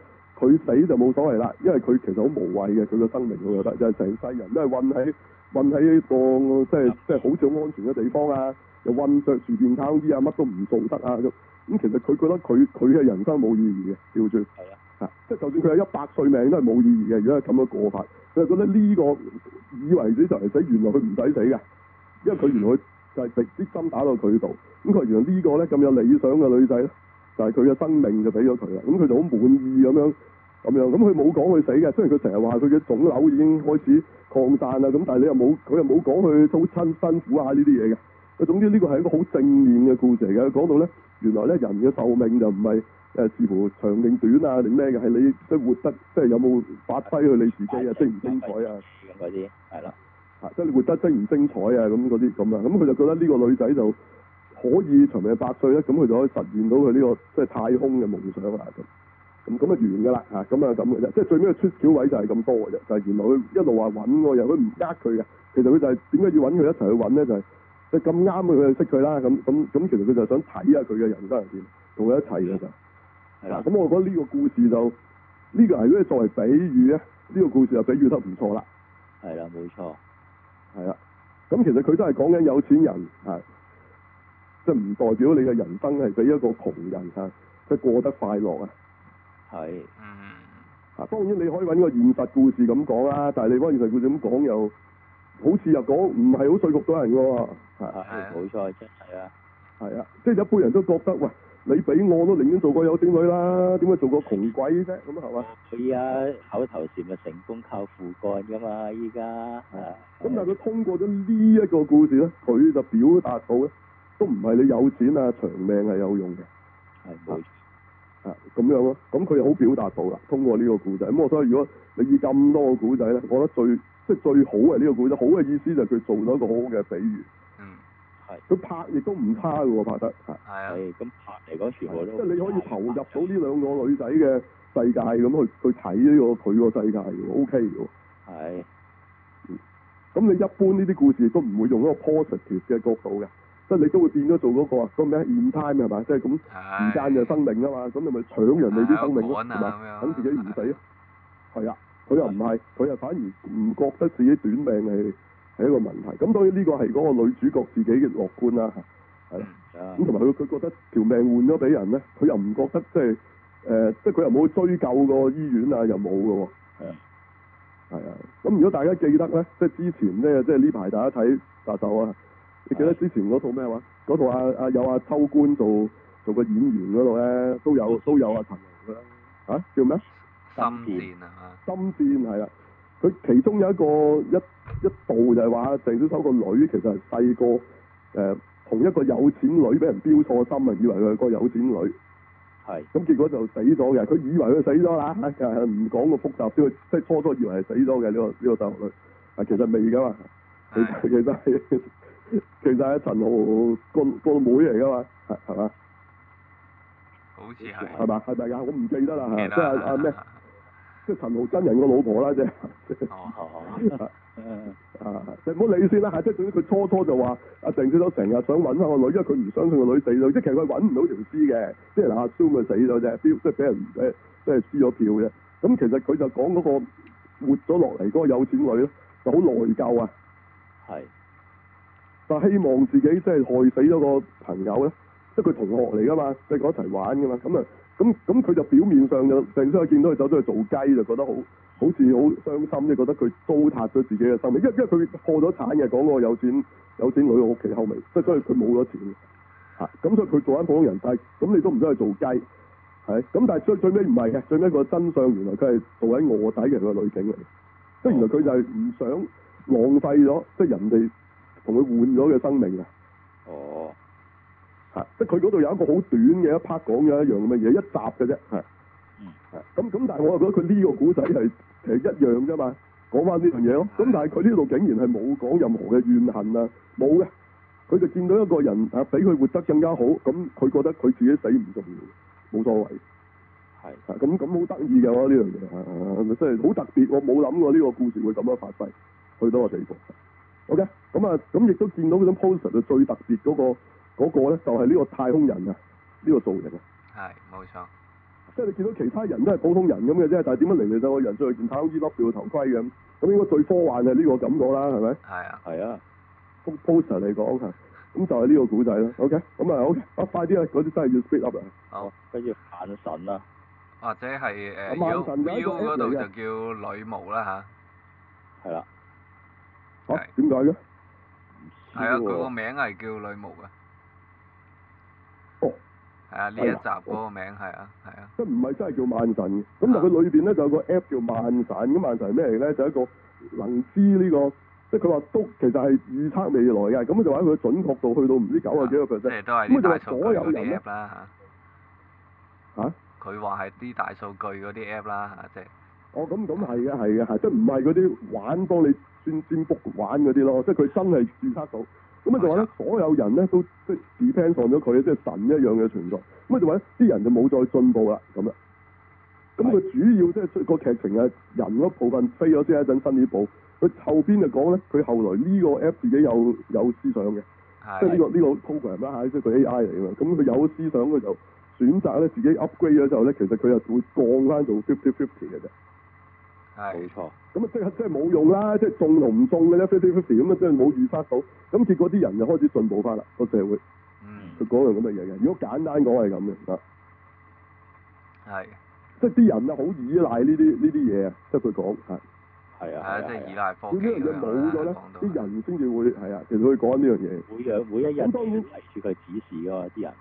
佢死就冇所謂啦，因為佢其實好無謂嘅，佢嘅生命，我覺得就係成世人都係混喺混喺個即係即係好似安全嘅地方啊，又混着住變康醫啊，乜都唔做得啊咁。咁、嗯、其實佢覺得佢佢嘅人生冇意義嘅，對唔住，係啊。即係就算佢有一百歲命都係冇意義嘅，如果係咁嘅過法，佢就覺得呢個以為自己就係死，原來佢唔使死嘅，因為佢原來就係直接針打到佢度，咁佢原來呢個呢，咁有理想嘅女仔咧，就係佢嘅生命就俾咗佢啦，咁佢就好滿意咁樣，咁樣，咁佢冇講佢死嘅，雖然佢成日話佢嘅腫瘤已經開始擴散啦，咁但係你又冇，佢又冇講佢都親辛苦下呢啲嘢嘅。佢總之呢個係一個好正面嘅故事嚟嘅，講到咧，原來咧人嘅壽命就唔係誒視乎長定短啊定咩嘅，係你即係活得即係有冇發揮佢你自己啊西精唔精彩啊咁嗰啲，係啦，啊即係你活得精唔精彩啊咁嗰啲咁啦，咁佢就覺得呢個女仔就可以長命百歲咧，咁佢就可以實現到佢呢、這個即係太空嘅夢想啊咁，咁咁啊完㗎啦，啊咁啊咁嘅啫，即係最尾嘅出橋位就係咁多嘅啫，就係、是、原來佢一路話揾我，又佢唔呃佢嘅，其實佢就係點解要揾佢一齊去揾咧就係、是。就咁啱佢，佢就識佢啦。咁咁咁，其實佢就想睇下佢嘅人生係點，同佢一齊嘅就係啦。咁我覺得呢個故事就呢個係咧作為比喻咧，呢個故事就比喻得唔錯啦。係啦，冇錯，係啦。咁其實佢都係講緊有錢人，係即係唔代表你嘅人生係俾一個窮人即佢過得快樂啊。係啊，當然你可以揾個現實故事咁講啦，但係你揾現實故事咁講又。好似又講唔係好說服到人喎，係啊，冇、啊嗯啊、錯，係啊，係啊，即係一般人都覺得喂，你俾我都寧願做個有錢女啦，點解做個窮鬼啫？咁、嗯嗯、啊係嘛？佢家口頭禪啊，成功靠父幹㗎嘛！依家啊，咁但係佢通過咗呢一個故事咧，佢就表達到咧，都唔係你有錢啊長命係有用嘅，係冇、嗯、錯啊，咁樣咯、啊，咁佢好表達到啦，通過呢個故仔。咁我覺得，如果你以咁多個故仔咧，覺我覺得最即係最好係呢個故事，好嘅意思就係佢做咗一個好好嘅比喻。嗯，係。佢拍亦都唔差嘅喎，拍得。係啊的。咁的拍嚟時候，全部都即係你可以投入到呢兩個女仔嘅世界咁去、嗯、去睇呢、呢個佢個世界 OK 嘅喎。咁、OK 的嗯嗯、你一般呢啲故事都唔會用一個 positive 嘅角度嘅，即、就、係、係、你都會變咗做嗰個嗰咩啊？In Time 係嘛？即係咁時間就係生命啊嘛，咁你咪搶人哋啲生命咯，係嘛？等自己唔死啊，係啊。佢又唔係，佢又反而唔覺得自己短命係係一個問題。咁當然呢個係嗰個女主角自己嘅樂觀啦。係啦，咁同埋佢佢覺得條命換咗俾人呢，佢又唔覺得即係誒，即係佢、呃、又冇追究個醫院啊，又冇噶喎。啊，咁如果大家記得呢，即係之前呢，即係呢排大家睇《大手》啊，你記得之前嗰套咩話？嗰套阿、啊、阿有阿、啊啊、秋官做做個演員嗰度呢，都有都有阿、啊、陳嘅、啊、叫咩？心戰，心戰係啦，佢其中有一個一一道就係話鄭少秋個女其實係細個誒，同一個有錢女俾人標錯心啊，以為佢係個有錢女，係咁的、嗯、結果就死咗嘅。佢以為佢死咗啦，唔講個複雜，即係初初以為係死咗嘅呢個呢、呢個細路女，啊其實未噶嘛的其，其實係其實阿陳豪個個妹嚟噶嘛，係係嘛？好似係係嘛？係咪噶？我唔記得啦，即係阿咩？的即係陳豪真人個老婆啦、 啊，即係哦哦，啊唔好理先啦，係即係，總之佢初初就話阿鄭少成日想揾翻個女，因為佢唔想佢個女死咗，即係其實佢揾唔到條屍嘅，即係嗱 z o 咪死咗啫，即係俾人即係撕咗票嘅，咁其實佢就講嗰個活咗落嚟嗰個有錢女咧，就好內疚，啊係是，但希望自己即係害死咗個朋友咧，即係佢同學嚟噶嘛，對、就、佢、是、一齊玩噶嘛，咁啊。咁咁佢就表面上就成日都見到佢走咗去做雞，就覺得好好似好傷心，即係覺得佢糟蹋咗自己嘅生命。因為因為佢破咗產嘅，講個有錢有錢女嘅屋企後尾，即係所以佢冇咗錢。嚇！咁所以佢做緊普通人世，咁你都唔想去做雞，係咁但係最最尾唔係嘅，最尾個真相原來佢係做喺卧底嘅，佢係女警嚟。即係原來佢就係唔想浪費咗，即係人哋同佢換咗嘅生命啊！哦。即係佢嗰度有一個好短嘅一 part 講嘅一樣咁嘅嘢，一集嘅啫，係。嗯。咁咁，但係我又覺得佢呢個古仔係係一樣啫嘛，講翻呢樣嘢咯。咁但係佢呢度竟然係冇講任何嘅怨恨啊，冇嘅。佢就見到一個人啊，俾佢活得更加好，咁佢覺得佢自己死唔重要，冇所謂。係。咁咁好得意嘅喎呢樣嘢，係咪真係好特別？我冇諗過呢個故事會咁樣發揮去到個地步。OK，咁啊，咁亦都見到嗰種 pose 就最特別嗰個。嗰個咧就係呢個太空人啊，呢個造型啊，係冇錯，即係你見到其他人都係普通人咁嘅啫，但係點解嚟嚟睇我人最見太空依粒掉頭盔咁？咁應該最科幻係呢個感覺啦，係咪？係啊，係啊，poster 嚟講嚇，咁就係呢個古仔啦。OK，咁啊，OK，啊快啲啊，嗰啲真係要 split up 啊。好，跟住萬神啊，或者係誒 U U 嗰度就叫女巫啦吓，係啦，嚇點解嘅？係啊，佢個名係叫女巫嘅。係啊，呢一集嗰個名係啊，係啊， 即唔係真係叫萬神咁，但佢裏邊咧就有個 app 叫萬神，咁萬神咩嚟咧？就一個能知呢、呢個，即係佢話都其實係預測未來嘅。咁就話佢準確度去到唔知九啊幾個 percent。即係都係啲大數據嘅 app 啦嚇。嚇？佢話係啲大數據嗰啲 app 啦、啊、嚇，即係、啊。APP，啊、 哦，咁咁係嘅係嘅係，即係唔係嗰啲玩幫你算占卜玩嗰啲咯？即係佢真係預測到。咁、嗯、就話、是、咧，所有人咧都即係 depend on 咗佢，即係神一樣嘅存在。咁、嗯、啊就話、是、咧，啲人就冇再進步啦，咁啦。咁、嗯、佢、嗯嗯、主要即係個劇情啊，人嗰部分飛咗即係一陣新啲步。佢後邊就講咧，佢後來呢個 app 自己有有思想嘅，嗯、即係呢個呢個 program 啦、嗯，係即係佢 AI 嚟㗎。咁、嗯、佢有思想，佢就選擇咧自己 upgrade 咗之後咧，其實佢就會降翻做 fifty fifty 嘅啫。係，冇沒錯、嗯、錯。咁啊，即係即係冇用啦，即係中同唔中嘅咧 f u z z 咁啊，即係冇預測到。咁結果啲人就開始進步翻啦，個社會。嗯。佢講樣咁嘅嘢嘅，如果簡單講係咁嘅。唔得的是。即係啲人啊，好依賴呢啲呢啲嘢啊，即係佢講係。係啊係啊。即係依賴方。技啊。點解冇咗咧？啲人先至會係啊，其實佢講緊呢樣嘢。每樣，每一樣。咁當然提隨住佢指示嘅嘛，啲人。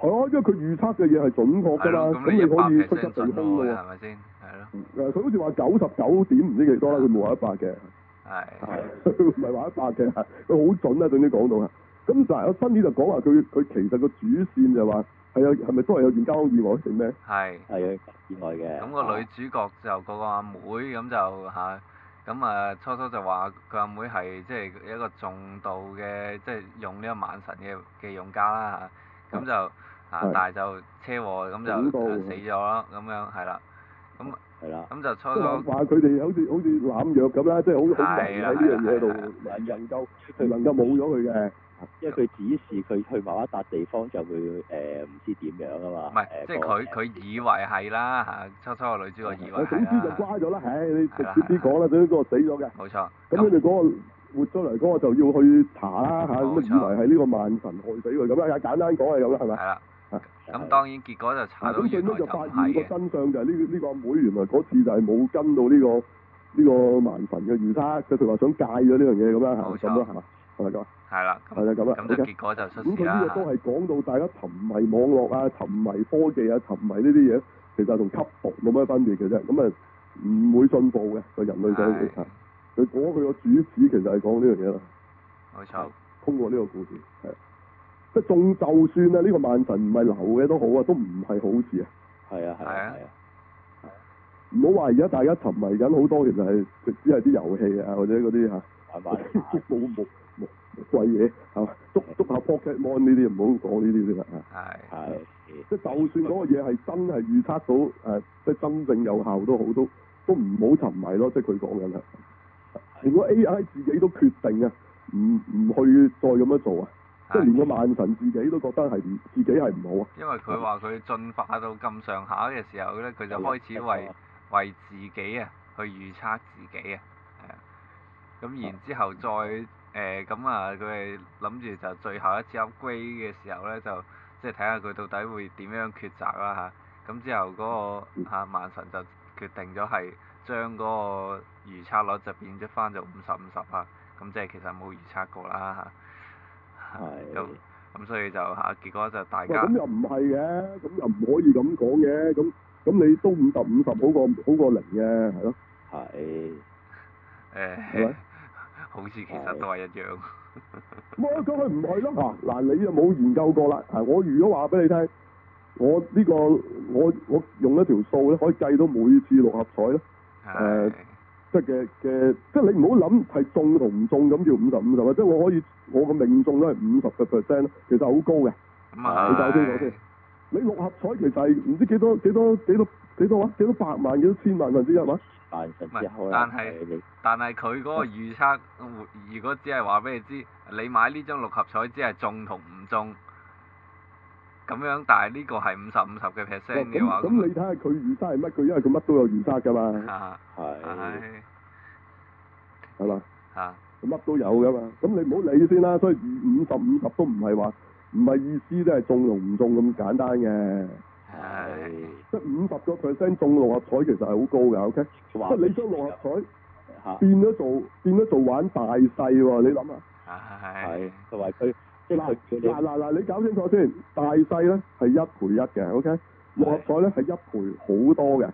係啊，因為佢預測嘅嘢係準確㗎啦，咁你可以出得避風㗎，係咪先？係咯。誒，佢好似話九十九點唔知幾多啦，佢冇話一百嘅。係。係。唔係話一百嘅，佢好準啊，總之講到啊。咁我新片就講話佢佢其實個主線就話係啊，係咪都係有件意外事咩？係。係意外嘅。咁個女主角就嗰個阿妹咁就嚇，咁啊初初就話佢阿妹係即係一個重度嘅即係用呢個晚神嘅嘅用家啦嚇，咁就。啊！但係就車禍咁就死咗啦，咁樣係啦，咁係啦，咁就初初話佢哋好似好似濫藥咁啦，即係好好敏感喺呢樣嘢度，能能夠佢能夠冇咗佢嘅。啊！因為佢指示佢去某一笪地方就會誒唔知點樣啊嘛。唔係，即係佢佢以為係啦嚇，初初個女主角以為係啦。總之就瓜咗啦，唉！你你別講啦，嗰個死咗嘅。冇錯。咁你哋嗰個活咗嚟嗰個就要去查啦嚇，咁啊以為係呢個萬神害死佢咁啦，簡單講係咁啦，係咪？係啊。咁 當然，結果就踩到咁，最屘就發現個真相就係呢呢個阿妹原來嗰次就係冇跟到呢、這個呢、呢個萬神嘅預測，所以佢話想戒咗呢錯樣嘢咁啦，係咁啦，係嘛？係咪咁啊？係啦，係啦，咁啦。咁、嗯嗯、結果就出事啦。咁佢呢個都係講到大家沉迷網絡啊，沉迷科技啊，沉迷呢啲嘢，其實同吸毒冇咩分別嘅啫。咁啊，唔會進步嘅個人類就係，係的。佢講佢個主旨其實係講呢樣嘢啦。冇 錯、嗯。通過呢個故事，係。即係仲就算啊，呢個萬神唔係流嘅都好啊，都唔係好事啊。係啊係啊係啊！唔好話而家大家沉迷緊好多，其實係只係啲遊戲啊，或者嗰啲吓。係嘛吧， 捉到冇冇鬼嘢係嘛，捉捉下 Pokemon 呢啲唔好講呢啲先啦吓。係係，啊啊、即係就算嗰個嘢係真係預測到誒， 即係真正有效都好，都都唔好沉迷咯。即係佢講緊啦，如果 AI 自己都決定啊，唔唔去再咁樣做啊。即係連個萬神自己都覺得係自己係唔好啊！因為佢話佢進化到咁上下嘅時候咧，佢 就開始為 為自己啊去預測自己啊。咁然之後再誒咁啊，佢諗住就最後一次隻歸嘅時候咧，就即係睇下佢到底會點樣抉擇啦嚇。咁、啊、之後嗰、嗰個嚇、啊、萬神就決定咗係將嗰個預測率就變咗翻就五十五十啊。咁即係其實冇預測過啦嚇。啊。係，咁咁是、嗯、所以就嚇、啊，結果就大家。咁又唔係嘅，咁又唔可以咁講嘅，咁咁你都五十五十好過好過零嘅，係咯。係的。誒的。 好似其實都係一樣的。咁係， 佢唔係咯嗱你又冇研究過啦，啊！我如果話俾你聽，我呢、呢個我我用一條數咧，可以計到每次六合彩咧，誒、啊。即係嘅嘅，即係你唔好諗係中同唔中，咁要五十五十啊！即係我可以我嘅命中率五十個 percent，其實好高嘅。咁啊是，你睇先，你六合彩其實係唔知幾多幾多幾多幾多話幾多百萬幾多千萬分之一嘛？但係是、嗯、但係，但係佢嗰個預測，如果只係話俾你知，你買呢張六合彩只係中同唔中。咁樣，但係呢個係五十五十嘅 percent 嘅話咁。咁你睇下佢預測係乜？佢因為佢乜都有預測噶嘛。係。係。係嘛？嚇！乜都有噶嘛。咁你唔好理先啦。所以五十五十都唔係話，唔係意思都係中唔中咁簡單嘅。係。即係五十個 percent 中六合彩其實係好高嘅，OK？即係你將六合彩，嚇變咗做變咗做玩大細喎，你諗啊？係。係同埋佢。嗱嗱嗱！你搞清楚先，大細咧係一賠一嘅，OK？六合彩咧係一賠好多嘅。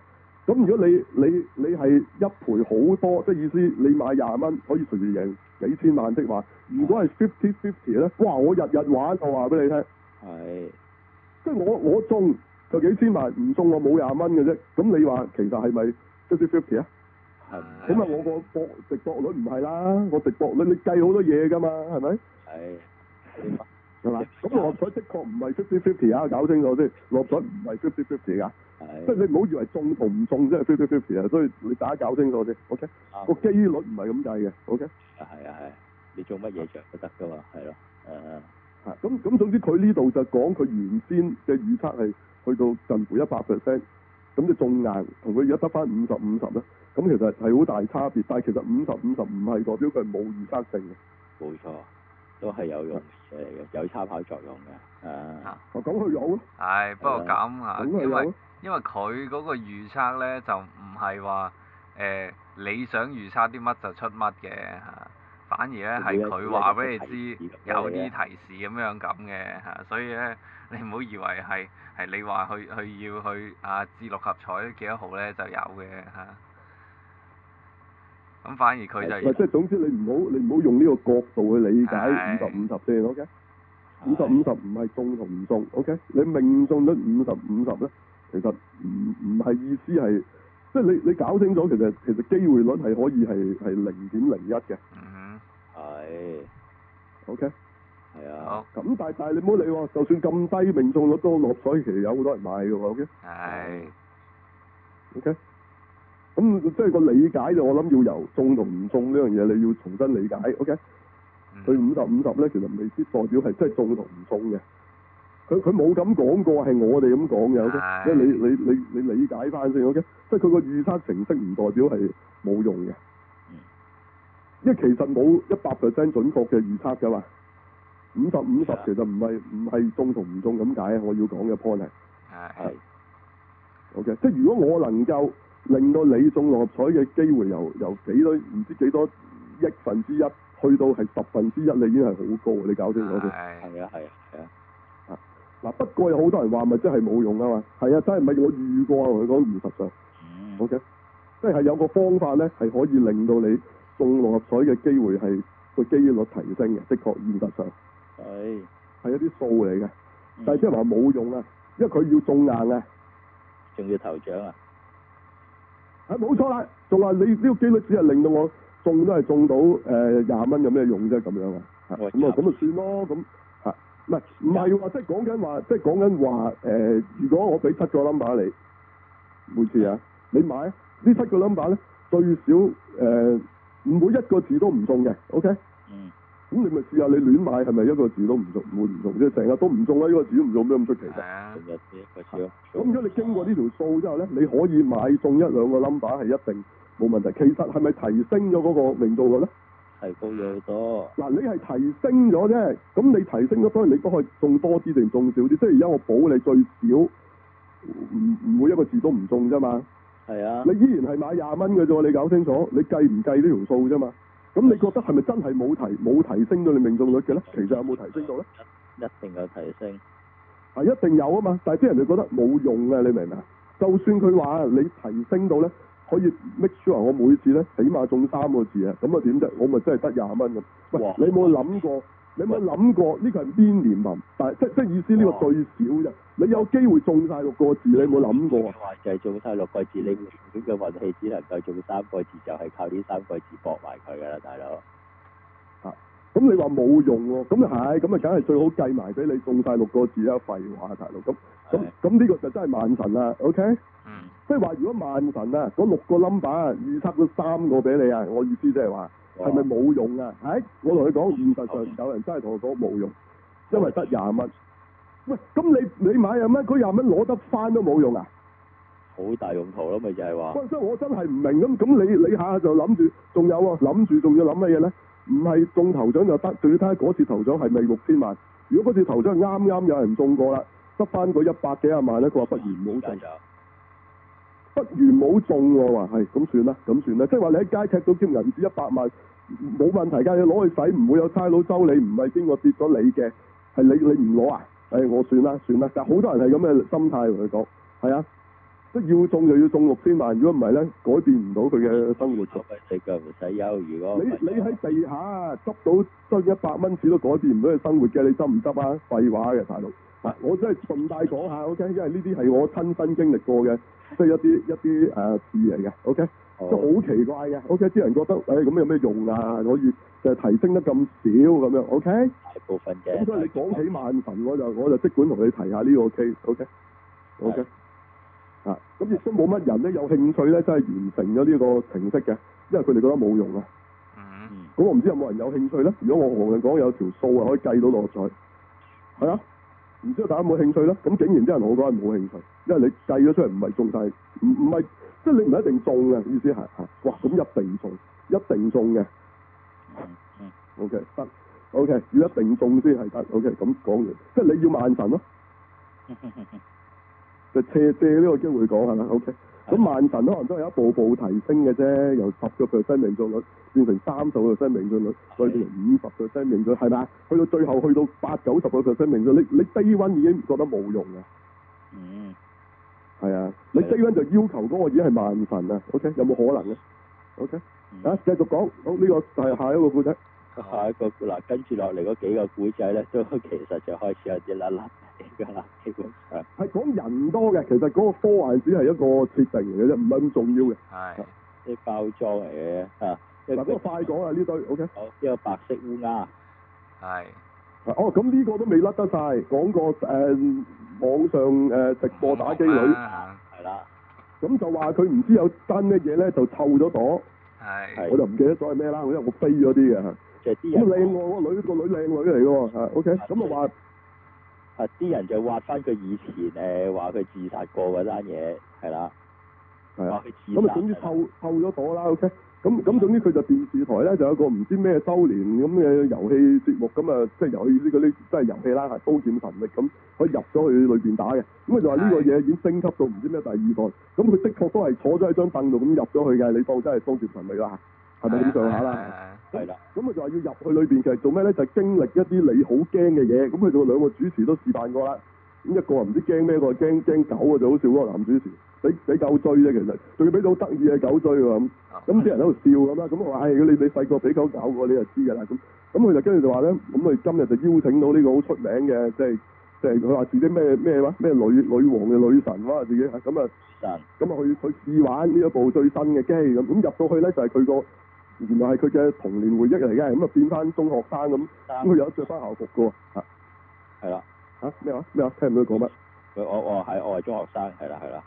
咁如果你你你係一賠好多，即係意思你買廿蚊可以隨時贏幾千萬的話，的如果係 fifty fifty 咧，哇！我日日玩，我話俾你聽，係的即係我我中就幾千萬，唔中我冇廿蚊嘅啫。咁你話其實係咪 fifty fifty 啊？係的。咁啊，我個博值博率唔係啦，我值博率你計好多嘢㗎嘛，係咪？係。係嘛？咁落彩的確唔係 fifty fifty 啊！50，搞清楚先，落彩唔係 fifty fifty 噶。係的，即係你唔好以為中同唔中啫 fifty fifty 啊！50，所以你打搞清楚先。OK，個機、啊、率唔係咁計嘅。OK。啊，係啊係，你做乜嘢著都得噶嘛？係咯。啊。嚇的，咁咁、啊、總之佢呢度就講佢原先嘅預測係去到近乎一百 percent，咁你仲硬同佢而家得翻五十五十咧。咁其實係好大差別，但係其實五十五十唔係代表佢係冇預測性嘅。冇錯。都係有用嘅，有參考作用嘅，係啊。嚇、啊，咁佢有？係，不過咁啊吧，因為因為佢嗰個預測咧，就唔係話誒你想預測啲乜就出乜嘅，嚇、啊。反而咧係佢話俾你知有啲提示咁樣咁嘅，嚇、啊。所以呢，你唔好以為係係你話去去，去要去啊，至六合彩幾多號呢就有嘅，嚇、啊。咁反而佢就係，即係總之你唔好你唔好用呢個角度去理解，五十五十先 OK。五十五十唔係中同唔中 OK，你命中率五十五十咧，其實唔唔係意思係即係你你搞清楚，其實其實機會率係可以係係零點零一嘅。嗯，係 OK，係啊，好，咁但係但係你唔好理喎，就算咁低命中率都落水，其實有好多人買嘅 OK。係 OK。咁、嗯、即係個理解就，我諗要由中同唔中呢樣嘢，你要重新理解。OK，佢五十五十咧，hmm. 50, 50, 其實未必代表係真係中同唔中嘅。佢佢冇咁講過，係我哋咁講嘅。OK，Aye. 即係你你你你理解翻先。O、okay? K，即係佢個預測程式唔代表係冇用嘅。即係、mm hmm. 其實冇一百 percent 準確嘅預測嘅嘛。五十五十其實唔係唔係中同唔中咁解。我要講嘅 point 係係。OK，即係如果我能夠。令到你中六合彩嘅機會由由幾多唔知幾多億分之一去到係十分之一，你已經係好高，你搞清楚先。係、哎、啊，係啊，係啊。啊，嗱不過有好多人話，咪真係冇用啊嘛。係啊，真係唔係我預過啊，佢講現實上。嗯、o、okay? K，即係有個方法呢，係可以令到你中六合彩嘅機會係個機率，率提升嘅，的確現實上。係是。係一啲數嚟嘅，但係即係話冇用、嗯、啊，因為佢要中硬啊。仲要頭獎啊！係冇錯啦，仲話你呢個幾率只係令到我中都係中到誒廿蚊，有、呃、咩用啫？咁樣啊，咁啊咁啊算咯，咁嚇唔係唔係話即係講緊話，即係講緊話誒，如果我俾七個 number 你，每次啊，你買呢、啊、七個 number 咧最少誒，唔、呃、會一個字都唔中嘅，OK？、嗯咁你咪試下你亂買係咪一個字都唔中會唔中即係成日都唔中咧？呢個字都唔中咩咁出奇？啊，咁如果你經過呢條數之後呢，你可以買中一兩個 number 係一定冇問題。其實係咪提升咗嗰個命中率咧？提高咗好多。嗱，啊，你係提升咗啫。咁你提升咗，所以你都可以中多啲定中少啲。即係而家我保你最少，唔唔會一個字都唔中啫嘛。係啊。你依然係買廿蚊嘅啫，你搞清楚，你計唔計呢條數啫嘛？咁你覺得係咪真係冇提冇提升到你命中率嘅咧？其實有冇提升到咧？一定有提升。係、啊、一定有啊嘛，但係啲人就覺得冇用啊！你明唔明啊？就算佢話你提升到咧，可以 make sure 我每次咧起碼中三個字啊，咁啊點啫？我咪真係得廿蚊嘅。哇你冇諗過？你有冇諗過呢個係邊年文？Um, 但係、就是、即即意思呢個最少啫。啊、你有機會中晒六個字，你有冇諗過啊？話計，就中晒六個字，你呢個運氣只能夠中三個字，就係、是、靠呢三個字博埋佢噶啦，大佬。咁你話冇用喎？咁又係，咁啊，梗、嗯、係、嗯、最好計埋俾你中晒六個字啦，廢話，大、哎、佬，咁咁咁呢個就真係萬神啦。OK，即係話如果萬神啊，嗰六個 number 預測咗三個俾你啊，我意思即係話。係咪冇用啊？係，我同你講，現實上有人真係同我講冇用，因為得廿蚊。喂，咁你你買有乜？佢廿蚊攞得翻都冇用啊！好大用途咯，咪就係話。喂，所以我真係唔明咁，咁你你下下就諗住，仲有啊，諗住仲要諗乜嘢咧？唔係中頭獎就得，仲要睇下嗰次頭獎係咪六千萬？如果嗰次頭獎啱啱有人中過啦，得翻個一百幾廿萬咧，佢話不如冇好不如冇中喎、啊，話係咁算啦，咁算啦，即係話你喺街踢到攚銀紙一百萬，冇問題㗎，你攞去使唔會有差佬收你，唔係邊個跌咗你嘅，係你你唔攞啊？誒、哎，我算啦算啦，但係好多人係咁嘅心態同佢講，係啊，即要中就要中六千萬，如果唔係呢，改變唔到佢嘅生活。你低唔使憂，如果你如果你喺地下執到得一百蚊紙都改變唔到佢生活嘅，你執唔執啊？廢話嘅大佬。我真係順帶講下，OK，因為呢啲係我親身經歷過嘅，即係一啲一啲誒事嚟嘅，OK，都好奇怪嘅，OK，啲人覺得誒咁有咩用啊？可以誒提升得咁少咁樣，OK？大部分嘅。咁所以你講起萬神、嗯，我就我就即管同你提下呢個 case，OK，OK 啊，咁亦都冇乜人咧有興趣咧，真係完成咗呢個程式嘅，因為佢哋覺得冇用啊。咁我唔知有冇人有興趣咧、啊嗯嗯？如果我同你講有條數啊，可以計到落去。係、嗯、啊。唔知道大家有冇興趣咧？咁竟然啲人我多人都冇興趣，因為你計咗出嚟唔係中晒，唔唔係即係你唔一定中嘅意思係嚇、啊。哇！咁一定中，一定中嘅。O K 得。O、okay，K 要一定中先係得。O K 咁講完，即係你要萬神咯。 就借借呢個機會講係嘛？O K。Okay 咁萬、嗯、神可能都係一步步提升嘅啫，由十個 percent 命中率變成三十個 percent 命中率，再的變成五十個 percent 命中率，係咪去到最後去到八九十個 percent 命中，你你 day one 已經唔覺得冇用啊！嗯，係啊，你 day one 就要求嗰個嘢係萬神啊、嗯 okay？OK，有冇可能咧？OK，啊，繼續講，好、哦、呢、這個係下一個故仔。嗯、下一個嗱，跟住落嚟嗰幾個故仔咧，都其實就開始有啲啦。係啦，係。講人多嘅，其實嗰個科幻只係一個設定嚟嘅啫，唔係咁重要嘅。係啲包裝嚟嘅吓。誒，嗰個快講啊，呢堆，OK。好，一個白色烏鴉。係。哦，咁呢個都未甩得晒，講個誒網上誒直播打機女。係啦。咁就話佢唔知有單咩嘢咧，就湊咗朵。係。我就唔記得咗係咩啦，因為我飛咗啲嘅即就係啲人。咁靚喎，個女個女靚女嚟嘅喎，OK，咁就話。啊！啲人就挖翻佢以前誒話佢自殺過嗰單嘢，係啦，話佢的自殺咁啊，就總之透的透咗躲啦，OK。咁咁總之佢就電視台咧，就有一個唔知咩周年咁嘅遊戲節目，咁啊即係遊戲呢個呢，即係遊戲啦，係刀劍神域咁，佢入咗去裏邊打嘅，咁就話呢個嘢已經升級到唔知咩第二代，咁佢的確都係坐咗喺張凳度咁入咗去嘅，你當真係刀劍神域啦。係咪咁上下啦？係啦，啊。咁佢，嗯，就話要入去裏邊，其實做咩咧？就是，經歷一啲你好驚嘅嘢。咁佢哋兩個主持都示範過啦。咁一個唔知驚咩，一個驚驚狗啊，就好似嗰個男主持，俾俾狗追啫，其實，仲要俾到得意嘅狗追喎。咁，咁啲人喺度笑咁啦。咁我話唉，你你細個俾狗搞過，啊，你就知噶啦。咁，咁佢就跟住就話咧，咁佢今日就邀請到呢個好出名嘅，即係即係佢話自己咩咩話咩女女王嘅女神哇自己。咁，就，啊，是，咁，嗯，啊，佢佢試玩呢一部最新嘅機咁。咁入到去咧就係佢個。原來係佢嘅童年回憶嚟嘅，咁啊變翻中學生咁，咁佢又着翻校服噶喎，係啦，嚇咩話咩話？聽唔到佢講乜？我我係我係中學生，係啦係啦，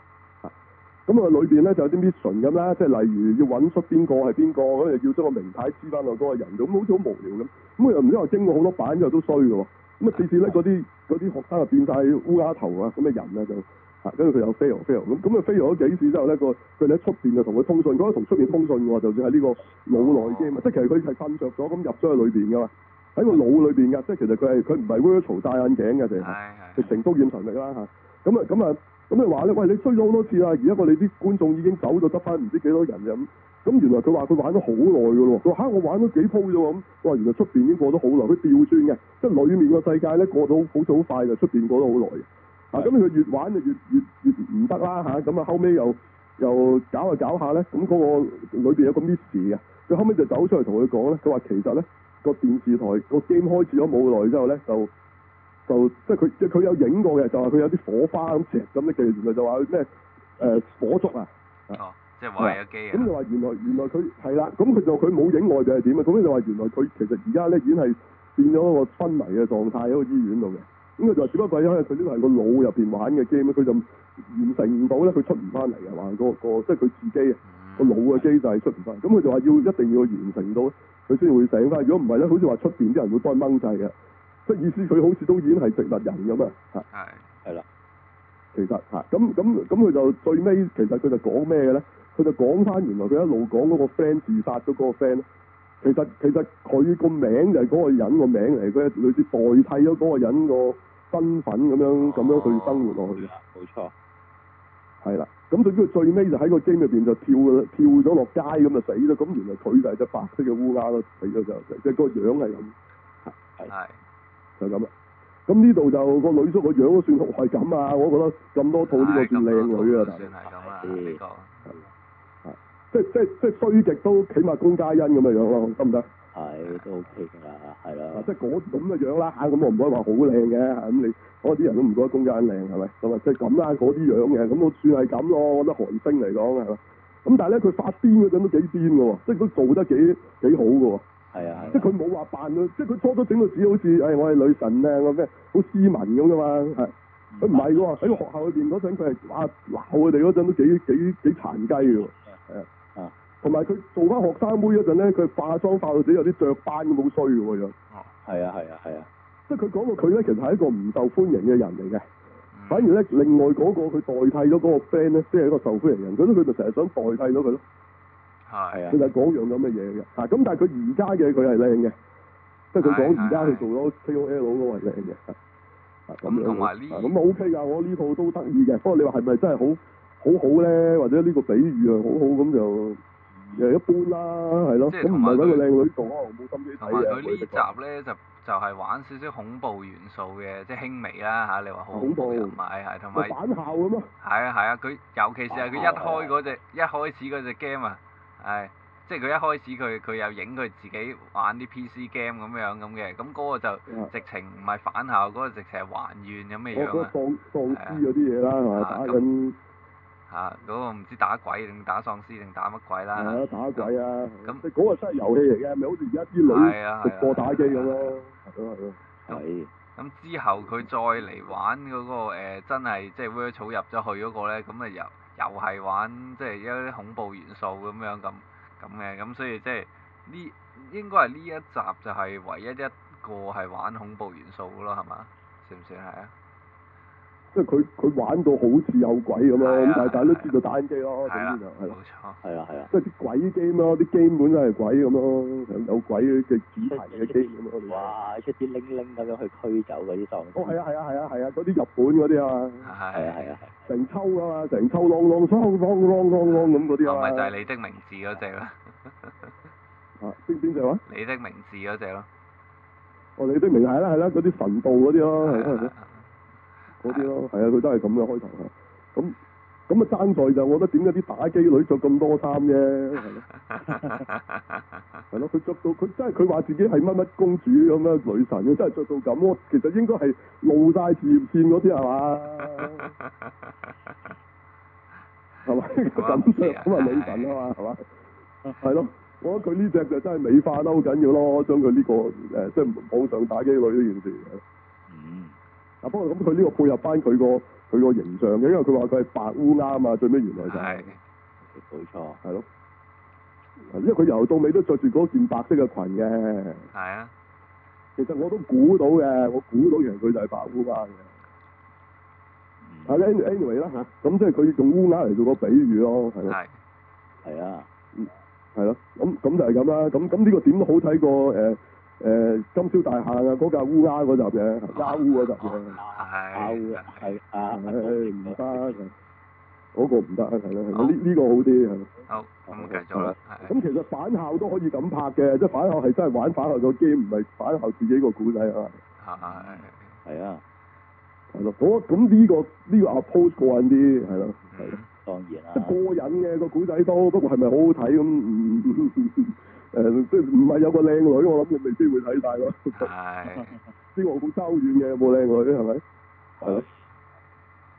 咁啊裏邊咧就有啲 mission 咁啦，即係例如要揾出邊個係邊個，咁啊叫咗個名牌黐翻落個人咁好似好無聊咁，咁佢又唔知話經過好多版之後都衰噶喎，咁啊次次咧嗰啲啲學生啊變晒烏鴉頭啊，咁嘅人啊就～跟住佢又 fail fail 咁，咁啊 fail 咗幾次之後咧，佢佢哋喺出邊就同佢通訊，佢都同出邊通訊喎，就算係呢個腦內 game 啊，即係其實佢係瞓着咗咁入咗去裏邊噶嘛，喺個腦裏邊噶，即係其實佢係佢唔係 virtual 戴眼鏡嘅就係成刀劍神域啦嚇，咁啊咁啊咁啊話咧，喂你追咗好多次啦，而家我哋啲觀眾已經走咗，得翻唔知幾多人嘅咁，咁、嗯、原來佢話佢玩咗好耐嘅咯，佢話嚇我玩咗幾鋪啫喎，咁、嗯、我原來出邊已經過咗好耐，佢掉轉嘅，即係裏面個世界咧過到好似好快嘅，出邊過咗好耐。嗱咁佢越玩就越越越唔得啦嚇，咁啊後尾又又搞下搞下咧，咁嗰個裏邊有個 mist 嘅，佢後尾就走出嚟同佢講咧，佢話其實咧個電視台個 game 開始咗冇耐之後咧，就就即係佢即係佢有影過嘅，就話佢有啲火花咁赤咁嘅，原來就話咩誒火燭啊，哦，即係壞咗機啊，咁就話原來原來佢係啦，咁佢就佢冇影我哋係點啊？咁你就話原來佢其實而家咧已經係變咗個昏迷嘅狀態喺個醫院度嘅。咁佢就話點解因為，佢呢個係個腦入邊玩嘅 game，佢就完成唔到咧，佢出唔翻嚟嘅話，嗰個、嗰個即係佢自己、嗰個腦嘅機制出唔翻。咁佢就話要一定要完成到，佢先會醒翻。如果唔係咧，好似話出邊啲人會幫佢掹掣嘅。即係意思佢好似都已經係植物人咁啊！係係啦，其實嚇咁咁咁，佢就最尾其實佢就講咩嘅咧？佢就講翻原來佢一路講嗰個 friend 自殺咗嗰個 friend，其實其實佢個名就係嗰個人個名嚟，佢係類似代替咗嗰個人個。身份咁樣咁樣對生活落去嘅，冇錯，係啦。咁佢佢最尾就喺個 game 入邊就跳跳咗落街咁就死咗。咁原來佢就係隻白色嘅烏鴉咯，死咗係就即係個樣係咁。係係就咁啦。咁呢度就個女叔個樣都算係咁啊！我覺得咁多套都算靚女啊，算係咁啊，冇錯、呢個。係即係即係即係衰極都起碼龔嘉欣咁嘅樣咯，得唔得？係都 OK 噶係啦。嗱，即係嗰咁嘅樣啦嚇，咁我唔可以話好靚嘅嚇，咁你啲人都唔覺得工間靚係咪？咁啊，即係咁啦，嗰啲樣嘅，咁我算係咁咯。我覺得韓星嚟講係啦，咁但係咧，佢發辮嗰陣都幾辮嘅喎，即係佢做得幾幾好嘅喎。係啊係啊，即係佢冇話扮佢，即係佢初初整個紙好似，誒，我係女神咧，我咩好斯文咁嘅嘛。係，佢唔係嘅喎，喺的學校裏邊嗰陣，佢係阿鬧佢哋嗰陣都幾幾幾殘雞嘅喎。係啊。同埋佢做翻學生妹嗰陣咧，佢化妝化到自己有啲雀斑咁好衰嘅樣。啊，係啊係啊係啊！即係佢講到佢咧，啊、其實係一個唔受歡迎嘅人嚟嘅。嗯、反而咧，另外嗰、嗰個佢代替咗嗰個 friend 咧，即係一個受歡迎人。佢樣佢就成日想代替咗佢咯？係啊。佢、啊、就嗰樣咁嘅嘢嘅。啊，咁但係佢而家嘅佢係靚嘅，即係佢講而家佢做咗 KOL 嗰個係靚嘅。咁同埋呢？咁 OK 啊！我呢套都得意嘅。係不過你話係咪真係好好好咧？或者呢個比喻啊，好好咁就？又一般啦，係咯，咁唔係嗰個靚女講，冇心機。同埋佢呢集咧就就係玩少少恐怖元素嘅，即係輕微啦。嚇你話好恐怖？人係係，同埋返校咁咯。係啊係啊，佢尤其是係佢一開嗰隻一開始嗰隻 game 啊，係即係佢一開始佢佢又影佢自己玩啲 PC game 咁樣咁嘅，咁嗰個就直情唔係返校，嗰個直情係還願咁嘅樣啊。喪喪屍嗰啲嘢啦，係嘛打吓，嗰、啊那個唔知打鬼定打喪屍定打乜鬼啦。Yeah，啊、打鬼啊！咁嗰、啊、但個真係遊戲嚟嘅，咪好似而家啲過打機咁咯。係。咁之後佢再嚟玩嗰、那個誒、呃，真係即係 werewolf 入咗去嗰個咧，咁啊又又係玩即係一啲恐怖元素咁樣咁咁嘅，咁、嗯、所以即係呢應該係呢一集就係唯一一個係玩恐怖元素嘅咯，係嘛？算唔算係啊？即係佢佢玩到好似有鬼咁咯，咁但大家都知道打緊機咯，咁就係係啊，係啊，即係啲鬼 game 嘛，啲基本都係鬼咁咯，有鬼嘅主題嘅 game，哇，一啲拎拎咁樣去驅走嗰啲喪屍。哦，係啊，係啊，係啊，係啊，嗰啲日本嗰啲啊，係啊，係啊，成抽啊嘛，成抽啷啷啷啷啷啷啷咁嗰啲啊。咪就係你的名字嗰隻啦。啊，邊邊隻話？你的名字嗰隻咯。哦，你的名係啦係啦，嗰啲神道嗰啲咯。係嗰啲咯，係啊，佢都係咁嘅開頭啊。咁咁啊爭在就，我覺得點解啲打機女着咁多衫啫？係咯，係咯，佢着到佢真係，佢話自己係乜乜公主咁啊女神，佢真係着到咁。其實應該係露晒事業線嗰啲係嘛？係嘛？咁着咁啊女神啊嘛？係嘛？係咯，我覺得佢呢隻就真係美化得好緊要咯，將佢呢個誒，即係網上打機女呢件事。啊，不過咁佢呢個配合翻佢個佢個形象嘅，因為佢話佢係白烏鴉啊嘛，最尾原來就係，冇錯，係咯，因為佢由到尾都着住嗰件白色嘅裙嘅，係啊，其實我都估到嘅，我估到其實佢就係白烏鴉嘅。啊，anyway 啦吓，咁即係佢用烏鴉嚟做個比喻咯，係係啊，係咯，咁咁就係咁啦，咁咁呢個點都好睇過誒。誒，金宵大廈啊，嗰架烏鴉嗰集嘅，鴉烏嗰集嘅，係鴉啊，係啊，唔得，嗰個唔得係咯，呢呢個好啲係咯，好，咁繼續啦，咁其實反效都可以咁拍嘅，即係反效係真係玩反校個 game，唔係反效自己個古仔啊，係係啊，係咯，咁呢個呢個 approach 過癮啲係咯，當然啦，即係過癮嘅個古仔多，不過係咪好好睇咁？誒，即係唔係有個靚女？我諗我未必會睇晒咯。係， 呢個好兜遠嘅，有冇靚女係咪？係咯，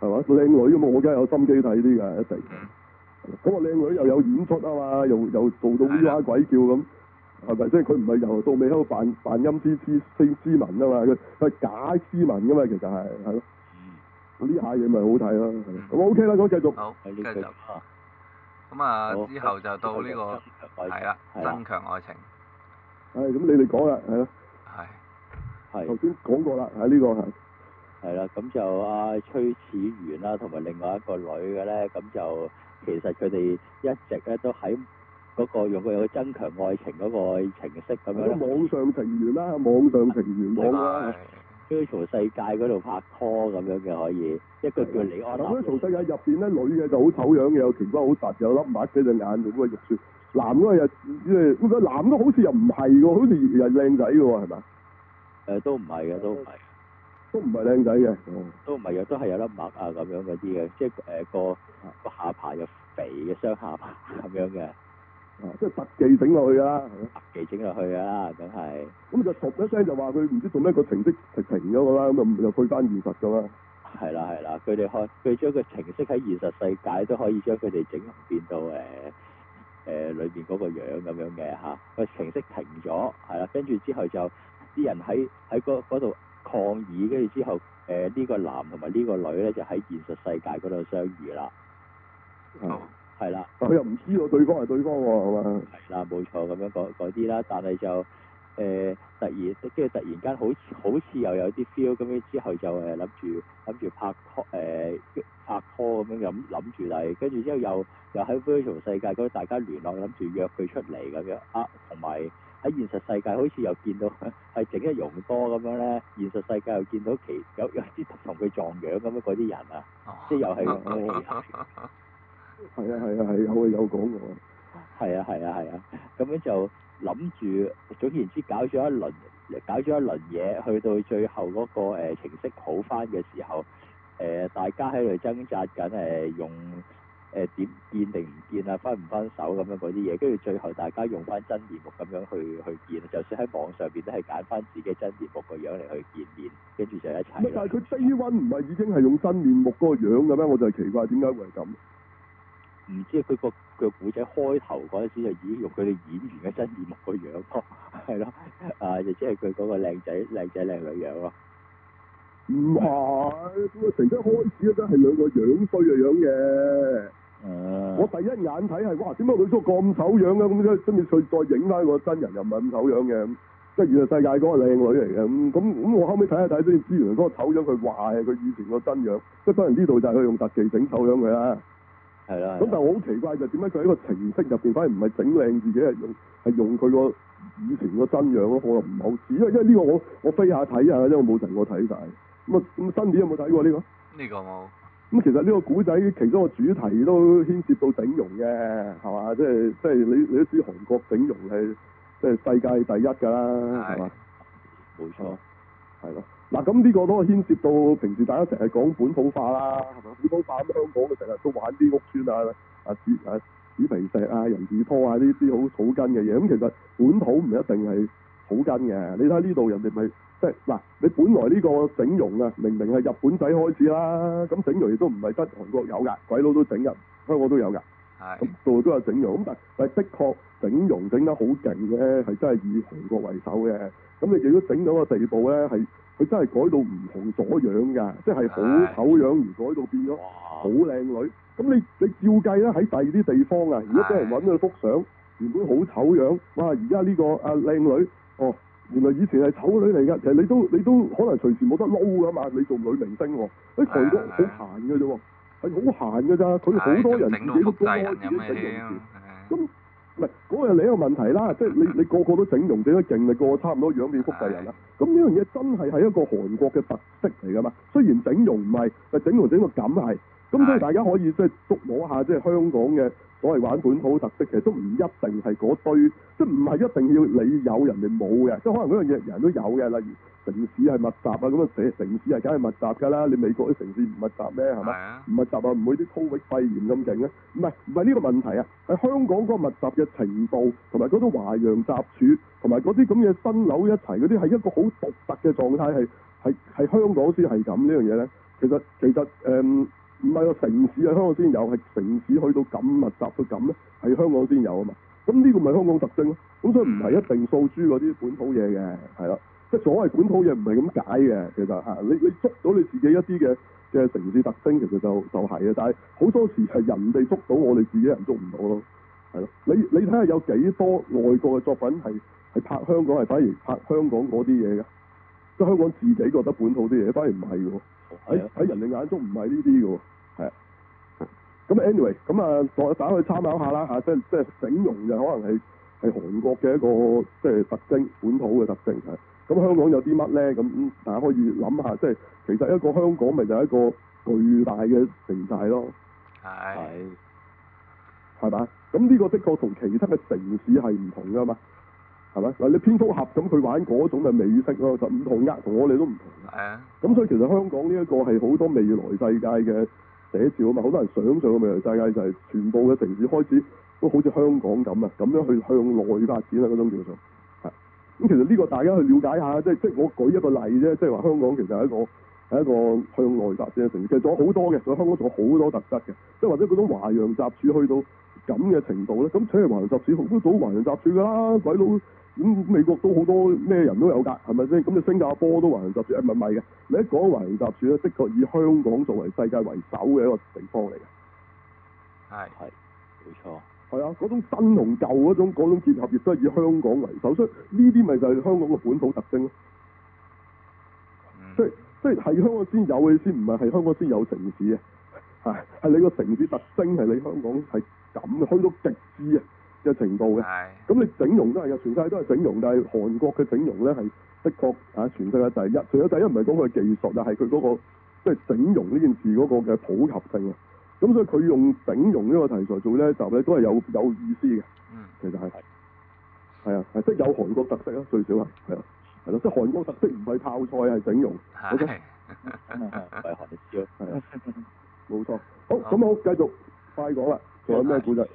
係嘛？靚女咁啊，我梗係有心機睇啲噶一定。咁啊， 靚女又有演出啊嘛，又又做到烏鴉鬼叫咁，係咪？ 即係佢唔係由頭到尾喺度扮扮陰司司司文啊嘛，佢佢係假斯文噶嘛，其實係係咯。呢、 嗯、下嘢咪好睇咯，啊，咁 OK 啦，咁繼續。好，繼續啊。咁啊，之後就到呢個係啦，增強愛情。誒，咁你哋講啦，係咯。係。係。頭先講過啦，係呢個係。係啦，咁就阿崔始源啦，同埋另外一個女嘅咧，咁就其實佢哋一直咧都喺嗰個用佢去增強愛情嗰個程式咁樣。網上情緣啦，網上情緣啦。去從世界嗰度拍拖咁樣嘅可以，一個叫你。我啦。去從世界入邊咧，女嘅就好醜樣嘅，有條疤，好凸，有粒物嘅隻眼，咁嘅肉書？男嘅又即係，個男嘅好似又唔係喎，好似又靚仔嘅喎，係嘛？誒、呃，都唔係嘅，都唔係，嗯，都唔係靚仔嘅，都唔係，又都係有粒物啊咁樣嗰啲嘅，即係誒個個下巴又肥嘅雙下巴咁樣嘅。啊、即係特技整落去啊！特技整落去啊！梗係咁就嘈、是、咗聲就話佢唔知做咩個程式係停咗㗎啦，咁又又去翻現實咁啦。係啦係啦，佢哋開佢將個程式喺現實世界都可以將佢哋整變到誒誒裏邊嗰個樣咁樣嘅嚇，個、啊呃、程式停咗係啦，跟住之後就啲人喺喺嗰度抗議，跟住之後誒呢、呃呢個男同埋呢個女咧就喺現實世界嗰度相遇啦。哦、啊。係啦，佢又唔知喎，對方係對方喎，係嘛？係啦，冇錯，咁樣講啲啦，但係就誒、欸、突然，跟、就、住、是、突然間好似好似又有啲 feel，咁樣之後就誒諗住諗住拍拖誒、呃、拍拖咁樣，又諗住嚟，跟住之後又又喺 virtual 世界嗰大家聯絡，諗住約佢出嚟咁樣啊，同埋喺現實世界好似又見到係整一容多咁樣咧，現實世界又見到其有有啲同佢撞樣咁樣嗰啲人啊，即係又係咁樣。係啊係啊係有啊有講過，係啊係啊係啊，咁、啊啊啊啊啊、樣就諗住，總言之搞咗一輪，搞咗一輪嘢，去到最後嗰、那個誒、呃、程式好翻嘅時候，誒、呃、大家喺度掙扎緊誒用誒點、呃、見定唔見啊分唔分手咁樣嗰啲嘢，跟住最後大家用翻真面目咁樣去去見，就算喺網上邊都係揀翻自己真面目個樣嚟去見面，跟住就一齊。但係佢低溫唔係已經係用真面目嗰個樣嘅咩？我就奇怪點解會係咁。唔知佢個佢古仔開頭嗰陣時就已經用佢哋演員嘅真面目個樣咯，係咯，啊，亦即係佢嗰個靚仔靚仔靚女樣咯。唔係，咁啊，成出開始啊，真係兩個樣衰嘅樣嘅。誒，啊，我第一眼睇係哇，點解佢叔咁醜樣嘅？咁即跟住佢再影翻個真人，又唔係咁醜樣嘅。即係原來世界嗰個靚女嚟嘅。咁咁咁，我後尾睇一睇先知，原來嗰個醜樣佢話係佢以前個真樣。即係當然呢度就係佢用特技整醜樣佢啦。係啦，咁但係我好奇怪就點解佢喺個程式入邊反而唔係整靚自己，係用係用佢個以前個真樣咯，我就唔好似，因為因為呢個我我飛下睇下，因為冇成個睇晒。咁啊咁 Sunny 有冇睇過呢、呢個？呢個冇。咁、嗯、其實呢個古仔其中個主題都牽涉到整容嘅，係嘛？即係即係你你都知韓國整容係即係世界第一㗎啦，係嘛的？冇吧錯，係咯。嗱，咁呢、啊、個都係牽涉到平時大家成日講本土化啦，係嘛？本土化，咁香港嘅成日都玩啲屋村啊、啊紙啊皮石啊、人字拖啊呢啲好草根嘅嘢。咁其實本土唔一定係草根嘅，你睇呢度人哋咪即係嗱，你本來呢個整容啊，明明係日本仔開始啦，咁整容亦都唔係得韓國有㗎，鬼佬都整，人香港都有㗎。咁度都有整容，咁但係的確整容整得好勁嘅，係真係以韓國為首嘅。咁、嗯、你如果你整到個地步咧，係佢真係改到唔同咗樣㗎，即係好醜樣而改到變咗好靚女。咁你你照計咧，喺第二啲地方啊，如果畀人揾嗰幅相，原本好醜樣，哇！而家呢個啊靚女，哦，原來以前係醜女嚟㗎。其實你都你都可能隨時冇得撈㗎嘛。你做女明星，誒韓國好閒㗎啫喎。係好閒㗎咋，佢好多人整到曬人有咩添？咁唔係嗰個另一個問題啦，嗯、即係你你個個都整容整得勁啊，嗯、個差唔多樣變複製人啦。咁呢樣嘢真係係一個韓國嘅特色嚟噶嘛？雖然整容唔係，但整容整到咁係。咁、哎、呀所以大家可以即係、哎、呀捉摸下即係香港嘅。所謂玩本土特色，其實都唔一定係嗰堆，即係唔係一定要你有人哋冇嘅，即係可能嗰樣嘢人都有嘅。例如城市係密集，樣密集，密集啊，咁啊，寫城市係梗係密集㗎啦。你美國啲城市唔密集咩？係咪？唔密集啊，唔會啲粗域肺炎咁勁啊。唔係唔係呢個問題啊，喺香港嗰個密集嘅程度，同埋嗰種華洋雜處，同埋嗰啲咁嘅新樓一齊嗰啲，係一個好獨特嘅狀態，係係係香港先係咁呢樣嘢咧。其實其實誒。嗯唔係個城市喺香港先有，係城市去到咁密集去咁咧，係香港先有啊嘛。咁呢個咪香港特徵咯、啊。咁所以唔係一定訴諸嗰啲本土嘢嘅，係咯。即係所謂本土嘢唔係咁解嘅，其實嚇你你捉到你自己一啲嘅嘅城市特徵，其實就就係嘅。但係好多時係人哋捉到，我哋自己人捉唔到咯。係咯，你你睇下有幾多外國嘅作品係係拍香港，係反而拍香港嗰啲嘢嘅。即係香港自己覺得本土啲嘢，反而唔係喎。喺喺人哋眼中唔係呢啲嘅喎。係咁 anyway，咁啊，再大家去參考下啦嚇，即係即係整容就可能係係韓國嘅一個即係特徵，本土嘅特徵啊。咁香港有啲乜咧？咁大家可以諗下，即係其實一個香港咪就係一個巨大嘅城寨咯。係，係，係嘛？咁呢個的確同其他嘅城市係唔同噶嘛，係咪？嗱，你蝙蝠俠咁去玩嗰種嘅美式咯，就唔同，呃，同我哋都唔同。係啊。咁所以其實香港呢一個係好多未來世界嘅。寫照啊嘛，好多人想象嘅未來世界就係、是、全部嘅城市開始都好似香港咁啊，咁樣去向內發展啊，嗰種叫做，啊，咁其實呢個大家去了解下，即係即係我舉一個例啫，即係話香港其實係一個係一個向內發展嘅城市，其實仲有好多嘅，喺香港仲有好多特色嘅，即係或者嗰種華洋雜處去到。咁嘅程度咧，咁華人雜處都都到華人雜處噶啦，鬼佬咁美國都好多咩人都有噶，係咪先？咁你新加坡都華人雜處，誒唔係嘅。你一講華人雜處咧，的確以香港作為世界為首嘅一個地方嚟嘅，係係冇錯，係啊！嗰種新同舊嗰種嗰種結合，亦都係以香港為首，所以呢啲咪就係香港嘅本土特徵咯，嗯。即係即係喺香港先有嘅先，唔係喺香港先有城市嘅，係係你個城市特徵係你香港係。咁去到極致嘅程度嘅，咁你整容都係嘅，全世界都係整容，但係韓國嘅整容咧係的確啊，全世界第一。除咗第一唔係講佢嘅技術啊，係佢嗰個即係整容呢件事嗰個嘅普及性啊。咁所以佢用整容呢個題材做咧，就咧都係有有意思嘅。嗯，其實係係啊，係即係有韓國特色啊，最少係係啊，係咯，即係韓國特色唔係泡菜係整容，O K。係韓式嘅，冇錯。好咁好，繼續快講啦。仲有咩古仔？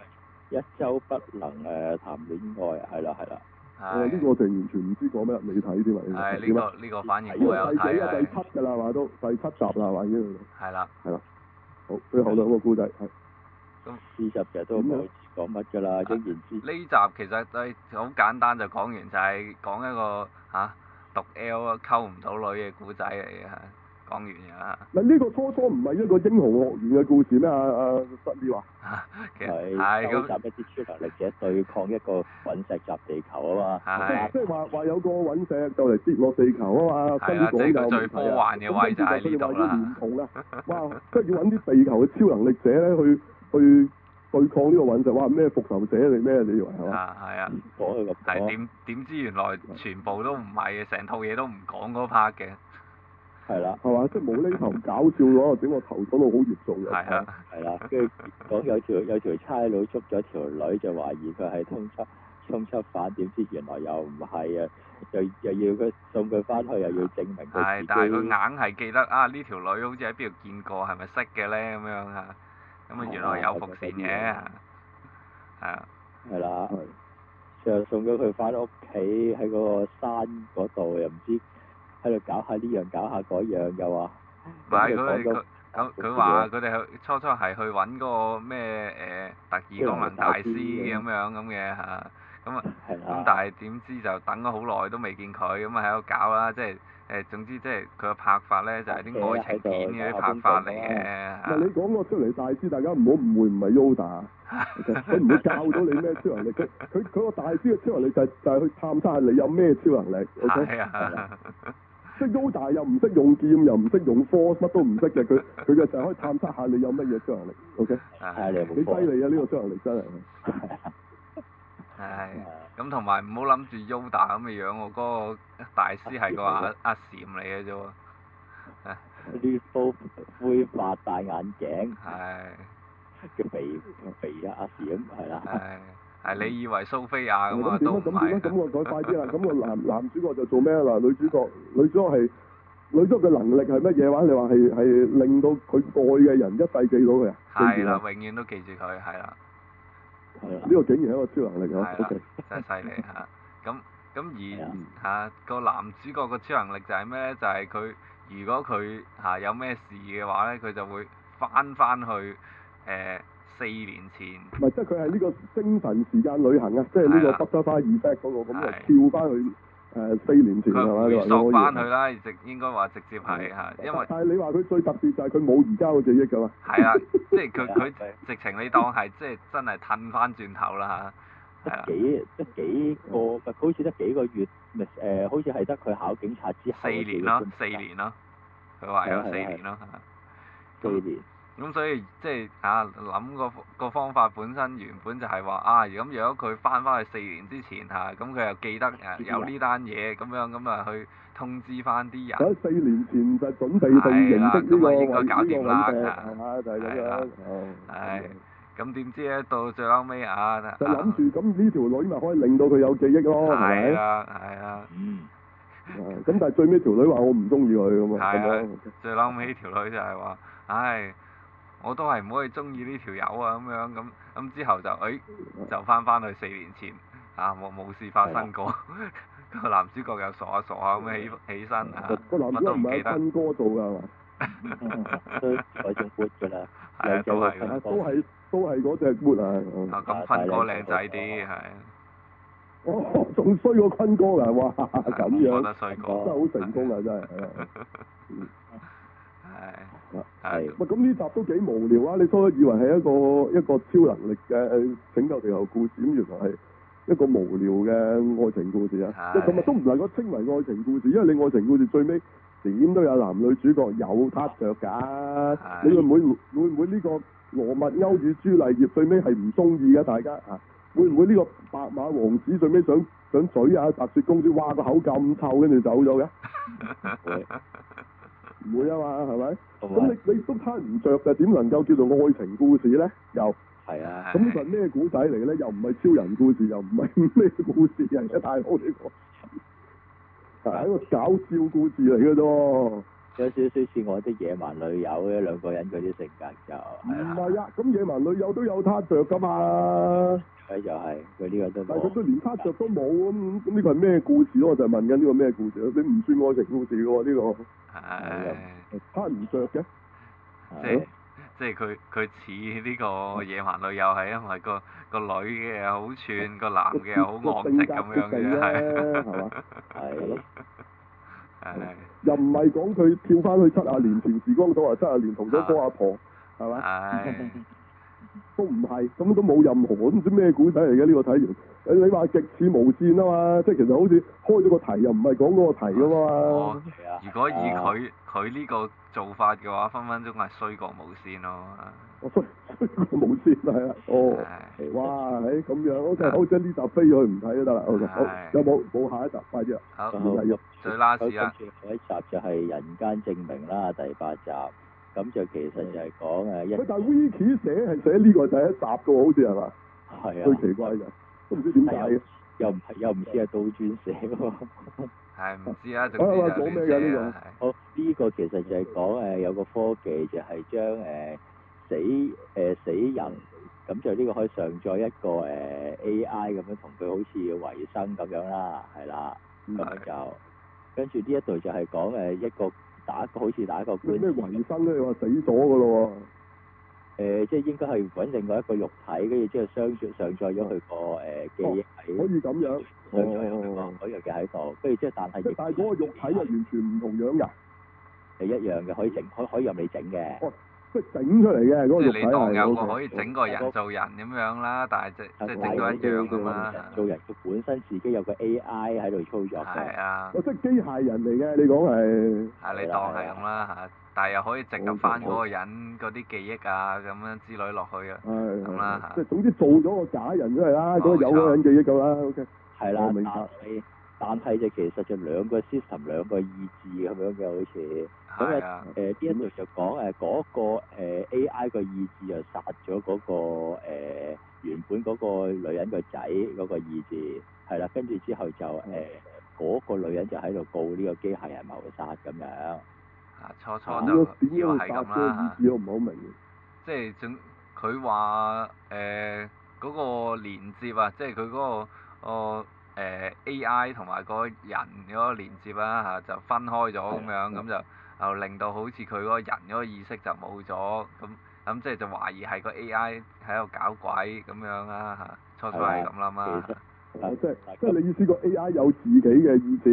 一周不能誒談戀愛，係啦係啦。誒呢個我哋完全唔知講咩，你睇啲咪？係呢個，呢個反應有睇啊！係係係。第七嘅啦，話都第七集啦，話呢度。係啦係啦。好，最後兩個古仔係。咁四十其實都講乜嘅啦？聽完先。呢集其實都係好簡單，就講完就係講一個嚇讀 L 啊溝唔到女嘅古仔啊！講完啊，嗱呢個初初唔係一個英雄學院嘅故事咩？啊啊，十二話。係。係咁。召集一啲超能力者對抗一個隕石集地球啊嘛。即係話話有個隕石就嚟跌落地球啊嘛。係啦，即係個最好玩嘅位就係呢個啦。即係要搵啲地球嘅超能力者咧去去對抗呢個隕石。哇咩復仇者嚟咩？你以為係嘛？啊係啊。講啊講。係點點知原來全部都唔係，成套嘢都唔講嗰 part 嘅。係啦，係嘛？即係冇呢頭搞笑咯，整個頭髧到好嚴重嘅。係啊，係啦，跟住講有條有條差佬捉咗條女，就懷疑佢係通緝通緝犯，點知原來又唔係啊？又又要佢送佢翻去，又要證明佢自己。係，但係佢硬係記得啊！呢條女好似喺邊度見過，係咪識嘅咧？咁樣啊？咁啊，原來有伏線嘅，係啊，係啦，就送咗佢翻屋企喺嗰個山嗰度，又唔知。喺度搞下呢樣，搞下嗰樣嘅話，唔係佢佢佢佢話佢哋初初係去揾嗰個咩誒、呃、特異功能大師咁樣咁嘅嚇，咁啊咁但係點知就等咗好耐都未見佢，咁啊喺度搞啦，即係誒總之即係佢嘅拍法咧就係、係、啲愛情片嘅拍法嚟嘅。嗱你講落出嚟大師，大家唔好誤會，唔係 Yoda，佢唔會教到你咩超能力，佢佢佢個大師嘅超能力就係、就係、係、去探測下你，你有咩超能力。係啊。 識 U 打，又唔識用劍，又唔識用 force，乜都唔識嘅。佢佢就係可以探測下你有乜嘢超能力，OK？係、哎、你又犀利啊！呢、這個超能力真係，係咁，同埋唔好諗住 U 打咁嘅樣喎，嗰、那個大師係個阿阿閃嚟嘅啫喎，呢鋪灰髮戴眼鏡，係嘅肥肥嘅阿閃係啦。哎係你以為蘇菲亞咁啊？咁 點咁我改快啲啦？咁個男男主角就做咩啊？女主角女主角，係女主角嘅能力係乜嘢話？你話係係令到佢愛嘅人一世記到佢啊？係啊的，永遠都記住佢，係啦。係啊，呢、這個竟然係一個超能力係的 okay 真係犀利吓。咁咁、 啊、而吓的、啊那個男主角個超能力就係咩咧？就係、是、佢如果佢吓、啊、有咩事嘅話咧，佢就會翻翻去誒。呃四年前，唔係即係佢係呢個精神時間旅行啊！即係呢個《Doctor Who》嗰個咁樣跳翻去誒四年前係嘛？你翻去啦，直應該話直接係嚇，因為但係你話佢最特別就係佢冇而家嘅記憶㗎嘛？係啊，即係佢佢直情你當係即係真係褪翻轉頭啦嚇！得幾得幾個？佢好似得幾個月，唔係好似係得佢考警察之後四年咯，四年咯，佢話有四年咯嚇，四年。咁所以即係啊諗個個方法本身原本就係話啊，咁如果佢翻翻去四年之前嚇，咁佢又記得誒有呢單嘢咁樣，咁啊去通知翻啲人。四年前就準備墊認咁 啊，應該搞掂啦，係、哎、咁樣。點知咧？到最後尾啊！就諗住咁呢條女咪可以令到佢有記憶咯，係啊！係啊！嗯。咁、 啊、但係最尾條女話我唔中意佢咁啊！最後尾條女就係、是、話，唉、哎。我都係唔可以中意呢條友啊咁樣咁咁之後就誒就翻翻去四年前啊冇冇事發生啦過個男主角又傻下傻下咁起起身啊乜都唔記得。坤哥做㗎嘛、 嗯？嗯，係最 cool 啊，都、嗯、係。都係都係嗰隻 cool 啊！咁坤哥靚仔啲係。仲、啊衰,喔、衰過坤哥㗎哇！咁樣呀真係好成功啊！真係。 uh, 係係。咁呢集都幾無聊啊？你初以為係一個一個超能力嘅拯救地球故事，咁原來係一個無聊嘅愛情故事啊！即係唉、啊、都唔能夠稱為愛情故事，因為你愛情故事最尾點都有男女主角有撻着噶。唉你會唔會，會唔會呢個羅密歐與朱麗葉最尾係唔中意嘅？大家啊，會唔會呢個白馬王子最尾想想嘴啊白雪公主，哇個口咁臭，跟住走咗嘅、啊？ 唔會啊嘛，係咪？咁你你都睇唔着嘅，點能夠叫做愛情故事咧？又係啊，咁呢個咩古仔嚟嘅咧？又唔係超人故事，又唔係咩故事人嘅、呢個？大佬呢個係一個搞笑故事嚟嘅噃。有少少似我的野蠻女友咧，兩個人佢啲性格就唔係、嗯、啊，咁、啊、野蠻女友都有撻着噶嘛。佢又係佢呢個都，但係佢都連撻着都冇咁，咁、啊、呢、嗯這個係咩故事咯？我就問緊呢、這個咩故事你唔算愛情故事噶、啊、呢、這個。係、啊啊啊。撻唔着嘅。即係即係佢佢似呢個野蠻女友，係因為個個女嘅又好串，嗯、個男嘅又好惡毒咁樣嘅係，係嘛、啊？係 咯、啊。 Right. 又唔係講佢跳翻去七十年前，前時光到啊，七十年同咗哥阿婆，係咪 Right.？Right. 都唔係，咁都冇任何，唔知咩古仔嚟嘅呢個睇完。你話極似無線啊嘛，即係其實好似開咗個題又唔係講嗰個題啊嘛，哦。如果以佢佢呢個做法嘅話，分分鐘係衰過無線咯。衰過，哦，無線係啊。哦。啊，哇，你，欸，咁樣，OK，好，將呢集飛去唔睇都得啦。Okay, uh, OK，好，有冇冇下一集快啲啊？好，下一集最 last 啊，下一集就係《人間證明》啦，第八集。咁就其實就係講誒，但 Wiki 寫係寫呢個第一集嘅好似係嘛？係啊，好奇怪嘅，都唔知點解又唔係又唔似係倒轉寫喎。係唔 知、這個、啊？仲咩有呢個？好呢、啊啊啊呢個其實就係講誒有個科技就係將誒死誒、啊、死人，咁就呢個可以上載一個誒、啊、AI 咁樣同佢好似維生咁樣啦、啊，係啦、啊，咁、嗯啊、就跟住呢一度就係講誒一個。打一個好似打一個咩咩遺失咧，話死咗噶咯喎！即係應該係揾另外一個肉體，跟住之後上載上載咗佢個誒機體，可以咁樣哦，可以嘅喺度。跟住即係，哦、係但係但係嗰個肉體係完全唔同樣㗎，係一樣嘅，可以整，可可以任你整嘅。哦整出嚟嘅，即係你當有個可以整個人做人咁樣啦，但係即即係整到一樣噶嘛。做人佢本身自己有個 AI 喺度操作嘅。係啊。即係機械人嚟嘅，你講係。啊，你當係咁啦嚇，但係又可以植入翻嗰個人嗰啲記憶啊咁樣之類落去嘅。咁啦嚇。即係總之做咗個假人都係啦，嗰個有嗰個人記憶咁啦，OK。係啦，明白。但係就其實就兩個 system，兩個意志咁樣嘅，好似咁啊誒呢、嗯啊、一幕就講誒嗰、啊那個、啊、AI 個意志就殺咗嗰、那個、啊、原本嗰個女人個仔嗰個意志係啦，跟住、啊、之後就誒嗰、啊那個女人就喺度告呢個機械人謀殺咁樣啊，錯錯就要係咁啦，我唔好明即係總佢話誒嗰個連接啊，即係佢嗰個、呃誒 A.I. 同埋嗰個人嗰個連接啦，嚇，就分開咗咁樣，咁就又令到好似佢嗰個人嗰個意識就冇咗，咁咁即係就懷疑係個 A.I. 喺度搞鬼咁樣啦，嚇，初初係咁諗啦。即係即係你意思個 A.I. 有自己嘅意思，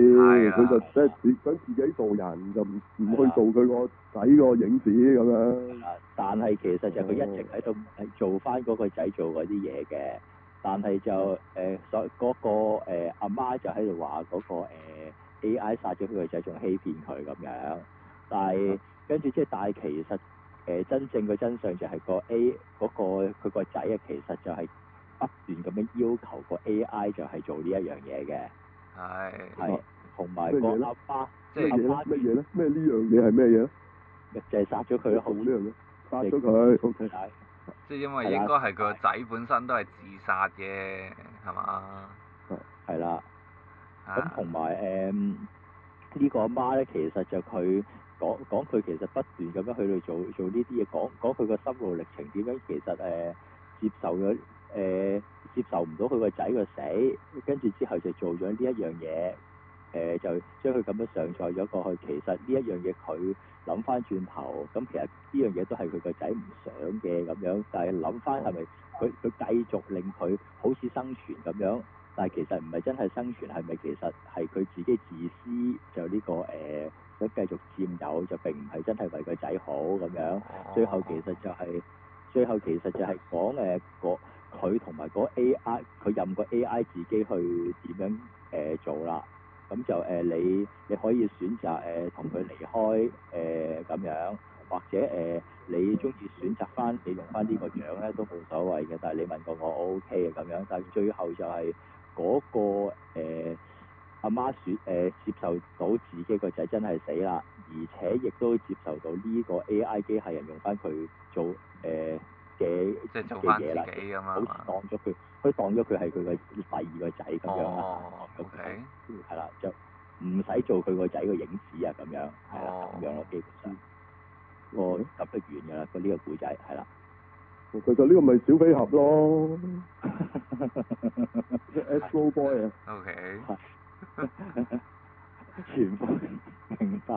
佢就即係想自己做人，就唔唔去做佢個仔個影子咁樣。但係其實就佢一直喺度係做翻嗰個仔做嗰啲嘢嘅。但係就誒所嗰個阿、呃、媽，媽就喺度話嗰個、呃、A.I. 殺咗佢個仔，仲欺騙佢咁樣。但係的跟住即係但係其實誒、呃、真正嘅真相就係個 A 嗰、嗰個佢個仔啊，其實就係不斷咁樣要求個 A.I. 就係做呢一樣嘢嘅。係的。係。同埋個阿爸，爸，即係阿爸咩嘢咧？咩媽呢樣嘢係咩嘢？咪就係殺咗佢咯，好呢樣嘢。殺咗佢。就是、O.K. 好。因為應該係佢個仔本身都係自殺嘅，係嘛的？係啦吧。咁同埋誒呢個阿媽咧，其實就佢講講佢其實不斷咁樣去到做做呢啲嘢，講講佢個心路歷程點樣。其實誒、呃、接受咗誒、呃、接受唔到佢個仔個死，跟住之後就做咗呢一樣嘢。誒、呃、就將佢咁樣上載咗過去。其實呢一樣嘢佢。諗翻轉頭，咁其實呢樣嘢都係佢個仔唔想嘅咁樣，但係諗翻係咪佢佢繼續令佢好似生存咁樣，但係其實唔係真係生存係咪？是是其實係佢自己自私就呢、這個誒，想、呃、繼續佔有就並唔係真係為個仔好咁樣。最後其實就係、是、最後其實就係講誒嗰佢同埋個 A.I. 佢任個 A.I. 自己去點樣誒、呃、做啦。咁、嗯、就誒、呃、你你可以選擇誒同佢離開誒咁、呃、樣，或者誒、呃、你鍾意選擇返你用返呢個樣咧都冇所謂嘅。但係你問過我，我 OK 嘅咁樣。但係最後就係嗰、嗰個阿、呃、媽説誒接、呃、接受到自己個仔真係死啦，而且亦都接受到呢個 AI 機械人用返佢做誒嘅嘅嘢啦，呃、好似當咗佢。佢當咗佢係佢個第二個仔咁樣啦，咁係啦，就唔使做佢個仔個影子啊咁樣，係啦咁樣咯，基本上，哦，咁都完㗎啦，佢呢個故仔係啦。佢就呢個咪小飛俠咯 Astro Boy 啊。 OK。明白明白。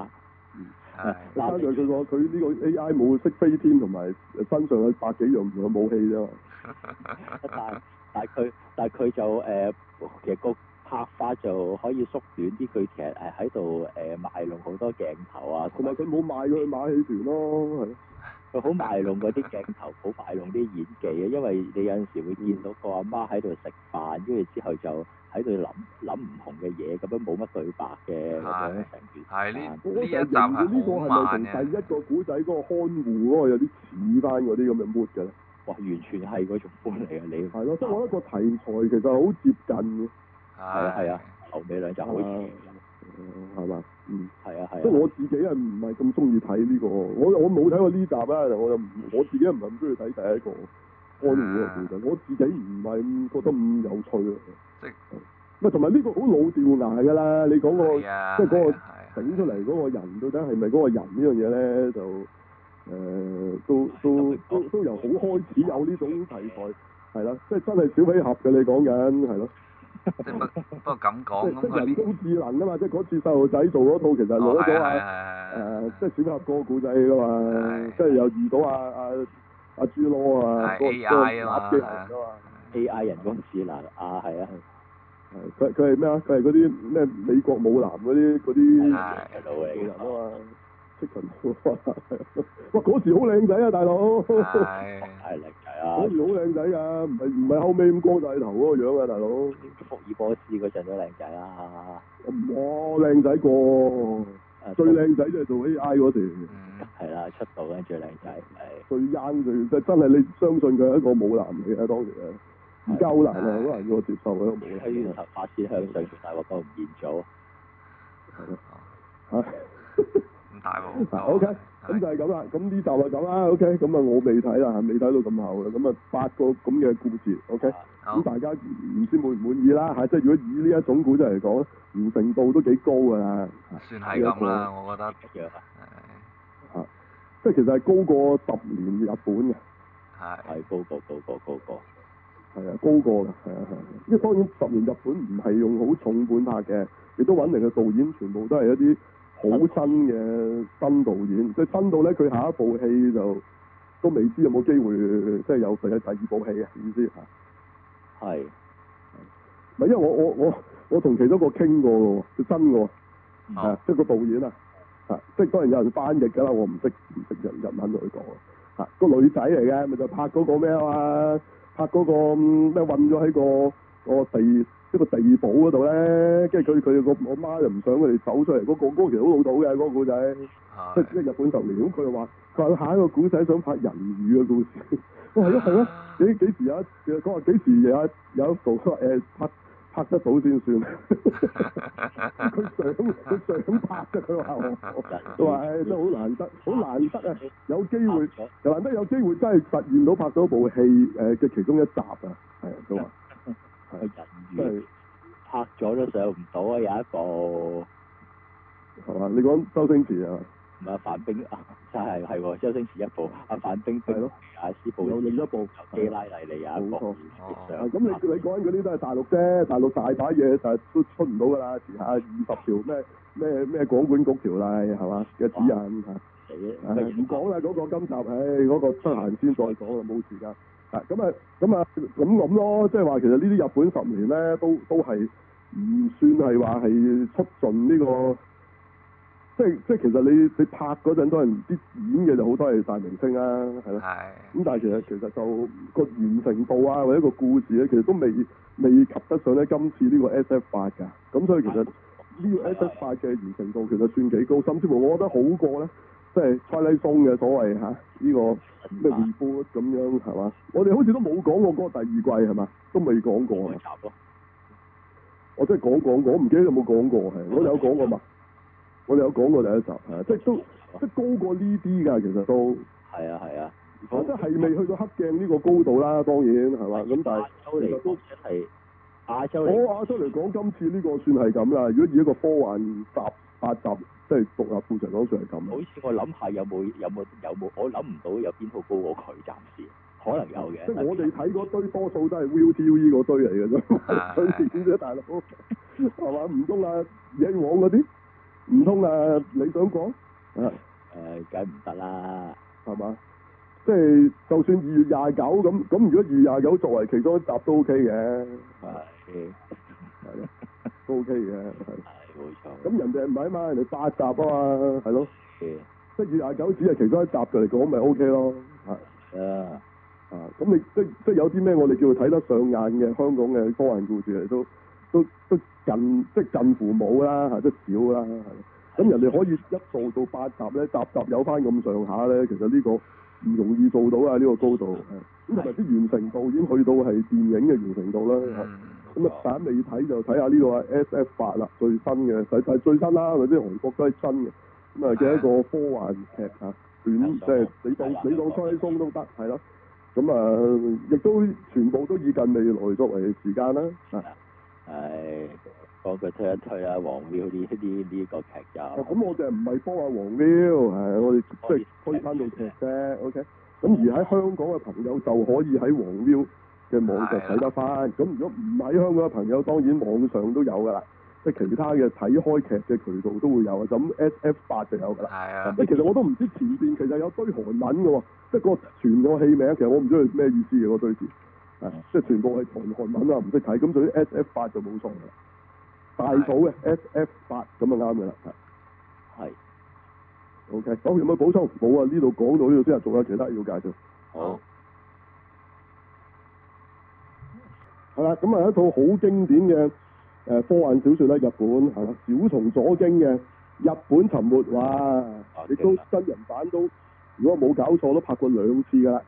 係。 嗱，佢話佢呢個 AI 冇識飛天同埋身上有百幾樣嘅武器啫嘛。 但但係佢，但係佢就誒，其實個拍法就可以縮短啲。佢其實誒喺度誒賣弄好多鏡頭啊，同埋佢冇賣弄買戲團咯，係。佢好賣弄嗰啲鏡頭，好賣弄啲演技啊！因為你有陣時會見到個阿媽喺度食飯，跟住之後就喺度諗諗唔同嘅嘢，咁樣冇乜對白嘅咁樣成段。係呢呢一集呢個係咪同第一個古仔嗰個看護嗰個有啲似翻嗰啲咁嘅抹 o 咧？哇！完全係嗰種風嚟啊，你係咯，即係我一個題材其實好接近嘅，係啊係啊後尾兩集好似係嘛，嗯係啊係啊，即係我自己係唔係咁中意睇呢個，我我冇睇過呢集啦，我就我自己唔係咁中意睇第一個安茹嘅故事，我自己唔係覺得咁有趣啊，即係同埋呢個好老掉牙㗎啦，你講個即係嗰個整出嚟嗰個人到底係咪嗰個人呢樣嘢咧就？誒，都都都都由好開始有呢種題材，係啦，即係真係小飛俠嘅你講緊，係咯。即係咁講。即係人工智能啊嘛，即係嗰次細路仔做嗰套，其實攞咗啊，誒，即係小飛俠個故仔噶嘛，即係又遇到啊啊阿朱羅啊，個個 AI 啊嘛，AI 人工智能啊，係啊，係佢佢係咩啊？佢係嗰啲咩美國舞男嗰啲啲人啊嘛。識羣 哇！哇嗰時好靚仔啊，大佬！係、 哎，好靚 仔啊！嗰時好靚仔啊！唔係唔係後尾咁高大頭嗰個樣啊，大佬。福爾摩斯嗰陣都靚仔啦，我、哎、靚、哦、仔過。嗯、最靚仔就係做 AI 嗰時。係啦、 嗯 啊，出道嗰陣最靚仔係。啊、最閹就真係你相信佢係一個冇男女啊！當時啊，唔夠男啊，好難要我接受佢！啊、哎。係呢？ 嚇！ OK，咁就係咁啦，咁呢集就係咁啦，OK，咁啊我未睇啦，未睇到咁好嘅，咁啊八個咁嘅故事，OK，咁大家唔知滿唔滿意啦，嚇，即係如果以呢一種故事嚟講，完成度都幾高㗎啦，算係咁啦，我覺得，嚇，即係其實係高過十年日本嘅，係係高過高過高過，係啊，高過㗎，係係係，因為當然十年日本唔係用好重本拍嘅，亦都揾嚟嘅導演全部都係一啲。好新嘅新導演，即係新到咧，佢下一部戲就都未知有冇機會，即係有佢嘅第二部戲啊，意思嚇？係、啊。唔係因為我我我我同其中一個傾過嘅喎，係真嘅喎，即係個導演啊，係即係當然有人翻譯㗎啦，我唔識，唔識人，就唔肯同佢講啊。嚇個女仔嚟嘅，咪就係、拍嗰個咩啊拍嗰、嗰個咩混咗喺個、嗰個地。一個地堡嗰度咧，跟住佢佢個我媽又唔想佢哋走出嚟，嗰、那個嗰個其實好老到嘅嗰個古仔，即係的日本十年。咁佢就話：佢話下一個古仔想拍人魚嘅故事。 我話係咯係咯，幾幾時有一？佢話幾時有有一部？佢、欸、拍拍得到先算。佢 想佢想拍嘅，佢話我話誒真係好難得，好難得啊！有機會有難得有機會真係實現到拍到部戲誒嘅、呃、其中一集啊！係啊，佢話。人魚拍咗都上唔到啊！有一部係嘛？你講周星馳啊？唔係、啊、范冰冰真係係周星馳一部啊，范冰冰，冰啊，斯布有另一部《基拉尼》嚟有一個影咁你你講緊嗰啲都係大陸啫，大陸大把嘢，但係都出唔到㗎啦！啊，二十條咩咩咩廣管局條例係嘛嘅指引啊！唔講啦，嗰個今集，唉、哎，嗰、嗰個得閒先再講啦，冇時間。啊，咁啊、哎，咁、嗯、啊，咁諗咯，即係話其實呢啲日本十年咧，都都係唔算係話係出進呢個，即係即係其實你你拍嗰陣都係啲演嘅就好多係大明星啊，係、嗯、咯，咁、嗯、但係其實其實就個完成度啊，或者個故事咧，其實都未未及得上咧今次呢個 S F 八㗎，咁所以其實呢個 S F 八嘅完成度其實算幾高，甚至乎我覺得好過咧。即係快啲送嘅所謂嚇，呢個咩 reboot 咁樣係嘛？我哋好似都冇講過嗰第二季係嘛？都未講過啊！我即係講講我唔記得有冇講過係。我哋有講過嘛？我哋有講過第一集係，即係都即係高過呢啲㗎。其實都係啊係啊，我即係未去到黑鏡呢個高度啦，當然係嘛？咁但係亞洲嚟嘅我亞洲嚟講，今次呢個算係咁啦。如果以一個科幻集八集。即係獨立副場講上係咁啦。好似我諗下有冇有冇有冇，我諗唔到有邊套高過佢，暫時可能有嘅。 即係我哋睇嗰堆多數都係 ViuTV 呢堆嚟嘅啫。啊！點啫， 大佬係嘛？唔 通啊，以往嗰啲？唔通啊？你想講啊？誒、啊，梗唔得啦，係、就、嘛、是？即係就算二月廿九咁，咁如果二月廿九作為其中一集都 OK 嘅，係， 係都 OK 嘅。咁人哋唔係啊嘛，人哋八集啊嘛，係咯，的即係廿九節啊，其中一集佢嚟講，咪 O K 咯。係的啊，咁、嗯、你即即有啲咩我哋叫做睇得上眼嘅香港嘅科幻故事嚟都都都近即近乎冇啦嚇，都少啦係。咁的人哋可以一做到八集咧，集集有翻咁上下咧，其實呢個唔容易做到啊呢、呢個高度。咁同埋啲完成度已經去到係電影嘅完成度啦。的咁啊，等你睇就睇下呢個啊，SF 八啦，最新嘅，係係最新啦，係咪先？韓國都係新嘅。咁啊，嘅一個科幻劇啊，短，即係你當你當吹風都得，係咯。咁啊，亦都全部都以近未來作為時間啦。係啊。係，講句推一推啊，王喵呢呢呢個劇集。咁我哋唔係幫啊王喵，係我哋即係推翻到劇啫，OK？咁而喺香港嘅朋友就可以喺王喵。嘅網就睇得翻，咁、啊、如果唔喺香港嘅朋友，當然網上都有噶啦，即係其他嘅睇開劇嘅渠道都會有，就咁、是、S F 八就有噶啦。係啊，即其實我都唔知前邊其實有堆韓文嘅喎，即係個全個戲名，其實我唔知佢咩意思嘅嗰堆字啊，即係全部係韓韓文啦，唔識睇。咁所以是、okay，嗯、有 S F 八就冇錯嘅啦，大組嘅 S F 八咁就啱嘅啦。係，OK，有冇補充？好啊，呢度講到呢度之後，仲有其他要介紹。好、嗯。係啦，咁啊一套好經典嘅誒科幻小説啦，日本，係啦，《小松左京》嘅《日本沉沒話》哦，哇都，亦都真人版都，如果冇搞錯都拍過兩次噶啦。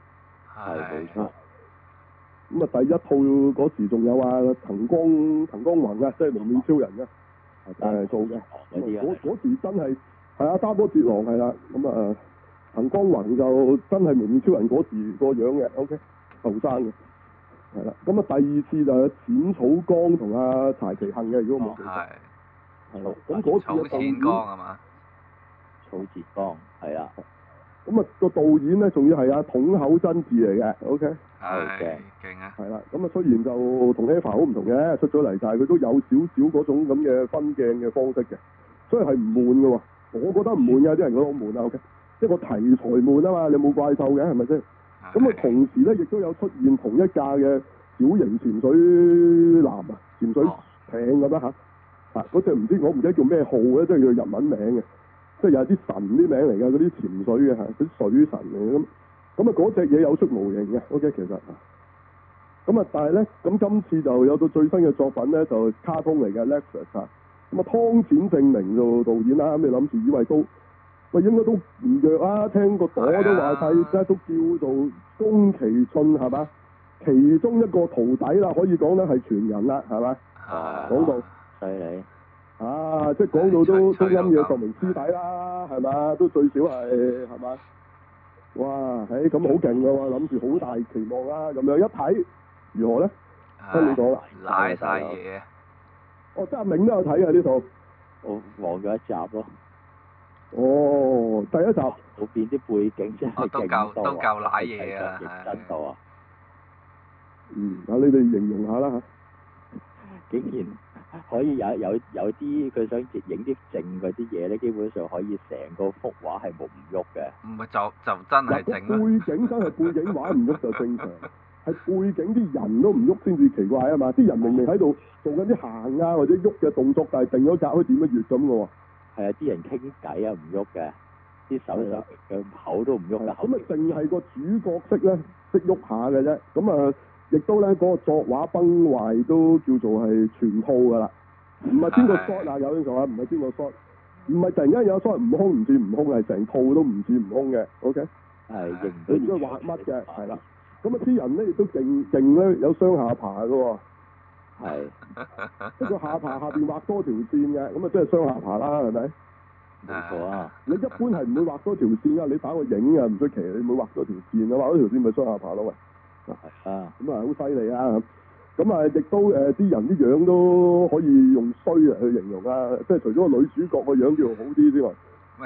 係冇錯。咁啊，第一套嗰時仲有啊藤岡藤岡弘啊，即係幪面超人嘅，係做嘅。嗰的時真係係啊，三波哲郎係啦，咁啊藤岡弘就真係幪面超人嗰時個樣嘅，OK，後生嘅。係啦，咁啊第二次就係《草彅剛》同阿柴崎幸嘅，如果冇記錯。係、哦。咯，咁嗰、嗯、草次導演《草彅剛》啊嘛。草彅剛，係啊。咁啊，個導演咧，仲要係啊，樋口真嗣嚟嘅 OK?、哎、，OK。係。勁啊！係啦，咁啊，雖然就同《EVA》好唔同嘅出咗嚟，但係佢都有少少嗰種咁嘅分鏡嘅方式嘅，所以係唔悶嘅喎。我覺得唔悶嘅，有啲人覺得好悶啊，OK。即係個題材悶啊嘛，你冇怪獸嘅，係咪先？咁啊、嗯，同時咧，亦都有出現同一架嘅小型潛水艦啊，潛水艇咁樣嚇，oh. 啊嗰隻唔知我唔記得叫咩號咧，即係叫日文名嘅，即係有啲神啲名嚟嘅嗰啲潛水嘅嚇，啲、啊、水神嚟嘅咁，咁啊嗰隻嘢有出模型嘅，OK 其實啊，咁啊，但係咧，咁今次就有到最新嘅作品咧，就卡通嚟嘅，Lexus 啊，咁啊湯淺正明做導演啦，咁你諗住以為都？喂，應該都唔弱啊！聽個朵都話曬，都叫做宮崎駿係嘛？其中一個徒弟啦，可以講咧係傳人啦，係嘛？啊、uh, 裡！講到犀利啊！即係講到都中音嘅著名師弟啦，係嘛？都最少係係嘛？哇！誒咁好勁嘅喎，諗住好大期望、uh, 啊！咁樣一睇如何咧？跟住講啦，拉曬嘢！我真係銘都有睇啊！呢套我望咗一集咯。哦，第一集後邊啲背景真係勁多啊！都夠都夠瀨嘢啊！嗯，嗱，你哋形容下啦嚇。竟然可以有有有啲佢想影啲靜嗰啲嘢咧，基本上可以成個幅畫係冇唔喐嘅。唔係就就真係整背景真係背景畫唔喐就正常，係背景啲人都唔喐先至奇怪啊嘛！啲人明明喺度做緊啲行啊或者喐嘅動作，但係定咗格可以點乜越咁嘅喎？係啊，啲人傾偈啊，唔喐嘅，啲手又口都唔喐。咁咪淨係個主角式咧，識喐下嘅啫。咁啊，亦都咧嗰、嗰個作畫崩壞都叫做係全套噶啦。唔係邊個 shot 啊？有啲咁啊，唔係邊個 shot？唔係突然間有 shot，悟空唔似悟空，係成套都唔似悟空嘅。OK。係。你唔知畫乜嘅？係啦。咁啊，啲人咧亦都勁勁咧，有雙下巴嘅喎。係，即個下巴下邊畫多條線嘅，咁啊，即係雙下巴啦，係咪？冇錯啊！你一般係唔會畫多條線啊。你打個影啊，唔出奇，你唔會畫多條線啊，畫多條線咪雙下巴咯，喂！ 啊，咁啊，好犀利啊！咁啊，亦都誒，啲、呃、人啲樣都可以用衰嚟，去形容啊，即係除咗個女主角個樣叫好啲之外。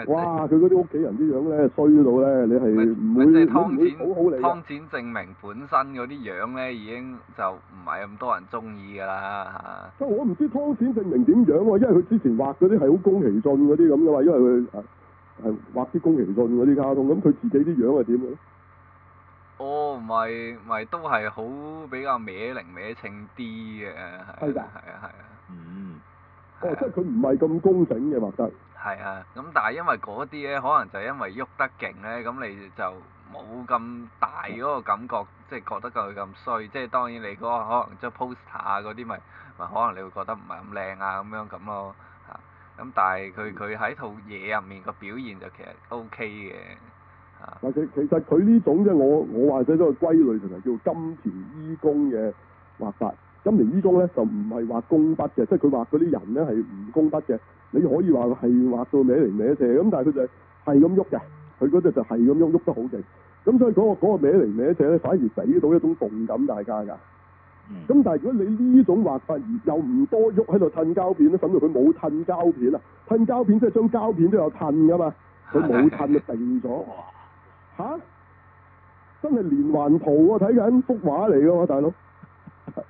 哇！佢嗰啲屋企人啲樣咧衰到咧，即係你係唔會唔會好好嚟？湯淺政明本身嗰啲樣咧已經就唔係咁多人中意噶啦。即係我唔知湯淺政明點樣喎，因為佢之前畫嗰啲係好宮崎駿嗰啲咁嘅嘛，因為佢係、啊、畫啲宮崎駿嗰啲卡通，咁佢自己啲樣係點啊？哦，唔係都係好比較歪零歪稱啲嘅，係啊，係啊的，係啊，嗯。即係佢唔係咁工整嘅畫法。係啊，咁但係、啊、因為嗰啲咧，可能就因為喐得勁咧，咁你就冇咁大嗰個感覺，嗯、即係覺得佢咁衰。即係當然你嗰個可能即係 poster 啊嗰啲、就是，咪咪、嗯、可能你會覺得唔係咁靚啊咁樣咁咯嚇。咁、啊、但係佢佢喺套嘢入面個表現就其實 OK 嘅嚇。啊、但其實佢呢種咧，我我話佢都係歸類成係叫金錢醫公嘅畫法。金元呢種咧就唔係話工筆嘅，即係佢畫嗰啲人咧係唔工筆嘅。你可以話係畫歪歪歪歪，那個那個歪嚟歪斜，咁但係佢就係咁喐嘅，佢嗰隻就係咁喐，喐得好勁。咁所以嗰個嗰個歪嚟歪斜咧，反而俾到一種動感大家噶。咁、嗯、但係如果你呢種畫法而又唔多喐喺度褪膠片咧，甚至佢冇褪膠片啊，褪膠片即係將膠片都有褪噶嘛，佢冇褪就定咗。吓、 啊，真係連環圖啊！睇緊幅畫嚟噶嘛，大佬。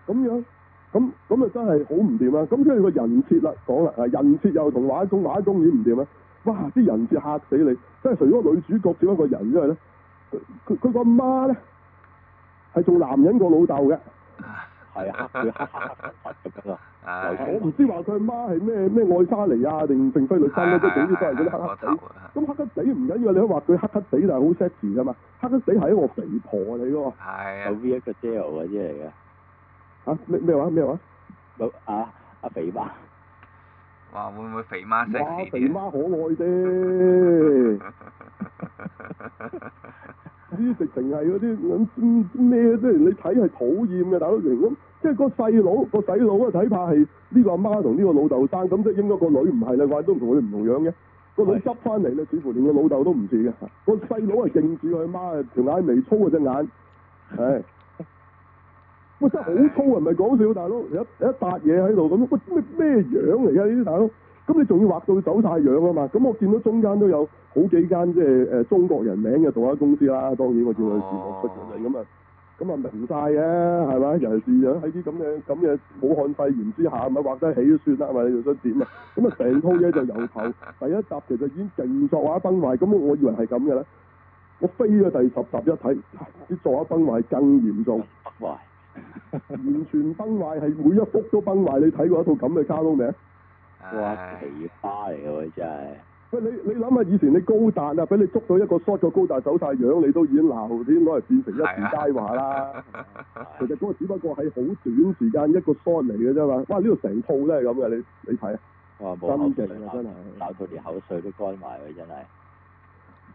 咁樣咁咁啊真係好唔掂啊！咁即係個人設啦，講啦，啊人設又同畫中畫中演唔掂啊！哇，啲人設嚇死你，即係除咗女主角點一個人之外咧，佢佢個媽咧係做男人個老豆嘅，係啊，黑黑黑黑黑咁樣啊！我唔知話佢媽係咩咩愛莎尼啊，定並非女神咧，都係總之都係嗰啲黑黑死。咁黑黑死唔緊要，你可話佢黑黑死但係好 sexy 噶嘛，黑黑死係一個肥婆嚟噶嘛，係啊，有 V 一個 deal 嗰啲嚟噶。啊！咩咩話咩話？老啊！阿、啊、肥媽，哇！會唔會肥媽肥媽可愛啫。呢啲直情係嗰啲咁咩啫？你睇係討厭嘅大都成咁，即係個細佬個細佬啊，睇怕係呢個阿媽同呢個老豆生咁，即係應該嗰個女唔係啦，都同佢唔同樣嘅。個女執翻嚟咧，似乎連個老豆都唔似嘅。個細佬係認住佢阿媽啊，條眼眉，眉粗啊，隻眼係。 喂，真係好粗啊！唔係講笑，大佬有一一笪嘢喺度咁，喂咩咩樣嚟㗎？呢啲大佬，咁你仲要畫到走晒樣啊嘛？咁我見到中間都有好幾間即係誒中國人名嘅動畫公司啦。當然，我叫佢視覺出嚟咁啊，咁啊明曬嘅係嘛？人事啊喺啲咁嘅咁嘅武漢肺炎之下，咪畫得起都算啦，係咪你想點啊？咁啊，成套嘢就由頭第一集其實已經勁作畫崩壞，咁我以為係咁嘅咧，我飛咗第十集一睇，啲作畫崩壞更嚴重。完全崩壞係每一幅都崩壞，你睇過一套咁嘅卡通未啊？哇，奇葩嚟嘅喎，哇真係是。喂，你你諗下以前你高達啊，俾你捉到一個 shot，個高達走晒樣，你都已經鬧，已經攞嚟變成一時佳話啦。啊、其實嗰個只不過係好短時間一個 shot 嚟嘅啫嘛。哇，呢度成套都係咁嘅，你你睇。哇！冇口水啊！鬧到連口水都乾埋，真係。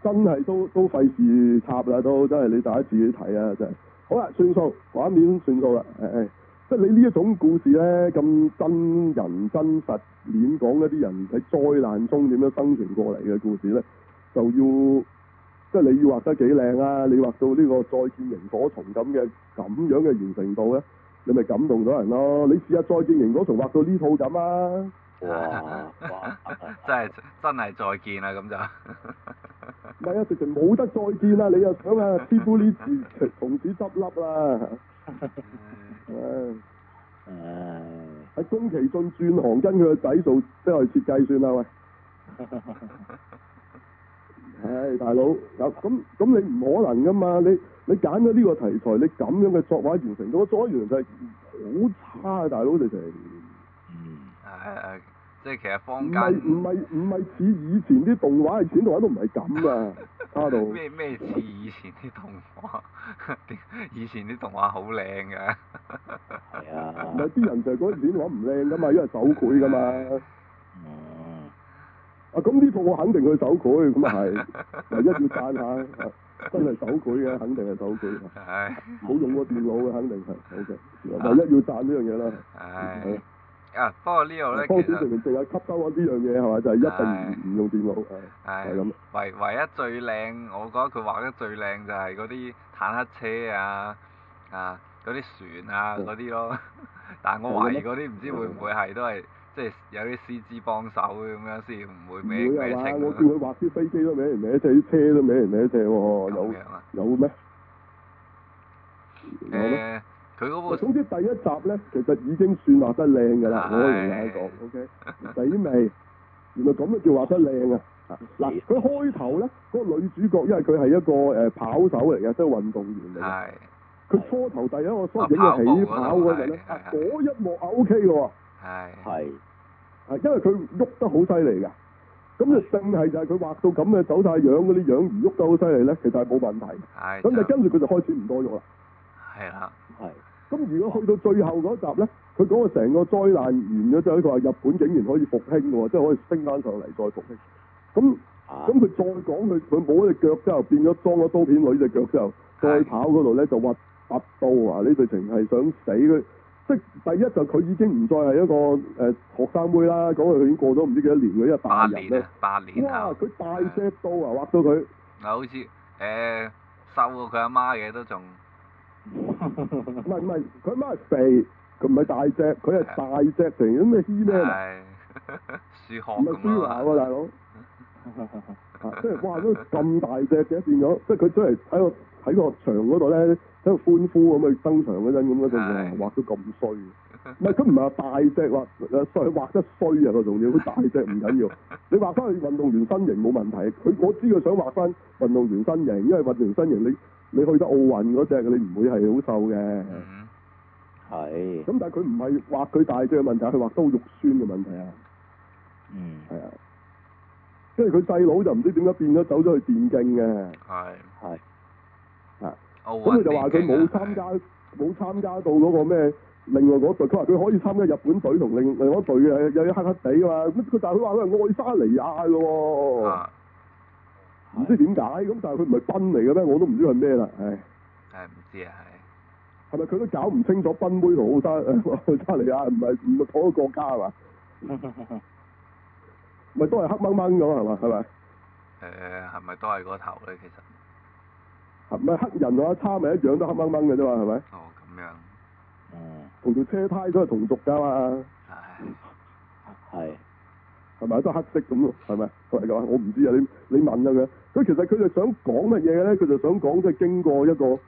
真係都都費事插啦，都真係你大家自己睇啊，真係。好啦，算數，畫面算數啦。誒誒，即係你呢一種故事呢，咁真人真實，點講一啲人喺災難中點樣生存過嚟嘅故事呢，就要即係你要畫得幾靚啊！你畫到呢個《再見螢火蟲》咁嘅咁樣嘅完成度呢，你咪感動咗人咯！你試下《再見螢火蟲》畫到呢套咁啊！哇！哇！ 真係真係再見啦，咁就唔 係啊！直情冇得再見啦，你又想啊？師傅劣師同子執笠啦！唉唉、 啊，宮崎駿轉行跟佢個仔做呢類設計算啦喂！唉、 哎，大佬，咁、啊、咁你唔可能噶嘛？你你揀咗呢個題材，你咁樣嘅作畫完成，那個作畫就係好差啊！大佬，直情。誒、啊，即係其實方唔係唔係唔係似以前啲動畫，動畫 以前動畫都唔係咁啊。阿道。咩咩似以前啲動畫？以前啲動畫好靚噶。係啊。唔係啲人就係嗰啲畫唔靚噶嘛，因為手繪噶嘛 啊繪、嗯。啊，咁呢套我肯定佢手繪，咁啊係，唯一要讚下，真係手繪嘅，肯定係手繪。唉。冇用過電腦嘅，肯定係，手嘅、啊，唯一要讚呢樣嘢啦。唉、哎。啊！不過呢個咧，其實，方子仲有吸收緊呢樣嘢，係嘛？就係、係、一定唔用電腦，係係咁。啊、唯唯一最靚，我覺得佢畫得最靚就係嗰啲坦克車啊，啊嗰啲船啊，嗰啲 咯。但係我懷疑嗰啲唔知會唔會係的都係即係有啲 CG 幫手咁樣先，唔會咩？歪我見佢畫啲飛機都歪嚟歪斜，啲車都歪嚟歪斜喎、哦。有有咩？有咩？呢 'll 佢總之第一集咧，其實已經算畫得靚噶啦。我而家講，OK，死未，原來咁啊叫畫得靚啊！嗱，佢開頭咧，嗰個女主角，因為佢係一個誒跑手嚟嘅，即係運動員嚟嘅。係。佢初頭第一個，所以影嘅起跑嗰陣咧，嗰一幕啊 OK 嘅喎。係。係。啊，因為佢喐得好犀利嘅，咁就淨係就係佢畫到咁嘅走態，樣嗰啲樣唔喐得好犀利咧，其實係冇問題。係。咁就跟住佢就開始唔多喐啦。係啦。係。咁、嗯、如果去到最後嗰集呢，佢講個成個災難完咗之後，佢話日本竟然可以復興喎，即係可以升翻上嚟再復興。咁咁佢再講佢佢冇咗隻腳之後，變咗裝咗刀片女隻腳之後，再跑嗰度呢，就挖拔刀啊！呢對情係想死佢。即第一就佢已經唔再係一個誒、呃、學生妹啦，講佢已經過咗唔知幾多年嘅一大人八年啊！八年哇！佢大隻刀啊，挖、嗯、到佢嗱，好似誒、呃、瘦過佢阿媽嘅都仲。唔係唔係，佢媽係肥？佢唔係大隻，佢係大隻嚟，咁你知咩？樹熊咁啊！樹熊大佬、 啊！即係哇！都咁大隻嘅，變咗即係佢出嚟喺個喺個牆嗰度咧，喺度歡呼咁去登場嗰陣咁嗰度哇！畫到咁衰，唔係佢唔係話大隻畫，誒畫得衰啊！個重要，佢大隻唔緊要， 你畫翻佢運動員身形冇問題。佢我知佢想畫翻運動員身形，因為運動員身形你。你你去得奧運嗰隻，你唔會係好瘦嘅。係、mm。咁、hmm. 但係佢唔係話佢大隻嘅問題，佢話都肉酸嘅問題啊。嗯、mm。係、hmm. 啊。因為佢細佬就唔知點解變咗走咗去電競嘅。係是。係。啊。咁佢奧運 就話佢冇參加，冇參、啊、加，加到嗰個咩？另外嗰隊，佢話佢可以參加日本隊同另另一隊嘅，有啲黑黑地啊嘛。佢但係佢話佢係愛沙尼亞咯。啊唔是知點解咁，但係佢唔係賓嚟嘅咩？我都唔知係咩啦，唉！唉，唔知啊，係係咪佢都搞唔清楚賓妹同澳沙，澳沙利亞啊？唔係唔係同一個國家係嘛？咪 都係黑掹掹嘅咯，係嘛？係咪？誒，係咪都係個頭咧？其實係咪黑人話差咪一樣都黑掹掹嘅啫嘛？係咪？哦，咁樣哦，同條車胎都係同族噶嘛？係係 唉。係咪都黑色咁咯？係咪？係咪講？我唔知啊！你你問下佢。所以其實佢就想講乜嘢嘅咧？佢就想講即係經過一個，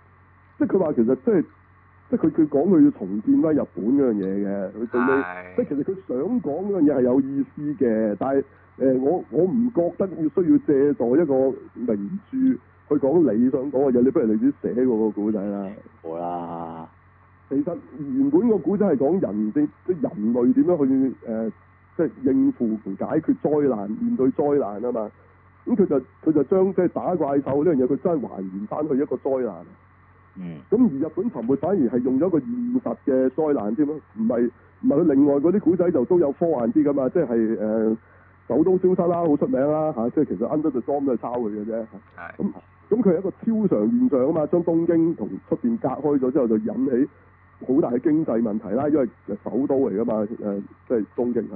即係佢話其實即、就、係、是，即係佢佢講佢要重建翻日本嗰樣嘢嘅。佢做咩？即係其實佢想講嗰樣嘢係有意思嘅，但係誒、呃、我我唔覺得要需要借助一個名著去講你想講嘅嘢。你不如你自己寫個古仔啦。好啦、啊，其實原本個古仔係講人點即係人類點樣去誒。呃即係應付同解決災難，面對災難啊嘛，咁、嗯、佢就佢就將即係、就是、打怪獸呢樣嘢，佢真係還原翻去一個災難。嗯。咁而日本沉沒反而係用咗一個現實嘅災難添，嘛，唔係唔係另外嗰啲古仔就都有科幻啲噶嘛，即係誒首都消失啦，好出名啦嚇，即、啊、係其實《Under the Dome》都係抄佢嘅啫。係的。咁咁佢係一個超常現象啊嘛，將東京同出邊隔開咗之後，就引起好大經濟問題啦，因為首都嚟噶嘛，誒即係東京係。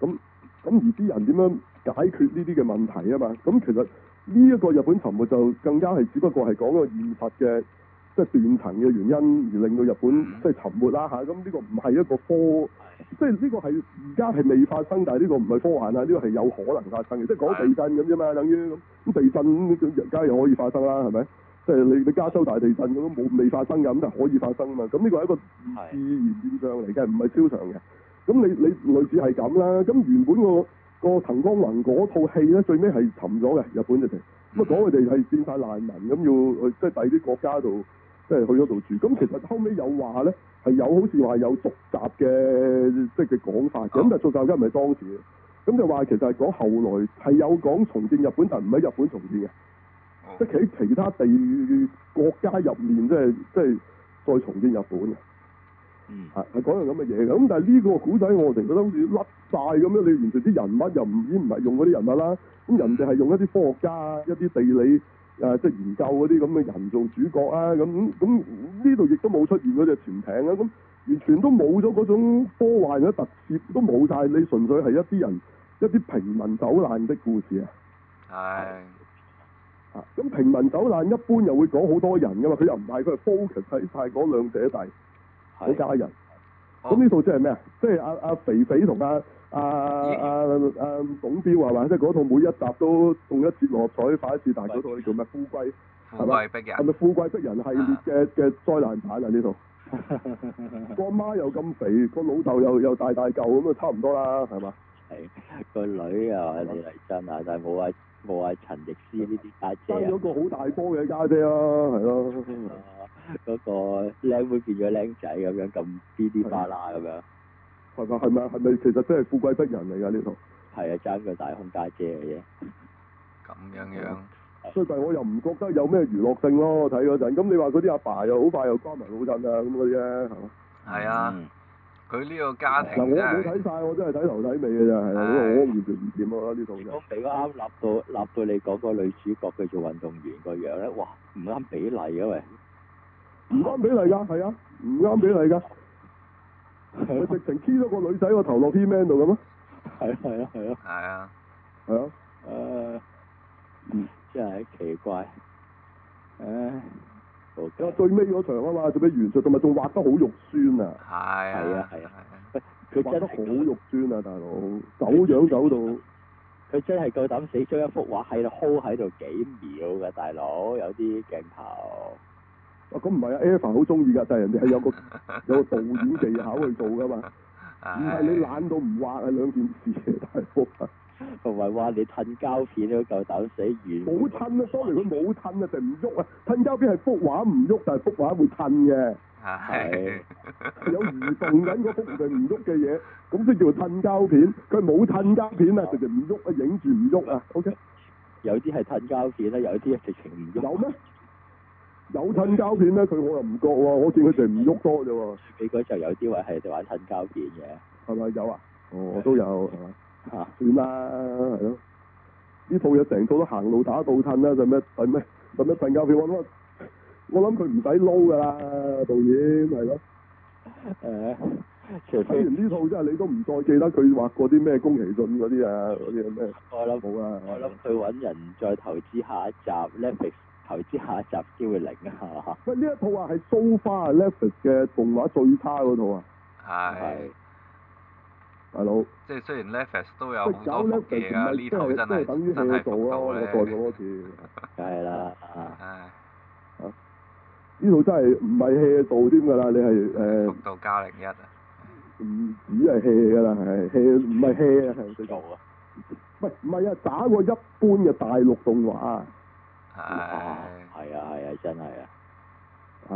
咁咁而啲人點樣解決呢啲嘅問題啊嘛？咁其實呢一個日本沉沒就更加係只不過係講個現實嘅，即係斷層嘅原因而令到日本即係沉沒啦嚇。咁呢個唔係一個科，即係呢個係而家係未發生，但係呢個唔係科幻啊，呢個係有可能發生嘅。即係講地震咁啫嘛，等於咁地震梗係又可以發生啦，係咪？即係你你加州大地震咁都冇未發生嘅，咁但係可以發生啊嘛。咁呢個係一個自然現象嚟嘅，唔係超常嘅。咁你你類似係咁啦，咁原本、嗰個、嗰個藤江雲嗰套戲咧，最尾係沉咗嘅，日本就地咁講，佢哋地係變曬難民咁，要去即係第二啲國家度，即係去嗰度住。咁其實後尾有話咧，係有好似話有續集嘅，即係嘅講法嘅。咁啊，續集一唔係當時，咁就話其實係講後來係有講重建日本，但唔喺日本重建嘅，即喺其他地國家入面、即係，即係即係再重建日本。嗯，係係、啊、講樣咁嘅嘢嘅，咁但係呢個古仔我哋嗰得好似甩晒咁樣，你完全啲人物又已唔係用嗰啲人物啦，咁人哋係用一啲科學家、一啲地理啊，即係研究嗰啲咁嘅人造主角啊，咁咁呢度亦都冇出現嗰隻船艇啊，咁、啊、完全都冇咗嗰種科幻嘅特攝，都冇晒。你純粹係一啲人一啲平民走難的故事、哎、啊。係啊，咁平民走難一般又會講好多人噶嘛，佢又唔係佢係煲 o c 晒 s 嗰兩者第。好家人，咁呢套即係咩啊？即係阿阿肥肥同阿阿阿阿董彪係嘛？即係嗰套每一集都用一節落彩，擺一節大嗰套，你做咩？富貴，係嘛？係咪富貴逼人系列嘅嘅災難版啊？呢套個媽又咁肥，個老豆又又大大嚿，咁啊差唔多啦，係嘛？個 女呀你嚟真，但係冇啊。 冇阿陳奕詩呢啲家姐，爭咗個好大波嘅家姐啊，係咯、啊，嗰 個靚妹變咗靚仔咁樣，咁 B D 巴拉咁樣，係咪、啊？係咪？係咪？其實真係富貴逼人嚟㗎呢套，係啊，爭、啊、個大胸家姐嘅嘢，咁樣樣所以。不過、啊、我又唔覺得有咩娛樂性咯，睇嗰陣。咁你話嗰啲阿爸又好快又關埋老陣啊，咁嘅啫。咧，係嘛？係啊。佢呢個家庭我冇睇晒，我真係睇頭睇尾嘅咋，係啊對，的我完全唔掂啊呢套。如果俾啱立到立到你講個女主角嘅做運動員個樣咧，哇，唔啱比例啊。喂，唔啱比例㗎，係啊，唔啱比例㗎，你直情黐咗個女仔個頭落啲 man 度咁啊。係係啊係啊。係啊。係啊。誒。嗯，真係奇怪。誒。 你話、嗯啊、最尾嗰場啊嘛，做咩元素？同埋仲畫得好肉酸啊！係、哎、呀啊，係啊，係啊，佢、啊、畫得好肉酸啊，大佬、嗯、走樣走到，佢真係夠膽死將一幅畫喺度 hold 喺度幾秒嘅，大佬有啲鏡頭。哇、啊！咁唔係啊，Evan 好中意㗎，但係、 就是、人哋係有個 有個導演技巧去做㗎嘛，唔係 你懶到唔畫啊兩件事嘅，大佬。 同埋話！你褪膠片都夠膽死完，冇褪啊！當然佢冇褪啊，直情唔喐啊。褪膠片係幅畫唔喐，但係幅畫會褪嘅。係是 有移動緊嗰幅，就唔喐嘅嘢，咁先叫做褪膠片。佢冇褪膠片啊，直情唔喐啊，影住唔喐啊。O、okay? K，有啲係褪膠片啦、啊，有啲係直情唔喐。有咩？有褪膠片咩、啊？佢我又唔覺喎、啊，我見佢成唔喐多咗喎。你嗰時候有啲位係玩褪膠片嘅，係咪有啊？哦、oh，我都有係咪？吓，算啦，係咯。呢套嘢成套都行路打倒褪啦，就咩，就咩，就咩訓教。譬如我諗，我諗佢唔使撈噶啦，導演，係咯。誒，其實睇完呢套真係你都唔再記得佢畫過啲咩宮崎駿嗰啲啊，嗰啲咩。我諗冇啦。我諗去搵人再投資下一集 Netflix 投資下一集先會零啊。喂，呢一套啊係 so far Netflix 嘅動畫最差嗰套啊。係。大佬，即係雖然 Netflix 都有好多伏擊啊！呢度，真係真係是等於係做啊，我再講多次，梗係啦，唉，呢度真係唔係戲做添㗎啦，你係誒六到加零一啊，唔止係戲㗎啦，係戲唔係戲啊，係度啊，唔係唔係啊，打過一般嘅大陸動畫，係係啊係啊真係啊，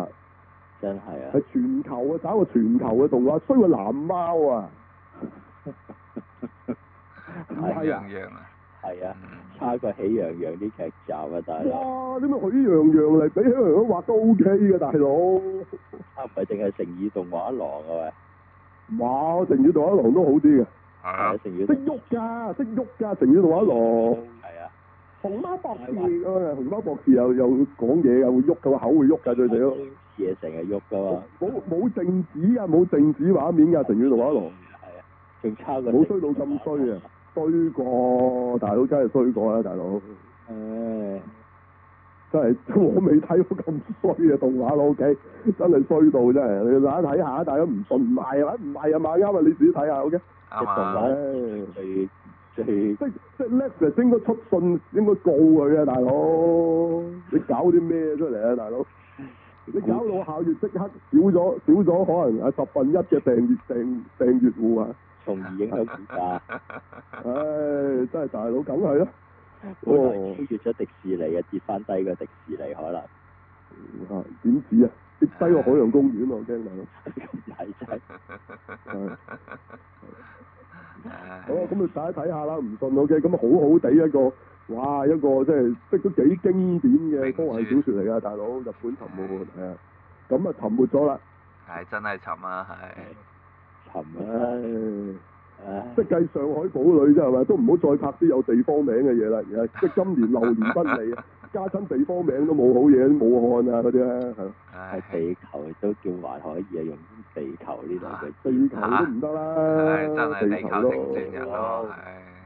啊真係啊，係、啊啊、 全球啊打過全球嘅動畫，衰過藍貓啊！喜羊羊啊，係啊，差過喜洋洋啲劇集啊，大佬。哇，點解喜洋洋嚟？俾洋畫都 O K 嘅，大佬。啊，唔係淨係成語動畫廊啊。喂。哇，成語動畫廊都好啲嘅。係。識喐噶，識喐噶，成語動畫廊。係啊。熊貓博士熊貓博士又又講嘢，又會喐嘅，口會喐嘅最少。嘢成日喐噶嘛？冇冇靜止啊？冇靜止畫面嘅成語動畫廊。冇衰到咁衰啊！衰過 衰看看，大佬真係衰過啦，大佬。誒，真係我未睇過咁衰嘅動畫 OK，真係衰到真係，你睇下，大佬唔信唔係啊？唔係啊？唔係啱啊！你自己睇下，O K 啊嘛？誒、okay? 誒吧，即即叻嘅應該出信，應該告佢啊，大佬！你搞啲咩出嚟啊，大佬？ 你搞到我下月即刻少咗少咗可能啊十分一嘅訂閱訂訂閱戶啊！從而影響股價。唉、 哎，真係大佬，梗係啦。會唔會超越咗迪士尼啊？跌翻低個迪士尼可能。嚇點、哎、止啊？跌低個海洋公園啊！我驚大佬。係真係。係。好啊，咁啊，大家睇下啦。唔信我嘅，咁啊，好好地一個，哇，一個即、就、係、是，即都幾經典嘅科幻小說嚟噶，大佬。日本沉沒誒，咁啊沉沒咗啦。係、哎、真係沉啊！係、哎。唉，即係上海堡壘啫，係咪？都唔好再拍啲有地方名嘅嘢啦。而家即係今年流年不利啊，加親地方名都冇好嘢，武漢啊嗰啲啊，係地球都叫還可以啊，用地球呢度，地球都唔得啦，真係地球都轉日咯，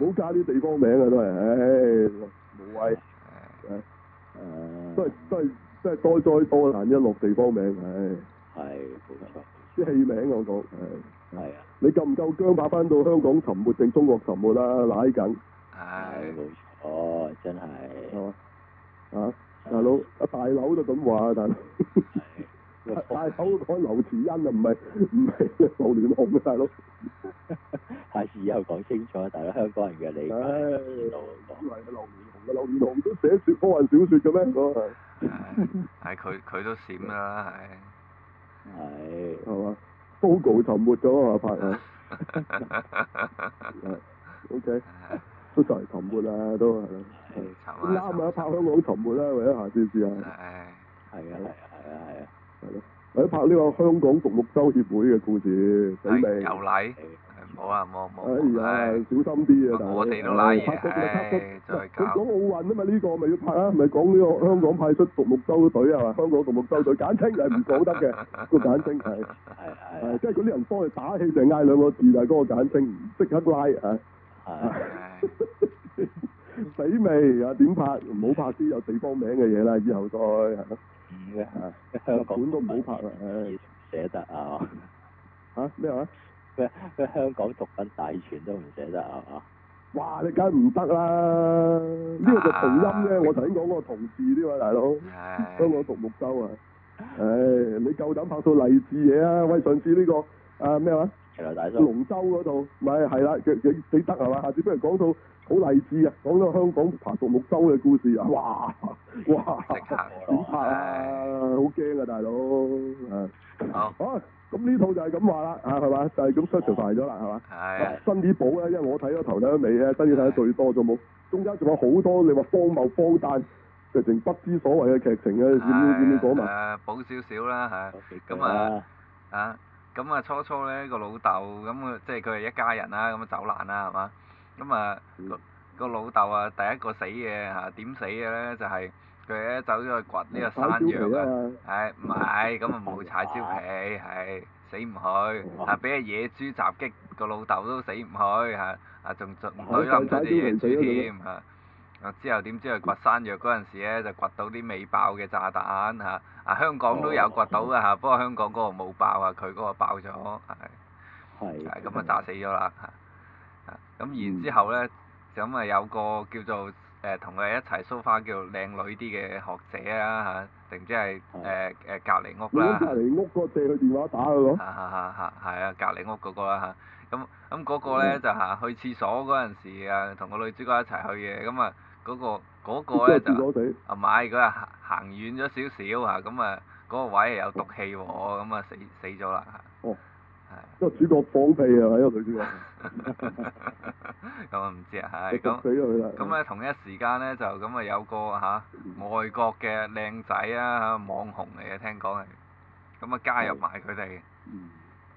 唔好加啲地方名啊都係，唉，冇謂，都係都係都係多災多難一落地方名，係係冇錯，啲戲名我講係。係啊，你夠唔夠薑把翻到香港沉沒定中國沉沒啦，拉緊。唉、哎，冇錯、哎，真係。啊，哎、大大啊。大佬，阿 大佬都咁話啊，大佬。大佬講劉慈欣啊，唔係唔係劉鑾雄啊，大佬。下次以後講清楚，啊，大家香港人嘅理解。唉、哎，以為劉鑾雄嘅劉鑾雄都寫住科幻小說嘅咩？嗰係佢佢都閃啦，係。係。好啊。報告沉沒咗 啊！拍啊，OK，都就嚟沉沒啦，都係啱啊！啊拍香港沉沒啦，為咗下次試下，係啊，係啊、哎，係啊，係啊，係咯，為咗拍呢個香港獨木舟協會嘅故事，的有禮。好啊，冇冇，哎，小心啲啊！我哋都拉嘢啊！再搞，佢講奧運啊嘛，呢個咪要拍啊，咪講呢個香港派出獨木舟隊啊嘛，香港獨木舟隊簡稱係唔講得嘅，個簡稱係係係，即係嗰啲人幫佢打氣，就嗌兩個字但係，嗰個簡稱，即刻拉啊！係死未啊？點拍？唔好拍啲有地方名嘅嘢啦，以後再啊，啊，香港都唔好拍啦，唉，捨得啊！嚇咩話？咩？香港毒品大全都唔捨得啊哇！你梗係唔得啦！呢、這個就同音啫，啊、我頭先講個同事呢位大佬、哎、香港獨木舟啊！唉、哎，你夠膽拍到勵志嘢啊？喂，上次呢、這個啊咩話？大龍舟嗰度，唔係係啦，其其幾得係嘛？下次不如講到好勵志啊，講到香港爬獨木舟嘅故事啊，哇哇！食啊，哎、好驚啊，大佬啊！好，咁呢套就係咁話啦，啊係嘛，就係、是、咁 set 咗啦，係嘛？係。新啲補咧，因為我睇咗頭睇咗尾咧，新啲睇得最多仲冇，中間仲有好多你話荒謬荒誕，直情不知所謂嘅劇情有有有有啊，啊！你點點點講嘛？誒，補少少啦嚇，咁啊啊。咁啊，嗯嗯、初初咧個老豆咁啊，即係佢係一家人啦，咁啊走難啦，係嘛？咁啊個老豆啊，第一個死嘅嚇，點、啊、死嘅咧就係佢咧走咗去掘呢個山藥啊，係唔係？咁啊冇踩蕉皮，係 死唔去， 死唔去啊！俾隻野豬襲擊個老豆都死唔去嚇，啊仲仲㨃冧咗隻野豬添啊！之後點知佢掘山藥嗰陣時咧，就掘到啲未爆嘅炸彈嚇，啊香港都有掘到㗎嚇、啊，不過香港嗰個冇爆啊，佢嗰個爆咗，係，係的，咁啊的炸死咗啦嚇。咁然之後咧，咁、就、啊、是、有個叫做誒同佢一齊梳化叫靚女啲嘅學者啊嚇，定即係誒誒隔離屋啦，隔離屋個電話打佢攞，係係係係，係啊隔離屋嗰個啦嚇，咁咁嗰個咧就嚇去廁所嗰陣時啊，同個女主角一齊去嘅，咁、嗯、啊～嗰個嗰個咧就啊買嗰日行行遠咗少少嚇，咁啊嗰個位又有毒氣喎，咁啊死死咗啦！哦，係，個主角放屁啊！喺個女主角。咁啊唔知啊，係咁。死咗佢啦，咁啊同一時間咧就咁啊有個嚇外國嘅靚仔啊嚇，網紅嚟嘅聽講係，咁啊加入埋佢哋。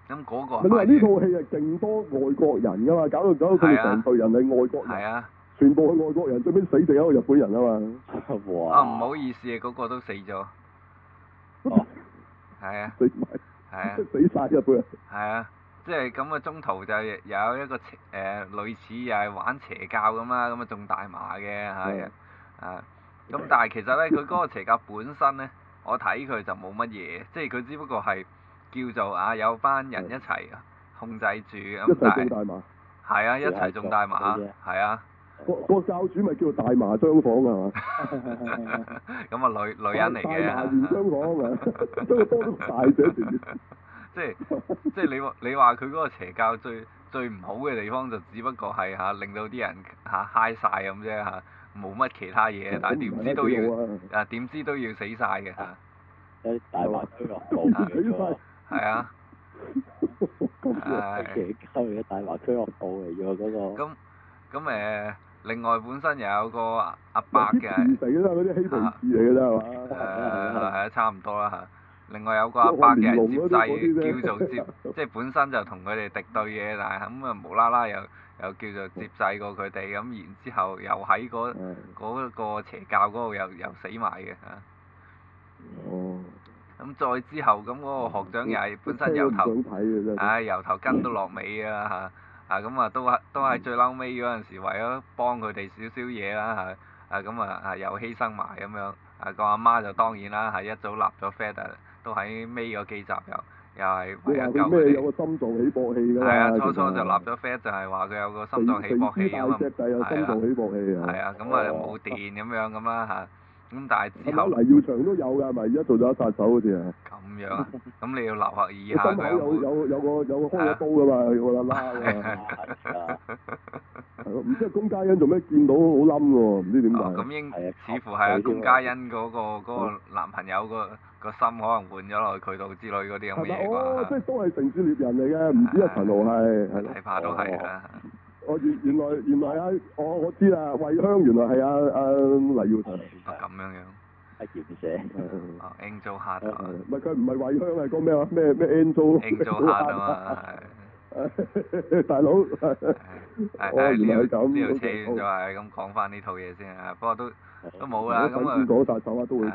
咁嗰個。咁呢套戲係勁多外國人噶嘛，搞到搞到佢哋成隊人係外國人。係啊。全部係外國人，最尾死剩一個日本人啊嘛！啊唔好意思啊，嗰個都死咗。哦，係啊。死埋。係啊。死曬日本人。係啊，即係咁啊！中途就有一個邪誒，類似又係玩邪教咁啦，咁啊種大麻嘅係啊啊！咁但係其實咧，佢嗰個邪教本身咧，我睇佢就冇乜嘢，即係佢只不過係叫做啊有班人一齊控制住咁，但係係啊，一齊種大麻，係啊。個教主咪叫大麻將房啊嘛，咁啊女女人嚟嘅，大麻將房啊嘛，將大姊，即係即係你話你話佢嗰個邪教最最唔好嘅地方就只不過係嚇令到啲人嚇嗨晒咁啫嚇，冇乜其他嘢，但係點知都要啊點知都要死晒嘅嚇，誒大麻俱樂部冇咗，係啊，咁邪教大麻俱樂部冇嚟咗嗰個，咁咁誒。另外本身又有個阿伯嘅，係啊，誒係啊，差唔多啦嚇。另外有個阿伯嘅係接濟，叫做接，即係本身就同佢哋敵對嘅，但係咁啊無啦啦又又叫做接濟過佢哋，咁然之後又喺嗰個邪教嗰度又又死埋嘅嚇。咁再之後咁嗰個學長又係本身由頭，啊由頭跟到落尾啊嚇。啊咁啊，都係都喺最嬲尾嗰陣時，為咗幫佢哋少少嘢啦嚇。啊咁啊，又犧牲埋咁樣。啊個阿媽就當然啦，係一早立咗 flag，都喺尾嗰幾集又又係。你咩有個心臟起搏器㗎？係啊，初初就立咗 flag，就係話佢有個心臟起搏器咁啊。有隻起搏器啊！係啊，咁啊冇電咁樣咁啦嚇。咁但係之後黎耀祥都有㗎，係咪？而家做咗殺手好似啊？咁樣啊？咁你要留意下有冇？心口有有有個有個開咗刀㗎嘛？我諗下。係啊，係咯？唔知阿龔嘉欣做咩見到好冧喎？唔知點解。咁應似乎係阿龔嘉欣嗰個嗰個男朋友個個心可能換咗落去佢度之類嗰啲咁嘅嘢，即係都係城市獵人嚟嘅，唔止一陳浩係，睇怕都係啊。我原原來原來啊！我我知啦，惠香原來係啊，阿黎耀祥。咁樣樣。阿姚姐。啊，Angel 下啊。唔係，佢唔係惠香係個咩啊？咩咩 Angel。Angel 下啊！大佬。我而家走呢條車就咗，係咁講翻呢套嘢先啊！不過都都冇啦，咁啊，講曬講下都會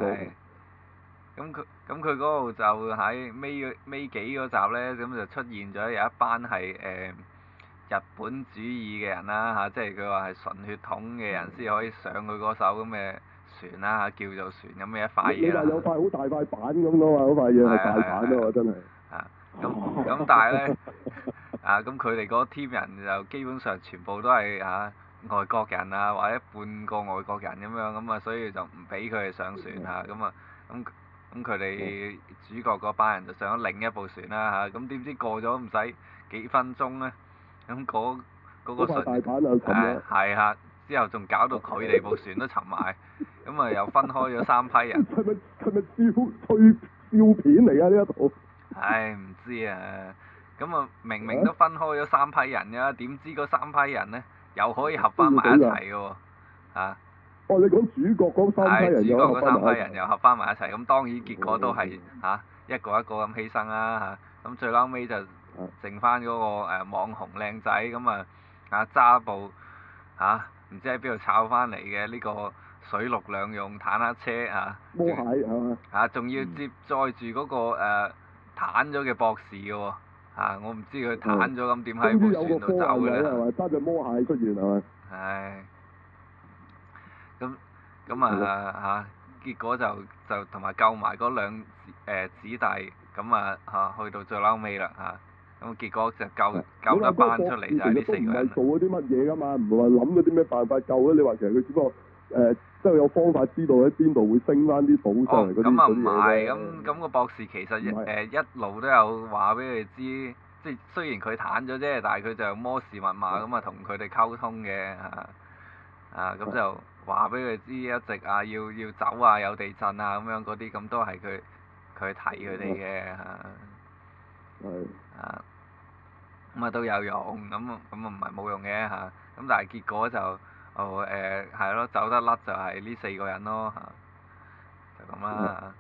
咁佢咁佢嗰度就喺尾尾幾嗰集咧，咁就出現咗有一班係誒，日本主義嘅人啦嚇，即係佢話係純血統嘅人先可以上佢嗰艘咁嘅船啦嚇，叫做船咁嘅一塊嘢啦。你有塊好大塊板咁咯嘛？塊嘢係大板咯，真係。啊，咁咁但係咧，啊咁佢哋嗰 team 人就基本上全部都係嚇外國人啊，或者半個外國人咁樣，咁啊所以就唔俾佢哋上船嚇，咁啊咁咁佢哋主角嗰班人就上咗另一部船啦嚇，咁、啊、點知過咗唔使幾分鐘咧？咁嗰嗰個船，係啊，之後仲搞到佢哋部船都沉埋，咁啊 又分開咗三批人。係咪係咪照退照片嚟、 哎、啊？呢一套。唉，唔知啊。咁啊，明明都分開咗三批人噶，點知嗰三批人咧又可以合翻埋一齊嘅喎？嚇 ？啊、哦，你講主角講三批人又合翻埋一齊，咁當然結果都係嚇、啊、一個一個咁犧牲啦嚇。咁、啊啊啊啊啊啊啊啊、最撈尾就。剩翻嗰、那個誒、啊、網紅靚仔咁啊，阿揸部嚇唔、啊、知喺邊度炒翻嚟嘅呢個水陸兩用坦克車嚇，魔蟹仲要接載住嗰、那個誒攤咗嘅博士嘅喎、啊、我唔知佢攤咗咁點喺魔蟹度走嘅啦。咪？單隻魔蟹出現係咪？係、啊。咁咁啊嚇、啊，結果就就同埋救埋嗰兩、呃、子弟，咁啊嚇去到最撈尾啦嚇。啊咁結果就救說救得返出嚟就係呢四個人做咗啲乜嘢噶嘛，唔係諗咗啲咩辦法救咧？你話其實佢只不過誒，即、呃、係有方法知道喺邊度會升翻啲寶藏出嚟嗰。咁啊唔係，咁咁、咁個博士其實誒是、呃、一路都有話俾佢知，即係是雖然佢癱咗啫，但係佢就摩斯密碼咁啊，同佢哋溝通嘅嚇。啊，咁就話俾佢知一直啊，要要走啊，有地震啊咁樣嗰啲，咁都係佢佢睇佢哋嘅嚇。他啊，咁啊都有用，咁咁啊唔係冇用嘅吓，咁但係結果就哦，誒，係咯，走得甩就係呢四個人咯吓，就咁啦，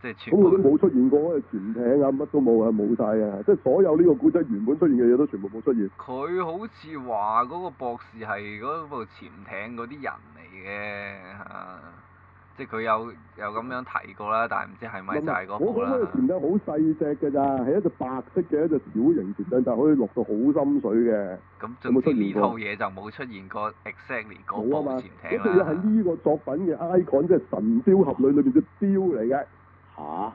即係全部。咁佢都冇出現過潛啊，潛艇啊乜都冇啊，冇晒啊，即係所有呢個古仔原本出現嘅嘢都全部冇出現。佢好似話嗰個博士係嗰部潛艇嗰啲人嚟嘅吓。啊即係佢有有咁樣提過啦，但係唔知係咪就係嗰個啦。我覺得嗰個潛艇好細隻㗎咋，係一隻白色嘅一隻小型潛艇，但係可以落到好深水嘅。咁仲就、嗯、有啲呢套嘢就冇出現過，exactly 嗰部潛艇啦。呢啲係呢個作品嘅 icon，即係神雕俠侶裏邊嘅雕嚟嘅。吓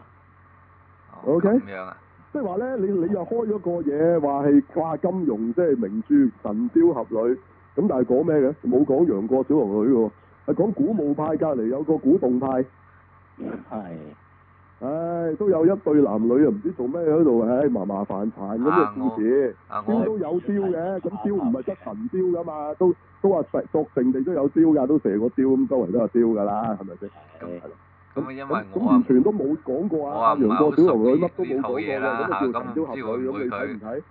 ？OK？咁樣啊？即係話咧，你你又開咗個嘢，話係掛金融即係名著《神雕俠侶》，咁但係講咩嘅？冇講楊過小龍女喎。係講古墓派隔籬有個古洞派。係，唉，都有一對男女啊，唔知做咩喺度，唉，麻麻煩煩咁嘅故事。雕都有雕嘅，咁雕唔係得神雕噶嘛，都都話成作成地都有雕噶，都射過雕咁周圍都有雕噶啦，係咪先？咁因為咁完全都冇講過啊，楊過小龍女乜都冇講過啊，咁叫神雕俠侶，咁你睇唔睇？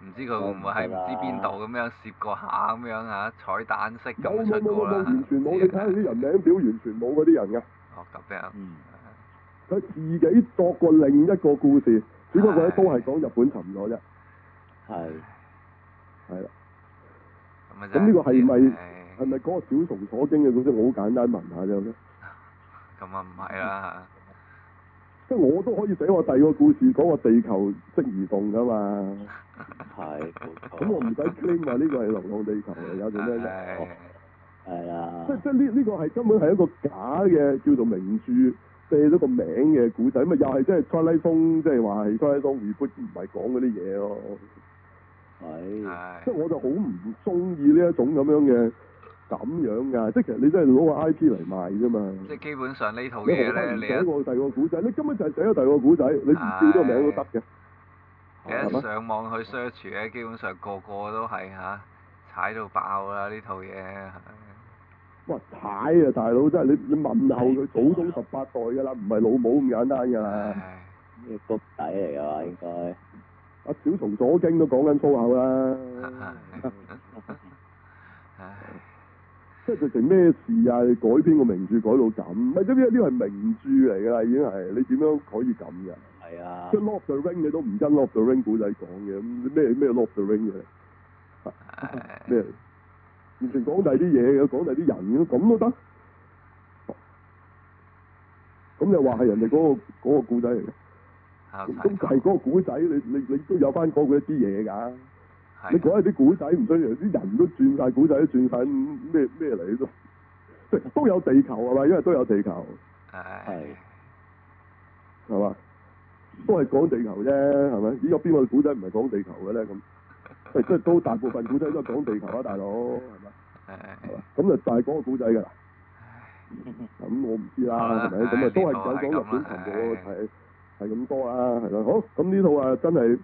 唔知佢會唔會係唔知邊度咁樣攝過下咁樣嚇彩蛋式咁嚟出個啦。完全冇。嗯、你睇下啲人名表完全冇嗰啲人嘅。哦，咁樣。嗯。佢自己作過另一個故事，的只不過都係講日本沉咗啫。係。係啦。咁啊！咁呢個係咪係咪嗰個小蟲所經嘅故事？好簡單問下就。咁啊唔係啦即係我都可以俾我第二個故事講個地球即移動噶嘛，係， 咁 我唔使傾話呢個係流浪地球有啲咩？係、哎、啊，即即呢呢個係根本係一個假嘅叫做名著，借咗個名嘅故仔，咪又係即係《三麗鷗》in,，即係話《三麗鷗》report 唔係講嗰啲嘢咯，係，即我就好唔中意呢一種咁樣嘅。咁樣噶，即係其實你真係攞個 IP 嚟賣啫嘛。即係基本上套呢套嘢咧，你寫我第二個古仔，你根本就係寫咗第二個古仔，是你唔知個名都得嘅。一上網去 search 咧，嗎基本上個個都係嚇、啊，踩到爆啦呢套嘢。喂，踩啊，大佬，真係你你問候佢祖宗十八代㗎啦，唔係老母咁簡單㗎啦。咩、哎、谷底嚟㗎應該？阿小松左京都講緊粗口啦。 即係做成咩事啊？你改編個名著改到咁，唔係即係呢啲係名著嚟噶啦，已經係你點樣可以咁嘅？係啊 The Lord the Ring 你都唔跟，Lord the Ring 古仔講嘅咩咩 Lord the Ring 嘅咩、啊啊？完全講第啲嘢嘅，講第啲人咁都得？咁又話係人哋嗰個嗰個古仔嚟嘅？咁但係嗰個古仔，你、那個那個、 你你都有翻嗰一啲嘢噶。你講一啲古仔唔需要，啲人都轉晒，古仔都轉晒咩咩嚟都，都都有地球係嘛，因為都有地球，係係，嘛的，都係講地球啫，係咪？依個邊個古仔唔係講地球嘅咧？咁，即係都大部分古仔都係講地球啊，大佬，係嘛？係咁的的就大講個古仔噶啦，咁我唔知啦，係咪？ 咁啊都係想講入地球嘅係。的係咁多啊，係咯，好咁呢套啊，真係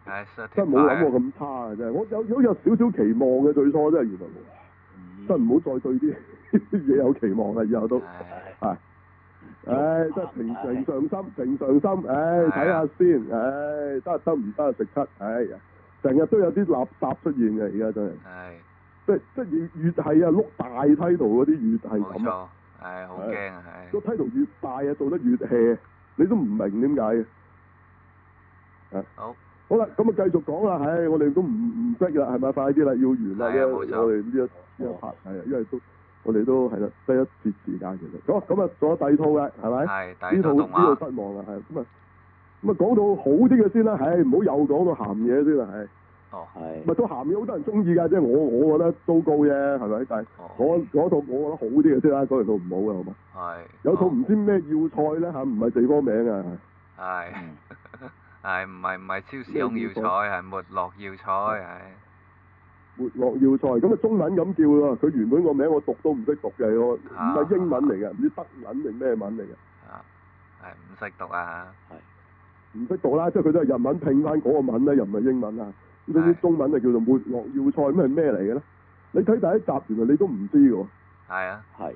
真冇諗過咁差啊，真係我有有少少期望嘅最初，真係原來，真唔好再對啲嘢有期望啦，以後都係係唉，真係平常心，平常心，唉，睇下先，唉，得得唔得食七，唉，成日都有啲垃圾出現嘅，而家真係係，即即越越係啊，碌大梯度嗰啲越係咁，係好驚啊，係個梯度越大啊，做得越 hea，你都唔明點解。Oh. 好，好啦，咁啊繼續講啦，唉，我哋都唔唔得啦，係咪？快啲啦，要完啦嘅，我哋呢一呢一拍係啊，oh. 因為都我哋都係啦，得一節時間其實，咁咁啊，講第二套嘅，係咪？係，第二套動畫，失望啦，係咁啊，咁啊講到好啲嘅先啦，唉，唔好又講到鹹嘢先啦，係，哦係、oh.，咪都鹹嘢，好多人中意噶，即係我我覺得都高啫，係咪？但係我、oh. 套我覺得好啲嘅先啦，嗰兩套唔好噶，好嘛？係，oh. 有套唔知咩要菜咧吓，唔係地方名啊，係。 係唔係？唔係超時空藥材，係沒落藥材。唉，沒落藥材，咁啊中文咁叫咯，佢原本個名我讀都唔識讀嘅，我唔係英文嚟嘅，唔知德文定咩文嚟嘅啊，係唔識讀啊，係唔識讀啦，啊啊啊、即係佢都係日文拼翻嗰個文咧，又唔係英文啊，咁啲是中文就叫做沒落藥材，咁係咩嚟嘅咧？你睇第一集，原來你都唔知㗎，係啊，係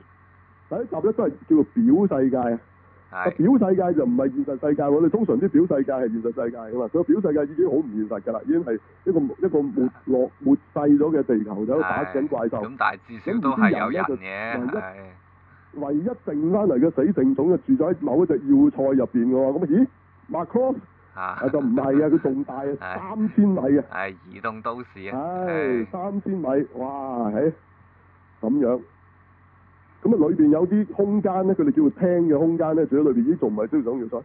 第一集咧都係叫做表世界。是表世界就唔係現實世界喎，你通常啲表世界係現實世界噶嘛，所以表世界已經好唔現實噶啦，已經係一個一個沒落、沒細咗嘅地球，就打緊怪獸。咁但係至少都係有就是一樣嘢，是唯一剩翻嚟嘅死剩種就住咗喺某一隻要塞入邊喎。咁咦，Macross？ 就唔係啊，佢仲大是三千米啊！係 是移動都市啊，唉、哎，是三千米，哇，係咁樣。咁啊，裏邊有啲空間咧，佢哋叫做廳嘅空間咧，除咗裏邊已經仲唔係最重要塞，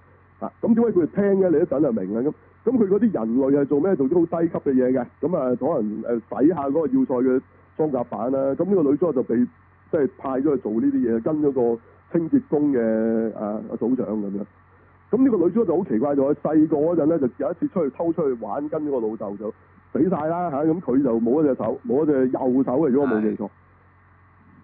啊！咁點解佢哋廳嘅？你一陣就明啦咁。咁佢嗰啲人類係，做咩？做啲好低級嘅嘢嘅。咁啊，可能誒洗下嗰個要塞嘅裝甲板啦。咁、啊、呢個女主角就被即係派咗去做呢啲嘢，跟咗個清潔工嘅啊啊組長咁樣。咁呢個女主角就好奇怪，就係細個嗰陣咧，就有一次出去偷出去玩，跟咗個老豆就死晒啦嚇！咁、啊、佢就冇一隻手，冇一隻右手嚟咗，如果我冇記錯。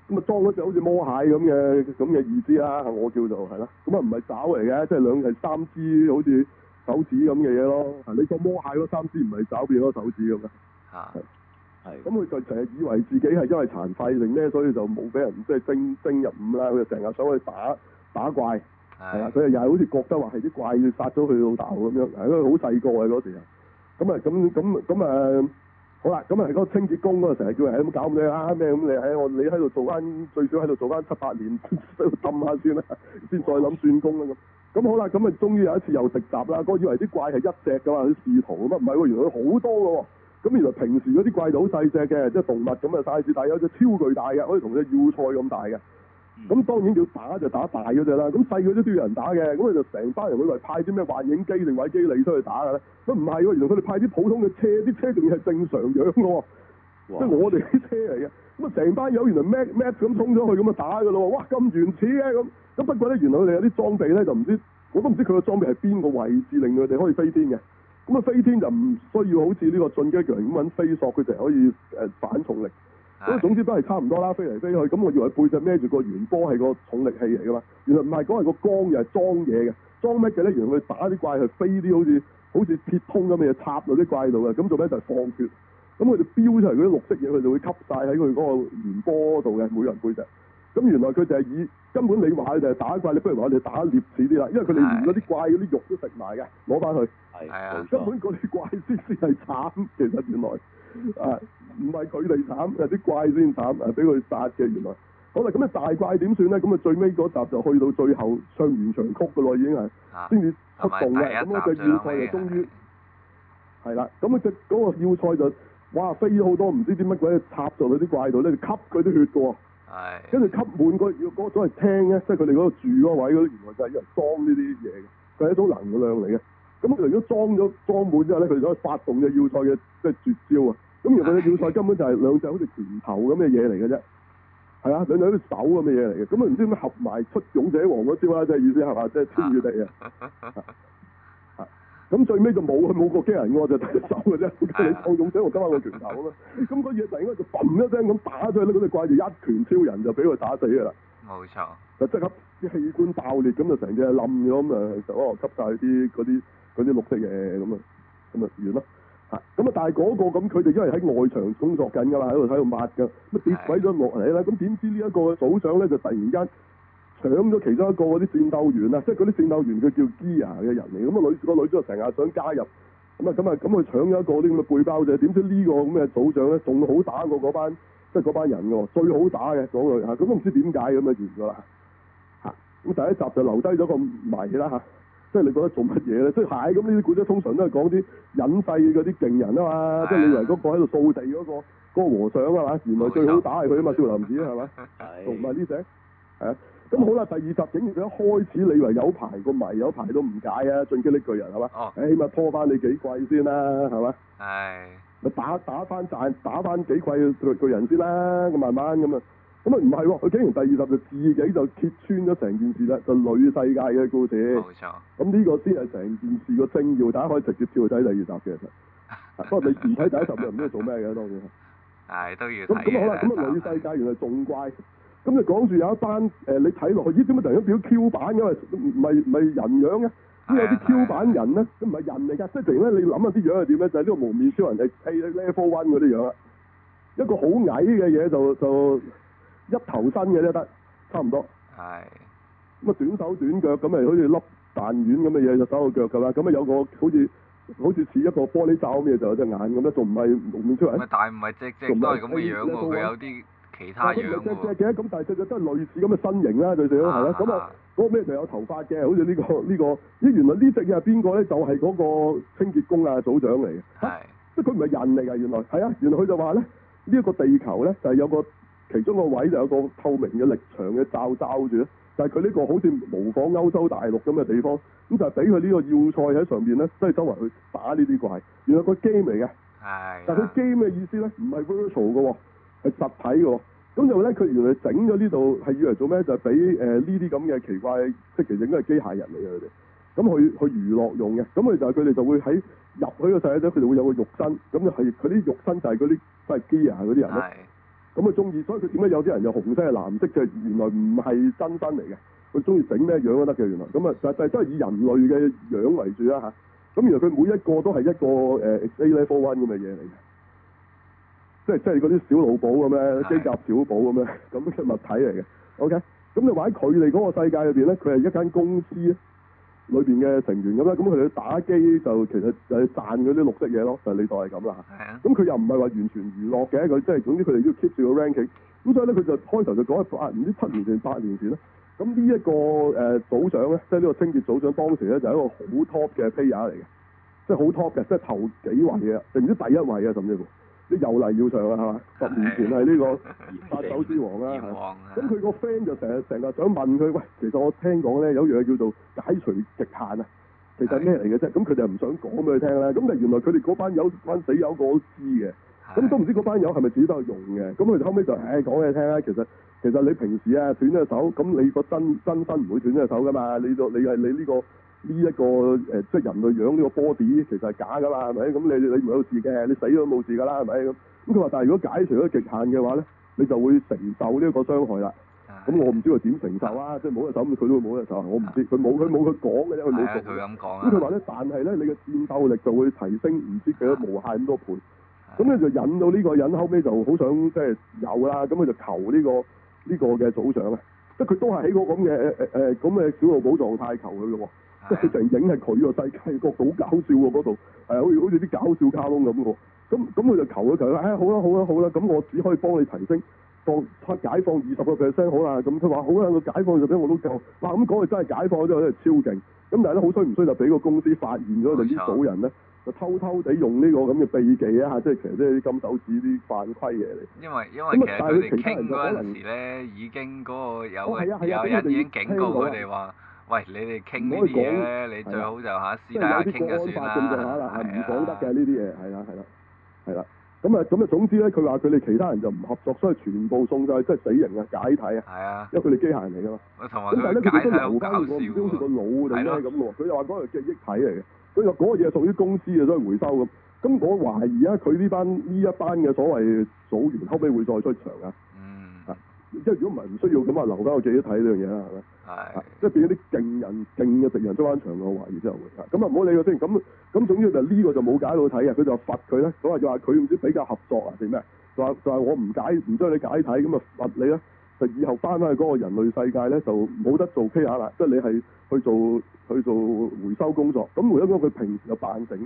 咁啊裝嗰隻好似魔蟹咁嘅咁嘅意思啦，我叫做係啦。咁啊唔係爪嚟嘅，即係兩係三支好似手指咁嘅嘢咯。啊，你個魔蟹嗰三支唔係爪變咗手指咁樣？嚇、嗯，係。咁佢就成日以為自己係因為殘廢定咧，所以就冇俾人即係徵徵入伍啦。佢就成日想去打打怪，係的啊，佢又係好似覺得話係啲怪要殺咗佢老豆咁樣。啊，因為好細個嘅嗰時候，咁啊咁咁咁啊。嗯嗯嗯嗯嗯嗯嗯嗯好啦，咁啊嗰個清潔工嗰個成日叫人咁、欸、搞咁啊咩咁、欸、你喺我你喺度做返最少喺度做返七八年喺度冧下先啦，先再諗轉工啦咁。咁好啦，咁啊終於有一次又直襲啦，我以為啲怪係一隻㗎嘛，啲試圖嘛，唔係喎？原來好多㗎喎。咁、啊、原來平時嗰啲怪就好細隻嘅，即係動物咁啊細隻，但係有一隻超巨大嘅，可以同隻要塞咁大嘅。咁、嗯、當然要打就打、打大嗰隻啦，咁細嗰都要人打嘅，咁佢就成班人會嚟派啲咩幻影機定或者機嚟出去打嘅咧，咁唔係喎，原來佢哋派啲普通嘅車，啲車仲要係正常樣嘅喎，即係哇我哋啲車嚟嘅，咁啊成班友原來 match match 咁衝咗去咁啊打嘅啦喎，哇咁原始嘅、啊、咁，咁不過咧原來佢哋有啲裝備咧就唔知，我都唔知佢嘅裝備係邊個位置令佢哋可以飛天嘅，咁啊飛天就唔需要好似呢個進擊巨人咁樣飛索，佢哋可以誒、呃、反重力。所以總之都係差唔多啦，飛嚟飛去。咁我以為背脊孭住個圓波係個重力器嚟噶嘛，原來唔係，嗰係個缸，又係裝嘢嘅。裝咩嘅咧？原來佢打啲怪，佢飛啲好似好似鐵通咁嘅嘢插落啲怪度嘅。咁做咩？就係、是、放血。咁佢就飚出嚟嗰啲綠色嘢，佢就會吸晒喺佢嗰個圓波度嘅。每人背脊。咁原來佢就係以根本你話就係打怪，你不如話佢哋打獵似啲啦，因為佢哋連嗰啲怪嗰啲肉都食埋嘅，攞翻去。係的。係啊的。根本嗰啲怪先先係慘，其實原來。 啊！唔係佢哋慘，係啲怪先慘，係俾佢殺嘅原來。好啦，咁啊大怪點算咧？咁啊最尾嗰集就去到最後唱完長曲噶咯，已經係。先至、啊、出動嘅，咁啊只要塞就終於。係啦的，咁佢隻嗰個要塞就哇飛咗好多，唔知啲乜鬼插咗佢啲怪度咧，吸佢啲血噶喎。跟住的吸滿嗰嗰嗰個廳咧、那個那個那個那個，即係佢哋嗰個住嗰位嗰啲，那個、原來就係裝呢啲嘢嘅，係一種能量嚟嘅。咁佢如果裝咗裝滿之後咧，佢就可以發動隻要塞嘅即係絕招啊！咁如佢隻要塞根本就係兩隻好似拳頭咁嘅嘢嚟嘅啫，係 啊，兩兩啲手咁嘅嘢嚟嘅。咁、嗯、唔知點樣合埋出勇者王嗰招啦？即係意思係咪即係超越嚟啊？咁最尾就冇啊，冇個驚人喎，就第、是 嗯、一手嘅啫。我勇者王加埋個拳頭啊嘛，咁嗰嘢突然間就嘭一聲咁打出去，嗰隻怪就一拳超人就俾佢打死啦。冇錯，就即刻啲器官爆裂咁就成隻冧咗咁啊！就哦吸晒啲啲啲綠色嘅咁啊，咁啊完啦嚇！咁啊但係嗰個咁佢哋因為喺外場工作緊㗎啦，喺度喺度抹㗎，乜跌鬼咗落嚟啦！咁點 知呢一個組長咧就突然間搶咗其中一個嗰啲戰鬥員啊！即係嗰啲戰鬥員佢叫 Gear 嘅人嚟，咁啊女個女主又成日想加入，咁啊咁啊咁佢搶咗一個啲咁嘅背包啫，點知呢個咁嘅組長咧仲好打過嗰班？即係嗰班人喎，最好打嘅嗰類嚇，咁都唔知點解咁樣完咗啦嚇。咁、啊、第一集就留低咗個謎啦嚇、啊，即係你覺得做乜嘢咧？即係係咁，呢啲古仔通常都係講啲隱世嗰啲勁人啊嘛。啊即係你以為嗰個喺度掃地嗰、嗰個，嗰個、和尚啊嘛，原來最好打係佢啊嘛，嗯、少林寺係嘛，同埋啲只係啊。咁、啊嗯、好啦，第二集竟然一開始你以為有排個謎有排都唔解啊，進擊呢巨人係嘛？哦、起碼拖翻你幾季先啦、啊，係嘛？係、啊。打打翻賺打翻幾季佢人先啦，咁慢慢咁、嗯、啊，咁啊唔係喎，佢竟然第二集就自己就揭穿咗成件事啦，就係、女世界嘅故事。冇錯。咁呢、嗯這個先係成件事個正要大家可以直接跳去睇第二集嘅，不過 你唔睇第一集又唔知做咩嘅當然。係、 哎、都要咁好啦，咁啊女世界原來仲怪，咁、嗯、你、嗯、講住有一班，誒、呃，你睇落去咦點解突然間變 Q 版因為唔係唔係人樣嘅？有啲、哎、 超版人咧，都唔係人嚟㗎，即係咧你諗下啲樣係點咧？就係、是、呢個蒙面超人係係 level one 嗰啲樣啦，一個好矮嘅嘢就就一頭身嘅都得，差唔多。係、哎。咁啊短手短腳咁咪好似粒彈丸咁嘅嘢，就手個腳咁啦，咁啊有個好似好似似一個玻璃罩咩就有隻眼咁啦，仲唔係蒙面超人？但係，唔係隻隻都係咁嘅樣喎，佢 Level 1. 有啲。其他嘢嘅、啊，咁但係佢就都係類似咁嘅身形啦，佢哋咯，係啦。咁啊，嗰個咩就有頭髮嘅，好似呢個呢個。咦、這個，原來隻呢隻嘢係邊個咧？就係、是、嗰個清潔工是啊，組長嚟嘅。係，即係佢唔係人嚟㗎，原來係啊，原來佢就話咧，呢、這、一個地球咧就係、是、有個其中個位就有個透明嘅力場嘅罩罩住咧，就係佢呢個好似模仿歐洲大陸咁嘅地方，咁就係俾佢呢個要塞喺上邊咧，即係周圍去打呢啲怪。原來個機嚟嘅，係、啊。但係佢機咩意思咧？唔係 virtual 嘅喎。係實體嘅喎，咁就咧佢原來整咗呢度係以為做咩？就係俾誒呢啲咁嘅奇怪，即其實應該係機械人嚟嘅佢哋。咁去去娛樂用嘅，咁佢就係佢哋就會喺入去個世界仔，佢哋會有個肉身，咁就係佢啲肉身就係嗰啲都係機器啲人咧。咁啊中意，所以佢點解有啲人又紅色又藍色？就原來唔係真身嚟嘅，佢中意整咩樣都得嘅原來。咁啊，實際都係以人類嘅樣為主啦嚇。咁、啊、原來佢每一個都係一個誒 A Level One 咁嘅嘢嚟嘅。即係即係嗰啲小老保咁樣，機甲小寶咁樣，咁都係物體嚟嘅，OK？咁、嗯、你話喺佢哋嗰個世界裏邊咧，佢係一間公司裏邊嘅成員咁啦，咁佢哋打機就其實就係賺嗰啲綠色嘢咯，就你當係咁啦。係咁佢又唔係話完全娛樂嘅，佢即係總之佢哋要 keep 住個 ranking。咁所以咧，佢就開頭就講係啊，唔知七年前八年前啦。咁呢一個誒組長咧，即係呢個清潔組長，當時咧就係、是、一個好 top 嘅 player 嚟嘅，即係好 top 嘅，即係頭幾位啊，定唔、嗯、知第一位啊甚至乎。又嚟要上啊，係嘛？吧十年前係呢、這個 殺手之王啦，咁佢個 friend 就成日成日想問佢，喂，其實我聽講咧有樣嘢叫做解除極限啊，其實咩嚟嘅啫？咁佢就唔想講俾佢聽啦。咁就原來佢哋嗰班友 班死友個都知嘅，咁都唔知嗰班友係咪自己都係用嘅？咁佢哋後尾就誒、哎、講俾佢聽啊，其實其實你平時啊斷咗隻手，咁你那個真真身唔會斷咗隻手噶嘛？你就你係你呢、這個。呢一個誒即係人類樣呢個 body 其實係假㗎嘛，係咪？咁你你唔會有事嘅，你死都冇事㗎啦，係咪？咁咁佢話，但係如果解除咗極限嘅話咧，你就會承受呢一個傷害啦。咁我唔知佢點承受啊，即係冇得受，佢都冇得受。我唔知，佢冇佢冇佢講嘅，因為佢冇講。佢咁講咁佢話咧，但係咧，你嘅戰鬥力就會提升，唔知幾多無限咁多倍。咁咧就引到呢個人後尾就好想即係有啦，咁佢就求呢個呢個嘅組長啊，即係佢都係喺個咁嘅誒誒咁嘅小號寶狀態求佢嘅喎。即係成影係佢喎，世界個島好搞笑喎，嗰度、欸、好似好似啲搞笑卡通咁喎。咁咁佢就求咗佢：欸「啦，唉好啦好啦好啦，咁我只可以幫你提升，當解放二十個 percent 好啦。咁佢話好啦，個解放就俾我都夠。嗱、啊，咁、那、嗰個真係解放咗，真係超勁。咁但係咧，好衰唔衰就俾個公司發現咗，就啲島人咧就偷偷地用呢個咁嘅秘技啊！嚇，即係其實即係啲金手指啲犯規嘢嚟。因為因為其實佢哋傾嗰陣時咧，已經嗰個有有人、啊啊啊啊、已經警告佢哋話。喂，你哋傾呢啲嘢咧，你最好就喺私底下傾咗算啦，係唔講得嘅呢啲嘢，係啦係啦，係啦。咁啊咁啊，總之咧，佢話佢哋其他人就唔合作，所以全部送曬，即係死人啊，解體啊，的因為佢哋機械人嚟㗎嘛。咁說但係咧，佢哋解體 都留翻個唔知好似個腦定咩咁喎。佢又話嗰個係義體嚟嘅，所以嗰個嘢係屬於公司嘅，所以回收咁。咁我懷疑啊，佢呢班呢一班嘅所謂組員後尾會再出場啊。即係如果唔係唔需要咁啊留翻我自己睇呢樣嘢啦，係咪？係、哎，即係變咗啲勁人勁嘅敵人出翻場，我懷疑之後會，咁啊唔好理佢先。咁咁總之就呢個就冇解到睇嘅，佢就罰佢咧。咁啊話佢唔知比較合作啊定咩？話就係我唔解唔將你解體，咁啊罰你啦。就以後翻翻去嗰個人類世界咧，就冇得做 K 下啦。即、就、係、是、你係去做去做回收工作。咁回咗工佢平時就扮成嗰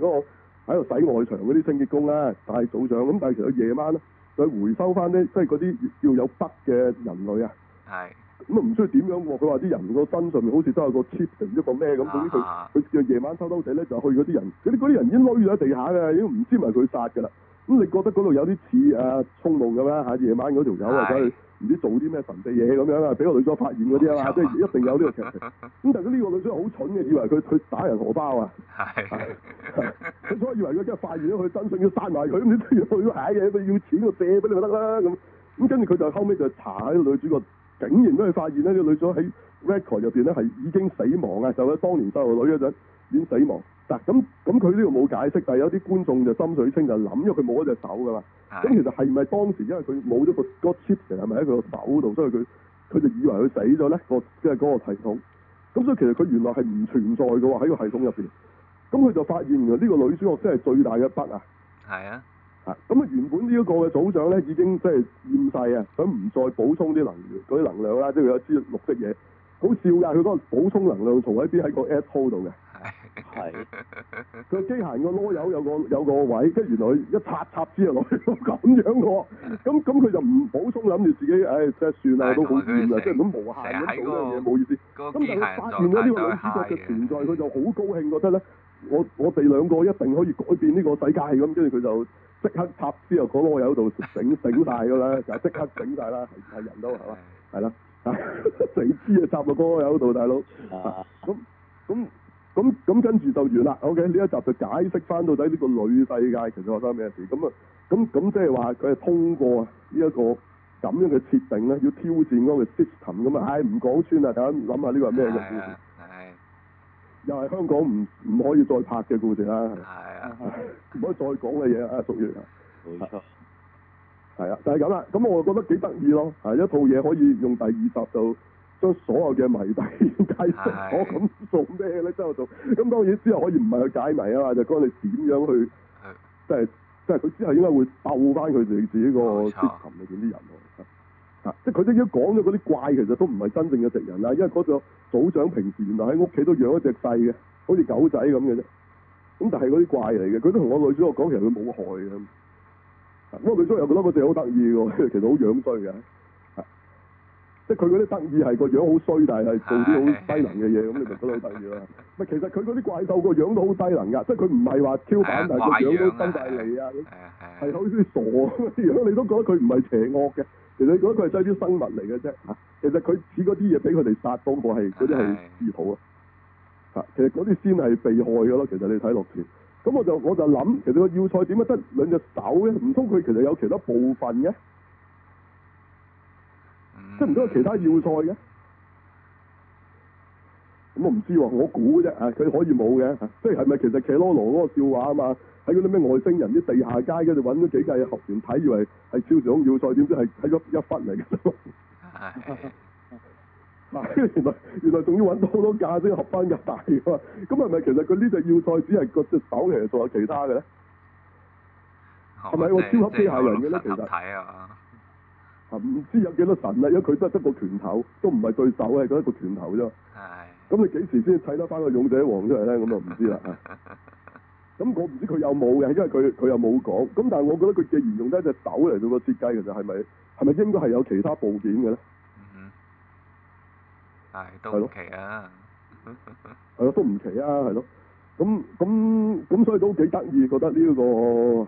個喺度洗外牆嗰啲清潔工啦、啊，但大早上咁，但係除咗夜晚。佢回收翻啲即係嗰啲要有筆嘅人類啊，係是，咁啊唔需要點樣喎？佢話啲人個身上面好似都有一個 chip 或者個咩咁，咁佢佢夜晚偷偷地咧就去嗰啲人，嗰啲啲人已經匿咗喺地下㗎，已經唔知係佢殺㗎啦。咁你覺得嗰度有啲似啊，衝浪咁啦，嚇、啊、夜晚嗰條狗啊走去。是唔知做啲咩神秘嘢咁樣啊，俾個女仔發現嗰啲啊嘛，哦、即係一定有呢個劇情。咁但係呢個女仔好蠢嘅，以為佢佢打人荷包啊。係的。佢 所以以為佢真係發現咗佢真相，要殺埋佢。咁你都要去咗買嘢，佢要錢要借俾你咪得啦。咁咁跟住佢就後尾就查下呢個女主角，竟然都係發現呢個女仔喺 record 入邊，咧係已經死亡啊，就喺當年細路女嗰陣已經死亡。但咁咁佢呢度冇解釋，但係有啲觀眾就心水清就諗，咗佢冇咗隻手噶嘛。咁是、啊、其實係唔係當時因為佢冇咗個、嗰個 chip，其實係咪喺佢個手度？所以佢佢就以為佢死咗咧、嗰個即係嗰個系統。咁所以其實佢原來係唔存在嘅喎喺個系統入邊。咁佢就發現原來呢個女主角真係最大嘅筆啊。係是啊、啊。嚇！咁啊原本呢一個嘅組長咧已經即係厭世啊，想唔再補充啲能源嗰啲能量啦，即係佢有支綠色嘢。好笑㗎、啊！佢嗰個補充能量從邊喺個 Apple 度嘅。係，佢機 械個籮柚有個有個位，跟住佢一插插之落去咁樣個，咁咁佢就唔補充諗住自己，唉、哎，即係算啦，都好攰啦，即係咁無限咁做呢樣嘢冇意思。個咁但係發現咗呢個女主角嘅存在，佢就好高興覺得咧，我我哋兩個一定可以改變呢個世界咁，跟住佢就即刻插之落個籮柚度醒醒晒噶啦， 就即刻醒晒啦，係人都係嘛，係啦，整支啊插個籮柚度，大佬，咁咁。 咁咁、嗯嗯、跟住就完啦，OK？呢一集就解釋翻到底呢個女世界其實發生咩事，咁、嗯、啊，咁咁即係話佢係通過呢、這、一個咁樣嘅設定咧，要挑戰嗰個 system 咁、嗯哎、啊，唉、啊，唔講穿啦，大家諗下呢個咩嘅故又係香港唔唔可以再拍嘅故事啦，係啊，唔、啊啊、 可以再講嘅嘢啊，熟嘢，冇錯，係啊，啊，就係咁啦，咁、嗯、我覺得幾得意咯，係、啊、一套嘢可以用第二集就。將所有嘅謎底解釋，我咁做咩咧？即係做咁，當然之後可以唔係去解謎啊，就講你點樣去，即係即係佢之後應該會鬥翻佢哋自己個獵羣裏面啲人啊！即係佢啲已經講咗嗰啲怪其實都唔係真正嘅敵人啦，因為嗰個組長平時原來喺屋企都養一隻細嘅，好似狗仔咁嘅啫。咁但係嗰啲怪嚟嘅，佢都同我女主角講，其實佢冇害嘅。我女主角又覺得佢哋好得意喎，其實好樣衰嘅。即係佢嗰啲得意係個樣好衰，但係做啲好低能嘅嘢，咁 你咪覺得好得意咯。其實佢嗰啲怪獸個樣都好低能㗎，即係佢唔係話超 但係個樣都伸大脷啊，係好似傻咁樣，你都覺得佢唔係邪惡嘅。其實你覺得佢係真啲生物嚟嘅啫。其實佢似嗰啲嘢俾佢哋殺到，我係嗰啲係至好啊。嚇，其實嗰啲先係被害嘅咯。其實你睇落去，咁我就我就諗，其實個要塞點解得兩隻手嘅？唔通佢其實有其他部分嘅？即唔多其他要塞嘅，咁我唔知喎，我估啫嚇，佢可以冇嘅，即係咪其實騎羅羅嗰個笑話啊嘛？喺嗰啲咩外星人啲地下街嗰度揾咗幾大合團睇，以為係超想要塞，點知係睇咗一忽嚟嘅都。係、哎。原來原來仲要揾多好多架先合翻架大嘅嘛？咁係咪其實佢呢隻要塞只係個隻手其實仲有其他嘅咧？係咪個超級機械人嘅咧？其實。唔知有幾多神啊！因為佢得得個拳頭，都唔係對手啊，係得一個拳頭啫。係唉。咁你幾時先砌得翻個勇者王出嚟咧？咁就唔知啦。咁 我唔知佢有冇嘅，因為佢佢又冇講。咁但係我覺得佢既然用得隻手嚟做個設計，嘅，就係咪係咪應該係有其他部件嘅咧？嗯。係都唔奇啊。係 咯，都唔奇啊，係咯。咁咁咁，所以都幾得意，覺得呢個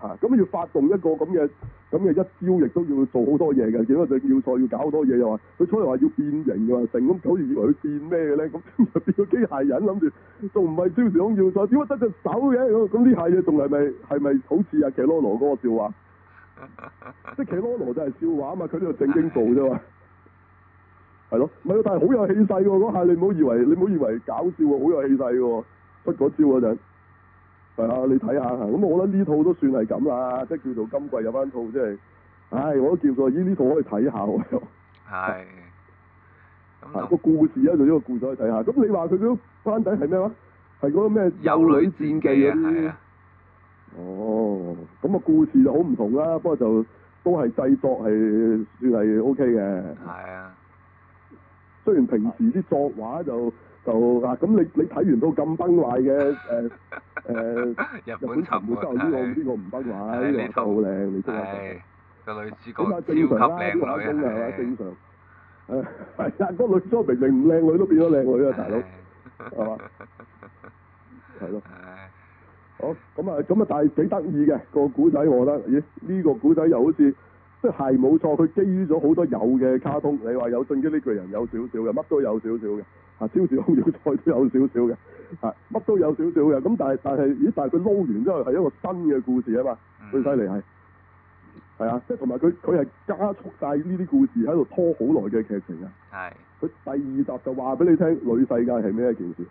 嚇，咁要發動一個咁嘅咁嘅一招，亦都要做好多嘢嘅，點解要要再要搞好多嘢又話，佢初嚟話要變形㗎嘛，成咁九以為佢變咩嘅咧？咁就 變個機械人，諗住仲唔係超時空要塞，點解得隻手嘅？咁呢下嘢仲係咪係咪好似阿騎羅羅嗰個笑話？ 即係騎羅羅就係笑話啊嘛，佢呢度正經做啫嘛，係 咯，唔係但係好有氣勢喎！下你唔好以為你唔好以為搞笑喎，好有氣勢喎。不嗰招嗰陣，係啊，你睇下啊，咁、嗯、我諗呢套都算係咁啦，即係叫做今季有翻套，即係，唉，我都叫過，咦，呢套可以睇下喎。係。咁個故事啊，仲有一個故仔睇下。咁、嗯、你話佢嗰班底係咩話？係嗰個咩？幼女戰記啊？係啊。哦，咁啊，故事就好唔同啦、啊，不過就都係製作係算係 O K 嘅。係啊。雖然平時啲作畫就。到嗱，咁你你睇完到咁崩壞嘅誒誒日本沉沒之後，呢個呢個唔崩壞，呢個好靚你做啊，個女主角超級靚女啊，正常誒係啊，嗰女裝明明唔靚女都變咗靚女啊，大佬係嘛係咯，好咁啊咁啊，但係幾得意嘅個古仔，我覺得咦呢個古仔又好似即係冇錯，佢基於咗好多有嘅卡通，你話有信機呢個人有少少嘅，乜都有少少嘅。啊！超時空調菜都有少少嘅，啊乜都有少少嘅，咁但係但係咦？但係佢撈完之後係一個新嘅故事啊嘛，最犀利係係啊！即係同埋佢佢係加速曬呢啲故事喺度拖好耐嘅劇情啊！係佢、mm hmm. 第二集就話俾你聽，女世界係咩一件事？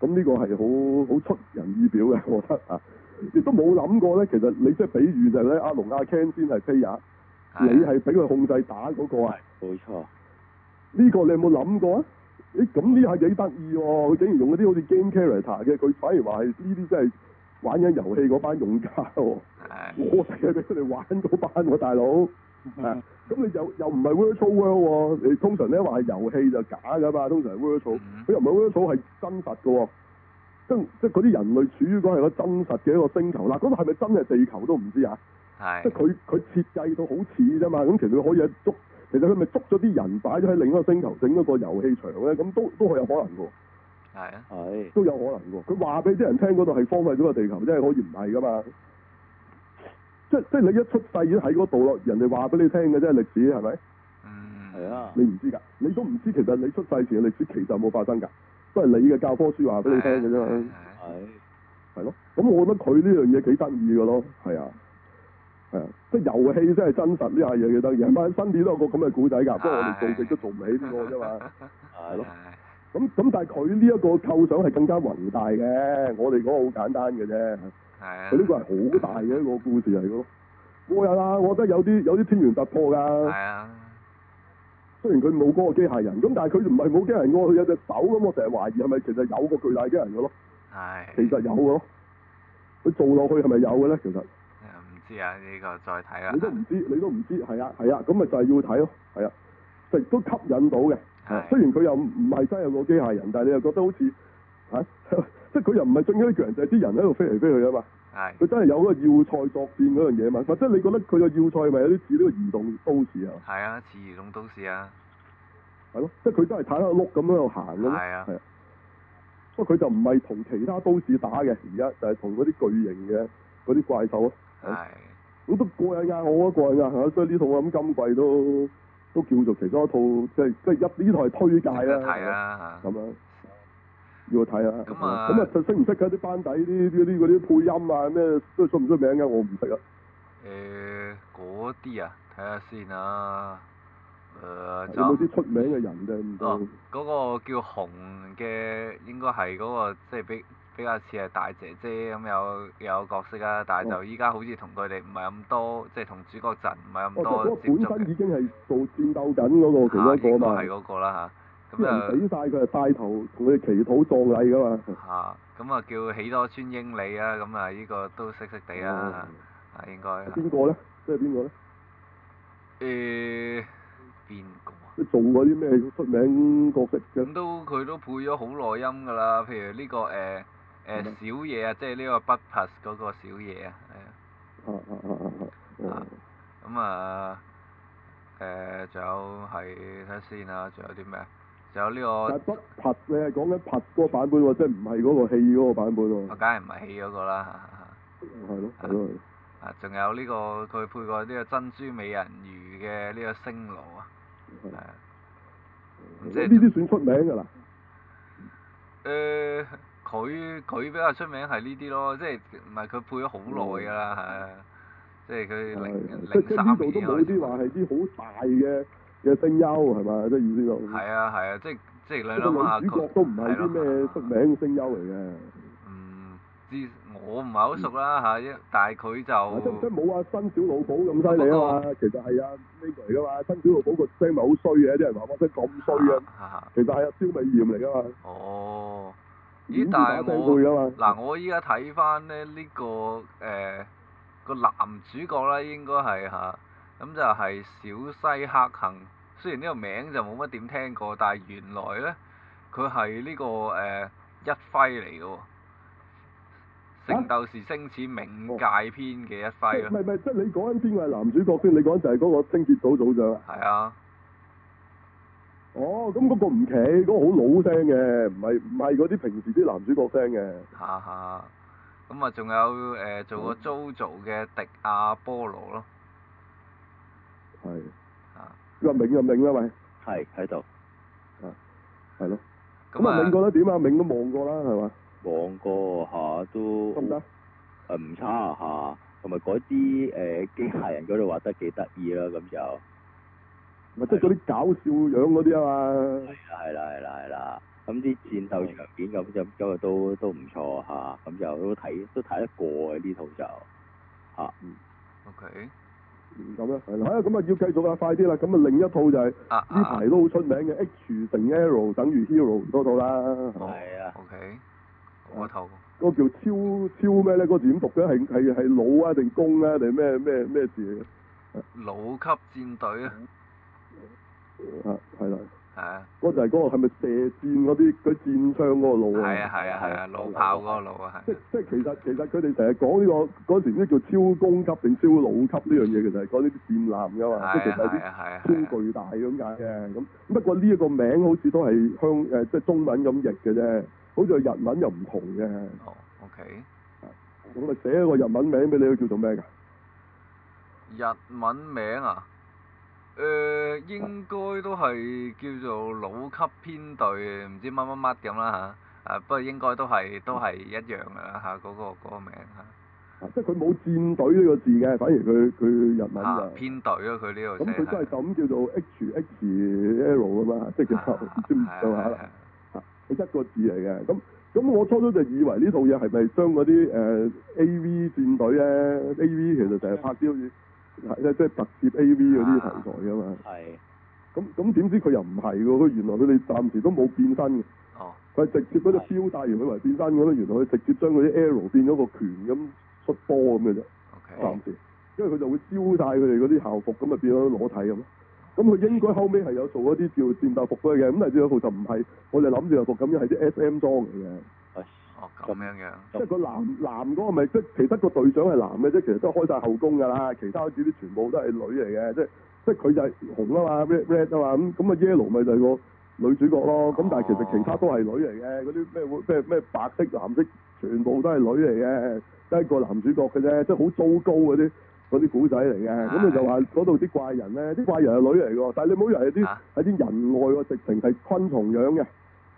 咁呢個係好好出人意表嘅，我覺得啊！亦都冇諗過咧，其實你即係比喻就係、是、咧，阿龍阿 Ken 先係飛呀，hmm. 你係俾佢控制打嗰、那個啊！冇、mm hmm. 錯，呢個你有冇諗過啊？誒，咁呢、欸、下幾得意喎？佢竟然用嗰啲好似 game character 嘅，佢反而話係呢啲真係玩緊遊戲嗰班用家喎、哦。係、 哦，我係俾佢哋玩到班個大佬。係、 啊，咁你又又唔係 Virtual World、哦、喎？你通常咧話係遊戲就假噶嘛？通常 Virtual 佢 又唔係 Virtual 係真實噶、哦。即即嗰啲人類處於嗰係個真實嘅一個星球啦。嗰、那個係咪真係地球都唔知啊？係。 即佢佢設計到好似啫嘛，咁其實佢可以捉。其實佢咪捉咗啲人擺咗喺另一個星球整咗個遊戲場咧，咁都都係有可能噶。係啊，係，都有可能噶。佢話俾啲人聽嗰度係荒廢咗個地球，即係可以唔係噶嘛？即係即係你一出世已經喺嗰度咯，人哋話俾你聽嘅啫，歷史係咪？嗯，係啊。你唔知噶，你都唔知其實你出世前嘅歷史其實冇發生噶，都係你嘅教科書話俾你聽嘅啫。係、啊。係咯、啊，咁、啊啊、我覺得佢呢樣嘢幾得意噶咯，係啊。誒，即係遊戲真係真實呢下嘢，幾得人生，家都有個咁嘅古仔噶，不過我哋做極都做唔起呢個啫嘛，係咯、哎呀。咁咁但係佢呢一個構想係更加宏大嘅，我哋嗰個好簡單嘅啫。係啊、哎呀。佢呢個係好大嘅一個故事嚟嘅咯。冇有啊？我覺得有啲有啲天元突破噶。係啊、哎呀。雖然佢冇嗰個機械人，咁但係佢唔係冇機械人嘅，佢有隻手咁，我成日懷疑係咪其實有個巨大機械人嘅咯。係、哎呀。其實有嘅咯。佢做落去係咪有嘅咧？其實？啊！呢個再睇下，你都唔知，你都唔知，係啊，係啊，咁咪、啊、就係要睇咯，係啊，就都吸引到嘅。啊、雖然佢又唔唔係真係有個機械人，但係你又覺得好似嚇、啊，即係佢又唔係進擊的巨人，就係、是、啲人喺度飛嚟飛去啊嘛。係、啊。佢真係有嗰個要塞作戰嗰樣嘢嘛？或者你覺得佢個要塞咪有啲似呢個移動、啊、移動都市啊？係啊，似移動都市啊。係咯，即係佢真係睇下碌咁喺度行咯。係啊，係啊。不過佢就唔係同其他都市打嘅，而家就係同嗰啲巨型嘅嗰啲怪獸咯。係，咁、哎、都個人壓，我一個人壓嚇，所以呢套我諗今季都都叫做其中一套，即係即係入呢台推介啦，啊，啦、啊，咁啊，啊，要我睇下，咁、嗯、啊，咁、嗯嗯、啊識唔識噶啲班底啲啲啲配音啊咩都出唔出名嘅、啊？我唔識啊。誒，嗰啲啊，睇下、啊、先啊。誒、啊啊那個那個，有冇啲出名嘅人嘅？唔同？嗰個叫紅嘅，應該係嗰個即係比。比較似係大姐姐咁有有角色啦，但係就依家好似同佢哋唔係咁多，即係同主角陣唔係咁多接觸嘅、哦就是、本身已經係做戰鬥緊嗰、那個其中一個嘛。係嗰、啊那個啦吓，咁吧就人死曬，佢係帶頭同佢哋祈禱葬禮噶嘛。吓、啊，咁啊叫喜多村英里啊！咁啊呢個都識識地啦，啊、嗯、應該。邊個咧？即係邊個咧？誒邊個？佢、欸、做過啲咩出名角色？咁都佢都配咗好耐音㗎啦，譬如呢、這個誒。呃誒、呃、麼小嘢啊，即係呢個不拔嗰個小嘢啊，係啊。啊，咁啊，誒仲有係睇下先啊，仲有啲咩？仲有呢、這個。但係不拔，你係講緊拔嗰個版本喎，即係唔係嗰個戲嗰個版本喎。啊，梗係唔係戲嗰個啦。係咯。啊，仲有呢、這個佢配過呢個珍珠美人魚嘅呢個星羅啊。係啊。即係呢啲、嗯嗯嗯嗯、算出名㗎啦。誒、呃。佢佢比較出名係呢啲咯，即係唔係佢配咗好耐㗎啦嚇，即係佢零零三年開始。即啲話係啲好大嘅嘅聲優係咪？即係意思就。係啊係啊，即即你諗下，主角都唔係啲咩出名嘅聲優嚟嘅。嗯，之我唔係好熟啦嚇，嗯、但係佢就。即即冇阿新小老寶咁犀利啊嘛！其實係啊，呢個嚟㗎嘛，新小老寶個聲咪好衰嘅，啲人說話話聲咁衰啊，其實係啊，蕭美豔嚟㗎嘛。哦。咦！但係我嗱，我依家睇翻咧呢個誒、呃、個男主角咧，應該係吓。咁、啊、就係小西克幸。雖然呢個名就冇乜點聽過，但係原來咧佢係呢、呢個誒、呃、一輝嚟嘅喎。《聖鬥士星矢冥界篇》嘅一輝咯。唔係唔係，即係、啊就係、你講緊邊個男主角先？你講就係嗰個星矢組組長。係啊。哦，咁嗰個唔企，嗰、嗰個好老聲嘅，唔係唔係嗰啲平時啲男主角聲嘅。嚇嚇 ，咁啊仲有誒做個 JoJo 嘅迪亞波羅咯。係的。啊。阿明阿明啦喂。係喺度。啊。係咯。咁啊。名阿明覺得點啊？名都望過啦，係、呃、嘛？望過下都。得唔得？誒唔差嚇，同埋嗰啲誒機械人嗰度畫得幾得意啦，咁就。咪即係嗰啲搞笑樣嗰啲啊嘛，係啦係啦，係啦咁啲戰鬥場面咁又都都唔錯吓，咁又都睇都睇得過嘅呢套就吓。嗯，OK，咁啊係啦，咁啊要繼續啊，快啲啦，咁啊另一套就係呢排都好出名嘅 H 乘 ero 等於 Hero 多套啦，係啊，OK，我頭嗰個叫超超咩咧？嗰個字點讀嘅係係係老啊定公啊定咩咩咩字嚟嘅？老級戰隊啊！啊，係啦，啊，嗰就係嗰個係咪射箭嗰啲，佢箭槍嗰個弩啊？係啊，係啊，係啊，弩炮嗰個弩啊，係。即即其實其實佢哋成日講呢個嗰時啲叫超攻級定超弩級呢樣嘢，其實係講呢啲戰艦㗎嘛。即係其實係啊，係啊。超巨大咁解嘅，咁不過呢一個名好似都係香誒，即係中文咁譯嘅啫，好似日文又唔同嘅。哦，OK。咁啊，寫一個日文名俾你，佢叫做咩㗎？日文名啊？誒、呃、應該都係叫做老級編隊，唔知乜乜乜咁啦嚇。啊不過應該都係都係一樣噶啦嚇，嗰、啊嗰個嗰個名嚇、啊。即係佢冇戰隊呢個字嘅，反而佢佢日文就係啊、編隊咯、啊。佢呢個字。咁佢都係就咁叫做 H X L 啊嘛，啊即係叫做算唔佢一個字嚟嘅，咁、啊、咁我初初就以為呢套嘢係咪將嗰啲誒、呃、A V 戰隊咧？A V 其實就係拍攝好係咧，即係特攝 A V 嗰啲題材㗎嘛。係、啊，咁咁點知佢又唔係喎？佢原來佢哋暫時都冇變身嘅。哦，佢直接嗰啲超帶完佢嚟變身咁咧，原來佢、啊、直接將佢啲 arrow 變咗 ar 個拳咁出波咁嘅啫。暫 Okay. 時，因為佢就會超帶佢哋嗰啲校服，咁咪變咗裸體咁。咁、嗯、佢應該後尾係有做一啲叫戰鬥服嘅，咁但係呢一套就唔係。我哋諗住入服，咁樣係啲 S M 裝嚟嘅。咁、哦、樣嘅？ 即係個男男嗰咪即係，其他個隊長係男嘅啫，其實都開晒後宮㗎啦，其他嗰啲全部都係女嚟嘅，即即係佢就係紅啦嘛，red red 啊嘛，咁咁啊 yellow 咪就係個女主角咯，咁但係其實其他都係女嚟嘅，嗰啲咩咩咩白色、藍色，全部都係女嚟嘅，得個男主角嘅啫，即係好糟糕嗰啲啲古仔嚟嘅，咁、哎嗯、你就話嗰度啲怪人咧，啲怪人係女嚟㗎，但係你冇以為係啲係啲人外個直情係昆蟲樣嘅。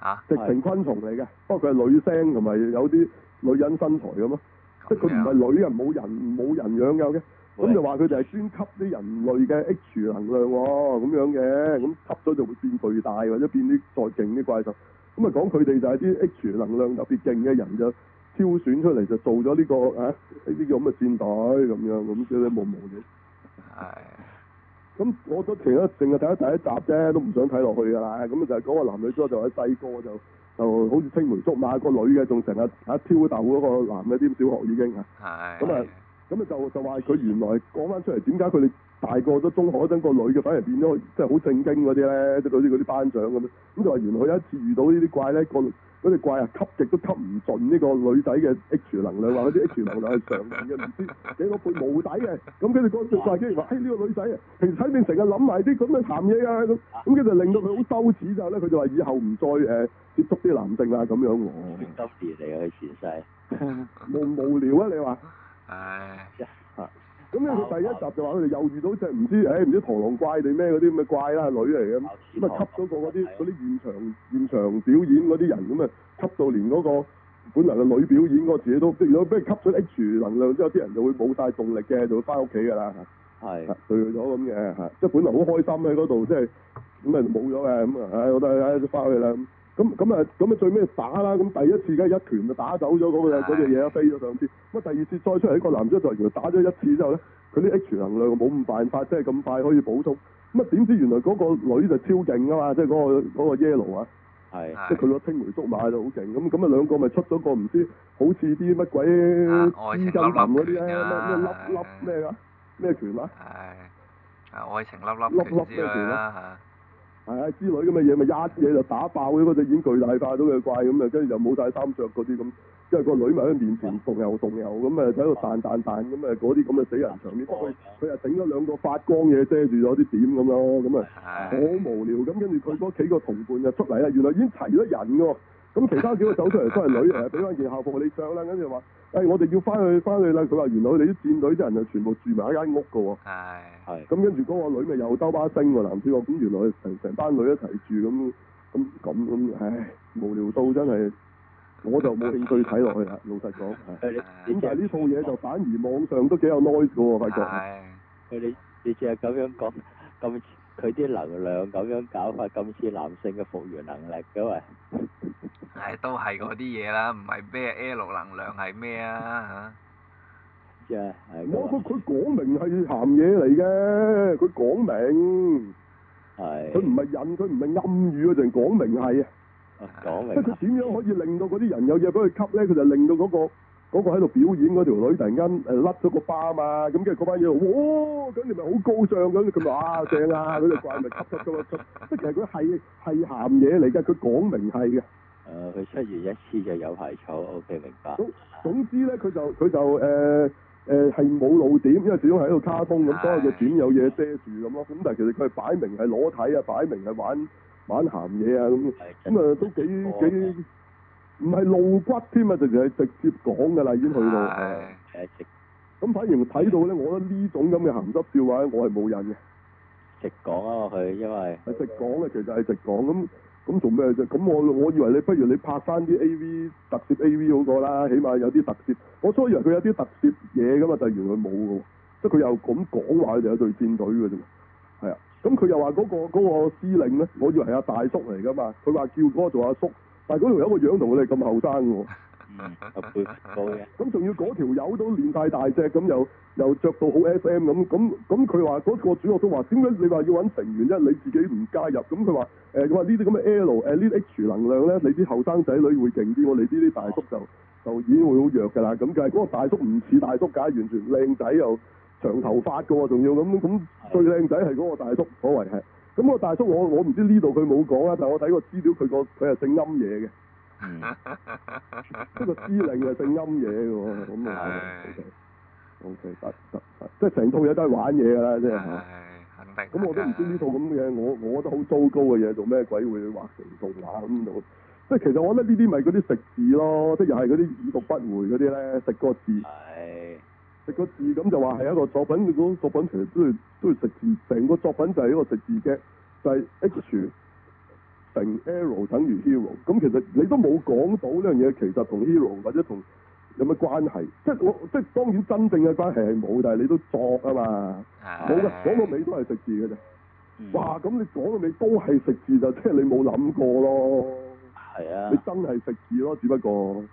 啊、直情昆蟲嚟嘅，不過佢係女聲同埋有啲女人身材咁咯，樣即係佢唔係女人冇人冇人樣有嘅，咁就話佢就係專吸啲人類嘅 H 能量咁樣嘅，咁吸咗就會變巨大或者變啲再勁啲怪獸，咁啊講佢哋就係啲 H 能量特別勁嘅人就挑選出嚟就做咗呢、呢個啊呢啲咁嘅戰隊咁樣咁，即係冇冇嘅。係。咁、嗯、我都其實淨係睇咗第一集啫，都唔想睇落去㗎啦。咁、嗯、就係、是、講個男女主角就喺細個就就好似青梅竹馬，嗰個女嘅仲成日啊挑逗嗰個男嘅啲小學已經啊。係、嗯。咁啊的。嗯咁就就話佢原來講翻出嚟點解佢哋大個咗中學嗰陣、個女嘅反而變咗即係好正經嗰啲咧，即係嗰啲嗰啲班長咁樣。咁就話原來佢有一次遇到呢啲怪咧，個嗰啲怪啊吸極都吸唔盡呢個女仔嘅 H 能量，話嗰啲 H 能量係上限嘅，唔知幾多倍無底嘅。咁跟住講完曬之後，話誒呢個女仔平時喺邊成日諗埋啲咁嘅談嘢啊咁，咁跟住令到佢好羞恥之後咧，佢就話以後唔再誒接觸啲男性啦咁樣。哦，今你嚟佢前世無無聊啊，你話？唉，啊，咁咧佢第一集就話佢哋又遇到隻唔知，唉唔知螳螂怪定咩嗰啲咁嘅怪啦，女嚟嘅，咁 Kendall Cause 啊吸咗個嗰啲啲現場現場表演嗰啲人，咁、嗯、啊、呃、吸到連嗰個本嚟嘅女表演嗰個自己都，如果俾佢吸咗 H 能量之後，啲人就會冇晒動力嘅，就會翻屋企噶啦，係，對咗咁嘅，嚇，即係本嚟好開心喺嗰度，即係咁啊冇咗嘅，咁啊，唉，我得唉，翻、啊、去啦。呀咁咁啊，咁啊最尾打啦，咁第一次梗係一拳就打走咗嗰個隻嘢啊，飛咗上次。咁第二次再出嚟個男仔就原來打咗一次之後咧，佢啲 H 能量冇咁辦法，即係咁快可以補充。咁啊點知原來嗰個女就超勁啊嘛，即係嗰個嗰個 Yellow 啊，即係佢個青梅竹馬就好勁。咁咁啊兩個咪出咗個唔知好似啲乜鬼金巾嗰啲咧，咩粒粒咩㗎？咩拳啊？係啊，愛情粒粒粒拳之類啦嚇。係啊、哎，之類咁嘅嘢咪一嘢就打爆咗嗰隻已經巨大化到嘅怪咁啊，跟、嗯、住就冇曬衫着嗰啲咁，因、嗯、為個女咪喺面前郁又郁又咁啊，喺度、嗯、彈彈彈咁啊，嗰啲咁嘅死人場面，不過佢又整咗兩個發光嘢遮住咗啲點咁咯，咁啊好無聊咁，跟住佢嗰幾個同伴就出嚟啦，原來已經齊咗人㗎。咁其他幾個走出嚟都係女，誒俾翻件校服你上著啦，跟住話誒我哋要翻去翻去啦。佢話：原來你啲戰隊啲人就全部住埋一間屋噶喎、哦。係咁、哎、跟住嗰個女咪又兜巴星喎，男主角。咁原來成成班女一齊住咁咁咁，唉無聊到真係，我就冇興趣睇落去啦。老實講。係你、哎。咁、哎、但呢套嘢就反而網上都幾有 noise 嘅喎，發覺。係佢、哎哎、你你著咁樣講，咁佢啲能量咁樣搞法，咁似男性嘅復原能力嘅嘛。因為唉，都係嗰啲嘢啦，唔係咩 L 六能量係咩啊？嚇，即係，我佢佢講明係鹹嘢嚟嘅，佢講明，係，佢唔係人，佢唔係暗語啊，仲講明係啊，講明，即係佢點樣可以令到嗰啲人有嘢俾佢吸咧？佢就令到嗰個嗰個喺度表演嗰條女突然間誒甩咗個疤嘛，咁跟住嗰班嘢，哇！咁你咪好高尚咁，佢話啊正啊，嗰啲怪咪吸得咗咯，即係其實佢係係鹹嘢嚟嘅，佢講明係嘅。誒佢、呃、出現一次就有排坐，OK，明白。總之咧，佢就佢就誒誒係冇露點，因、呃、為、呃呃、始終喺度卡風咁，多嘢點有嘢遮住咁咯。咁但係其實佢係擺明係裸體啊，擺明係玩玩鹹嘢啊咁。咁啊都幾幾唔係露骨添啊，直接直接講㗎喇，已經去、啊啊、到。係係直。咁反而睇到咧，我覺得呢種咁嘅鹹濕笑話，我係冇癮嘅。直講啊，佢因為。佢直講嘅其實係直講咁。咁做咩啫？咁我我以為你不如你拍翻啲 A V 特攝 A V 好過啦，起碼有啲特攝。我初以為佢有啲特攝嘢噶嘛，但係原來冇嘅喎，即係佢又咁講話，佢哋係隊戰隊嘅啫。係啊，咁佢又話嗰個嗰個司令咧，我以為係阿大叔嚟噶嘛，佢話叫嗰個做阿叔，但係嗰度有個樣同佢哋咁後生喎。咁仲要嗰條友都練太大隻，咁又又著到好 S M 咁，咁咁佢話嗰個主角都話，點解你話要揾成員，因為你自己唔加入，咁佢話誒佢話呢啲咁嘅 L，誒呢啲 H 能量呢，你啲後生仔女會勁啲我哋呢啲大叔就就已經會好弱㗎啦，咁但係嗰個大叔唔似大叔㗎，完全靚仔又長頭髮嘅喎，仲要咁咁最靚仔係嗰個大叔，所謂係，咁個大叔我我唔知呢度佢冇講啦，但係我睇個資料佢、個佢係姓陰嘢嘅。嗯，不司令又整陰嘢嘅喎，咁啊，O K，得得，即係成套嘢都係玩嘢㗎啦，即係。肯定。咁我都唔知呢套咁嘅，我我覺得好糟糕嘅嘢，做咩鬼會畫成動畫咁做？即係其實我覺得呢啲咪嗰啲食字咯，即係又係嗰啲已讀不回嗰啲咧，食個字。係。食個字咁就話係一個作品，你個作品其實都都食字，成個作品就係一個食字嘅，就係 H。成 arrow 等於 hero，咁其實你都冇講到呢樣嘢，其實同 hero 或者同有咩關係？即係我即係當然真正嘅關係係冇，但係你都作啊嘛，冇嘅講到尾都係食字嘅啫。哇、mm.！咁你講到尾都係食字就即係你冇諗過咯，係啊，你真係食字咯，只不過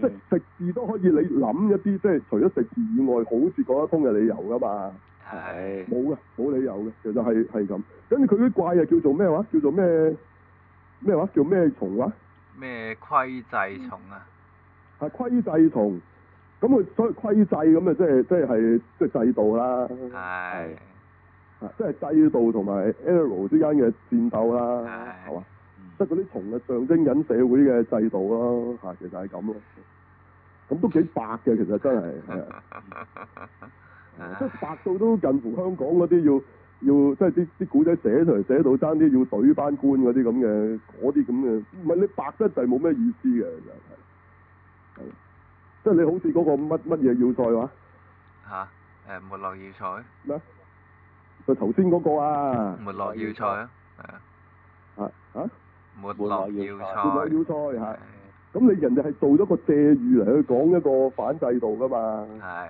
即係、mm. 食，食字都可以你諗一啲即係除咗食字以外好似講得通嘅理由噶嘛，係冇嘅冇理由嘅，其實係係咁。跟住佢啲怪又叫做咩話？叫做咩？咩話？叫咩蟲啊？咩規制蟲、嗯、啊？係規制蟲，咁佢所謂規制咁啊，即係即係即係制度啦。係， 啊，即係制度同埋 error 之間嘅戰鬥啦、啊。係，嘛、 嗯啊？即係嗰啲蟲啊，象徵緊社會嘅制度咯。吓、啊，其實係咁咯。咁、啊、都幾白嘅，其實真係，即係白到都近乎香港嗰啲要。要即係啲啲古仔寫出嚟，寫到爭啲要懟翻官嗰啲咁嘅，嗰啲咁嘅，唔係你白得就係冇咩意思嘅，即係你好似嗰、那個乜乜嘢要塞哇？嚇、啊！誒、啊，沒落要塞咩？就頭先嗰個啊，沒落要塞啊，係啊，嚇、啊？沒落要塞。沒落要塞嚇，咁、啊、的你人哋係做咗個借喻嚟去講一個反制度噶嘛？係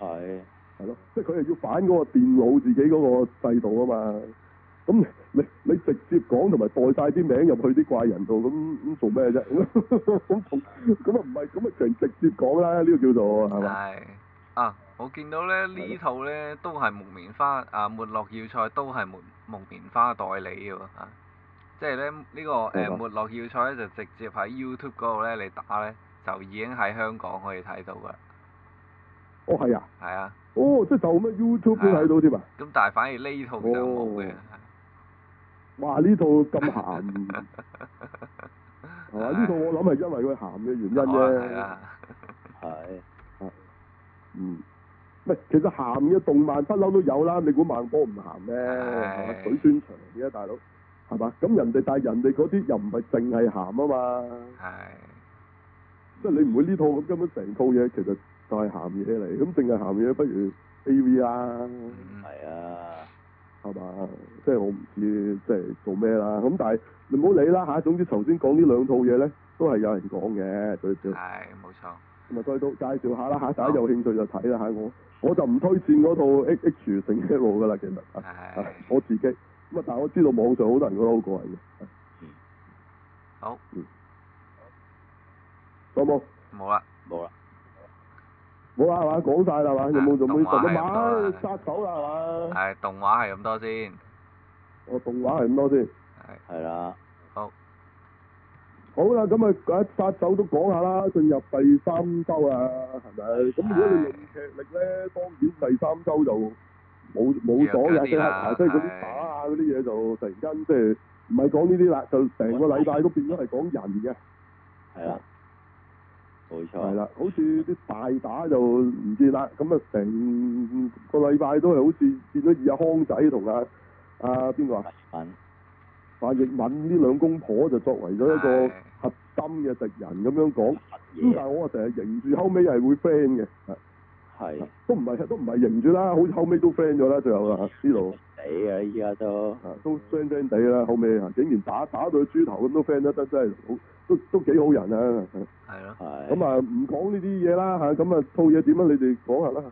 係的。係咯，即係佢係要反嗰個電腦自己嗰個制度啊嘛。咁你你直接講同埋代晒啲名入去啲怪人度，咁咁做咩啫？咁咁啊唔係，咁啊直接講啦，呢、這個叫做係啊，我見到咧呢套咧都係木棉花啊，沒落要塞都係木棉花代理㗎喎、啊、即係咧呢、這個誒沒的、呃、落要塞咧就直接喺 YouTube 嗰度咧嚟打咧，就已經喺香港可以睇到㗎。哦係啊，係啊，哦即係就咩 YouTube 都睇到添啊，咁但係反而呢套又冇，哇呢套咁鹹，係嘛呢套我諗係因為佢鹹嘅原因啫，係，嗯，喂其實鹹嘅動漫不嬲都有啦，你估萬科唔鹹咩？水酸長啲啊大佬，係嘛咁人哋但係人哋嗰啲又唔係淨係鹹啊嘛，即係你唔會呢套咁根本成套嘢其實。就係鹹嘢嚟，咁淨係鹹嘢，不如 A V、啊、啦。係啊，係嘛？即係我唔知即係做咩啦。咁但係你唔好理啦嚇。總之頭先講呢兩套嘢咧，都係有人講嘅。再再。冇、哎、錯。咁啊，再到介紹下啦嚇，大家有興趣就睇啦嚇。我我就唔推薦嗰套 H H 成 H 路噶啦，其實。哎啊、我自己咁啊，但係我知道網上好多人覺得好過癮嘅、啊嗯。好。嗯。好冇冇啦，冇啦。好啦，係嘛？講晒啦，係嘛？有冇做咩特登買殺手啦，係嘛？係動畫係咁多先。哦，動畫係咁多先。係係啦。好。好啦，咁啊，殺手都講下啦，進入第三周啊，係咪？咁如果你用劇力咧，當然第三周就冇冇咗嘅啦。係啊，即係嗰啲打啊嗰啲嘢就突然間即係唔係講呢啲啦，就成個禮拜都變咗係講人嘅。係啊。冇錯，係啦，好似啲大打就唔知啦，咁啊成個禮拜都係好似變咗二阿康仔同阿阿邊個啊？范，范逸敏呢兩公婆就作為咗一個核心嘅敵人咁樣講，咁、啊、但係我啊成日迎住，後尾又係會 friend 嘅，係是、啊，都唔係都唔係迎住啦，好似後尾都 friend 咗啦，仲有啊司徒，死啊！依家都都 friend friend 哋啦，後尾啊竟然打打到豬頭咁都 friend 得得，真係好。都都幾好人啊！係咯，咁啊唔講呢啲嘢啦嚇，咁啊套嘢點樣？嗯嗯、啊你哋講下啦。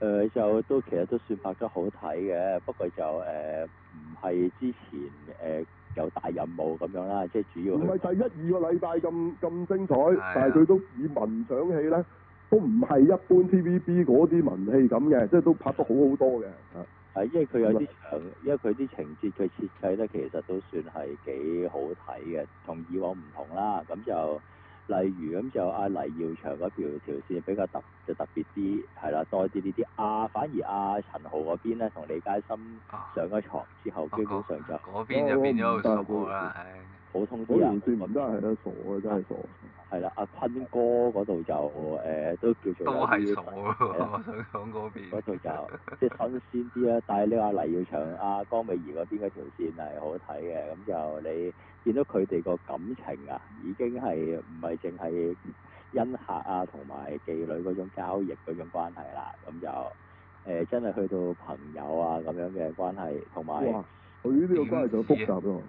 誒、呃、就都其實都算拍得好睇嘅，不過就誒唔係之前誒、呃、有大任務咁樣啦，即、就、係、是、主要唔係第一二個禮拜咁咁精彩，啊、但係佢都以文搶戲咧，都唔係一般 T V B 嗰啲文戲咁嘅，即、就、係、是、都拍得好好多嘅。 係，因為佢有啲情， 因為佢啲情節佢設計得其實都算係幾好睇嘅，同以往唔同啦。咁就例如咁就阿、啊、黎耀祥嗰條條線比較特，就特別啲係啦，多啲呢啲。啊，反而阿、啊、陳豪嗰邊咧，同李佳芯上咗床之後，啊、基本上就嗰邊就變咗收煲啦，唉。好同之前轉文都係都傻，啊、真係傻。係啦、啊，阿坤、啊、哥嗰度就誒、嗯嗯、都叫做都係傻咯。啊、我想講嗰邊嗰度就即新鮮啲啦。但係呢個黎耀祥、阿、啊、江美儀嗰邊嗰條線係好睇嘅，咁就你見到佢哋個感情啊，已經係唔係淨係恩客啊同埋妓女嗰種交易嗰種關係啦？咁就誒、呃、真係去到朋友啊咁樣嘅關係，同埋哇佢呢個關係就好複雜咯。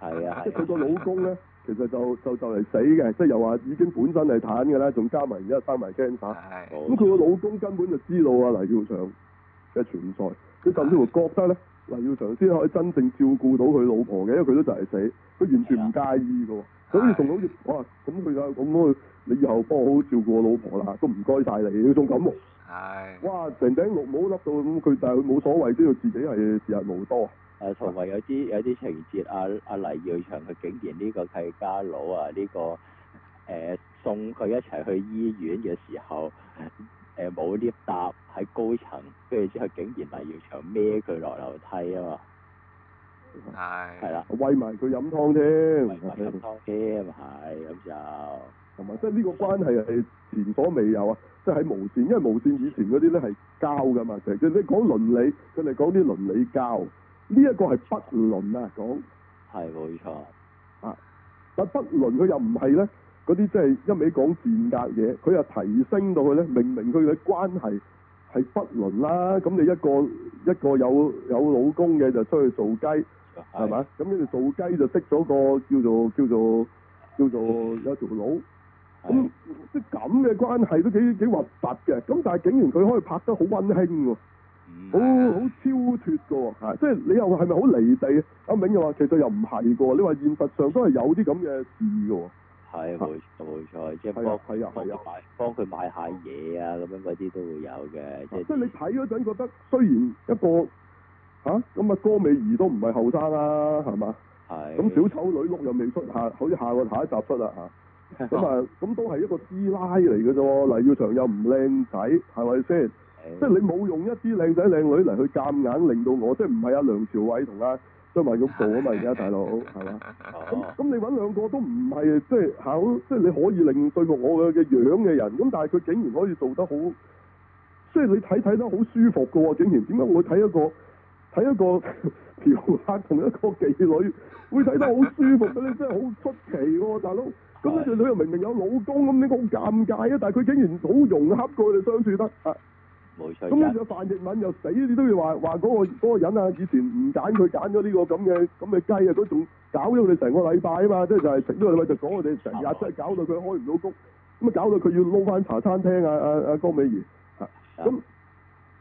係啊，即係佢個老公咧，其實就就就嚟死嘅，即係又話已經本身係癱嘅啦，仲加埋而家生埋 cancer，咁佢個老公根本就知道啊，黎耀祥嘅存在，佢甚至乎覺得咧，黎耀祥先可以真正照顧到佢老婆嘅，因為佢都就嚟死，佢完全唔介意嘅，所以同佢好似哇，咁佢就咁樣，你以後幫我好照顧我老婆啦，都唔該晒你，佢仲感冒， 哇，成頂綠帽笠到咁，佢就係冇所謂，知道自己係時日無多。誒，同埋有啲有啲情節啊，啊黎耀祥，佢竟然呢個契家佬啊，呢個誒送佢一齊去醫院嘅時候，誒冇 lift 搭喺高層，跟住之後竟然黎耀祥孭佢落樓梯啊嘛，係係啦，餵埋佢飲湯添，餵埋佢飲湯添啊嘛，係咁就同埋即係呢個關係係前所未有啊！即係無線，因為無線以前嗰啲咧係膠噶嘛，成日你講倫理，佢哋講啲倫理膠。呢一個係不倫啊，講係冇錯啊，但不倫佢又唔係呢嗰啲即係一味講賤格嘢，佢又提升到去，咧，明明佢嘅關係係不倫啦，咁你一個一個有有老公嘅就出去做雞，係嘛是？咁跟住做雞就識咗個叫做叫做叫做有條佬，咁即咁嘅關係都幾幾核突嘅，咁但係竟然佢可以拍得好溫馨喎、哦。哦、嗯啊，好超脫個喎，啊、即係你又係咪好離地啊？阿銘又話其實又唔係個喎，你話現實上都係有啲咁嘅事個喎。係、啊，冇錯冇錯，即係幫幫佢買幫佢買下嘢啊，咁樣嗰啲都會有嘅、啊。即係你睇嗰陣覺得雖然一個嚇咁啊，郭美儀都唔係後生啦，係嘛？係、啊。咁小丑女碌又未出下，好似下個下一集出啦嚇。咁啊，咁都係一個師奶嚟嘅啫喎，黎耀祥又唔靚仔，係咪先？ 即係你冇用一啲靚仔靚女嚟去夾硬令到我，即係唔係阿梁朝偉同阿張曼玉做啊嘛而家大佬，係嘛？咁咁、 嗯嗯、你揾兩個都唔係即係考，即係、就是、你可以令對付我嘅嘅樣嘅人，咁但係佢竟然可以做得好，即係你睇睇得好舒服㗎喎，竟然點解我睇一個睇一個嫖客同一個妓女，女會睇得好舒服咧？真係好出奇喎、哦，大佬！咁咧，隻女又明，明明有老公，咁點解好尷尬啊？但係佢竟然好融洽過嚟相處得啊！咁咧就范奕敏又死，你都要話話嗰個人啊，以前唔揀佢，揀咗呢個咁嘅咁嘅雞啊，佢仲搞咗佢哋成個禮拜啊嘛，即係就係成咗禮拜就講我哋成日真係搞到佢開唔到工，咁啊搞到佢要撈翻茶餐廳啊啊啊江美儀咁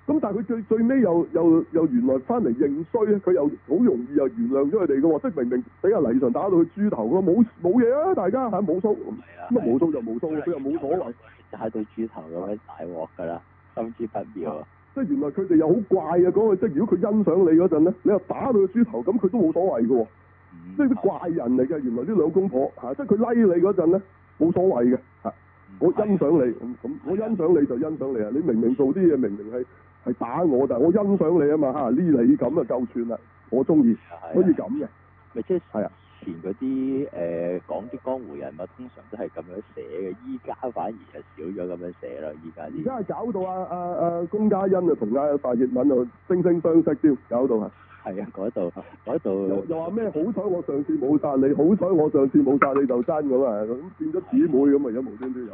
咁但係佢最最尾又又又，又原來翻嚟認衰，佢又好容易又原諒咗佢哋嘅喎，即係明明俾阿黎純打到佢豬頭嘅，冇冇嘢啊大家係冇數，咁啊冇數就冇數，佢又冇可能，打到豬頭咁嘅大鑊㗎啦。甚至不妙、啊，即係原來佢哋又好怪嘅嗰、那個，即係如果佢欣賞你嗰陣咧，你又打到佢豬頭，咁佢都冇所謂嘅，嗯、即係啲怪人嚟嘅。原來啲兩公婆，吓、啊，即係佢拉你嗰陣咧，冇所謂嘅，吓、啊，我欣賞你，咁、嗯、我欣賞你就欣賞你啊！的你明明做啲嘢，明明係係打我，但係我欣賞你啊嘛，吓、啊、呢你咁啊夠寸啦，我中意，的可以咁嘅，係啊。以前嗰啲誒講啲江湖人物，通常都係咁樣寫嘅。依家反而係少咗咁樣寫啦。依家依家係搞到啊啊啊！龔嘉欣啊，同阿大熱敏啊，惺惺相惜，添搞到啊！係啊，嗰度，嗰度又又話咩？好彩我上次冇殺你，好彩我上次冇殺你，就真咁啊！咁變咗姊妹咁啊，有無端端有？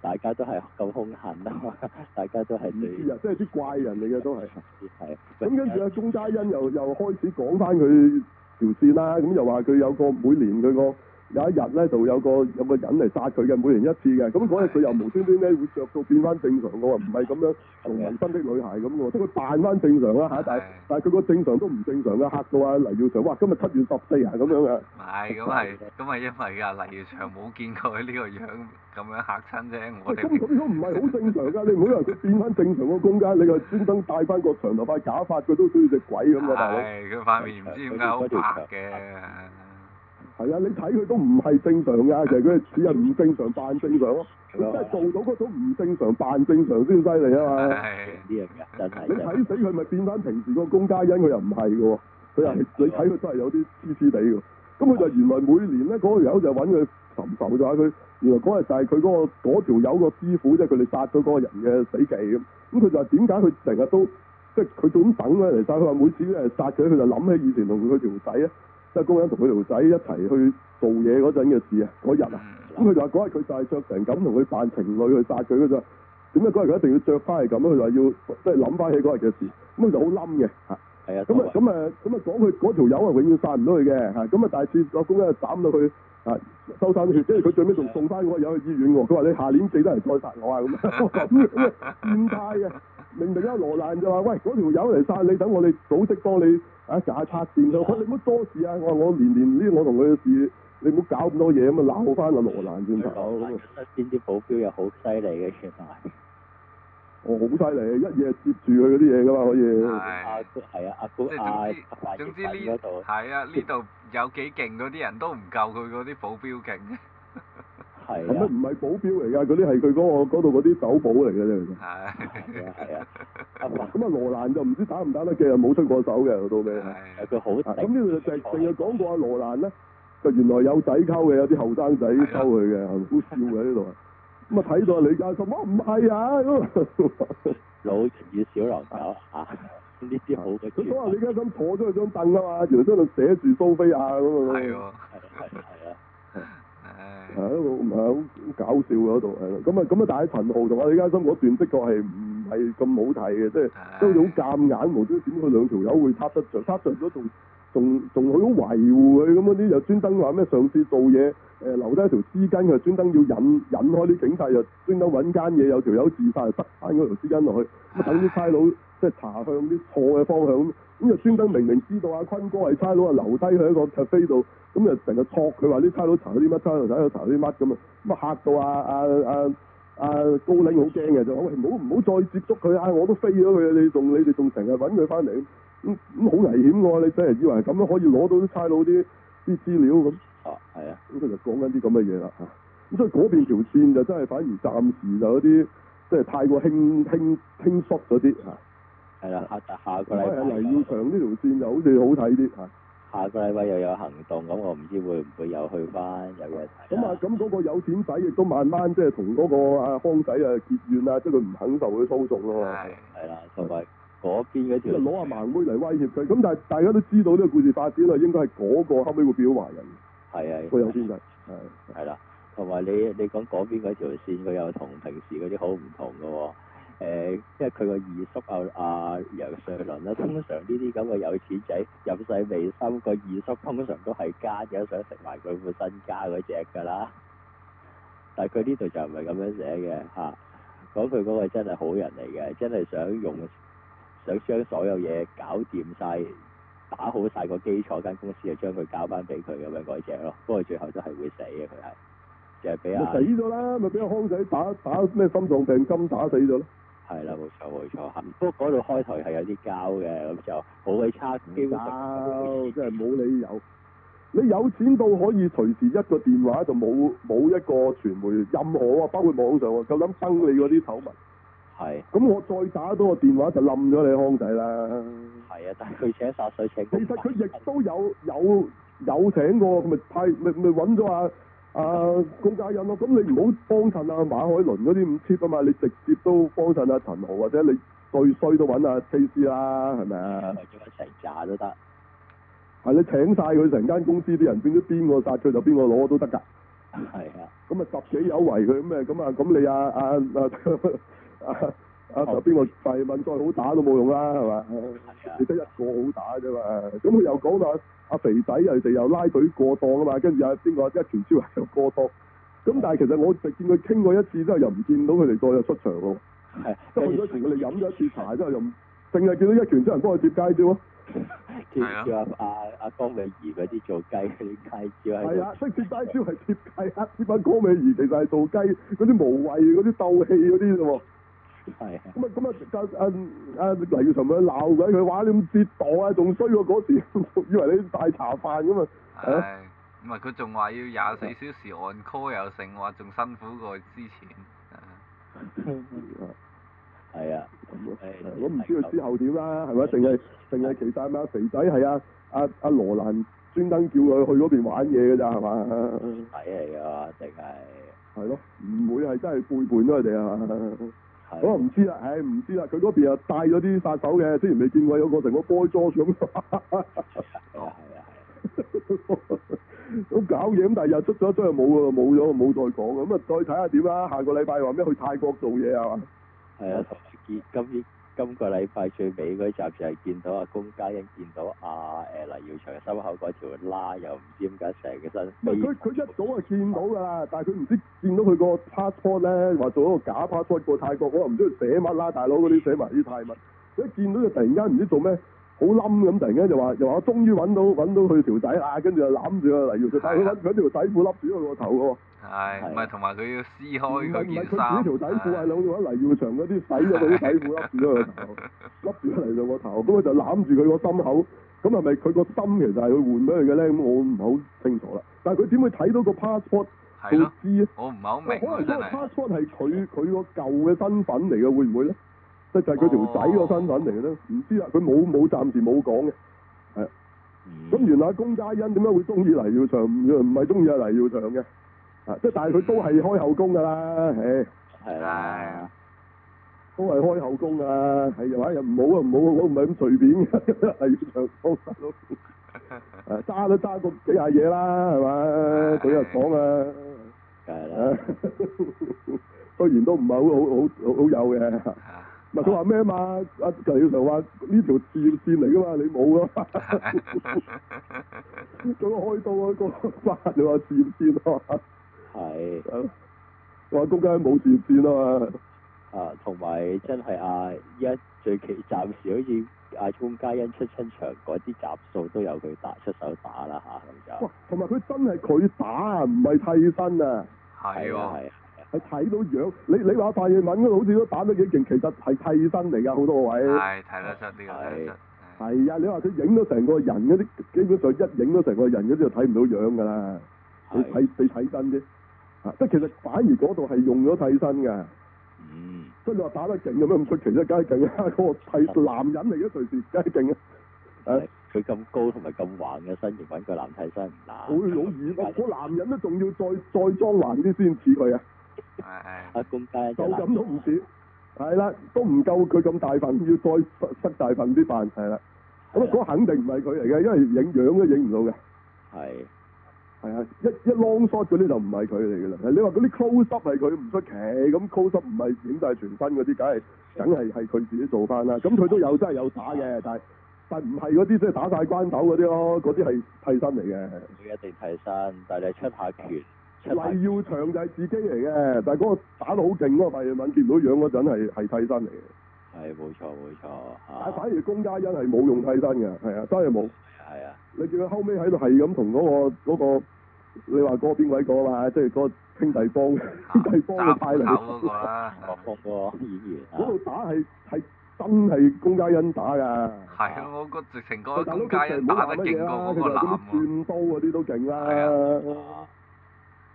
大家都係咁空閒啊！大家都係唔啊，即係啲怪人嚟嘅都係係啊。咁跟住咧，龔嘉欣又又開始講翻佢。條線啦，咁又話佢有個每年佢個。有一日咧，就有個有個人嚟殺佢嘅，每年一次嘅。咁嗰日佢又無端端咧會着到變翻正常嘅，我唔係咁樣，同容新的女孩咁喎，即佢扮翻正常啦嚇！但係但係佢個正常都唔正常嘅，嚇到阿黎耀祥哇！今日七月十四日咁樣啊！係咁係咁係因為㗎，黎耀祥冇見過佢呢個樣咁樣嚇親啫，我哋。咁佢都唔係好正常㗎，你唔好以為佢變翻正常個空間，你係專登戴翻個長頭髮假髮，佢都好似隻鬼咁嘅。係佢塊面唔知點解好嚇嘅。係啊，你睇佢都唔係正常㗎，其實佢係只係唔正常扮正常咯。佢真係做到嗰種唔正常扮正常先犀利啊嘛。係啲嘢，你睇死佢咪變翻平時個龔嘉欣，佢又唔係嘅喎，佢又係你睇佢真係有啲黐黐地嘅。咁佢就原來每年咧嗰條友就揾佢尋仇，就話佢原來嗰日就係佢嗰個條友個師傅即係，佢哋殺咗嗰個人嘅死忌咁。咁佢就話點解佢成日都即係佢做緊等咩嚟殺？佢話每次誒殺咗佢就諗起以前同佢條仔咧。就係工人同佢條仔一齊去做嘢嗰陣嘅事啊，嗰日啊，咁佢就話嗰日佢就係著成咁同佢扮情侶去殺佢嘅咋。點解嗰日佢一定要着翻嚟咁啊？佢話要即係諗翻起嗰日嘅事，咁佢就好冧嘅。嚇、嗯，係、嗯、啊，咁、嗯、啊，咁、嗯、啊，咁、嗯、啊，講佢嗰條友係永遠殺唔到佢嘅嚇。咁、嗯、啊，第二次老公公就斬到佢啊，收曬血。即係佢最尾仲送翻嗰條友去醫院喎。佢話你下年記得嚟再殺我啊咁啊！變 態啊！明明阿羅蘭就話：喂，嗰條友嚟晒，你等我哋組織幫你啊！假拆線，我話你唔好多事啊！我話我年年呢，我同佢嘅事，你唔好搞咁多嘢咁啊！鬧翻阿羅蘭先得。嗯、好，得邊啲保鏢又好犀利嘅？其實，我好犀利，一夜接住佢嗰啲嘢噶嘛可以。係，啊，阿古總之呢度，係啊，呢度裏有幾勁嗰啲人都唔夠佢嗰啲保鏢勁。 係。係唔係保鏢嚟㗎？嗰啲係佢嗰度嗰啲手錶嚟嘅。啫。係啊係啊。咁啊羅蘭就唔知打唔打得嘅，冇出過手嘅到尾。係。佢好。咁呢度就成成日講過阿羅蘭啦，就原來有仔溝嘅，有啲後生仔溝佢嘅，係咪？好笑嘅呢度。咁啊睇到李嘉欣啊，唔係啊。咁老見小狼狗呢啲好嘅。咁啊李嘉欣坐咗佢張凳啊嘛，原來喺度寫住蘇菲亞咁啊。係喎。係，係一唔係好好搞笑嘅嗰度，係咯。咁啊，咁啊，但係陳豪同阿李嘉欣嗰段，的確係唔係咁好睇嘅，即係都好監眼喎，點佢兩條友會擦得着，擦着咗仲仲仲佢好維護佢咁嗰啲，又專登話咩上次做嘢。誒留低條絲巾，佢專登要引引開啲警戒，又專登揾間嘢有條友自殺，塞翻嗰條絲巾落去，咁等啲差佬即係查向啲錯嘅方向咁，就又專登明明知道阿、啊、坤哥係差佬，留低喺個 cafe 度，咁就成日託佢話啲差佬查啲乜，差佬查到查啲乜咁啊，咁啊嚇到阿阿阿阿高領好驚嘅就話：喂，唔好唔好再接觸佢啊！我都飛咗佢，你仲你哋仲成日揾佢翻嚟，咁咁好危險㗎！你真係以為咁樣可以攞到啲差佬啲啲資料咁？哦，係啊，咁佢就講緊啲咁嘅嘢啦吓，咁所以嗰邊條線就真係反而暫時就有啲即係太過輕輕輕縮嗰啲吓，係啦，但、啊、下，下個禮拜黎耀祥呢條線就好似好睇啲吓，啊、下個禮拜又有行動，咁、嗯、我唔知會唔會有去翻有嘢睇咁啊，咁嗰、啊、個有錢仔亦都慢慢即係同嗰個阿、啊、康仔啊結怨啦，即係佢唔肯受佢操縱咯。係，係啦，各、啊、位，我嘅，嗰啲攞阿盲妹嚟威脅佢，咁、嗯、但係大家都知道呢個故事發展啦，應該係嗰個後尾會變到壞人。係啊，佢有思想，係係啦，同埋你你講嗰邊嗰條線，佢又同平時嗰啲好唔同嘅喎、哦。誒、欸，因為佢個二叔阿阿、啊啊、楊瑞麟啦，通常呢啲咁嘅有錢仔入世未深，個二叔通常都係奸嘢，想食埋佢半身家嗰隻㗎啦。但係佢呢度就唔係咁樣寫嘅嚇、啊，講佢嗰個真係好人嚟嘅，真係想用想將所有嘢搞掂晒。打好晒個基礎，間公司就將佢交翻俾佢咁樣嗰隻咯。不過最後都係會死嘅，佢係就係俾阿死咗啦，咪俾阿康仔打打咩心臟病針打死咗咯。係啦，冇錯冇錯，不過嗰度開頭係有啲膠嘅，咁就好鬼差，嗯、基本冇，真係冇理由。 你有錢到可以隨時一個電話就冇冇一個傳媒任何啊，包括網上啊，咁諗登你嗰啲醜聞啊！係，咁、嗯、我再打多個電話就冧咗你康仔啦。係啊，但係佢請殺水請。其實佢亦都有有有請過，咁咪派咪咪揾咗阿阿龔嘉欣咯。咁、啊啊、你唔好幫襯阿馬海倫嗰啲咁 cheap 啊嘛，你直接都幫襯阿陳豪或者你最衰都揾阿 K C 啦，係咪啊？咪咁一齊炸都得。係你請晒佢成間公司啲人，變咗邊個殺佢就邊個攞都得噶。係啊，咁啊、嗯、十幾有為佢咁啊，咁啊咁你啊。阿、啊、阿。啊啊啊啊啊啊啊啊啊！邊個肥文再好打都冇用啦，係嘛？你得一個好打啫嘛。咁佢又講話阿肥仔又成又拉佢過檔啊嘛。跟住阿邊個一拳超人又過檔。咁但係其實我就見佢傾過一次之後，又唔見到佢哋再有出場咯。係，即係佢哋拳，飲咗一次茶之後又淨係見到一拳超人幫佢接街招啊。接住阿阿阿江美儀嗰啲做雞街招。係啊，即係接街招係接雞啊！接返江美儀其實係做雞嗰啲無謂嗰啲鬥氣嗰啲啫喎。係咁啊！咁啊 Então,！直頭啊啊！黎耀祥咪鬧佢，佢話你咁折墮啊！仲衰過嗰次，以為你大茶飯㗎嘛。係咪？唔係佢仲話要廿四小時按 call 又成，話仲辛苦過之前，Price。係啊！咁我唔知道之後點啦，係咪？淨係淨係期待咩啊？肥仔係啊！阿阿羅蘭專登叫佢去嗰邊玩嘢嘅咋係嘛？仔嚟㗎定係？係咯，唔會係真係背叛咗佢哋啊！我唔知啦，唉唔知啦，佢嗰邊又帶咗啲殺手嘅，雖然未見過有個成個 b o y 咁咯。哦，係啊， 搞嘢咁，第日 又出咗真係冇啦，冇咗，冇再講咁啊，再睇下點啦。下個禮拜話咩去泰國做嘢係嘛？係啊，投資金。今個禮拜最尾嗰集就係見到阿龔嘉欣，見到阿誒、啊、黎耀祥嘅心口嗰條拉，又唔知點解成身佢佢一早啊見到啦，啊、但係佢唔知見到佢個 passport 咧，話做一個假 passport 過泰國，我又唔知佢寫乜啦，大佬嗰啲寫埋啲泰文，一見到就突然間唔知做咩好冧咁，突然間就話又話我終於揾到揾到佢條仔啊，跟住就攬住阿黎耀祥，但條仔褲笠住佢個頭嘅係，唔係同埋佢要撕開佢件條、哎、底褲係攞住，攞黎耀祥嗰啲洗咗佢啲底褲笠、哎、住咗個頭，笠 住嚟到個頭，咁佢就攬住佢個心口，咁係咪佢個心其實係去換俾佢嘅咧？咁我唔係好清楚啦。但係佢點會睇到個 passport 去的知咧？我唔係好明，可能因為個 passport 係佢佢的個舊嘅身份嚟嘅，會唔會咧？即係佢條仔個身份嚟嘅咧？唔、哦、知啊，佢冇冇暫時冇講嘅，係咁、嗯、原來阿龔嘉欣點解會中意黎耀祥？唔唔係中意阿黎耀祥嘅。啦啊！即係但係佢都係開後宮噶啦，係係、啊、啦， 都係開後宮啊！係又話又唔好啊！唔好我唔係咁隨便嘅，係要長工咯。揸都揸過幾下嘢啦，係咪？佢又講啊，係啦，雖然都唔係好好好好有嘅。唔係佢話咩嘛？阿陳耀常話呢條事業線嚟噶嘛？你冇咯？佢 要開刀啊、那個？個疤你話事業線啊？係，話張是、啊、家欣冇事線啊嘛、啊啊，啊，同埋真係阿依家最期暫時好似阿張嘉欣出親場嗰啲集數都有佢打出手打啦吓咁就，啊、是是哇，同埋佢真係佢打啊，唔係替身啊，係喎、啊，佢睇、啊、到樣，你你話范穎敏好似都打得幾勁，其實係替身嚟噶好多位，係睇、哎、得出呢係，係是啊，你話佢影到成個人嗰啲，基本上一影到成個人嗰啲就睇唔到樣噶啦、啊，你睇你睇真啲。即係其實反而嗰度係用咗替身嘅，嗯。所以你話打得勁有咩咁出奇咧？梗係勁嘅，嗰、嗰個替男人嚟嘅隨時，梗係勁嘅。誒，佢咁高同埋咁橫嘅身形，揾個男替身好容易啊！個男人咧，仲要再再裝橫啲先似佢啊！係係。啊咁低，手感都唔似。係啦，都唔夠佢咁大份，要再塞大份啲飯。係啦。咁啊了，肯定唔係佢嚟嘅，因為影樣都影唔到嘅。係。係啊，一一 long shot 嗰啲就唔係佢嚟嘅啦。你話嗰啲 close up 係佢，唔出奇，咁 close up 唔係影到係全身嗰啲，梗係梗係係佢自己做返啦。咁佢都有真係有打嘅，但係但唔係嗰啲即係打晒關斗嗰啲咯，嗰啲係替身嚟嘅。一定替身，但係出下拳。黎耀祥，祥就係自己嚟嘅，但係嗰個打到好勁嗰個，但係見唔到樣嗰陣係係替身嚟嘅。係冇錯冇錯，啊！反而龔嘉欣係冇用替身嘅，係啊，真係冇。係啊，你見佢後尾喺度係咁同嗰個嗰個，你話嗰個邊位講啦，即係嗰個兄弟幫，兄弟幫佢派嚟。打打嗰個啦，個個演員，度打係係真係龔嘉欣打噶。係啊，我個直情個龔嘉欣打乜嘢啊？其實嗰啲轉刀嗰啲都勁啦。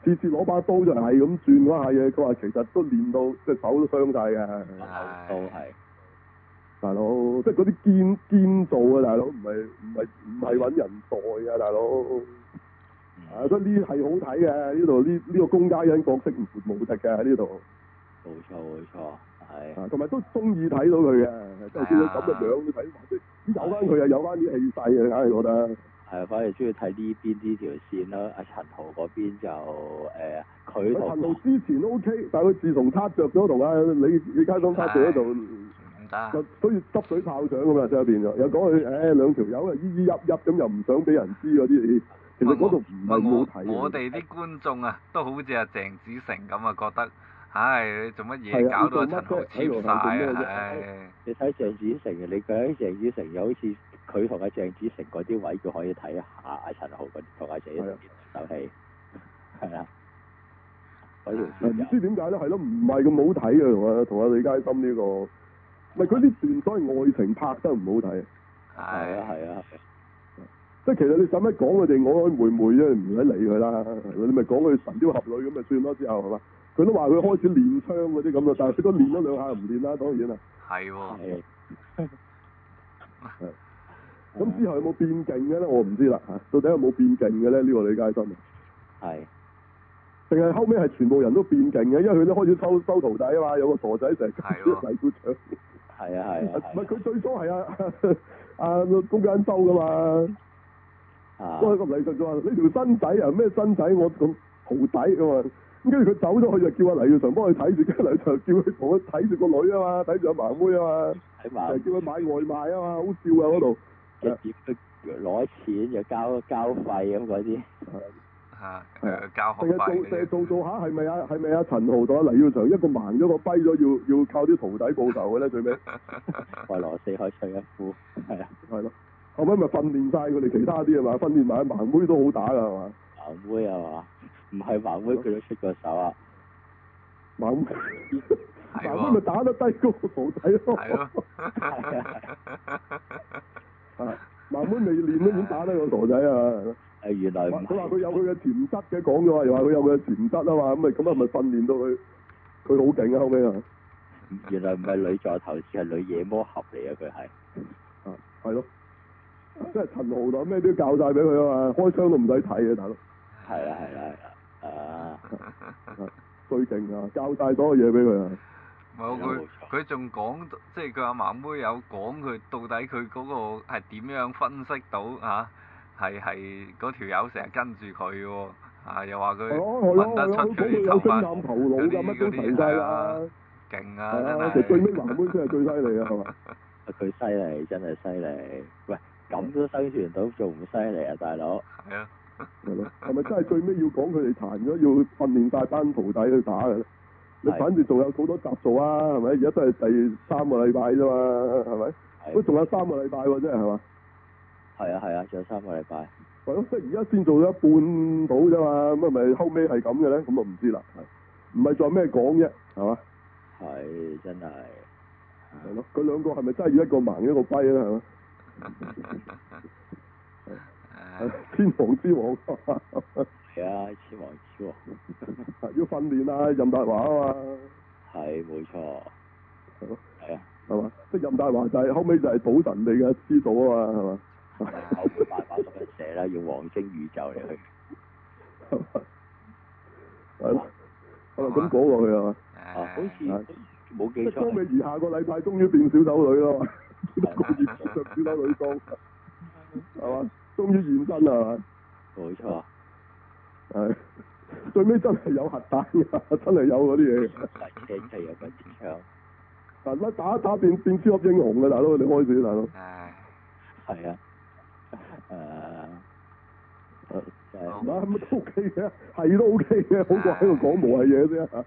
次次攞把刀就係咁轉嗰下嘢。佢話其實都練到即係手都傷晒嘅。都係。大佬，即係嗰啲堅堅做啊！大佬，唔係唔係唔係揾人代啊！大佬，嗯、啊，所以呢啲係好睇嘅呢度，呢呢、這個公家人角色唔闊無敵嘅呢度。冇錯冇錯，係同埋都中意睇到佢啊，即係見到咁嘅樣睇，即有翻佢啊，有翻啲氣勢啊，梗係覺得。係啊，反而中意睇呢邊呢條線啦，阿、啊、陳豪嗰邊就誒佢、啊啊。陳豪之前 O、OK, K，但係佢自從撻着咗同啊，你李家忠撻著嗰度。就所以濕水炮仗咁啊，真係變咗。有講佢，唉，兩條友啊，依依泣泣咁，又唔想俾人知嗰啲。其實嗰度唔係冇睇。我哋啲觀眾啊，都好似阿鄭子誠咁啊，覺得，唉，做乜嘢搞到阿陳豪黐曬啊？你睇鄭子誠，你睇鄭子誠又好似佢同阿鄭子誠嗰啲位，就可以睇下阿陳豪嗰啲同阿鄭子誠受氣，係啊。唔知點解咧？係咯，唔係咁好睇啊！同阿同啊李佳芯呢個。唔係嗰啲全部係愛情拍得唔好睇，係啊係啊，即係、啊、其實你使乜講佢哋曖曖昧昧啫，唔使理佢啦。你咪講佢神雕俠侶咁咪算咯。之後係嘛，佢都話佢開始練槍嗰啲咁咯，但係佢都練咗兩下唔練啦，當然啦。係喎。咁之後有冇變勁嘅咧？我唔知啦，到底有冇變勁嘅咧？呢、這個李佳芯。係、啊。淨係後尾係全部人都變勁嘅，因為佢都開始收收徒弟啊嘛。有個傻仔成日跟住嚟估槍。 係啊，係，唔係佢最初係啊啊公家收噶嘛，啊，都係咁黎 s 就話你條新仔啊，咩新仔我咁徒弟啊嘛，咁跟住佢走咗去就叫阿黎耀祥 r 幫佢睇住，跟黎 s i 叫佢同佢睇住個女啊嘛，睇住阿盲妹啊嘛，吧叫佢買外賣啊嘛，好笑吧啊嗰度，直接攞錢就交交費咁嗰啲。係啊，成日做做做下，係咪啊？係咪啊？陳豪同阿黎耀祥一個盲咗，個跛咗，要要靠啲徒弟報仇嘅咧，最尾外來四海出一夫，係啊，係咯。後尾咪訓練晒佢哋其他啲啊嘛，訓練埋盲妹都好打噶係嘛？盲妹啊嘛？唔係盲妹，佢都出咗手啊。盲妹，盲妹咪打得低過徒弟咯。係啊！盲妹未練都點打得過徒弟啊？誒，原來佢話佢有佢嘅潛質嘅，講咗話，又話佢有佢嘅潛質啊嘛，咁啊，咁啊，咪訓練到佢，佢好勁啊，後尾啊。原來唔係女座頭，係女夜魔俠嚟啊！佢係啊，係咯，即係陳豪啦，咩都教晒俾佢啊嘛，開槍都唔使睇嘅，大佬。係啊係啊係啊，啊最勁啊，教晒所有嘢俾佢啊。唔係佢，佢仲講，即係佢阿媽妹有講佢到底佢嗰個係點樣分析到啊？係係嗰條友成日跟住佢喎，啊、呃、又話佢揾得出出啲球啊，嗰啲嗰啲係啦，勁啊！係啊，佢最尾拿冠軍係最犀利啊，係嘛 吧？佢犀利真係犀利，喂，咁都生存到，仲唔犀利啊，大佬？係是啊，係咯，係咪真係最尾要講佢哋彈咗，要訓練大班徒弟去打嘅？你的反正仲有好多集數啊，係咪？而家都係第三個禮拜啫嘛，係咪？都仲的有三個禮拜喎、啊，真係係嘛？係啊係啊，仲、啊、有三個禮拜。係咯，即係而家先做咗一半到啫嘛，咁啊咪後尾係咁嘅咧，咁啊唔知啦。唔係再咩講啫，係嘛？係真係。係咯，佢兩個係咪真係要一個盲一個跛啊？係嘛？天王之王。 係啊，天王之王。王 要訓練啊，任大華啊嘛。係冇錯。係咯。係啊。係嘛、啊？即任大華就係、是、後尾就係賭神你嘅知道啊嘛，係嘛？我冇辦法咁樣寫啦， 用黃星宇宙嚟去。係咯、 啊，哦咁講落去啊嘛。啊，好似冇記錯。高美怡下個禮拜終於變小丑女咯，啊、個熱頭著小丑女裝，係嘛、啊啊啊 啊？終於現身啊！冇錯，係、啊啊、最尾真係有核彈㗎，真係有嗰啲嘢。嗱，啲經濟又緊張。嗱、啊，打打變變超級英雄嘅大佬，你開始大佬。係啊。誒，就係、uh, uh, 咪都 OK 嘅，係都 OK 嘅，好過喺度講無謂嘢啫。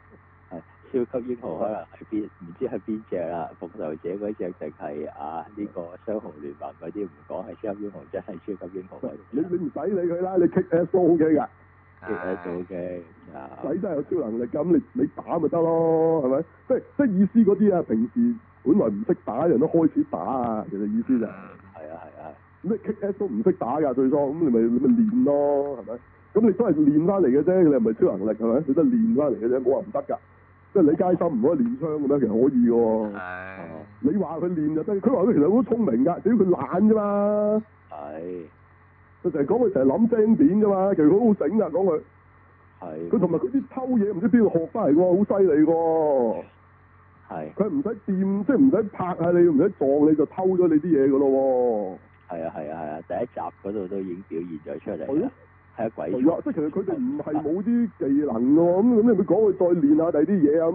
係超級英雄可能係邊，唔知係邊隻啦。復仇者嗰隻定係啊呢、這個雙雄聯盟嗰啲，唔講係超級英雄，即係超級英雄。英你你唔使理佢啦，你，你 K、uh, so okay,S 都、 啊 so、OK 噶。K S 都 OK，使真係有超能力咁，你你打咪得咯，係咪？即即意思嗰啲啊，平時本來唔識打，人都開始打啊，其實意思就係啊，係啊。咩 K S 都唔識打㗎，最初咁你咪你咪練咯，係咪？咁你都係練翻嚟嘅啫，你唔係超能力係咪？你都係練翻嚟嘅啫，冇話唔得㗎。即係你街心唔可以練槍㗎咩？其實可以嘅。係、哎啊。你話佢練就得，佢話佢其實好聰明㗎，屌佢懶啫嘛。係、哎。佢成日講佢成日諗精點㗎嘛，其實佢好醒㗎，講佢。係、哎。佢同埋佢啲偷嘢唔知邊度學翻嚟喎，好犀利㗎。佢唔使掂，即係唔使拍下你，唔使撞你就偷咗你啲嘢㗎咯喎。係啊係啊係啊！第一集嗰度都已經表現咗出嚟，係啊鬼！係啊，即係其實佢哋唔係冇啲技能喎，咁咁你咪講佢再練下第二啲嘢啊，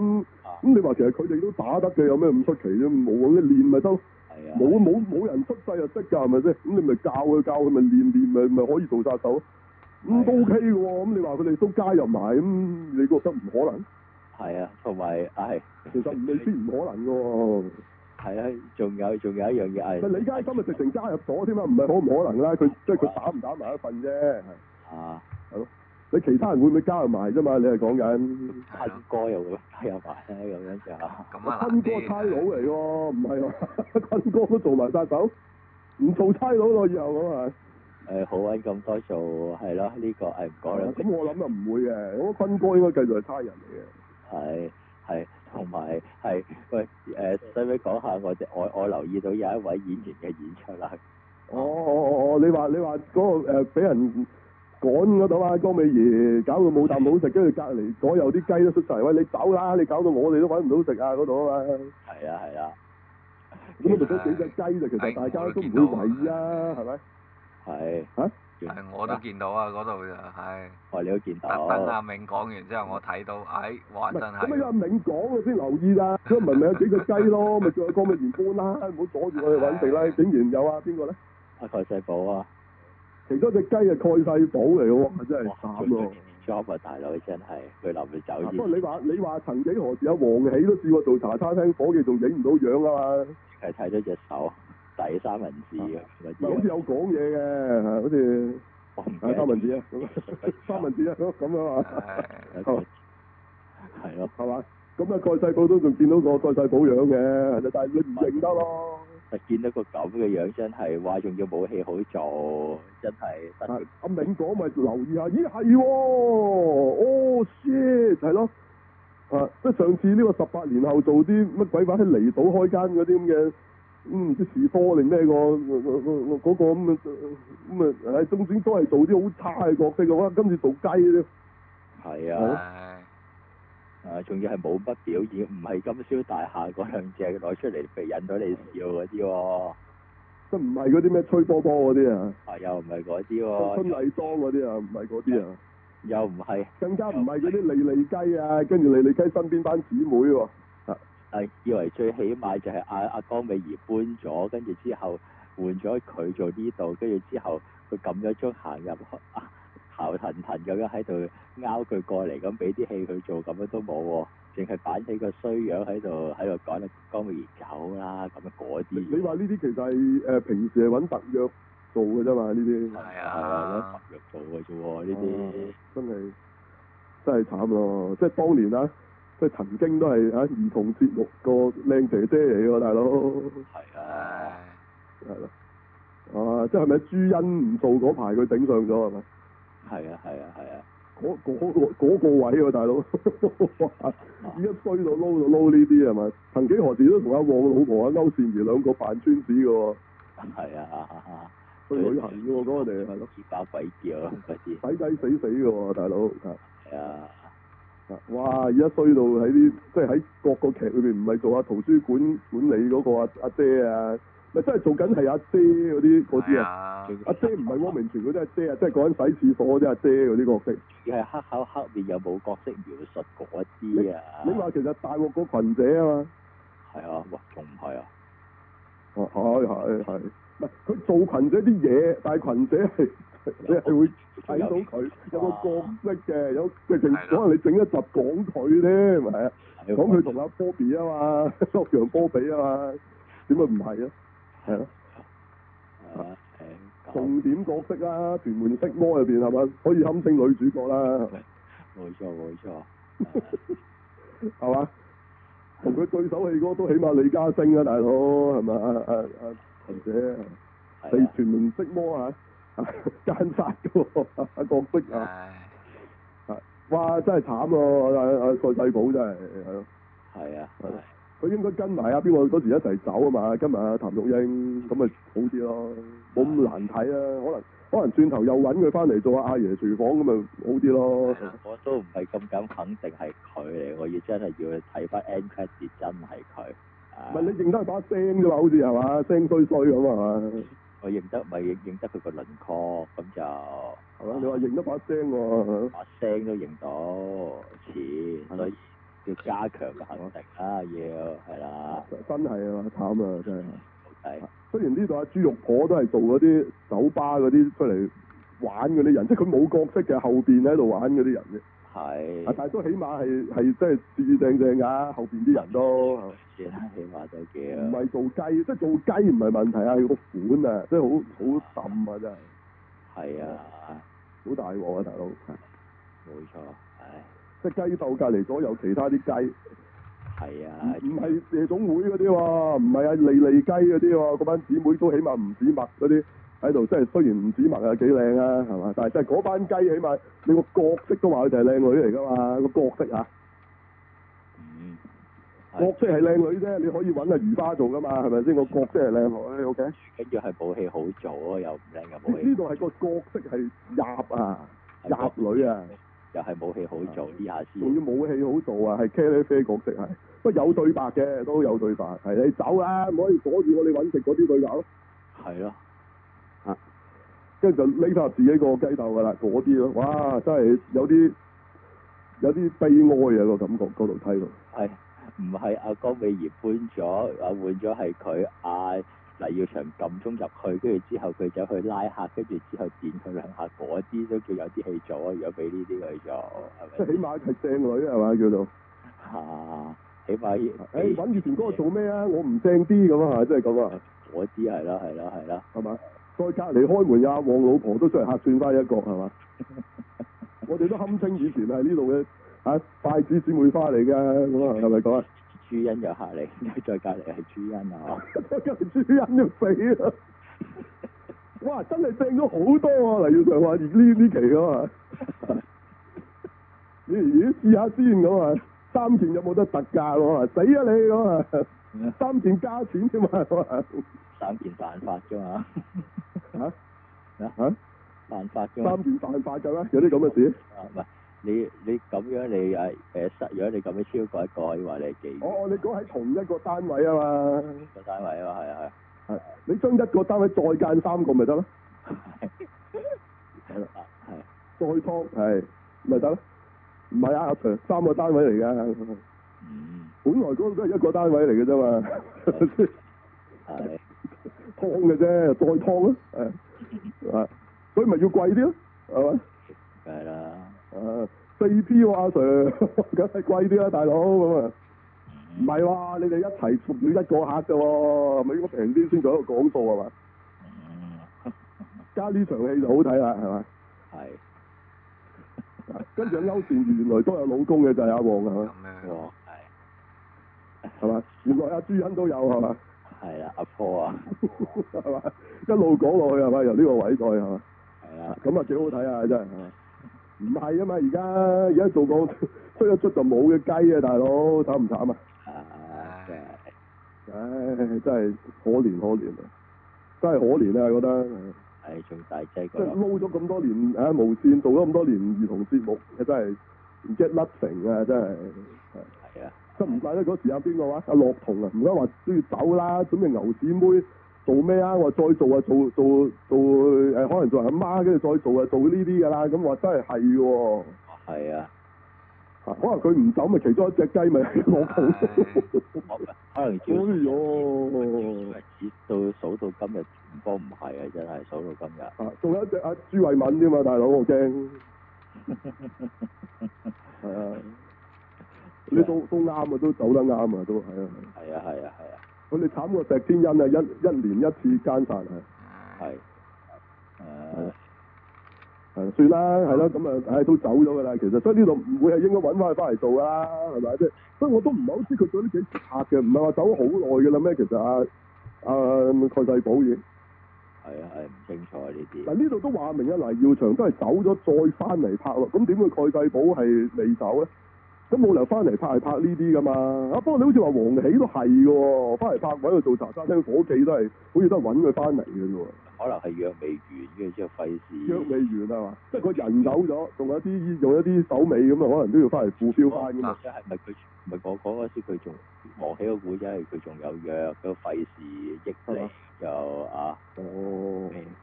咁咁你話其實佢哋都打得嘅，有咩唔出奇啫？冇啊，練咪得咯，冇冇冇人出世就得㗎，係咪先？咁你咪教佢教佢咪練練咪咪可以做殺手，咁都 OK 嘅喎。咁你話佢哋都加入埋，咁你覺得唔可能？係啊，同埋唉，其實唔係先唔可能嘅喎。係啊，仲有仲有一樣嘢係。但李佳金啊，直情加入咗添啊，唔係可唔可能啦？佢即係佢打唔打埋一份啫。啊，係咯。你其他人會唔會加入埋啫嘛？你係講緊坤哥又會加入埋咧，咁樣就。咁啊，坤哥差佬嚟喎，唔係喎，坤哥都做埋殺手，唔做差佬咯，以後咁啊。誒，好揾咁多數，係咯，呢個誒唔講啦。咁我諗就唔會嘅，我覺得坤哥應該繼續係差人嚟嘅。係係。同埋係喂，誒，使唔使講下我哋我我留意到有一位演員嘅演出啦？哦哦哦，你話你話嗰、嗰個俾、呃、人趕嗰度啊？江美儀搞到冇啖唔好食，跟住隔離左右啲雞都出曬，喂，你走啦！你搞到我哋都揾唔到食啊嗰度啊！嘛、哎，係啊係啊，咁咪得幾隻雞其實大家都唔會為意啊，係咪？係嚇。係，我都見到啊！嗰度就，唉，我哋都見到。等阿明講完之後，我睇到，唉，哇！真係。咩阿明講嘅先留意㗎？佢唔係有幾個雞咯，咪仲有江美賢搬啦，唔好阻住我哋揾食啦。竟然有啊？邊個咧？阿蓋世寶啊！其他隻雞啊，蓋世寶嚟嘅喎，真係。慘喎！做咗面 o b 啊，大佬真係，佢淋酒走。不過你話你話，曾幾何時有王喜都試過做茶餐廳伙記，仲影唔到樣啊嘛？係睇咗隻手。第三文治嘅，好似有講嘢嘅，好似，啊三文治啊，三文治啊，咁啊嘛，係咯，係嘛，咁啊蓋世寶都仲見到個蓋世寶樣嘅，但係你唔認得咯，就見到個咁嘅樣真係，話仲要冇戲好做，真係。但係阿明講咪留意下，咦係喎，哦 s 係咯，啊即上次呢個十八年後做啲乜鬼話喺離島開間嗰啲咁嘅。嗯，唔知士多定咩個，嗰個咁啊，咁啊，唉，總之都係做啲好差嘅角色嘅話，今次做雞咧，係啊，啊，仲、啊啊啊啊啊、要係冇乜表演，唔係金宵大廈嗰兩隻攞出嚟畀引到你笑嗰啲、哦，都唔係嗰啲咩吹波波嗰啲啊，啊，又唔係嗰啲喎，春麗多嗰啲啊，唔係嗰啲啊，又唔係，更加唔係嗰啲利利雞啊，跟住利利雞身邊班姊妹喎、啊。啊、以為最起碼就係阿阿江美儀搬咗，跟住之後換咗佢做呢度，跟住之後佢撳咗鐘行入，去、啊，頭騰騰咁樣喺度拗佢過嚟，咁俾啲戲佢做，咁樣都冇，淨係擺起個衰樣喺度喺度趕，江美儀走啦，咁啊嗰啲。你話呢啲其實誒、呃、平時係揾特約做嘅啫嘛？呢啲係啊，揾特約做嘅啫喎，呢啲真係真係慘咯！即係當年啦。即係曾經都係嚇兒童節目個靚姐姐嚟喎，大佬。係啊，係咯，哇！即係咪朱茵唔做嗰排佢頂上咗係咪？係啊係啊係啊！嗰嗰嗰個位喎，大佬，依家衰到撈到撈呢啲係咪？曾幾何時都同阿旺老婆阿歐倩怡兩個扮村子嘅喎。係啊，去旅行嘅喎，嗰個地係咯，死鬼，鬼叫， 死死死死嘅，大佬。係啊。哇！而家衰到喺啲，即係喺各個劇裏邊、啊，唔係做下圖書館管理嗰個阿、啊、阿、啊、姐啊，咪真係做緊係阿姐嗰啲嗰啲啊！阿、哎呀啊、姐唔係汪明荃嗰啲阿姐啊，即係講緊洗廁所嗰啲阿姐嗰啲角色。而係黑口黑面又冇角色描述嗰啲啊！你話其實大鑊個群姐啊嘛？係啊！哇，仲唔係啊？啊，係係係，唔係佢、啊啊啊啊、做群姐啲嘢，但係群姐係。你係會睇到佢有個角色嘅，有直情可能你整一集講佢咧，係啊，講佢同阿波比啊嘛，洛陽波比啊嘛，點解唔係啊？係、啊、咯，啊、重點角色啦、啊，《屯門色魔》入邊係咪可以堪稱女主角啦？冇錯，冇錯，係嘛？同佢對手戲哥都起碼李嘉聲啊，大佬係咪？啊啊啊！或者四屯門色魔啊？啊、奸殺個郭碧啊！哇，真係慘喎、啊！阿阿郭世寶真係係咯，係啊，佢、啊啊、應該跟埋阿邊個嗰時一齊走啊嘛，今日阿譚玉英咁咪好啲咯，冇咁唉難睇啦、啊。可能可能轉頭又揾佢翻嚟做阿、啊、爺廚房咁咪好啲咯、啊。我都唔係咁敢肯定係佢嚟，我要真係要去睇翻 end credit 真係佢。唔係唉你認得佢把聲啫嘛？好似係嘛，聲衰衰咁係嘛？ 佢認得咪認認得佢個輪廓，咁就係咯。吧你話認得把聲喎、啊，把聲都認到，似所以要加強嘅肯定。啊要，係啦。真係啊，慘啊，真係、啊。係是，雖然呢度阿豬肉婆都係做嗰啲酒吧嗰啲出嚟玩嗰啲人，即係佢冇角色嘅，後邊喺度玩嗰啲人啫。係是啊，但係都起碼係係即係正正正㗎，後邊啲人都其他、啊、起碼就幾唔係做雞，即係做雞唔係問題啊，要個款啊，即係好好抌啊，真係係啊，好大鑊啊，大佬，冇錯，係、啊、即係雞竇隔離咗，有其他啲雞係啊，唔係夜總會嗰啲嘛，唔係啊利利雞嗰啲嘛，嗰班姊妹都起碼唔止百嗰啲。喺度，即係雖然唔子墨有幾靚啊，係嘛？但係即係嗰班雞，起碼你個角色都話佢哋係靚女嚟噶嘛，個角色啊。角色係靚女啫，你可以揾阿如花做噶嘛，係咪先？個角色係靚女，OK。跟住係武器好做啊，又唔靚又武器。呢度係個角色係鴨啊，鴨女啊。又係武器好做，啲下先。仲要武器好做啊，係茄喱啡角色啊，不過有對白嘅，都有對白。係你走啦，唔可以阻住我哋揾食嗰啲女仔。係咯。跟住拎翻自己個雞竇噶啦，嗰啲咯，哇，真係有啲有啲悲哀嘅個感覺，嗰條梯度。係、哎，唔係阿江美儀搬咗，啊換咗係佢嗌黎耀祥撳中入去，跟住之後佢走去拉客，跟住之後剪佢兩下，嗰啲都叫有啲戲做啊！如果俾呢啲佢做，即係起碼係正女，係嘛叫做。吓、啊，起碼誒揾住田哥做咩啊？我唔正啲咁啊！即係咁啊！嗰啲係啦，係啦，係啦，係嘛？再隔籬開門有阿旺老婆都出嚟客串翻一角係嘛？ 我哋都堪稱以前係呢度嘅啊筷子姊妹花嚟嘅，咁啊係咪講啊？朱茵又下你，再隔籬係朱茵啊！隔籬朱茵就死啦！哇，真係正咗好多啊！黎耀祥話呢呢期啊嘛，你嚟嘢試下先咁啊！三件有冇得特價喎、啊？ 死啊你咁啊！ 三件加錢啫嘛，省 件，件犯法啫嘛，嚇嚇犯法啫嘛，件犯法就有有啲咁嘅事。啊唔係、啊啊、你你咁樣你誒誒失樣，你咁樣，樣超改改話你幾？哦，你講喺同一個單位啊嘛，個單位啊嘛係啊係啊，你將一個單位再間三個咪得咯？係 啊，係再劏係咪得咯？唔係啊，阿長三個單位嚟㗎。本來嗰度都係一個單位嚟嘅啫嘛，即係劏嘅啫，再劏咯，係啊，所以咪要貴啲咯，係嘛？係啦，啊四 P 喎、啊、阿 Sir，梗係貴啲啦，大佬咁啊，唔係話你哋一齊服咗一個客嘅喎，咪應該平啲先做一個講數，係嘛？嗯、 加呢場戲就好睇啦，係嘛？係是。跟住歐弟原來都有老公嘅就係阿黃，係嘛？ 啊啊係嘛？原來阿朱茵都有係嘛？係啦，阿波啊，係嘛？一路講落去係咪？由呢個位再係嘛？係啊，咁啊幾好睇啊！真係，唔係啊嘛？而家而家做個出一出就冇嘅雞啊，大佬慘唔慘啊？唉，真係可憐可憐啊！真係可憐啊，覺得係從大隻，即係撈咗咁多年，唉，無綫做咗咁多年兒童節目，真係唔知甩成啊！真係係啊。咁唔怪得嗰時啊，邊個話阿樂同啊，唔該話都要走啦。咁你牛姐妹做咩啊？我話再做啊，做做做誒，可能做阿媽跟住再做，做的的啊，做呢啲㗎喇。咁話真係係喎。係啊，可能佢唔走咪其中一隻雞咪樂同。 可能主要。哎呀 ward、er,！直到 rain，數到今日，全部唔係啊，真係數到今日。啊，仲有一隻阿朱慧敏啫嘛，大佬我驚。係啊。 你都都啱啊，都走得啱啊，都係啊，係啊，係啊，係啊。我哋慘過石天恩一一啊，一一年一次間殺啊，係、啊，誒，誒，算啦，係啦。咁啊，唉、哎，都走咗噶啦。其實，所以呢度唔會係應該揾翻佢翻嚟做啦，係咪即係，所以我都唔係好知佢做啲嘢拍嘅，唔係話走咗好耐嘅啦咩？其實啊，啊，蓋世寶已經，係啊，係唔、啊、清楚啊。呢啲。嗱，呢度都話明啊黎耀祥都係走咗再翻嚟拍咯，咁點會蓋世寶係未走咧？咁冇理由翻嚟拍係拍呢啲噶嘛？啊，不過你好似話王喜都係嘅，翻嚟拍位佢做茶餐廳伙記都係，好似都係揾佢翻嚟嘅啫。可能係約未完嘅，約費事。約未完啊嘛，吧即係個人走咗，仲有啲仲有啲手尾咁啊，可能都要翻嚟付標翻嘅。嗱、啊。唔係我講嗰時，佢仲望起個古，因為佢仲有藥個費事益嚟，就， 啊都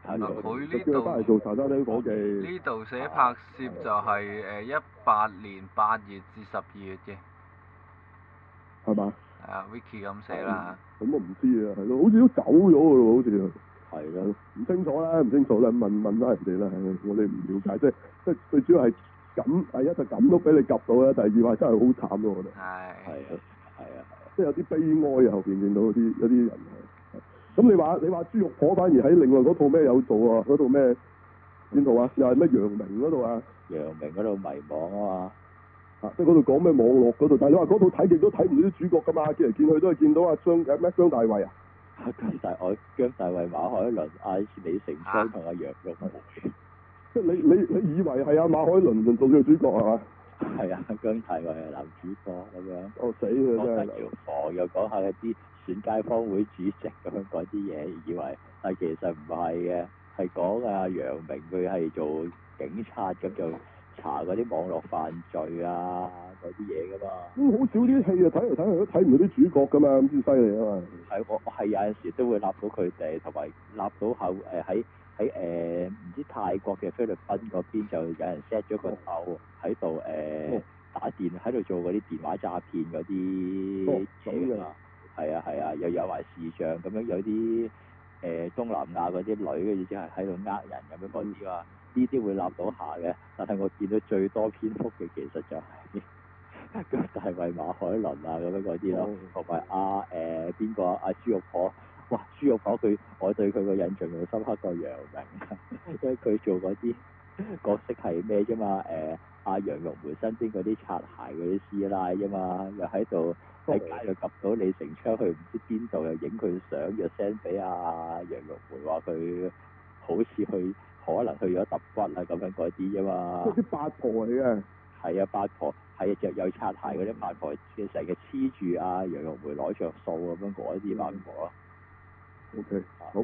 睇佢呢度翻嚟做查得咧，我哋呢度寫拍攝就係誒一八年八月至十二月啫。係嘛吧？係啊，Vicky 咁寫啦咁、嗯、我唔知啊，好似都走咗嘅喎，好似。係啦，唔清楚啦，唔清楚啦，問問翻人哋啦，我哋唔了解，即係即係最主要係。咁係一就咁都俾你夾到啦，第二話真係好慘咯，我覺得係係啊係啊，即係有啲悲哀啊，後邊見到啲一啲人，咁你話你話豬肉火反而喺另外嗰套咩有做啊？嗰度咩線圖啊？又係咩楊明嗰度啊？楊明嗰度迷惘啊，啊即係嗰度講咩網絡嗰度，但係你話嗰套睇極都睇唔到啲主角噶嘛，見嚟見去都係見到阿張咩張大衛啊？姜大愛、姜大衛、馬海倫、艾紫、李成昌同阿楊玉即你你你以為係啊馬海倫他做嘅主角係嘛？係啊，姜泰為男主角咁樣。哦死啊真係！講消防又講下啲選街坊會主席咁樣嗰啲嘢，以為但其實唔係嘅，係講啊，楊明佢係做警察咁就查嗰啲網絡犯罪啊嗰啲嘢㗎嘛。咁好、嗯、少啲戲啊！睇嚟睇去都睇唔到啲主角㗎嘛，咁犀利啊嘛！係我我係有陣時都會立到佢哋，同埋立到後誒喺。呃喺誒唔知泰國嘅菲律賓嗰邊，就有人 set 咗個竇喺度誒打電喺度做嗰啲電話詐騙嗰啲嘅，係啊係啊，又有埋視像咁樣，有啲誒東南亞嗰啲女嘅，即係喺度呃人咁樣嗰啲啊，呢啲會立到下嘅，但係我見到最多篇幅嘅其實就係咁大衞馬海倫啊咁樣嗰啲咯，同埋阿誒邊個阿豬肉婆。哇！豬肉哥佢，我對佢個印象仲深刻過楊明，因為佢做嗰啲角色係咩啫嘛？誒、呃，阿、啊、楊玉梅身邊嗰啲擦鞋嗰啲師奶啫嘛，又喺度喺街度 𥁤 到李成昌去唔知邊度又影佢相，又 send 俾阿楊玉梅話佢好似去可能去咗揼骨啊咁樣嗰啲啫嘛。啲八婆嚟嘅、啊。係啊，八婆係啊，著又擦鞋嗰啲八婆，成日黐住阿楊玉梅攞着數咁樣嗰啲八婆咯。嗯 OK，好，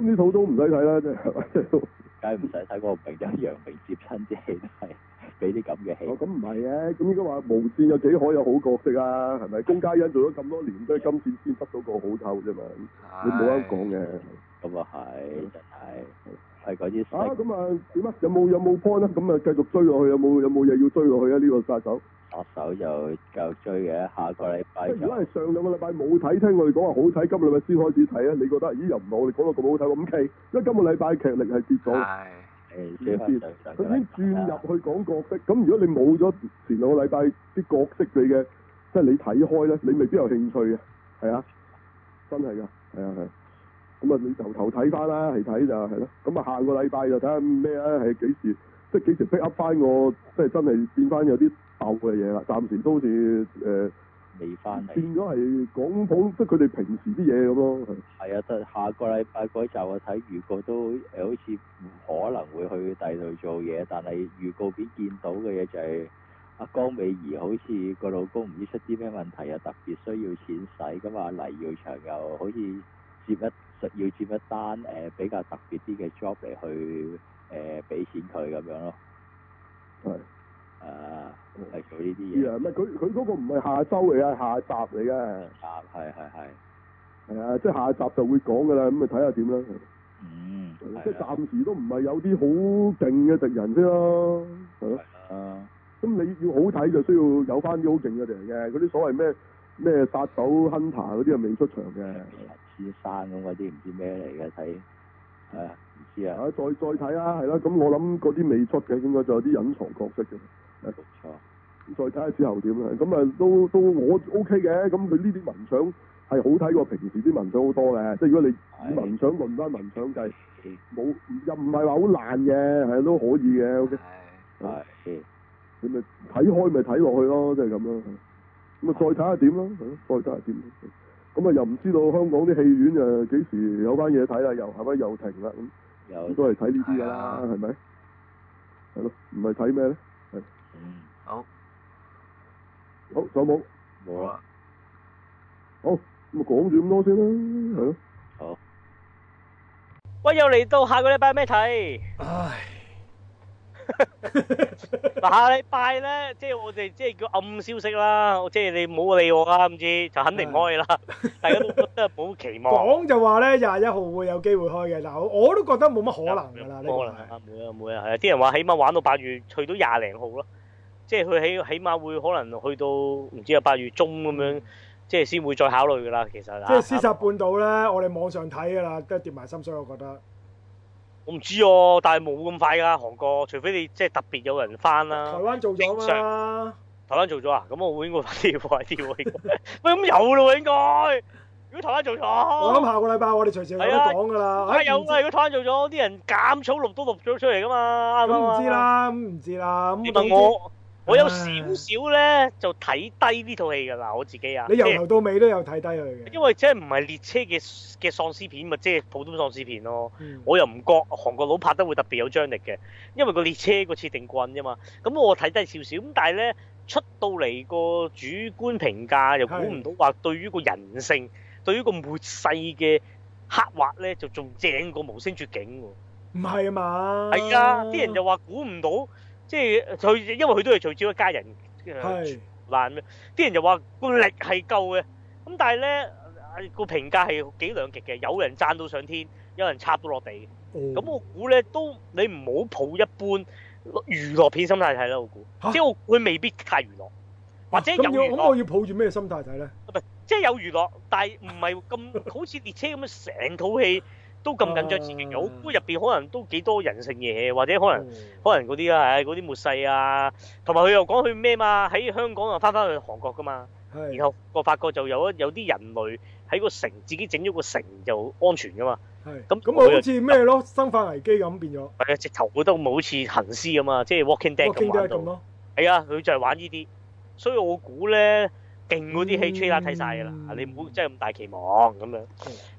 呢套都唔使睇啦，真係，梗係唔使睇。我明一樣未接親啲戲都係俾啲咁嘅戲。哦，咁唔係嘅，咁應該話無綫有幾可有好角色啊，係咪？鍾嘉欣做咗咁多年都係今次先得到個好頭啫嘛，的你冇得講嘅。咁啊係，係係嗰啲。的啊，咁啊，點啊？有冇有冇 point 啊？咁啊，繼續追落去，有冇有冇嘢要追落去啊？呢個殺手。我手又夠追嘅，下個禮拜如果係上兩個禮拜冇睇，聽我哋講話好睇，今個禮拜先開始睇啊？你覺得？咦，又唔係我哋講到咁好睇喎？咁 K，因為今個禮拜劇力係跌咗。係唉。已經轉入去講角色，咁、啊、如果你冇咗前兩個禮拜啲角色你嘅，即係你睇開咧，你未必有興趣嘅，係啊，真係噶，係啊係。咁啊，啊你由頭睇翻啦，係睇就係咯。咁啊，下個禮拜就睇下咩啊，係幾時。即幾時逼 up 翻我？即係真係變翻有啲爆嘅嘢啦。暫時都好似誒未翻嚟，呃、變咗係講講，即係佢哋平時啲嘢咁咯。係啊，但下個禮拜嗰集我睇預告都誒，好似唔可能會去第度做嘢。但係預告片見到嘅嘢就係、是、阿江美儀好似個老公唔知出啲咩問題，又特別需要錢使噶嘛。黎耀祥又好似接一實要接一單誒、呃、比較特別啲嘅 job 嚟去。誒俾錢佢咁樣咯，係，啊，嚟做呢啲嘢。啊，唔係佢佢嗰個唔係下週嚟啊，下集嚟嘅。下集係係係，係啊，即、就、係、是、下一集就會講嘅啦，咁咪睇下點啦。嗯，啊啊、即係暫時都唔係有啲好勁嘅敵人先咯，係咯。啊，咁、啊啊啊、你要好睇就需要有翻啲好勁嘅敵人嘅，嗰啲所謂咩咩殺手亨 u 嗰啲又未出場嘅，先生咁嗰啲唔知咩嚟嘅睇，係啊。Yeah. 啊！再再睇、啊、啦，係、嗯、啦，咁我諗嗰啲未出嘅，應該仲有啲隱藏角色嘅。啊，咁再睇下之後點啦。咁啊，都都我 O K 嘅。咁佢呢啲文場係好睇過平時啲文場好多嘅。即係如果你以文場論返文場計，冇又唔係話好爛嘅，係、啊、都可以嘅。O、嗯、K。係、uh, 啊。你咪睇開咪睇落去咯，即係咁咯。咁啊，啊，再睇下點咯。再睇下點。咁啊，啊，又唔知道香港啲戲院誒幾、啊、時有返嘢睇啦？又係咪、啊、又要要停啦、啊？都係睇呢啲噶啦，係咪？係咯，唔係睇咩咧？係。嗯，好。好，走冇？冇啦了。好，咁咪講住咁多先啦，係咯。好。喂，又嚟到，下個禮拜咩睇？唉。嗱，下禮拜咧，即係我哋即係叫暗消息啦。即係你唔好理我啦，唔知就肯定唔開啦。大家都覺得好期望。講就話咧，廿一號會有機會開嘅。但我都覺得冇乜可能噶啦，可能係冇啊冇啊，係啊。啲人話起碼玩到八月，去到廿零號咯。即係佢起起碼會可能去到唔知啊八月中咁樣，即係先會再考慮噶啦。其實即係獅子半島咧，我哋網上睇噶啦，都係跌埋深水，我覺得。我唔知哦、啊，但係冇咁快㗎、啊，韓國除非你即係特別有人翻啦、啊。台灣做咗啊嘛！台灣做咗啊？咁我應該快啲啲喎。喂，咁有咯喎應該。如果台灣做咗、啊，我諗下個禮拜我哋隨時有得講㗎啦。係、啊哎、有啊。如果台灣做咗，啲人減草錄都錄咗出嚟㗎嘛。咁唔、嗯吧嗯、知啦，唔、嗯、知啦，咁、嗯、等道我。我有少少咧就睇低呢套戲嘅，嗱我自己啊，你由頭到尾都有睇低佢嘅。因為即係唔係列車嘅嘅喪屍片，咪即係普通喪屍片咯。嗯、我又唔覺韓國佬拍得會特別有張力嘅，因為個列車個設定棍啫嘛。咁、嗯、我睇低少少，咁但係咧出到嚟個主觀評價又估唔到話，對於個人性，的對於個末世嘅刻畫咧就仲正過無聲絕境喎。唔係啊嘛？係啊，啲人又話估唔到。即係佢，因為佢都係聚焦一家人嘅難。啲是人就話個力係夠嘅，咁但係咧個評價係幾兩極嘅，有人讚到上天，有人插到落地。咁、哦、我估咧都你唔好抱一般娛樂片心態睇啦，我估，啊、即我會未必太娛樂，啊、或者有咁要咁我要抱住咩心態睇咧？唔即係有娛樂，但係唔係咁好似列車咁樣成套戲。都咁緊張自己，自然嘅。我估入邊可能都幾多人性嘢，或者可能、嗯、可能嗰啲啊，係嗰啲末世啊。同埋佢又講佢咩嘛？喺香港啊，翻返去韓國㗎嘛。是然後我發覺就有一有啲人類喺個城自己整咗個城就安全㗎嘛。咁咁好似咩咯？生化危機咁變咗。係啊、嗯，直頭覺得好似行屍咁啊，即係 walk Walking Dead 咁玩到。係啊 is，佢就係玩呢啲。所以我估咧。勁嗰啲戲，吹啦睇曬嘅啦，你唔好即係咁大期望咁樣。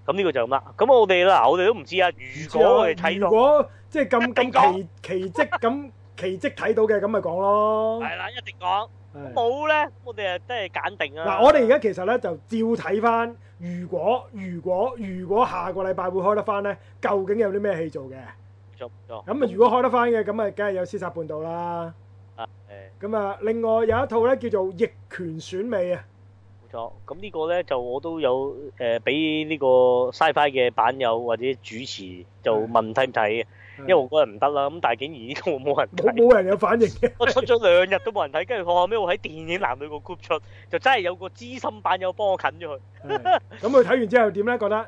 咁呢個就咁啦。咁我哋嗱，我哋都唔知啊。如果我哋睇到，如果即係咁咁奇奇蹟咁奇蹟睇到嘅，咁咪講咯。係啦，一定講。冇咧，我哋啊真係揀定啊。嗱，我哋而家其實咧就照睇翻，如果如果如果下個禮拜會開得翻咧，究竟有啲咩戲做嘅？做做。咁啊，如果開得翻嘅，咁啊，梗係有《屍殺半島》啦。啊誒。咁啊，另外有一套咧叫做《逆》。全選未啊，錯？冇錯，咁呢個咧就我都有誒，俾、呃、呢個 Sci-Fi 嘅版友或者主持就問睇唔睇，因為我覺得唔得啦。咁但係竟然呢套冇人睇，冇人有反應 我出咗兩日都冇人睇，跟住我後尾我喺電影男女個 group 出，就真係有個資深版友幫我近咗佢。咁佢睇完之後點咧？覺得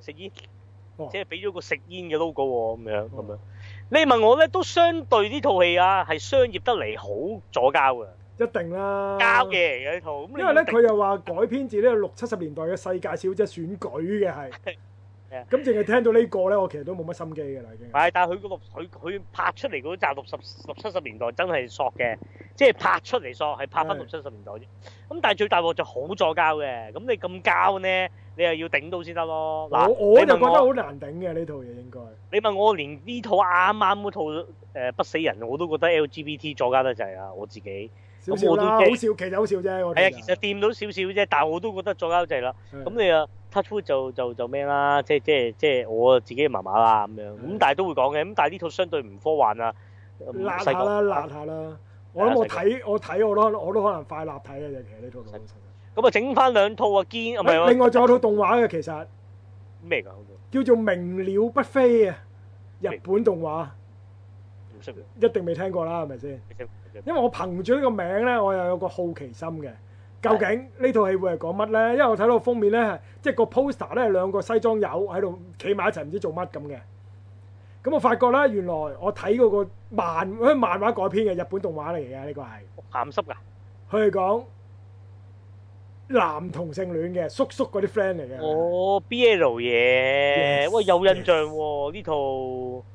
食煙，即係俾咗個食煙嘅 logo 咁樣咁樣。嗯、你問我咧都相對呢套戲啊，係商業得嚟好左膠嘅。一定啦，膠嘅嘅呢套，因為咧佢又話改編自呢個六七十年代嘅世界小姐選舉嘅係，咁淨係聽到呢個咧，我其實都冇乜心機嘅啦已經。係，但係佢嗰個佢佢拍出嚟嗰集六十六七十年代真係索嘅，即係拍出嚟索係拍翻六七十年代啫。咁但係最大鑊就好助膠嘅，咁你咁膠咧，你又要頂到先得咯。嗱，我就覺得好難頂嘅呢套嘢應該。你問我連呢套啱啱嗰套誒不死人我都覺得 LGBT 助膠得滯啊，我自己。咁我好笑，其實好笑啫。我係啊，其實掂到少少啫，但係我都覺得作交劑啦。咁你啊，Touch 就就就咩啦？即即即我自己麻麻啦咁樣。咁但係都會講嘅。咁但係呢套相對唔科幻啊。辣下啦，辣下啦。我諗我睇我睇我都我都可能快立體啊！尤其呢套咁啊，整翻兩套啊，堅啊，唔係。另外仲有套動畫嘅其實咩㗎？叫做《鳴鳥不飛》啊，日本動畫。一定未聽過啦，係咪先？因為我憑住呢個名咧，我又有個好奇心嘅。究竟呢套戲會係講乜咧？因為我睇到封面咧，即係個 poster 咧，兩個西裝友喺度企埋一齊，唔知做乜咁嘅。咁我發覺咧，原來我睇嗰個漫，佢漫畫改編嘅日本動畫嚟嘅呢個係。咸濕㗎，佢係講男同性戀嘅叔叔嗰啲 friend 嚟嘅。哦，BL 嘢，yeah. yes, 喂，有印象喎，啊，yes，呢套。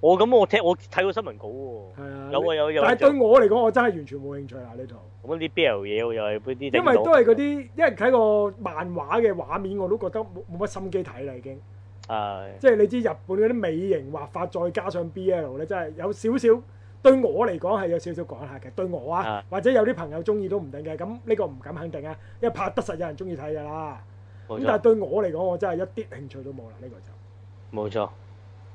我咁、哦、我聽我睇過新聞稿喎，有啊有有，但係對我嚟講我真係完全冇興趣啦呢套咁啲 BL 嘢又係啲，因為都係嗰啲，因為睇個漫畫嘅畫面我都覺得冇冇乜心機睇啦已經。係。哎、即係你知日本嗰啲美型畫法再加上 BL 咧，真係有少少對我嚟講係有少少講下嘅。對我啊，是啊或者有啲朋友中意都唔定嘅。咁呢個唔敢肯定啊，因為拍得實有人中意睇噶啦。咁沒錯 但係對我嚟講我真係一啲興趣都冇啦呢個就。冇錯。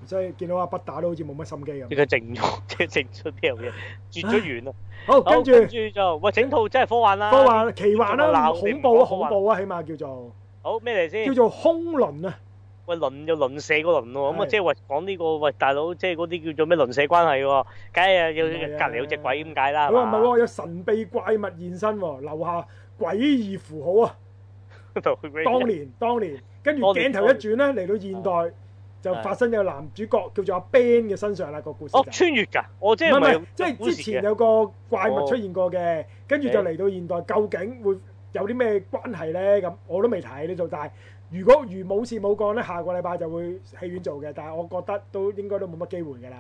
即係見到阿北打都好似冇乜心機咁，依家靜咗，即係靜咗掉嘅，絕咗完，咯。好跟住就喂整套真係科幻啦，科幻奇幻啦，恐怖啊，恐怖啊，起碼叫做好咩嚟先？叫做空輪啊！喂輪就輪社個輪喎，咁啊即係話講呢個喂大佬，即係嗰啲叫做咩輪社關係喎？梗係要隔離有隻鬼咁解啦。唔係唔係喎，有神秘怪物現身喎，留下詭異符號啊！當年當年，跟住鏡頭一轉咧，嚟到現代。就發生喺個男主角叫做阿 Ben 嘅身上啦，個故事哦穿越㗎，我真係唔係即係之前有個怪物出現過嘅，跟住就嚟到現代，究竟會有啲咩關係咧？咁我都未睇呢度，但係如果如冇事冇過咧，下個禮拜就會戲院做嘅，但係我覺得都應該都冇乜機會㗎啦，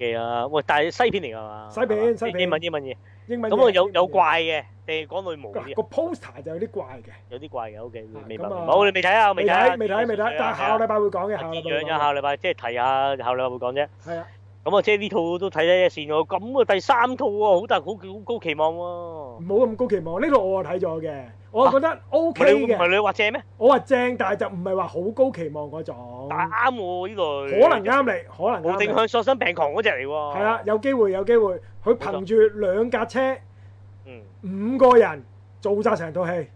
係係啊，喂，但係西片嚟㗎嘛，西片西片英文英文嘢。英文咁啊有有怪嘅，定係講內幕啲？個 poster 就有啲怪嘅，有啲怪嘅 OK。咁啊，冇你未睇啊，未睇，未睇，未睇。但係下個禮拜會講嘅。揭樣啊，下個禮拜即係提下，下個禮拜會講啫。係啊。咁啊，即係呢套都睇咗一線喎。咁啊，第三套喎，好但係好高期望喎。冇咁高期望。呢套我啊睇咗嘅。我覺得 OK 嘅，你唔係你話正咩？我話正，但係就唔係話好高期望嗰種。啱我呢個，可能啱你，可能無定向喪心病狂嗰隻嚟喎。係啦，有機會有機會，佢憑住兩架車，嗯，五個人做晒成套戲，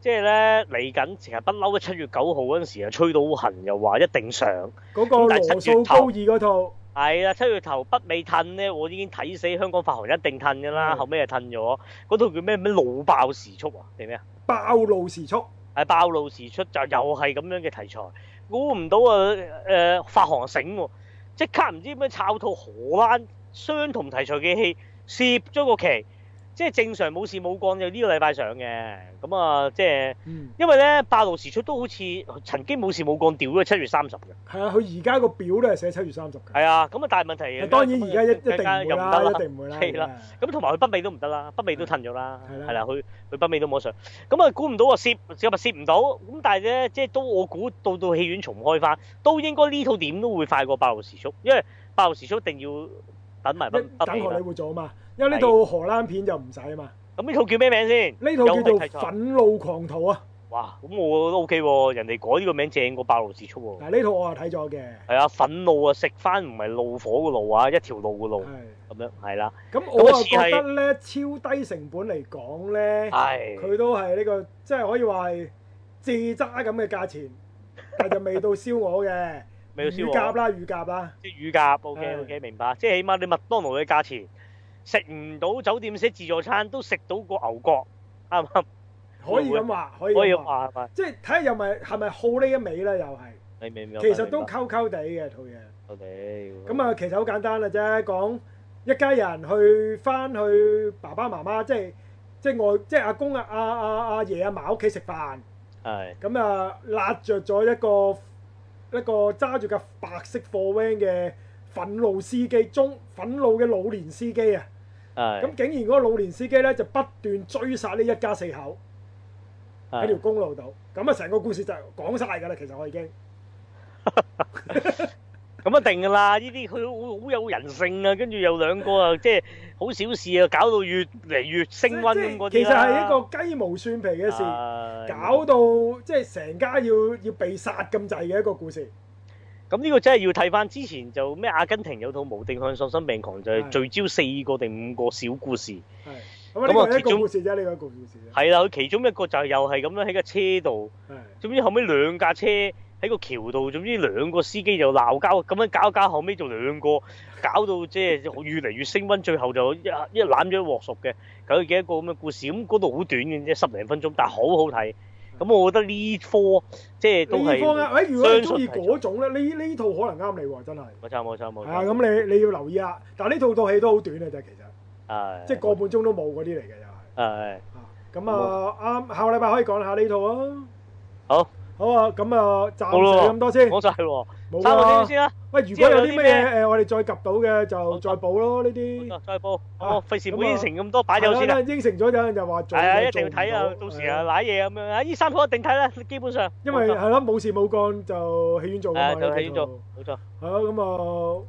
即係咧嚟緊其實不嬲都七月九號嗰陣時啊，吹到痕又話一定上嗰個羅素高爾嗰套。係啦，七月頭北美褪咧，我已經睇死香港發行一定褪嘅啦，嗯、後尾又褪咗。嗰套叫咩咩老爆時速啊？定咩啊？爆露時速，係爆露時速，就又係咁樣嘅題材。估唔到啊！誒、呃、發行醒喎，即刻唔知點樣炒套荷蘭相同題材嘅戲，攝咗個期。即係正常冇事冇幹，就呢個禮拜上嘅，咁啊即係，因為咧《八號時速》都好似曾經冇事冇幹掉咗七月三十嘅。係啊，佢而家個表都係寫七月三十嘅。係啊，咁啊，大係問題當然而家一一定唔得啦，一定唔會啦。係啦，咁同埋佢北美都唔得啦，北美都褪咗啦，係啦、啊，係啦、啊，佢、啊、北美都冇上。咁、嗯、啊，估、嗯、唔到啊，攝只物攝唔到。咁但係咧，即係都我估到到戲院重開翻，都應該呢套點都會快過《八號時速》，因為《八號時速》一定要等埋北美你會做啊嘛！因為呢套荷蘭片就唔使啊嘛。咁呢套叫咩名先？呢套叫做《憤路狂徒》啊。哇，咁我都 O K 喎，人哋改呢個名正過爆路自出喎。嗱，呢套我又睇咗嘅。係啊，憤路啊食翻唔係怒火嘅怒啊，一條路嘅路咁樣，係啦。咁我又覺得咧，超低成本嚟講咧，佢都係呢個即係可以話係自揸咁嘅價錢，但係就未到燒鵝嘅，未到燒鵝。乳鴿啦，乳鴿啊。即係乳鴿，O K O K，明白。即係起碼你麥當勞嘅價錢。食唔到酒店式自助餐，都食到個牛角，啱唔啱？可以咁話，可以話，即係睇下又咪係咪好呢一味咧？又係，其實都溝溝地嘅套嘢。溝地，咁啊，其實好簡單嘅啫，講一家人去翻去爸爸媽媽，即係即係外即係阿公啊、阿阿阿爺、啊、阿嫲屋企食飯。係的。咁啊，揦着咗一個一個揸住個白色貨 van 嘅憤怒司機，中憤怒嘅老年司機啊！咁竟然嗰老年司機咧就不斷追殺呢一家四口喺條公路度，咁啊成個故事就講晒㗎啦。其實我已經咁啊定㗎啦！呢啲佢好好有人性啊，跟住有兩個啊，即係 好小事啊，搞到越嚟越升溫咁嗰啲。其實係一個雞毛蒜皮嘅事，的搞到即係成家要要被殺咁滯嘅一個故事。咁呢個真係要睇翻之前就咩？阿根廷有套無定向喪心病狂，就係聚焦四個定五個小故事。係，咁啊，你係一個故事啫，這個、個故事。係啦，佢其中一個就是又係咁樣喺架車度，的總之後尾兩架車喺個橋度，總之兩個司機就鬧交，咁樣搞搞後尾就兩個搞到即係越嚟越升温，最後就一一攬一鑊熟嘅。咁幾多個咁嘅故事？咁嗰度好短嘅啫，十零分鐘，但係好好睇。咁我覺得呢科即係都係，如果你鍾意嗰種咧呢呢套可能啱你喎，真係。冇錯，冇錯，冇錯。啊，咁你你要留意啦。但係呢套套戲都好短啊，其實，哎、即係個半鐘都冇嗰啲嚟嘅又係。係咁啊，啱下個禮拜可以講下呢套啊。好。好啊，咁啊，暫時咁多先，講晒喎，三部片先啦。喂，如果有啲咩嘢，誒，我哋再及到嘅就再補咯，呢啲。啊，再補。哦，費事唔應承咁多，擺咗先。應承咗有陣就話做，係啊，一定要睇啊，到時啊，瀨嘢咁樣。啊，呢三部一定睇啦，基本上。因為係咯，冇事冇幹就戲院做，係啊，戲院做，冇錯。好，咁啊，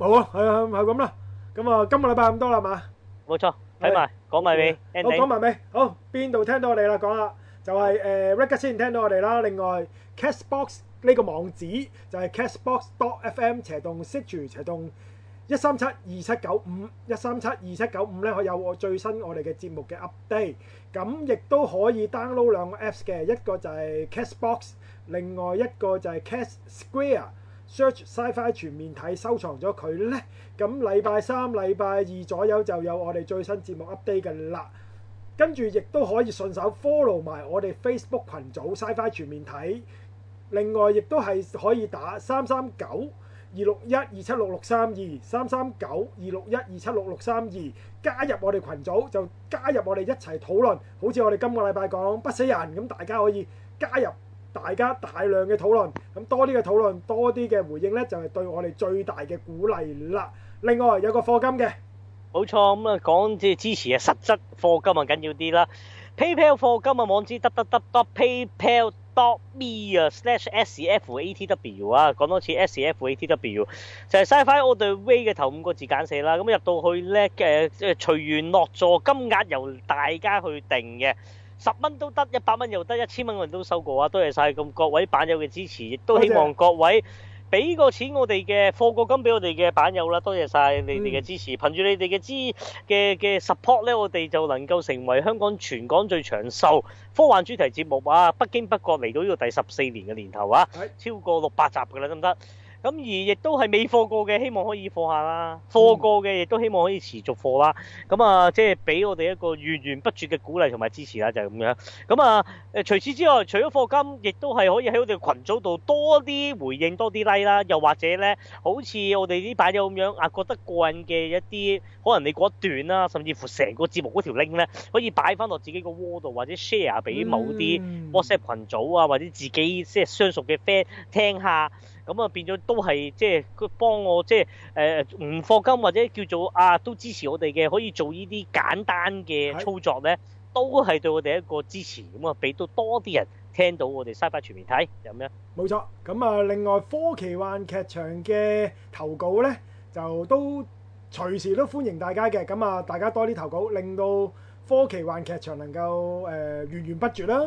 好啊，係啊，係咁啦。咁啊，今日禮拜咁多啦嘛。冇錯，睇埋，講埋未？好，講埋未？好，邊度聽到我哋啦？講啦！就係誒 Reggie 先聽到我哋啦。另外，Cashbox 呢個網址就係 Cashbox.fm 斜洞 Situ 斜洞一三七二七九五一三七二七九五咧，可以有我最新我哋嘅節目嘅 update。咁亦都可以 download 兩個 Apps 嘅，一個就係 Cashbox，另外一個就係 Cash Square。Search Sci-Fi 全面睇收藏咗佢咧，咁禮拜三、禮拜二左右就有我哋最新節目 update 嘅啦。跟住亦都可以順手 follow 埋我哋 Facebook 群組 Sci-Fi 全面睇，另外亦都係可以打三三九二六一二七六六三二三三九二六一二七六六三二加入我哋群組就加入我哋一齊討論，好似我哋今個禮拜講不死人，咁大家可以加入，大家大量嘅討論，咁多啲嘅討論多啲嘅回應呢就係對我哋最大嘅鼓勵啦。另外有個課金嘅。冇錯，咁啊講即係支持啊，實質課金啊緊要啲啦。PayPal 課金啊網址得得得得 paypal dot me 啊 slash s f a t w 啊，講多次 s f a t w 就係 Sci-Fi All The Way 嘅頭五個字簡寫啦。咁入到去咧誒隨緣落座，金額由大家去定嘅，十蚊都得，一百蚊又得，一千蚊我哋都收過啊。多謝晒咁各位版友嘅支持，亦都希望各位。俾個錢我哋嘅貨個金俾我哋嘅版友啦，多謝晒你哋嘅支持。嗯、憑住你哋嘅支嘅嘅 support 咧，我哋就能夠成為香港全港最長壽科幻主題節目啊！不經不覺嚟到呢個第十四年嘅年頭啊，是超過六百集㗎喇，得唔得？咁而亦都係未課過嘅，希望可以課下啦。課過嘅亦都希望可以持續課啦。咁啊，即係俾我哋一個源源不絕嘅鼓勵同埋支持啦，就係咁樣。咁啊，誒除此之外，除咗課金，亦都係可以喺我哋群組度多啲回應，多啲 like 啦。又或者咧，好似我哋啲朋友咁樣啊，覺得過癮嘅一啲，可能你嗰一段啦，甚至乎成個節目嗰條 link 咧，可以擺翻落自己個窩度，或者 share 俾某啲 WhatsApp 群組啊，或者自己即係相熟嘅 friend 聽下。咁啊，變咗都係即係佢幫我即係誒唔課金或者叫做啊都支持我哋嘅，可以做呢啲簡單嘅操作咧，都係對我哋一個支持。咁啊，俾到多啲人聽到我哋《Sci-Fi 全面睇》咁樣。冇錯。咁啊，另外科奇幻劇場嘅投稿咧，就都隨時都歡迎大家嘅。咁啊，大家多啲投稿，令到科奇幻劇場能夠誒、呃、源源不絕啦。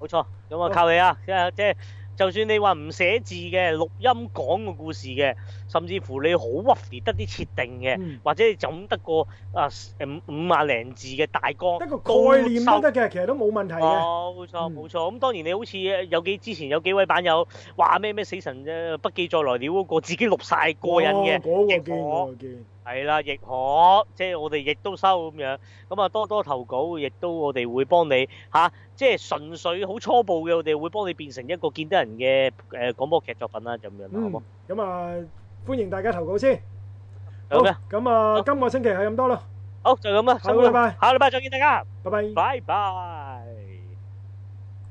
冇錯。咁啊，靠你啊，嗯、啊即係即係。就算你話唔寫字嘅，錄音講個故事嘅。甚至乎你好屈，得啲設定嘅，嗯、或者你總得個啊、呃、五五萬零字嘅大綱，得個概念收得嘅，其實都冇問題冇、哦、錯，冇、嗯、錯。咁當然你好似有幾之前有幾位版友話咩咩《什麼什麼死神》嘅《筆記再來了》嗰自己錄晒過癮嘅，亦、哦那個、可係啦，亦可即係我哋亦都收咁樣。咁啊，多多投稿，亦都我哋會幫你吓，即係純粹好初步嘅，我哋會幫你變成一個見得人嘅誒廣播劇作品啦，咁樣啦。嗯，咁啊。嗯。歡迎大家投稿先。好咁啊，今個星期係咁多啦。好，就咁啦。下個禮拜，下個禮拜再見大家。拜拜，拜拜。